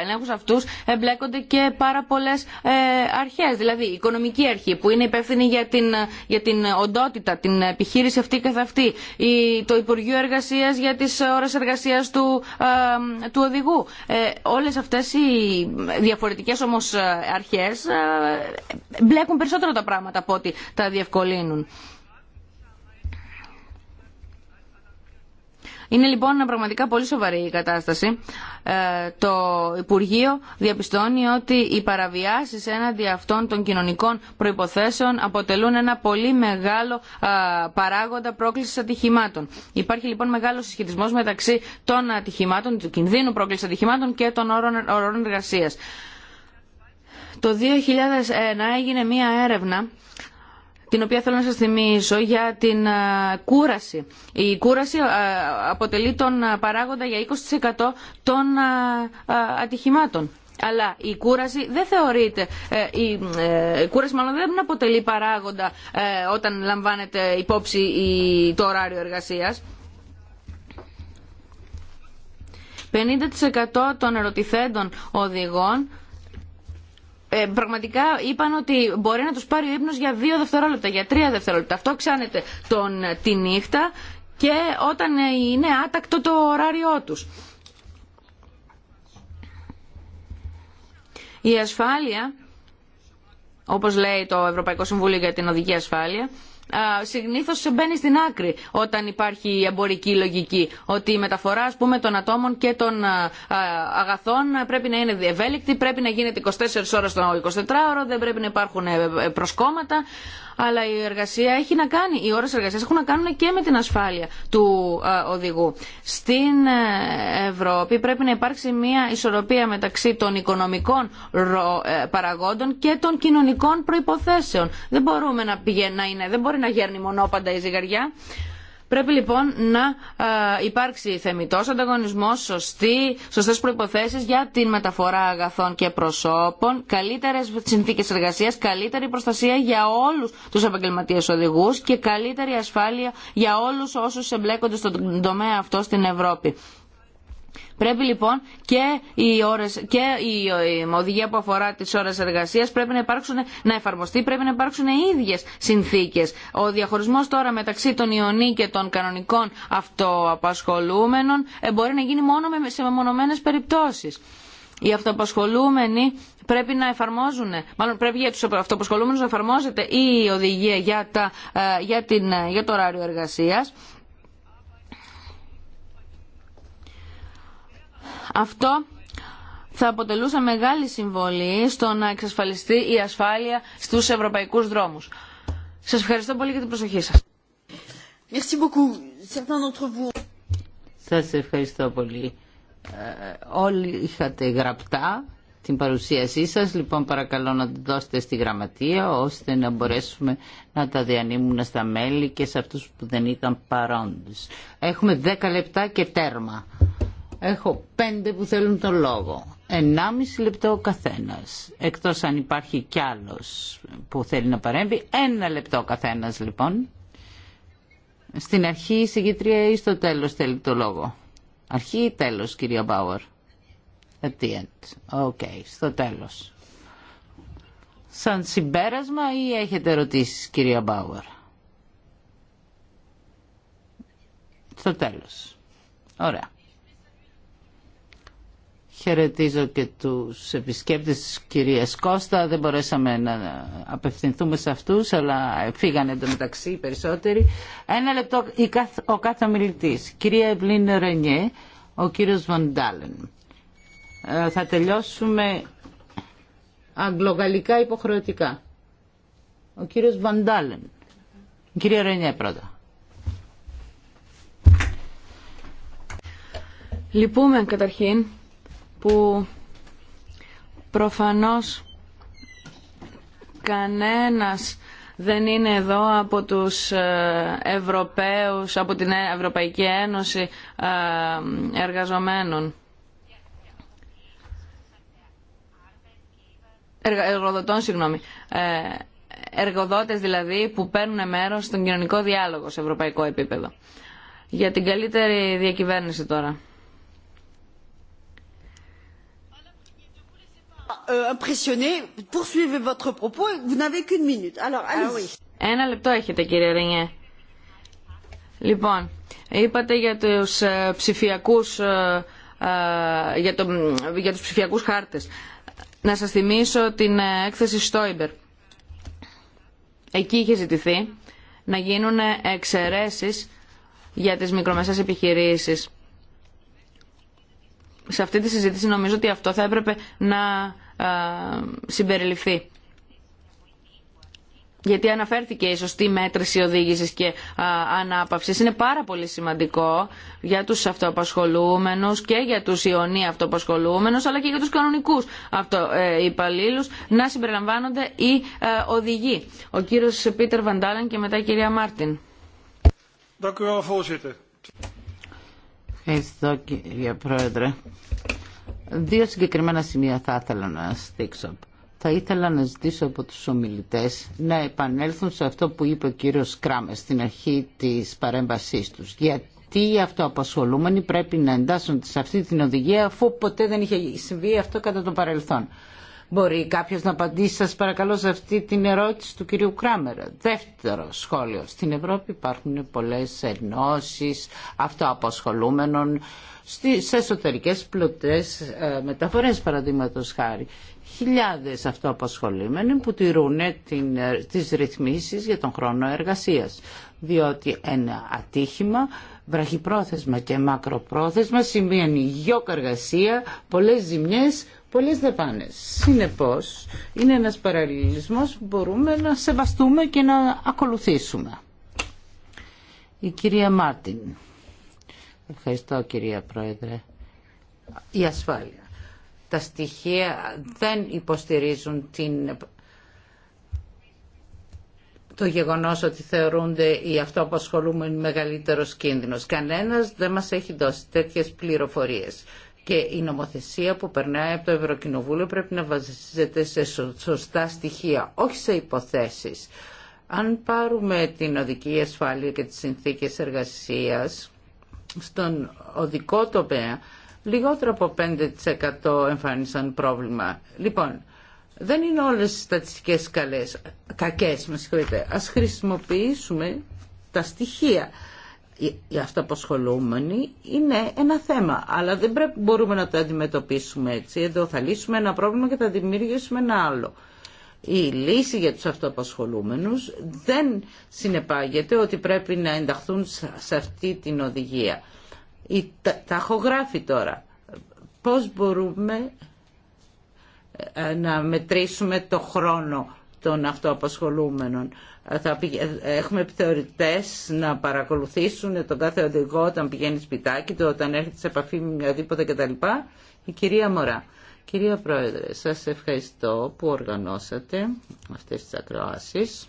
ελέγχου αυτού εμπλέκονται και πάρα πολλέ ε, αρχέ. Δηλαδή, η οικονομική αρχή που είναι υπεύθυνη για την, ε, για την οντότητα, την επιχείρηση αυτή καθ' αυτή. Η, το Υπουργείο Εργασία για τι ώρε εργασία του, του οδηγού. Όλες Όλε αυτέ οι διαφορετικέ όμω αρχέ εμπλέκουν μπλέκουν περισσότερο τα πράγματα από ότι τα διευκολύνουν. Είναι λοιπόν πραγματικά πολύ σοβαρή η κατάσταση. Ε, το Υπουργείο διαπιστώνει ότι οι παραβιάσει έναντι αυτών των κοινωνικών προϋποθέσεων αποτελούν ένα πολύ μεγάλο παράγοντα πρόκλησης ατυχημάτων. Υπάρχει λοιπόν μεγάλος συσχετισμός μεταξύ των ατυχημάτων, του κινδύνου πρόκλησης ατυχημάτων και των όρων εργασίας. Το 2001 έγινε μία έρευνα την οποία θέλω να σας θυμίσω για την κούραση. Η κούραση αποτελεί τον παράγοντα για 20% των ατυχημάτων. Αλλά η κούραση δεν θεωρείται, ε, ε, η κούραση μάλλον δεν αποτελεί παράγοντα ε, όταν λαμβάνεται υπόψη το ωράριο εργασίας. 50% των ερωτηθέντων οδηγών ε, πραγματικά είπαν ότι μπορεί να τους πάρει ο ύπνος για δύο δευτερόλεπτα, για τρία δευτερόλεπτα. Αυτό ξάνεται τον, ε, τη νύχτα και όταν ε, είναι άτακτο το ωράριό τους. Η ασφάλεια, όπως λέει το Ευρωπαϊκό Συμβούλιο για την Οδική Ασφάλεια, συνήθω μπαίνει στην άκρη όταν υπάρχει η εμπορική λογική. Ότι η μεταφορά ας πούμε, των ατόμων και των αγαθών πρέπει να είναι ευέλικτη, πρέπει να γίνεται 24 ώρες το 24ωρο, δεν πρέπει να υπάρχουν ε, ε, προσκόμματα αλλά η εργασία έχει να κάνει, οι ώρες εργασίας έχουν να κάνουν και με την ασφάλεια του ε, οδηγού. Στην ε, Ευρώπη πρέπει να υπάρξει μια ισορροπία μεταξύ των οικονομικών ε, παραγόντων και των κοινωνικών προϋποθέσεων. Δεν μπορούμε να, πηγαίνει, να είναι, δεν μπορεί να γέρνει μονόπαντα η ζυγαριά. Πρέπει λοιπόν να υπάρξει θεμητό ανταγωνισμός, σωστέ προποθέσει προϋποθέσεις για την μεταφορά αγαθών και προσώπων, καλύτερες συνθήκε εργασία, καλύτερη προστασία για όλους τους επαγγελματίες οδηγού και καλύτερη ασφάλεια για όλους όσους εμπλέκονται στον τομέα αυτό στην Ευρώπη. Πρέπει λοιπόν και οι ώρες, και η οδηγία που αφορά τις ώρες εργασία πρέπει να, εφαρμοστεί, πρέπει να υπάρξουν οι ίδιες συνθήκες. Ο διαχωρισμό τώρα μεταξύ των ιονί και των κανονικών αυτοαπασχολούμενων ε, μπορεί να γίνει μόνο σε μεμονωμένε περιπτώσει. Οι αυτοαπασχολούμενοι πρέπει να εφαρμόζουν, μάλλον πρέπει για τους αυτοαπασχολούμενους να εφαρμόζεται η οδηγία για, τα, ε, για, την, ε, για το ωράριο εργασίας Αυτό θα αποτελούσε μεγάλη συμβολή στο να εξασφαλιστεί η ασφάλεια στους ευρωπαϊκούς δρόμους. Σας ευχαριστώ πολύ για την προσοχή σας. Σας ευχαριστώ πολύ. Ε, όλοι είχατε γραπτά την παρουσίασή σας, λοιπόν παρακαλώ να τη δώσετε στη γραμματεία ώστε να μπορέσουμε να τα διανύμουν στα μέλη και σε αυτούς που δεν ήταν παρόντες. Έχουμε 10 λεπτά και τέρμα. Έχω πέντε που θέλουν τον λόγο. Ενάμιση λεπτό ο καθένας. Εκτός αν υπάρχει κι άλλο που θέλει να παρέμβει. Ένα λεπτό ο καθένας λοιπόν. Στην αρχή η συγκητρία ή στο τέλος θέλει το λόγο. Αρχή ή τέλος κυρία Μπάουερ. At the end. Okay, στο τέλος. Σαν συμπέρασμα ή έχετε ερωτήσει, κυρία Μπάουερ. Στο τέλος. Ωραία. Χαιρετίζω και τους επισκέπτες της κυρίας Κώστα. Δεν μπορέσαμε να απευθυνθούμε σε αυτούς, αλλά φύγανε εντωμεταξύ οι περισσότεροι. Ένα λεπτό ο κάθε μιλητής. Κυρία Ευλίν Ρενιέ, ο κύριος Βαντάλεν. Ε, θα τελειώσουμε αγγλογαλλικά υποχρεωτικά. Ο κύριος Βαντάλεν. Κυρία Ρενιέ πρώτα. Λυπούμε καταρχήν που προφανώς κανένας δεν είναι εδώ από τους ε, Ευρωπαίους, από την Ευρωπαϊκή Ένωση ε, εργαζομένων. Εργοδοτών, συγγνώμη. Ε, εργοδότες δηλαδή που παίρνουν μέρος στον κοινωνικό διάλογο σε ευρωπαϊκό επίπεδο. Για την καλύτερη διακυβέρνηση τώρα. Euh, impressionné. Poursuivez votre propos. Vous ah Ένα λεπτό έχετε, κύριε Λοιπόν, είπατε για τους ε, ψηφιακούς, ε, ε, για, το, για τους ψηφιακούς χάρτες. Να σας θυμίσω την έκθεση Στόιμπερ. Εκεί είχε ζητηθεί να γίνουν εξαιρέσεις για τις μικρομεσαίες επιχειρήσεις. Σε αυτή τη συζήτηση νομίζω ότι αυτό θα έπρεπε να συμπεριληφθεί. Γιατί αναφέρθηκε η σωστή μέτρηση οδήγησης και ανάπαυσης. Είναι πάρα πολύ σημαντικό για τους αυτοπασχολούμενους και για τους ιονή αυτοπασχολούμενους, αλλά και για τους κανονικούς αυτο, ε, υπαλλήλους να συμπεριλαμβάνονται οι ε, οδηγοί. Ο κύριος Πίτερ Βαντάλεν και μετά η κυρία Μάρτιν. Ευχαριστώ κύριε Πρόεδρε. Δύο συγκεκριμένα σημεία θα ήθελα να στήξω. Θα ήθελα να ζητήσω από τους ομιλητές να επανέλθουν σε αυτό που είπε ο κύριος Κράμερ στην αρχή της παρέμβασής τους. Γιατί οι αυτοαπασχολούμενοι πρέπει να εντάσσονται σε αυτή την οδηγία αφού ποτέ δεν είχε συμβεί αυτό κατά το παρελθόν. Μπορεί κάποιο να απαντήσει σα παρακαλώ σε αυτή την ερώτηση του κυρίου Κράμερ. Δεύτερο σχόλιο. Στην Ευρώπη υπάρχουν πολλέ ενώσει αυτοαπασχολούμενων στις εσωτερικές πλωτές ε, μεταφορές παραδείγματος χάρη. Χιλιάδες αυτοαπασχολούμενοι που τηρούν την, ε, τις ρυθμίσεις για τον χρόνο εργασίας. Διότι ένα ατύχημα βραχυπρόθεσμα και μακροπρόθεσμα σημαίνει γιόκα εργασία, πολλές ζημιές, πολλές δεπάνες. Συνεπώς είναι ένας παραλληλισμός που μπορούμε να σεβαστούμε και να ακολουθήσουμε. Η κυρία Μάρτιν. Ευχαριστώ κυρία Πρόεδρε. Η ασφάλεια. Τα στοιχεία δεν υποστηρίζουν την... το γεγονός ότι θεωρούνται οι αυτοαπασχολούμενοι μεγαλύτερος κίνδυνος. Κανένας δεν μας έχει δώσει τέτοιες πληροφορίες. Και η νομοθεσία που περνάει από το Ευρωκοινοβούλιο πρέπει να βασίζεται σε σωστά στοιχεία, όχι σε υποθέσεις. Αν πάρουμε την οδική ασφάλεια και τις συνθήκες εργασίας, στον οδικό τομέα λιγότερο από 5% εμφάνισαν πρόβλημα. Λοιπόν, δεν είναι όλες οι στατιστικές καλές, κακές, με συγχωρείτε. Ας χρησιμοποιήσουμε τα στοιχεία. Οι αυτοαπασχολούμενοι είναι ένα θέμα, αλλά δεν πρέπει, μπορούμε να το αντιμετωπίσουμε έτσι. Εδώ θα λύσουμε ένα πρόβλημα και θα δημιουργήσουμε ένα άλλο η λύση για τους αυτοαπασχολούμενους δεν συνεπάγεται ότι πρέπει να ενταχθούν σε αυτή την οδηγία. Η γράφει τώρα. Πώς μπορούμε ε, να μετρήσουμε το χρόνο των αυτοαπασχολούμενων. Ε, ε, έχουμε επιθεωρητές να παρακολουθήσουν τον κάθε οδηγό όταν πηγαίνει σπιτάκι του, όταν έρχεται σε επαφή με οτιδήποτε κτλ. Η κυρία Μωρά. Κυρία Πρόεδρε, σας ευχαριστώ που οργανώσατε αυτές τις ακροάσεις.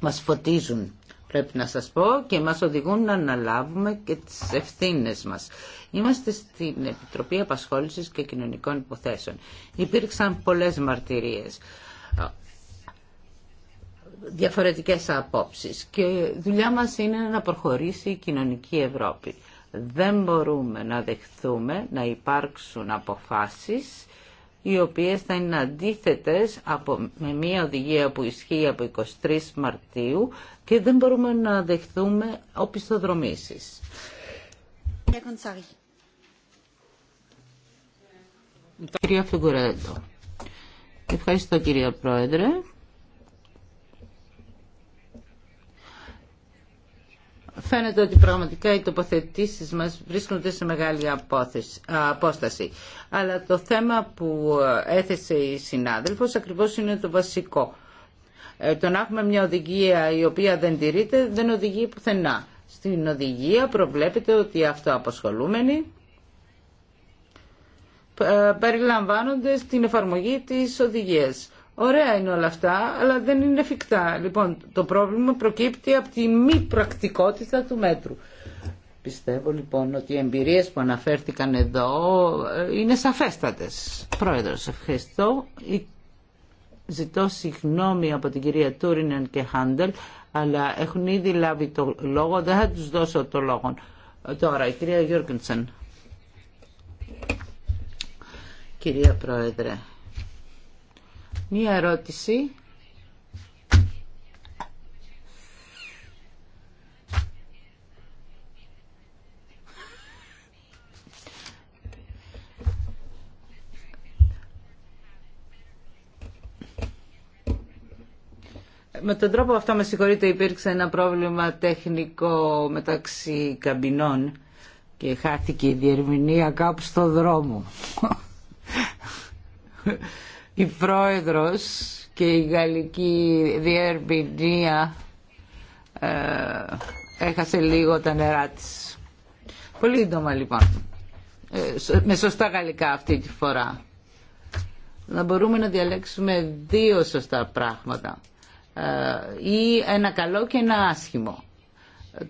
Μας φωτίζουν πρέπει να σας πω και μας οδηγούν να αναλάβουμε και τις ευθύνες μας. Είμαστε στην Επιτροπή Απασχόλησης και Κοινωνικών Υποθέσεων. Υπήρξαν πολλές μαρτυρίες, διαφορετικές απόψεις και δουλειά μας είναι να προχωρήσει η κοινωνική Ευρώπη. Δεν μπορούμε να δεχθούμε να υπάρξουν αποφάσεις οι οποίες θα είναι αντίθετες από, με μια οδηγία που ισχύει από 23 Μαρτίου και δεν μπορούμε να δεχθούμε οπισθοδρομήσεις. Κυρία Ευχαριστώ κυρία Πρόεδρε. Φαίνεται ότι πραγματικά οι τοποθετήσει μας βρίσκονται σε μεγάλη απόσταση. Αλλά το θέμα που έθεσε η συνάδελφος ακριβώς είναι το βασικό. Ε, το να έχουμε μια οδηγία η οποία δεν τηρείται δεν οδηγεί πουθενά. Στην οδηγία προβλέπεται ότι αυτό απασχολούμενοι ε, περιλαμβάνονται στην εφαρμογή της οδηγίας. Ωραία είναι όλα αυτά, αλλά δεν είναι εφικτά. Λοιπόν, το πρόβλημα προκύπτει από τη μη πρακτικότητα του μέτρου. Πιστεύω λοιπόν ότι οι εμπειρίες που αναφέρθηκαν εδώ ε, είναι σαφέστατες. Πρόεδρος, ευχαριστώ. Ζητώ συγγνώμη από την κυρία Τούρινεν και Χάντελ, αλλά έχουν ήδη λάβει το λόγο. Δεν θα τους δώσω το λόγο. Ε, τώρα, η κυρία Γιώργενσεν. Κυρία Πρόεδρε, Μία ερώτηση. Με τον τρόπο αυτό, με συγχωρείτε, υπήρξε ένα πρόβλημα τεχνικό μεταξύ καμπινών και χάθηκε η διερμηνία κάπου στο δρόμο η πρόεδρος και η γαλλική διερμηνία ε, έχασε λίγο τα νερά της. Πολύ ίντομα λοιπόν. Ε, με σωστά γαλλικά αυτή τη φορά. Να μπορούμε να διαλέξουμε δύο σωστά πράγματα. Ε, ή ένα καλό και ένα άσχημο.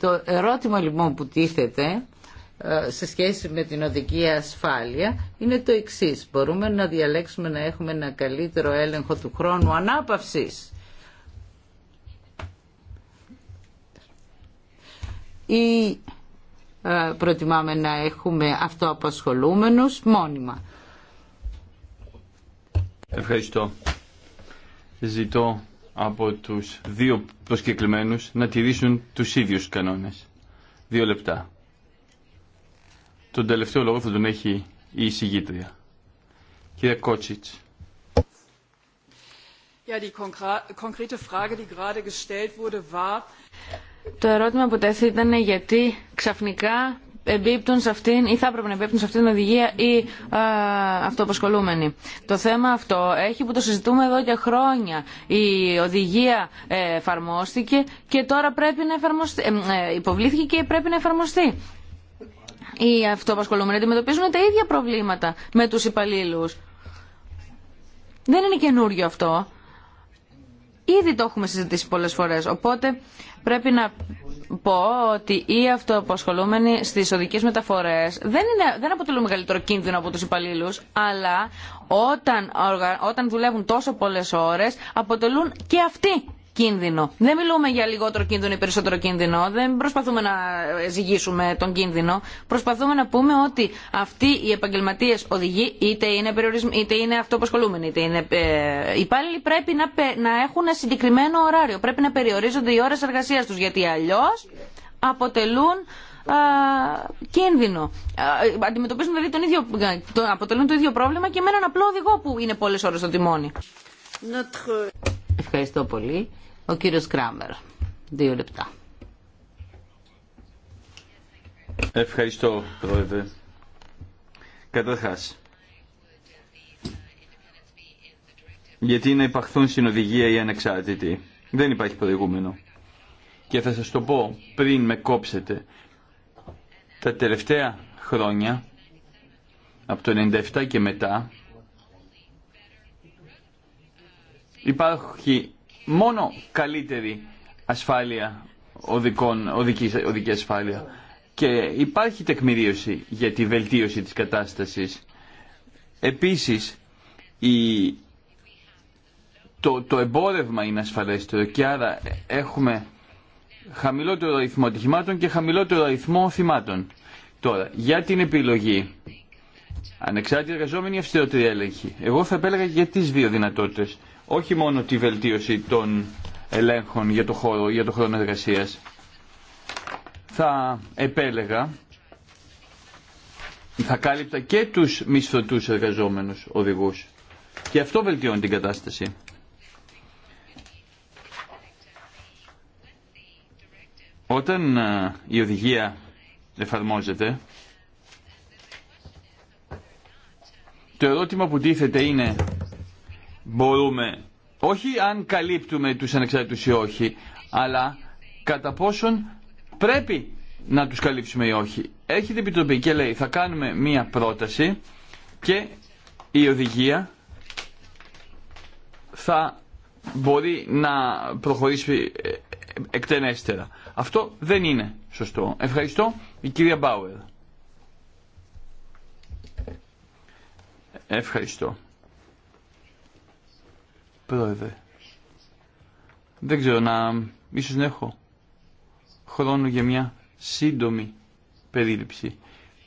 Το ερώτημα λοιπόν που τίθεται ε, σε σχέση με την οδική ασφάλεια είναι το εξής. Μπορούμε να διαλέξουμε να έχουμε ένα καλύτερο έλεγχο του χρόνου ανάπαυσης. Ή ε, προτιμάμε να έχουμε αυτοαπασχολούμενους μόνιμα. Ευχαριστώ. Ζητώ από τους δύο προσκεκλημένους να τηρήσουν τους ίδιους κανόνες. Δύο λεπτά. Τον τελευταίο λόγο θα τον έχει η εισηγήτρια. Κύριε Κότσιτς. Το ερώτημα που τέθη ήταν γιατί ξαφνικά εμπίπτουν σε αυτήν ή θα έπρεπε να εμπίπτουν σε αυτήν την οδηγία ή α, αυτοαπασχολούμενοι. Το θέμα αυτό έχει που το συζητούμε εδώ και χρόνια. Η οδηγία εφαρμόστηκε και τώρα πρέπει να ε, ε, υποβλήθηκε και πρέπει να εφαρμοστεί οι αυτοαπασχολούμενοι αντιμετωπίζουν τα ίδια προβλήματα με τους υπαλλήλου. Δεν είναι καινούριο αυτό. Ήδη το έχουμε συζητήσει πολλές φορές. Οπότε πρέπει να πω ότι οι αυτοαπασχολούμενοι στις οδικές μεταφορές δεν, είναι, δεν αποτελούν μεγαλύτερο κίνδυνο από τους υπαλλήλους, αλλά όταν, όταν δουλεύουν τόσο πολλές ώρες αποτελούν και αυτοί κίνδυνο. Δεν μιλούμε για λιγότερο κίνδυνο ή περισσότερο κίνδυνο. Δεν προσπαθούμε να ζυγίσουμε τον κίνδυνο. Προσπαθούμε να πούμε ότι αυτοί οι επαγγελματίε οδηγοί, είτε είναι, είτε είναι αυτοαπασχολούμενοι, είτε είναι ε, υπάλληλοι, πρέπει να, να έχουν ένα συγκεκριμένο ωράριο. Πρέπει να περιορίζονται οι ώρε εργασία του. Γιατί αλλιώ αποτελούν κίνδυνο. αντιμετωπίζουν δηλαδή τον ίδιο, ε, το, αποτελούν το ίδιο πρόβλημα και με έναν απλό οδηγό που είναι πολλές ώρες στο τιμόνι. Ευχαριστώ πολύ. Ο κύριος Κράμερ. Δύο λεπτά. Ευχαριστώ, Πρόεδρε. Καταρχάς, γιατί να υπαχθούν στην οδηγία οι ανεξάρτητοι. Δεν υπάρχει προηγούμενο. Και θα σας το πω πριν με κόψετε. Τα τελευταία χρόνια, από το 97 και μετά, υπάρχει μόνο καλύτερη ασφάλεια οδικών, οδική, οδική ασφάλεια και υπάρχει τεκμηρίωση για τη βελτίωση της κατάστασης. Επίσης, η, το, το εμπόρευμα είναι ασφαλέστερο και άρα έχουμε χαμηλότερο αριθμό ατυχημάτων και χαμηλότερο αριθμό θυμάτων. Τώρα, για την επιλογή, ανεξάρτητη εργαζόμενη ή αυστηρότερη έλεγχη. Εγώ θα επέλεγα για τις δύο δυνατότητες όχι μόνο τη βελτίωση των ελέγχων για το, χώρο, για το χρόνο εργασίας. Θα επέλεγα, θα κάλυπτα και τους μισθωτούς εργαζόμενους οδηγούς. Και αυτό βελτιώνει την κατάσταση. Όταν ε, η οδηγία εφαρμόζεται, το ερώτημα που τίθεται είναι μπορούμε, όχι αν καλύπτουμε τους ανεξάρτητους ή όχι, αλλά κατά πόσον πρέπει να τους καλύψουμε ή όχι. Έχει την Επιτροπή και λέει θα κάνουμε μία πρόταση και η οδηγία θα μπορεί να προχωρήσει ε, εκτενέστερα. Αυτό δεν είναι σωστό. Ευχαριστώ η κυρία Μπάουερ. Ευχαριστώ. Πρόεδρε. Δεν ξέρω να... ίσως να έχω χρόνο για μια σύντομη περίληψη.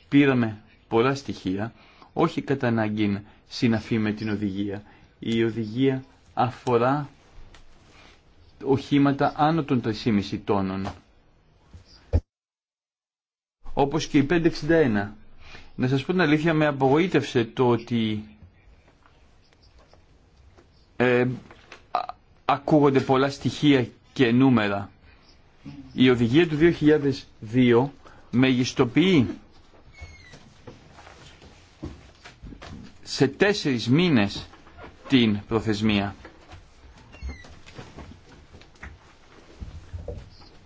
Πήραμε πολλά στοιχεία, όχι κατά ανάγκη συναφή με την οδηγία. Η οδηγία αφορά οχήματα άνω των 3,5 τόνων. Όπως και η 561. Να σας πω την αλήθεια, με απογοήτευσε το ότι ε, ακούγονται πολλά στοιχεία και νούμερα. Η οδηγία του 2002 μεγιστοποιεί σε τέσσερις μήνες την προθεσμία.